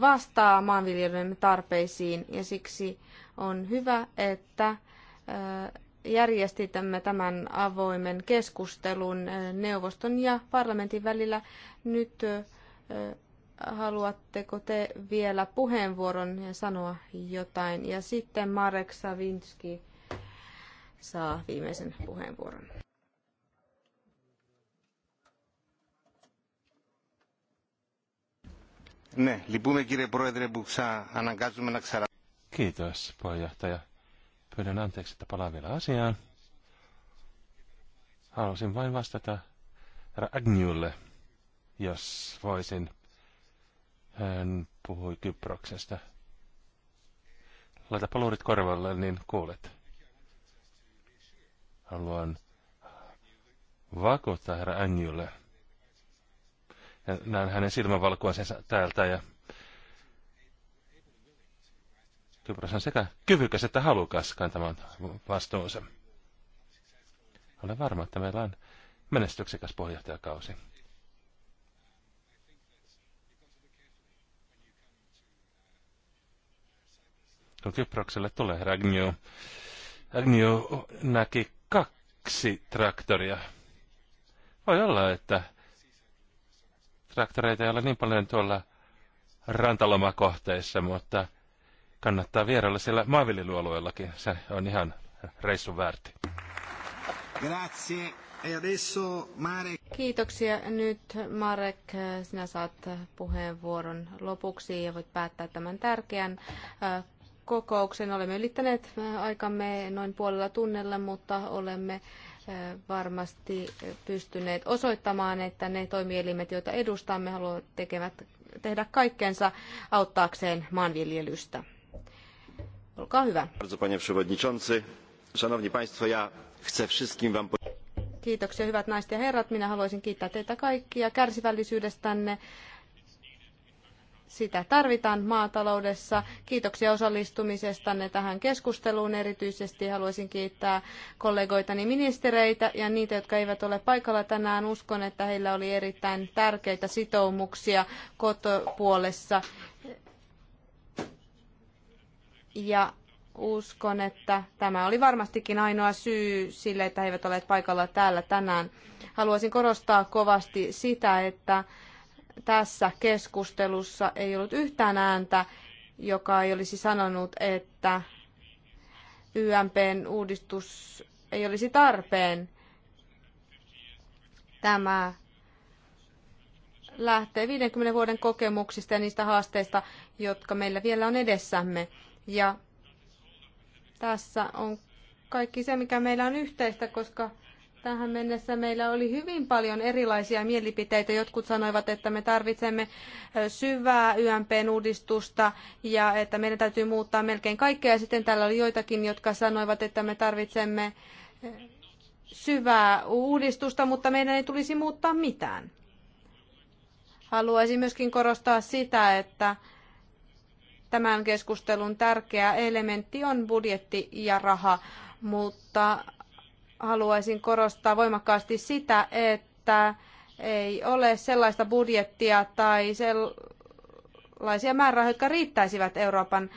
vastaa maanviljelijöiden tarpeisiin ja siksi on hyvä, että järjestitämme tämän avoimen keskustelun neuvoston ja parlamentin välillä. Nyt haluatteko te vielä puheenvuoron ja sanoa jotain? Ja sitten Marek Savinski saa viimeisen puheenvuoron. Ne, lipumme kirje proedre buksaa, anankaisumme naksara. Kiitos, puheenjohtaja. Pyydän anteeksi, että palaan vielä asiaan. Halusin vain vastata herra Agnewlle, jos voisin. Hän puhui Kyproksesta. Laita palurit korvalle, niin kuulet. Haluan vakuuttaa herra Agnewlle, ja näen hänen silmävalkuansa täältä. Ja Kypros on sekä kyvykäs että halukas kantamaan vastuunsa. Olen varma, että meillä on menestyksekäs pohjohtajakausi. Kun Kyprokselle tulee Ragnu, Ragnu näki kaksi traktoria. Voi olla, että traktoreita ei ole niin paljon tuolla rantalomakohteissa, mutta kannattaa vierailla siellä maanviljelyalueellakin. Se on ihan reissun väärti. E Kiitoksia. Nyt Marek, sinä saat puheenvuoron lopuksi ja voit päättää tämän tärkeän kokouksen. Olemme ylittäneet aikamme noin puolella tunnella, mutta olemme varmasti pystyneet osoittamaan, että ne toimielimet, joita edustamme, haluavat tekevät, tehdä kaikkensa auttaakseen maanviljelystä. Olkaa hyvä. Kiitoksia hyvät naiset ja herrat. Minä haluaisin kiittää teitä kaikkia kärsivällisyydestänne sitä tarvitaan maataloudessa. Kiitoksia osallistumisestanne tähän keskusteluun. Erityisesti haluaisin kiittää kollegoitani ministereitä ja niitä, jotka eivät ole paikalla tänään. Uskon, että heillä oli erittäin tärkeitä sitoumuksia kotopuolessa. Ja uskon, että tämä oli varmastikin ainoa syy sille, että he eivät ole paikalla täällä tänään. Haluaisin korostaa kovasti sitä, että tässä keskustelussa ei ollut yhtään ääntä, joka ei olisi sanonut, että YMPn uudistus ei olisi tarpeen. Tämä lähtee 50 vuoden kokemuksista ja niistä haasteista, jotka meillä vielä on edessämme. Ja tässä on kaikki se, mikä meillä on yhteistä, koska tähän mennessä meillä oli hyvin paljon erilaisia mielipiteitä. Jotkut sanoivat, että me tarvitsemme syvää ymp uudistusta ja että meidän täytyy muuttaa melkein kaikkea. sitten täällä oli joitakin, jotka sanoivat, että me tarvitsemme syvää uudistusta, mutta meidän ei tulisi muuttaa mitään. Haluaisin myöskin korostaa sitä, että tämän keskustelun tärkeä elementti on budjetti ja raha, mutta haluaisin korostaa voimakkaasti sitä, että ei ole sellaista budjettia tai sellaisia määrärahoja, jotka riittäisivät Euroopan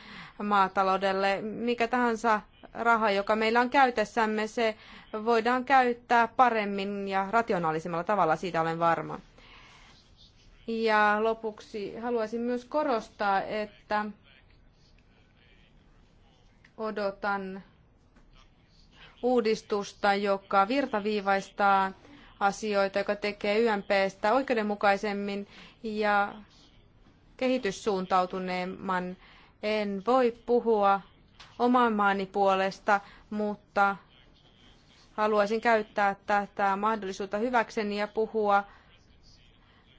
maataloudelle. Mikä tahansa raha, joka meillä on käytössämme, se voidaan käyttää paremmin ja rationaalisemmalla tavalla, siitä olen varma. Ja lopuksi haluaisin myös korostaa, että odotan uudistusta, joka virtaviivaistaa asioita, joka tekee YMPstä oikeudenmukaisemmin ja kehityssuuntautuneemman. En voi puhua oman maani puolesta, mutta haluaisin käyttää tätä mahdollisuutta hyväkseni ja puhua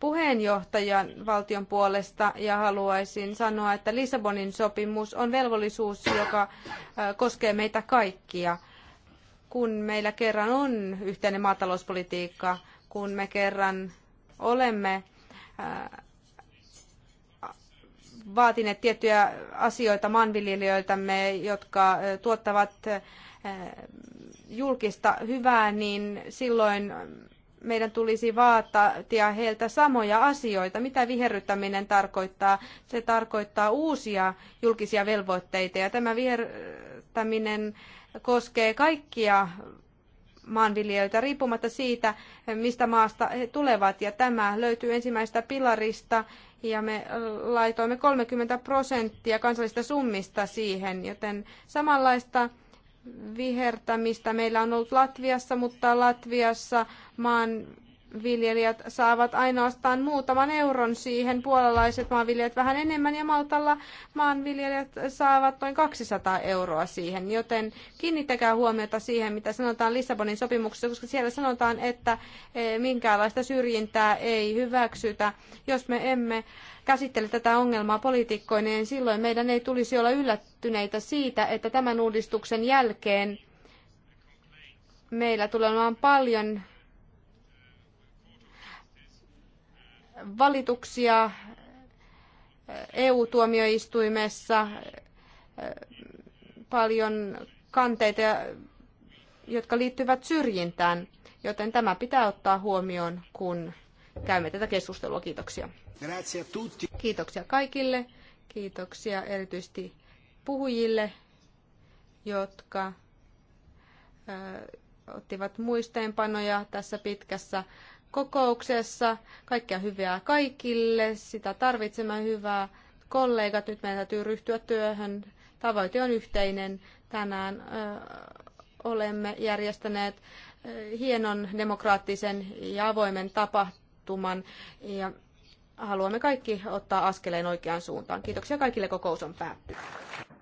puheenjohtajan valtion puolesta ja haluaisin sanoa, että Lissabonin sopimus on velvollisuus, joka koskee meitä kaikkia kun meillä kerran on yhteinen maatalouspolitiikka, kun me kerran olemme äh, vaatineet tiettyjä asioita maanviljelijöiltämme, jotka äh, tuottavat äh, julkista hyvää, niin silloin meidän tulisi vaatia heiltä samoja asioita. Mitä viherryttäminen tarkoittaa? Se tarkoittaa uusia julkisia velvoitteita ja tämä viherryttäminen koskee kaikkia maanviljelijöitä riippumatta siitä, mistä maasta he tulevat. Ja tämä löytyy ensimmäisestä pilarista ja me laitoimme 30 prosenttia kansallista summista siihen, joten samanlaista vihertämistä meillä on ollut Latviassa, mutta Latviassa maan viljelijät saavat ainoastaan muutaman euron siihen, puolalaiset maanviljelijät vähän enemmän ja Maltalla maanviljelijät saavat noin 200 euroa siihen. Joten kiinnittäkää huomiota siihen, mitä sanotaan Lissabonin sopimuksessa, koska siellä sanotaan, että e, minkäänlaista syrjintää ei hyväksytä. Jos me emme käsittele tätä ongelmaa poliitikkoineen, niin silloin meidän ei tulisi olla yllättyneitä siitä, että tämän uudistuksen jälkeen meillä tulee olemaan paljon valituksia EU-tuomioistuimessa, e, paljon kanteita, jotka liittyvät syrjintään, joten tämä pitää ottaa huomioon, kun käymme tätä keskustelua. Kiitoksia. Kiitoksia kaikille. Kiitoksia erityisesti puhujille, jotka ottivat muisteenpanoja tässä pitkässä kokouksessa. Kaikkea hyvää kaikille. Sitä tarvitsemme hyvää. Kollegat, nyt meidän täytyy ryhtyä työhön. Tavoite on yhteinen. Tänään olemme järjestäneet hienon demokraattisen ja avoimen tapahtuman ja haluamme kaikki ottaa askeleen oikeaan suuntaan. Kiitoksia kaikille, kokous on päättynyt.